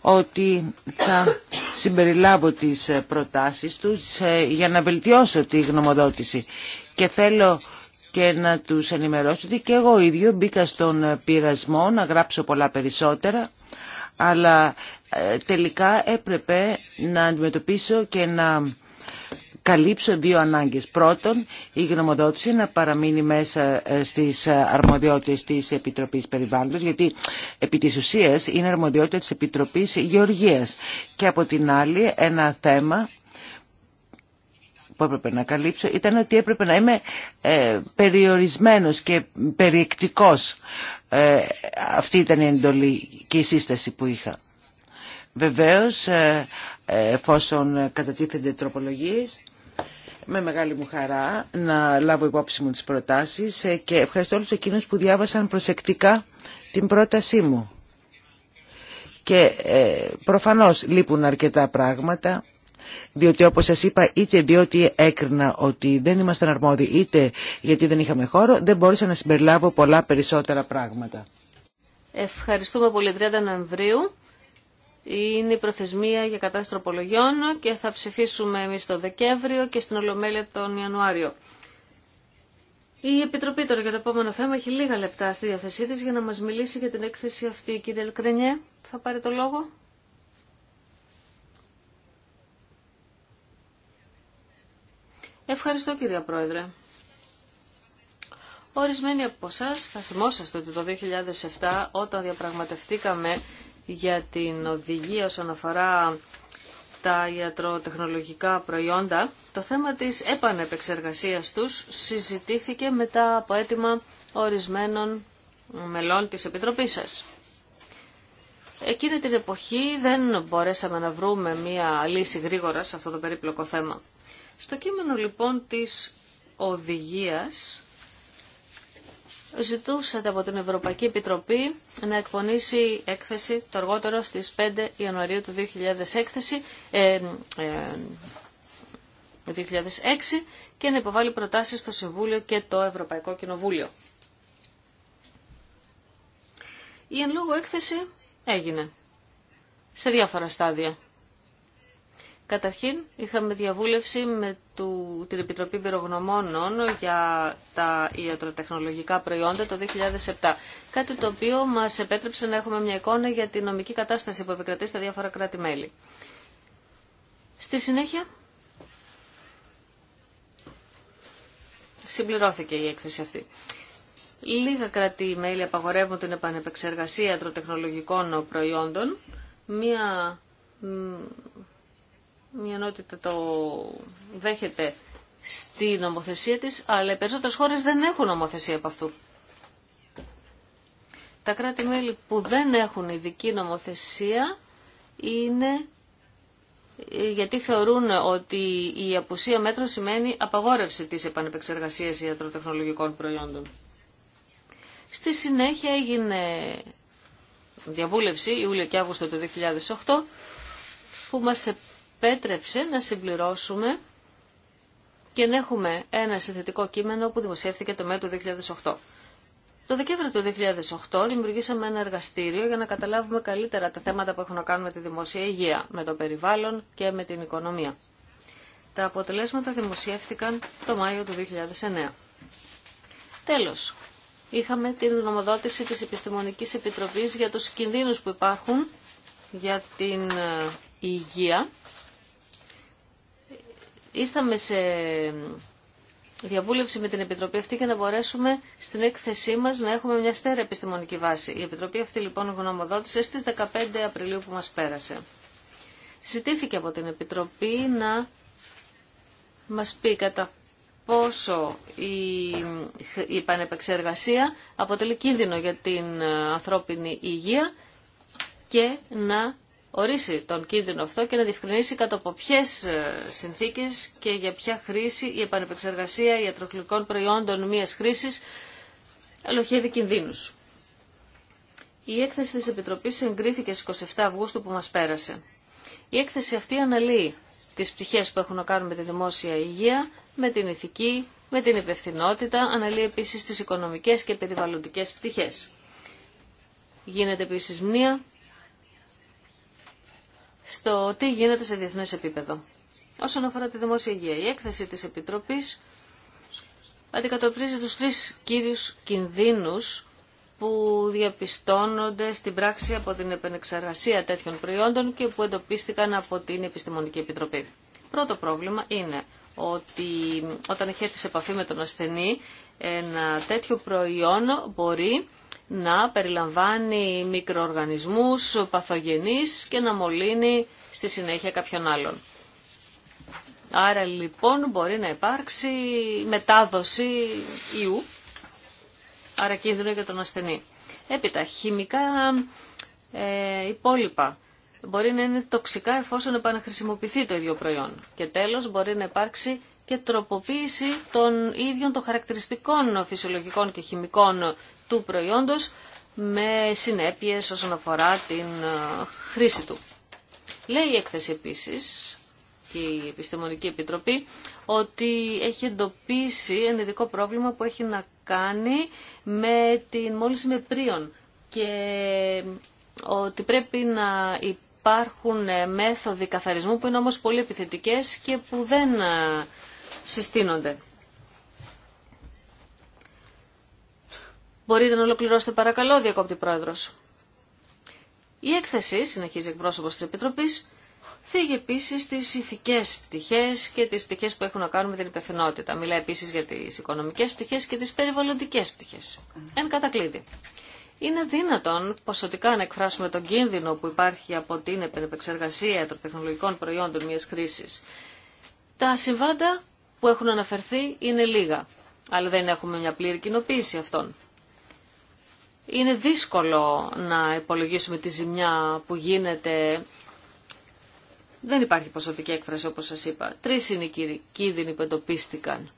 ότι θα συμπεριλάβω τις ε, προτάσεις τους ε, για να βελτιώσω τη γνωμοδότηση. Και θέλω και να τους ενημερώσω ότι και εγώ ίδιο μπήκα στον ε, πειρασμό να γράψω πολλά περισσότερα, αλλά τελικά έπρεπε να αντιμετωπίσω και να καλύψω δύο ανάγκες. Πρώτον, η γνωμοδότηση να παραμείνει μέσα ε, στις αρμοδιότητες της Επιτροπής Περιβάλλοντος, γιατί επί της ουσίας είναι αρμοδιότητα της Επιτροπής Γεωργίας. Και από την άλλη, ένα θέμα που έπρεπε να καλύψω ήταν ότι έπρεπε να είμαι ε, περιορισμένος και περιεκτικός. Ε, αυτή ήταν η εντολή και η σύσταση που είχα. Βεβαίως, εφόσον κατατίθενται τροπολογίες, με μεγάλη μου χαρά να λάβω υπόψη μου τις προτάσεις ε, και ευχαριστώ όλους εκείνους που διάβασαν προσεκτικά την πρότασή μου. Και ε, προφανώς λείπουν αρκετά πράγματα διότι όπως σας είπα είτε διότι έκρινα ότι δεν ήμασταν αρμόδιοι είτε γιατί δεν είχαμε χώρο δεν μπόρεσα να συμπεριλάβω πολλά περισσότερα πράγματα. Ευχαριστούμε πολύ 30 Νοεμβρίου είναι η προθεσμία για κατάσταση τροπολογιών και θα ψηφίσουμε εμείς το Δεκέμβριο και στην Ολομέλεια τον Ιανουάριο. Η Επιτροπή τώρα για το επόμενο θέμα έχει λίγα λεπτά στη διάθεσή της για να μας μιλήσει για την έκθεση αυτή. Κύριε Ελκρενιέ, θα πάρει το λόγο. Ευχαριστώ κυρία Πρόεδρε. Ορισμένοι από εσά θα θυμόσαστε ότι το 2007 όταν διαπραγματευτήκαμε για την οδηγία όσον αφορά τα ιατροτεχνολογικά προϊόντα, το θέμα της επανεπεξεργασίας τους συζητήθηκε μετά από αίτημα ορισμένων μελών της Επιτροπής σας. Εκείνη την εποχή δεν μπορέσαμε να βρούμε μία λύση γρήγορα σε αυτό το περίπλοκο θέμα. Στο κείμενο λοιπόν της οδηγίας ζητούσατε από την Ευρωπαϊκή Επιτροπή να εκπονήσει έκθεση το αργότερο στις 5 Ιανουαρίου του 2006, ε, ε, 2006 και να υποβάλει προτάσεις στο Συμβούλιο και το Ευρωπαϊκό Κοινοβούλιο. Η εν λόγω έκθεση έγινε σε διάφορα στάδια. Καταρχήν είχαμε διαβούλευση με του, την Επιτροπή Πυρογνωμόνων για τα ιατροτεχνολογικά προϊόντα το 2007. Κάτι το οποίο μας επέτρεψε να έχουμε μια εικόνα για την νομική κατάσταση που επικρατεί στα διάφορα κράτη-μέλη. Στη συνέχεια συμπληρώθηκε η έκθεση αυτή. Λίγα κράτη-μέλη απαγορεύουν την επανεπεξεργασία ιατροτεχνολογικών προϊόντων. Μια μια ενότητα το δέχεται στη νομοθεσία της, αλλά οι περισσότερες χώρες δεν έχουν νομοθεσία από αυτού. Τα κράτη-μέλη που δεν έχουν ειδική νομοθεσία είναι ε, γιατί θεωρούν ότι η απουσία μέτρων σημαίνει απαγόρευση της επανεπεξεργασίας ιατροτεχνολογικών προϊόντων. Στη συνέχεια έγινε διαβούλευση Ιούλιο και Αύγουστο του 2008 που μας Πέτρεψε να συμπληρώσουμε και να έχουμε ένα συνθετικό κείμενο που δημοσιεύθηκε το ΜΕΤ του 2008. Το Δεκέμβριο του 2008 δημιουργήσαμε ένα εργαστήριο για να καταλάβουμε καλύτερα τα θέματα που έχουν να κάνουν με τη δημόσια υγεία, με το περιβάλλον και με την οικονομία. Τα αποτελέσματα δημοσιεύθηκαν το Μάιο του 2009. Τέλος, είχαμε την γνωμοδότηση της Επιστημονικής Επιτροπής για τους κινδύνους που υπάρχουν για την ε, υγεία ήρθαμε σε διαβούλευση με την Επιτροπή αυτή για να μπορέσουμε στην έκθεσή μας να έχουμε μια στέρεα επιστημονική βάση. Η Επιτροπή αυτή λοιπόν γνωμοδότησε στις 15 Απριλίου που μας πέρασε. Ζητήθηκε από την Επιτροπή να μας πει κατά πόσο η, η πανεπεξεργασία αποτελεί κίνδυνο για την ανθρώπινη υγεία και να ορίσει τον κίνδυνο αυτό και να διευκρινίσει κατά από ποιε συνθήκε και για ποια χρήση η επανεπεξεργασία ιατροκλικών προϊόντων μία χρήση ελοχεύει κινδύνου. Η έκθεση της Επιτροπής εγκρίθηκε στις 27 Αυγούστου που μας πέρασε. Η έκθεση αυτή αναλύει τις πτυχές που έχουν να κάνουν με τη δημόσια υγεία, με την ηθική, με την υπευθυνότητα, αναλύει επίσης τις οικονομικές και περιβαλλοντικές πτυχές. Γίνεται επίση μνήα στο τι γίνεται σε διεθνέ επίπεδο. Όσον αφορά τη δημόσια υγεία, η έκθεση της Επιτροπής αντικατοπτρίζει τους τρει κύριου κινδύνους που διαπιστώνονται στην πράξη από την επενεξεργασία τέτοιων προϊόντων και που εντοπίστηκαν από την Επιστημονική Επιτροπή. Πρώτο πρόβλημα είναι ότι όταν έχει έρθει σε επαφή με τον ασθενή, ένα τέτοιο προϊόν μπορεί να περιλαμβάνει μικροοργανισμούς, παθογενείς και να μολύνει στη συνέχεια κάποιον άλλον. Άρα λοιπόν μπορεί να υπάρξει μετάδοση ιού, άρα κίνδυνο για τον ασθενή. Έπειτα, χημικά ε, υπόλοιπα μπορεί να είναι τοξικά εφόσον επαναχρησιμοποιηθεί το ίδιο προϊόν. Και τέλος μπορεί να υπάρξει και τροποποίηση των ίδιων των χαρακτηριστικών φυσιολογικών και χημικών του προϊόντος με συνέπειες όσον αφορά την ε, χρήση του. Λέει η έκθεση επίσης και η Επιστημονική Επιτροπή ότι έχει εντοπίσει ένα ειδικό πρόβλημα που έχει να κάνει με την μόλυνση με πρίον και ότι πρέπει να υπάρχουν μέθοδοι καθαρισμού που είναι όμως πολύ επιθετικές και που δεν ε, συστήνονται. Μπορείτε να ολοκληρώσετε παρακαλώ, διακόπτη πρόεδρο. Η έκθεση, συνεχίζει εκπρόσωπο τη Επιτροπή, θίγει επίση τι ηθικέ πτυχέ και τι πτυχέ που έχουν να κάνουν με την υπευθυνότητα. Μιλά επίση για τι οικονομικέ πτυχέ και τι περιβαλλοντικέ πτυχέ. Εν κατακλείδη. Είναι δύνατον ποσοτικά να εκφράσουμε τον κίνδυνο που υπάρχει από την επεξεργασία των τεχνολογικών προϊόντων μια χρήση. Τα συμβάντα που έχουν αναφερθεί είναι λίγα, αλλά δεν έχουμε μια πλήρη κοινοποίηση αυτών είναι δύσκολο να υπολογίσουμε τη ζημιά που γίνεται. Δεν υπάρχει ποσοτική έκφραση όπως σας είπα. Τρεις είναι οι κίνδυνοι που εντοπίστηκαν.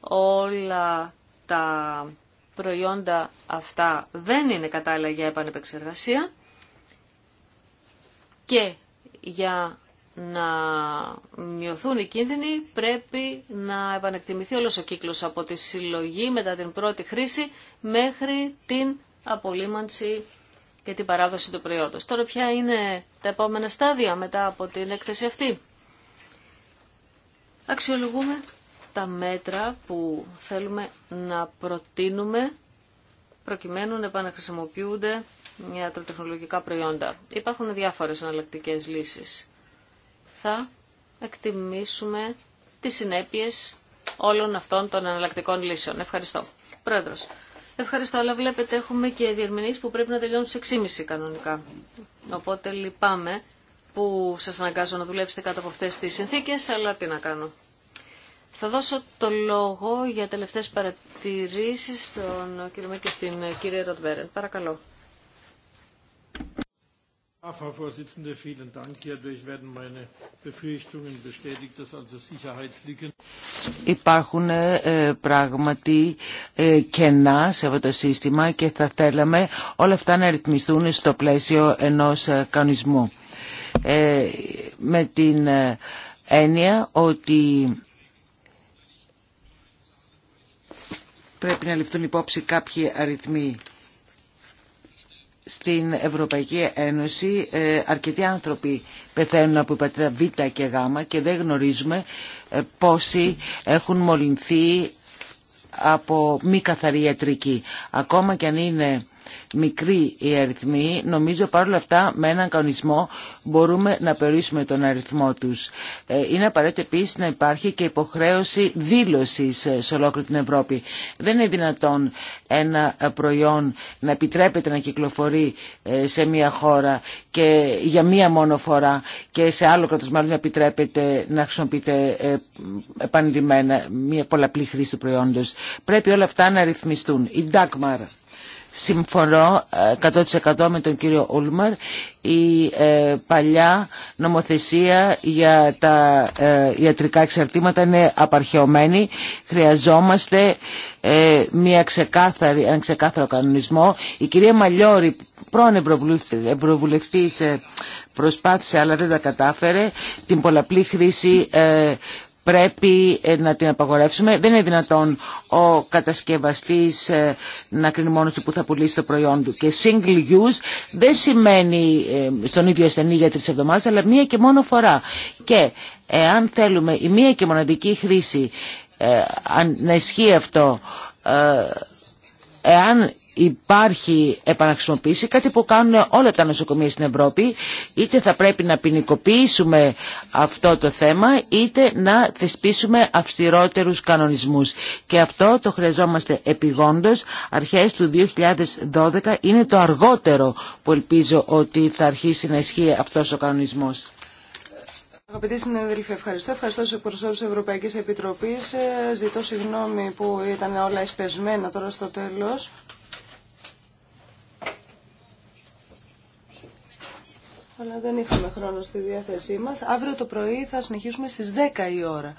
Όλα τα προϊόντα αυτά δεν είναι κατάλληλα για επανεπεξεργασία και για να μειωθούν οι κίνδυνοι πρέπει να επανεκτιμηθεί όλος ο κύκλος από τη συλλογή μετά την πρώτη χρήση μέχρι την απολύμανση και την παράδοση του προϊόντος. Τώρα ποια είναι τα επόμενα στάδια μετά από την έκθεση αυτή. Αξιολογούμε τα μέτρα που θέλουμε να προτείνουμε προκειμένου να επαναχρησιμοποιούνται ιατροτεχνολογικά προϊόντα. Υπάρχουν διάφορες εναλλακτικέ λύσεις. Θα εκτιμήσουμε τις συνέπειες όλων αυτών των εναλλακτικών λύσεων. Ευχαριστώ. Πρόεδρος, Ευχαριστώ, αλλά βλέπετε έχουμε και διερμηνείς που πρέπει να τελειώνουν στις 6.30 κανονικά. Οπότε λυπάμαι που σας αναγκάζω να δουλέψετε κάτω από αυτές τις συνθήκες, αλλά τι να κάνω. Θα δώσω το λόγο για τελευταίες παρατηρήσεις στον κύριο Μέκη και στην κυρία Ροτβέρεν. Παρακαλώ. Ah, Frau vielen Dank. Hierdurch werden meine Befürchtungen bestätigt, dass also Sicherheitslücken. Υπάρχουν ε, πράγματι ε, κενά σε αυτό το σύστημα και θα θέλαμε όλα αυτά να ρυθμιστούν στο πλαίσιο ενός ε, κανονισμού. με την έννοια ότι πρέπει να ληφθούν υπόψη κάποιοι αριθμοί στην Ευρωπαϊκή Ένωση ε, αρκετοί άνθρωποι πεθαίνουν από υπατήτα Β και Γ και δεν γνωρίζουμε ε, πόσοι έχουν μολυνθεί από μη καθαρή ιατρική. Ακόμα και αν είναι μικροί οι αριθμοί, νομίζω παρόλα αυτά με έναν κανονισμό μπορούμε να περιορίσουμε τον αριθμό τους. Ε, είναι απαραίτητο επίσης να υπάρχει και υποχρέωση δήλωσης ε, σε ολόκληρη την Ευρώπη. Δεν είναι δυνατόν ένα ε, προϊόν να επιτρέπεται να κυκλοφορεί σε μία χώρα και για μία μόνο φορά και σε άλλο κράτος μάλλον να επιτρέπεται να χρησιμοποιείται επανειλημμένα μία πολλαπλή χρήση του προϊόντος. Πρέπει όλα αυτά να ρυθμιστούν. Η Συμφωνώ 100% ε, με τον κύριο Ούλμαρ. Η ε, παλιά νομοθεσία για τα ε, ιατρικά εξαρτήματα είναι απαρχαιωμένη. Χρειαζόμαστε μια ξεκάθαρη, ένα ξεκάθαρο κανονισμό. Η κυρία Μαλιόρη, πρώην Ευρωβουλευτής, προσπάθησε αλλά δεν τα κατάφερε την πολλαπλή χρήση πρέπει ε, να την απαγορεύσουμε. Δεν είναι δυνατόν ο κατασκευαστής ε, να κρίνει μόνος του που θα πουλήσει το προϊόν του. Και single use δεν σημαίνει ε, στον ίδιο ασθενή για τρεις εβδομάδες, αλλά μία και μόνο φορά. Και εάν θέλουμε η μία και μοναδική χρήση να ισχύει αυτό, εάν υπάρχει επαναχρησιμοποίηση, κάτι που κάνουν όλα τα νοσοκομεία στην Ευρώπη, είτε θα πρέπει να ποινικοποιήσουμε αυτό το θέμα, είτε να θεσπίσουμε αυστηρότερους κανονισμούς. Και αυτό το χρειαζόμαστε επιγόντως. Αρχές του 2012 είναι το αργότερο που ελπίζω ότι θα αρχίσει να ισχύει αυτός ο κανονισμός. Αγαπητοί συνέδελφοι, ευχαριστώ. Ευχαριστώ σε εκπροσώπους της Ευρωπαϊκής Επιτροπής. Ε, ζητώ συγγνώμη που ήταν όλα εσπεσμένα τώρα στο τέλο. αλλά δεν είχαμε χρόνο στη διάθεσή μας. Αύριο το πρωί θα συνεχίσουμε στις 10 η ώρα.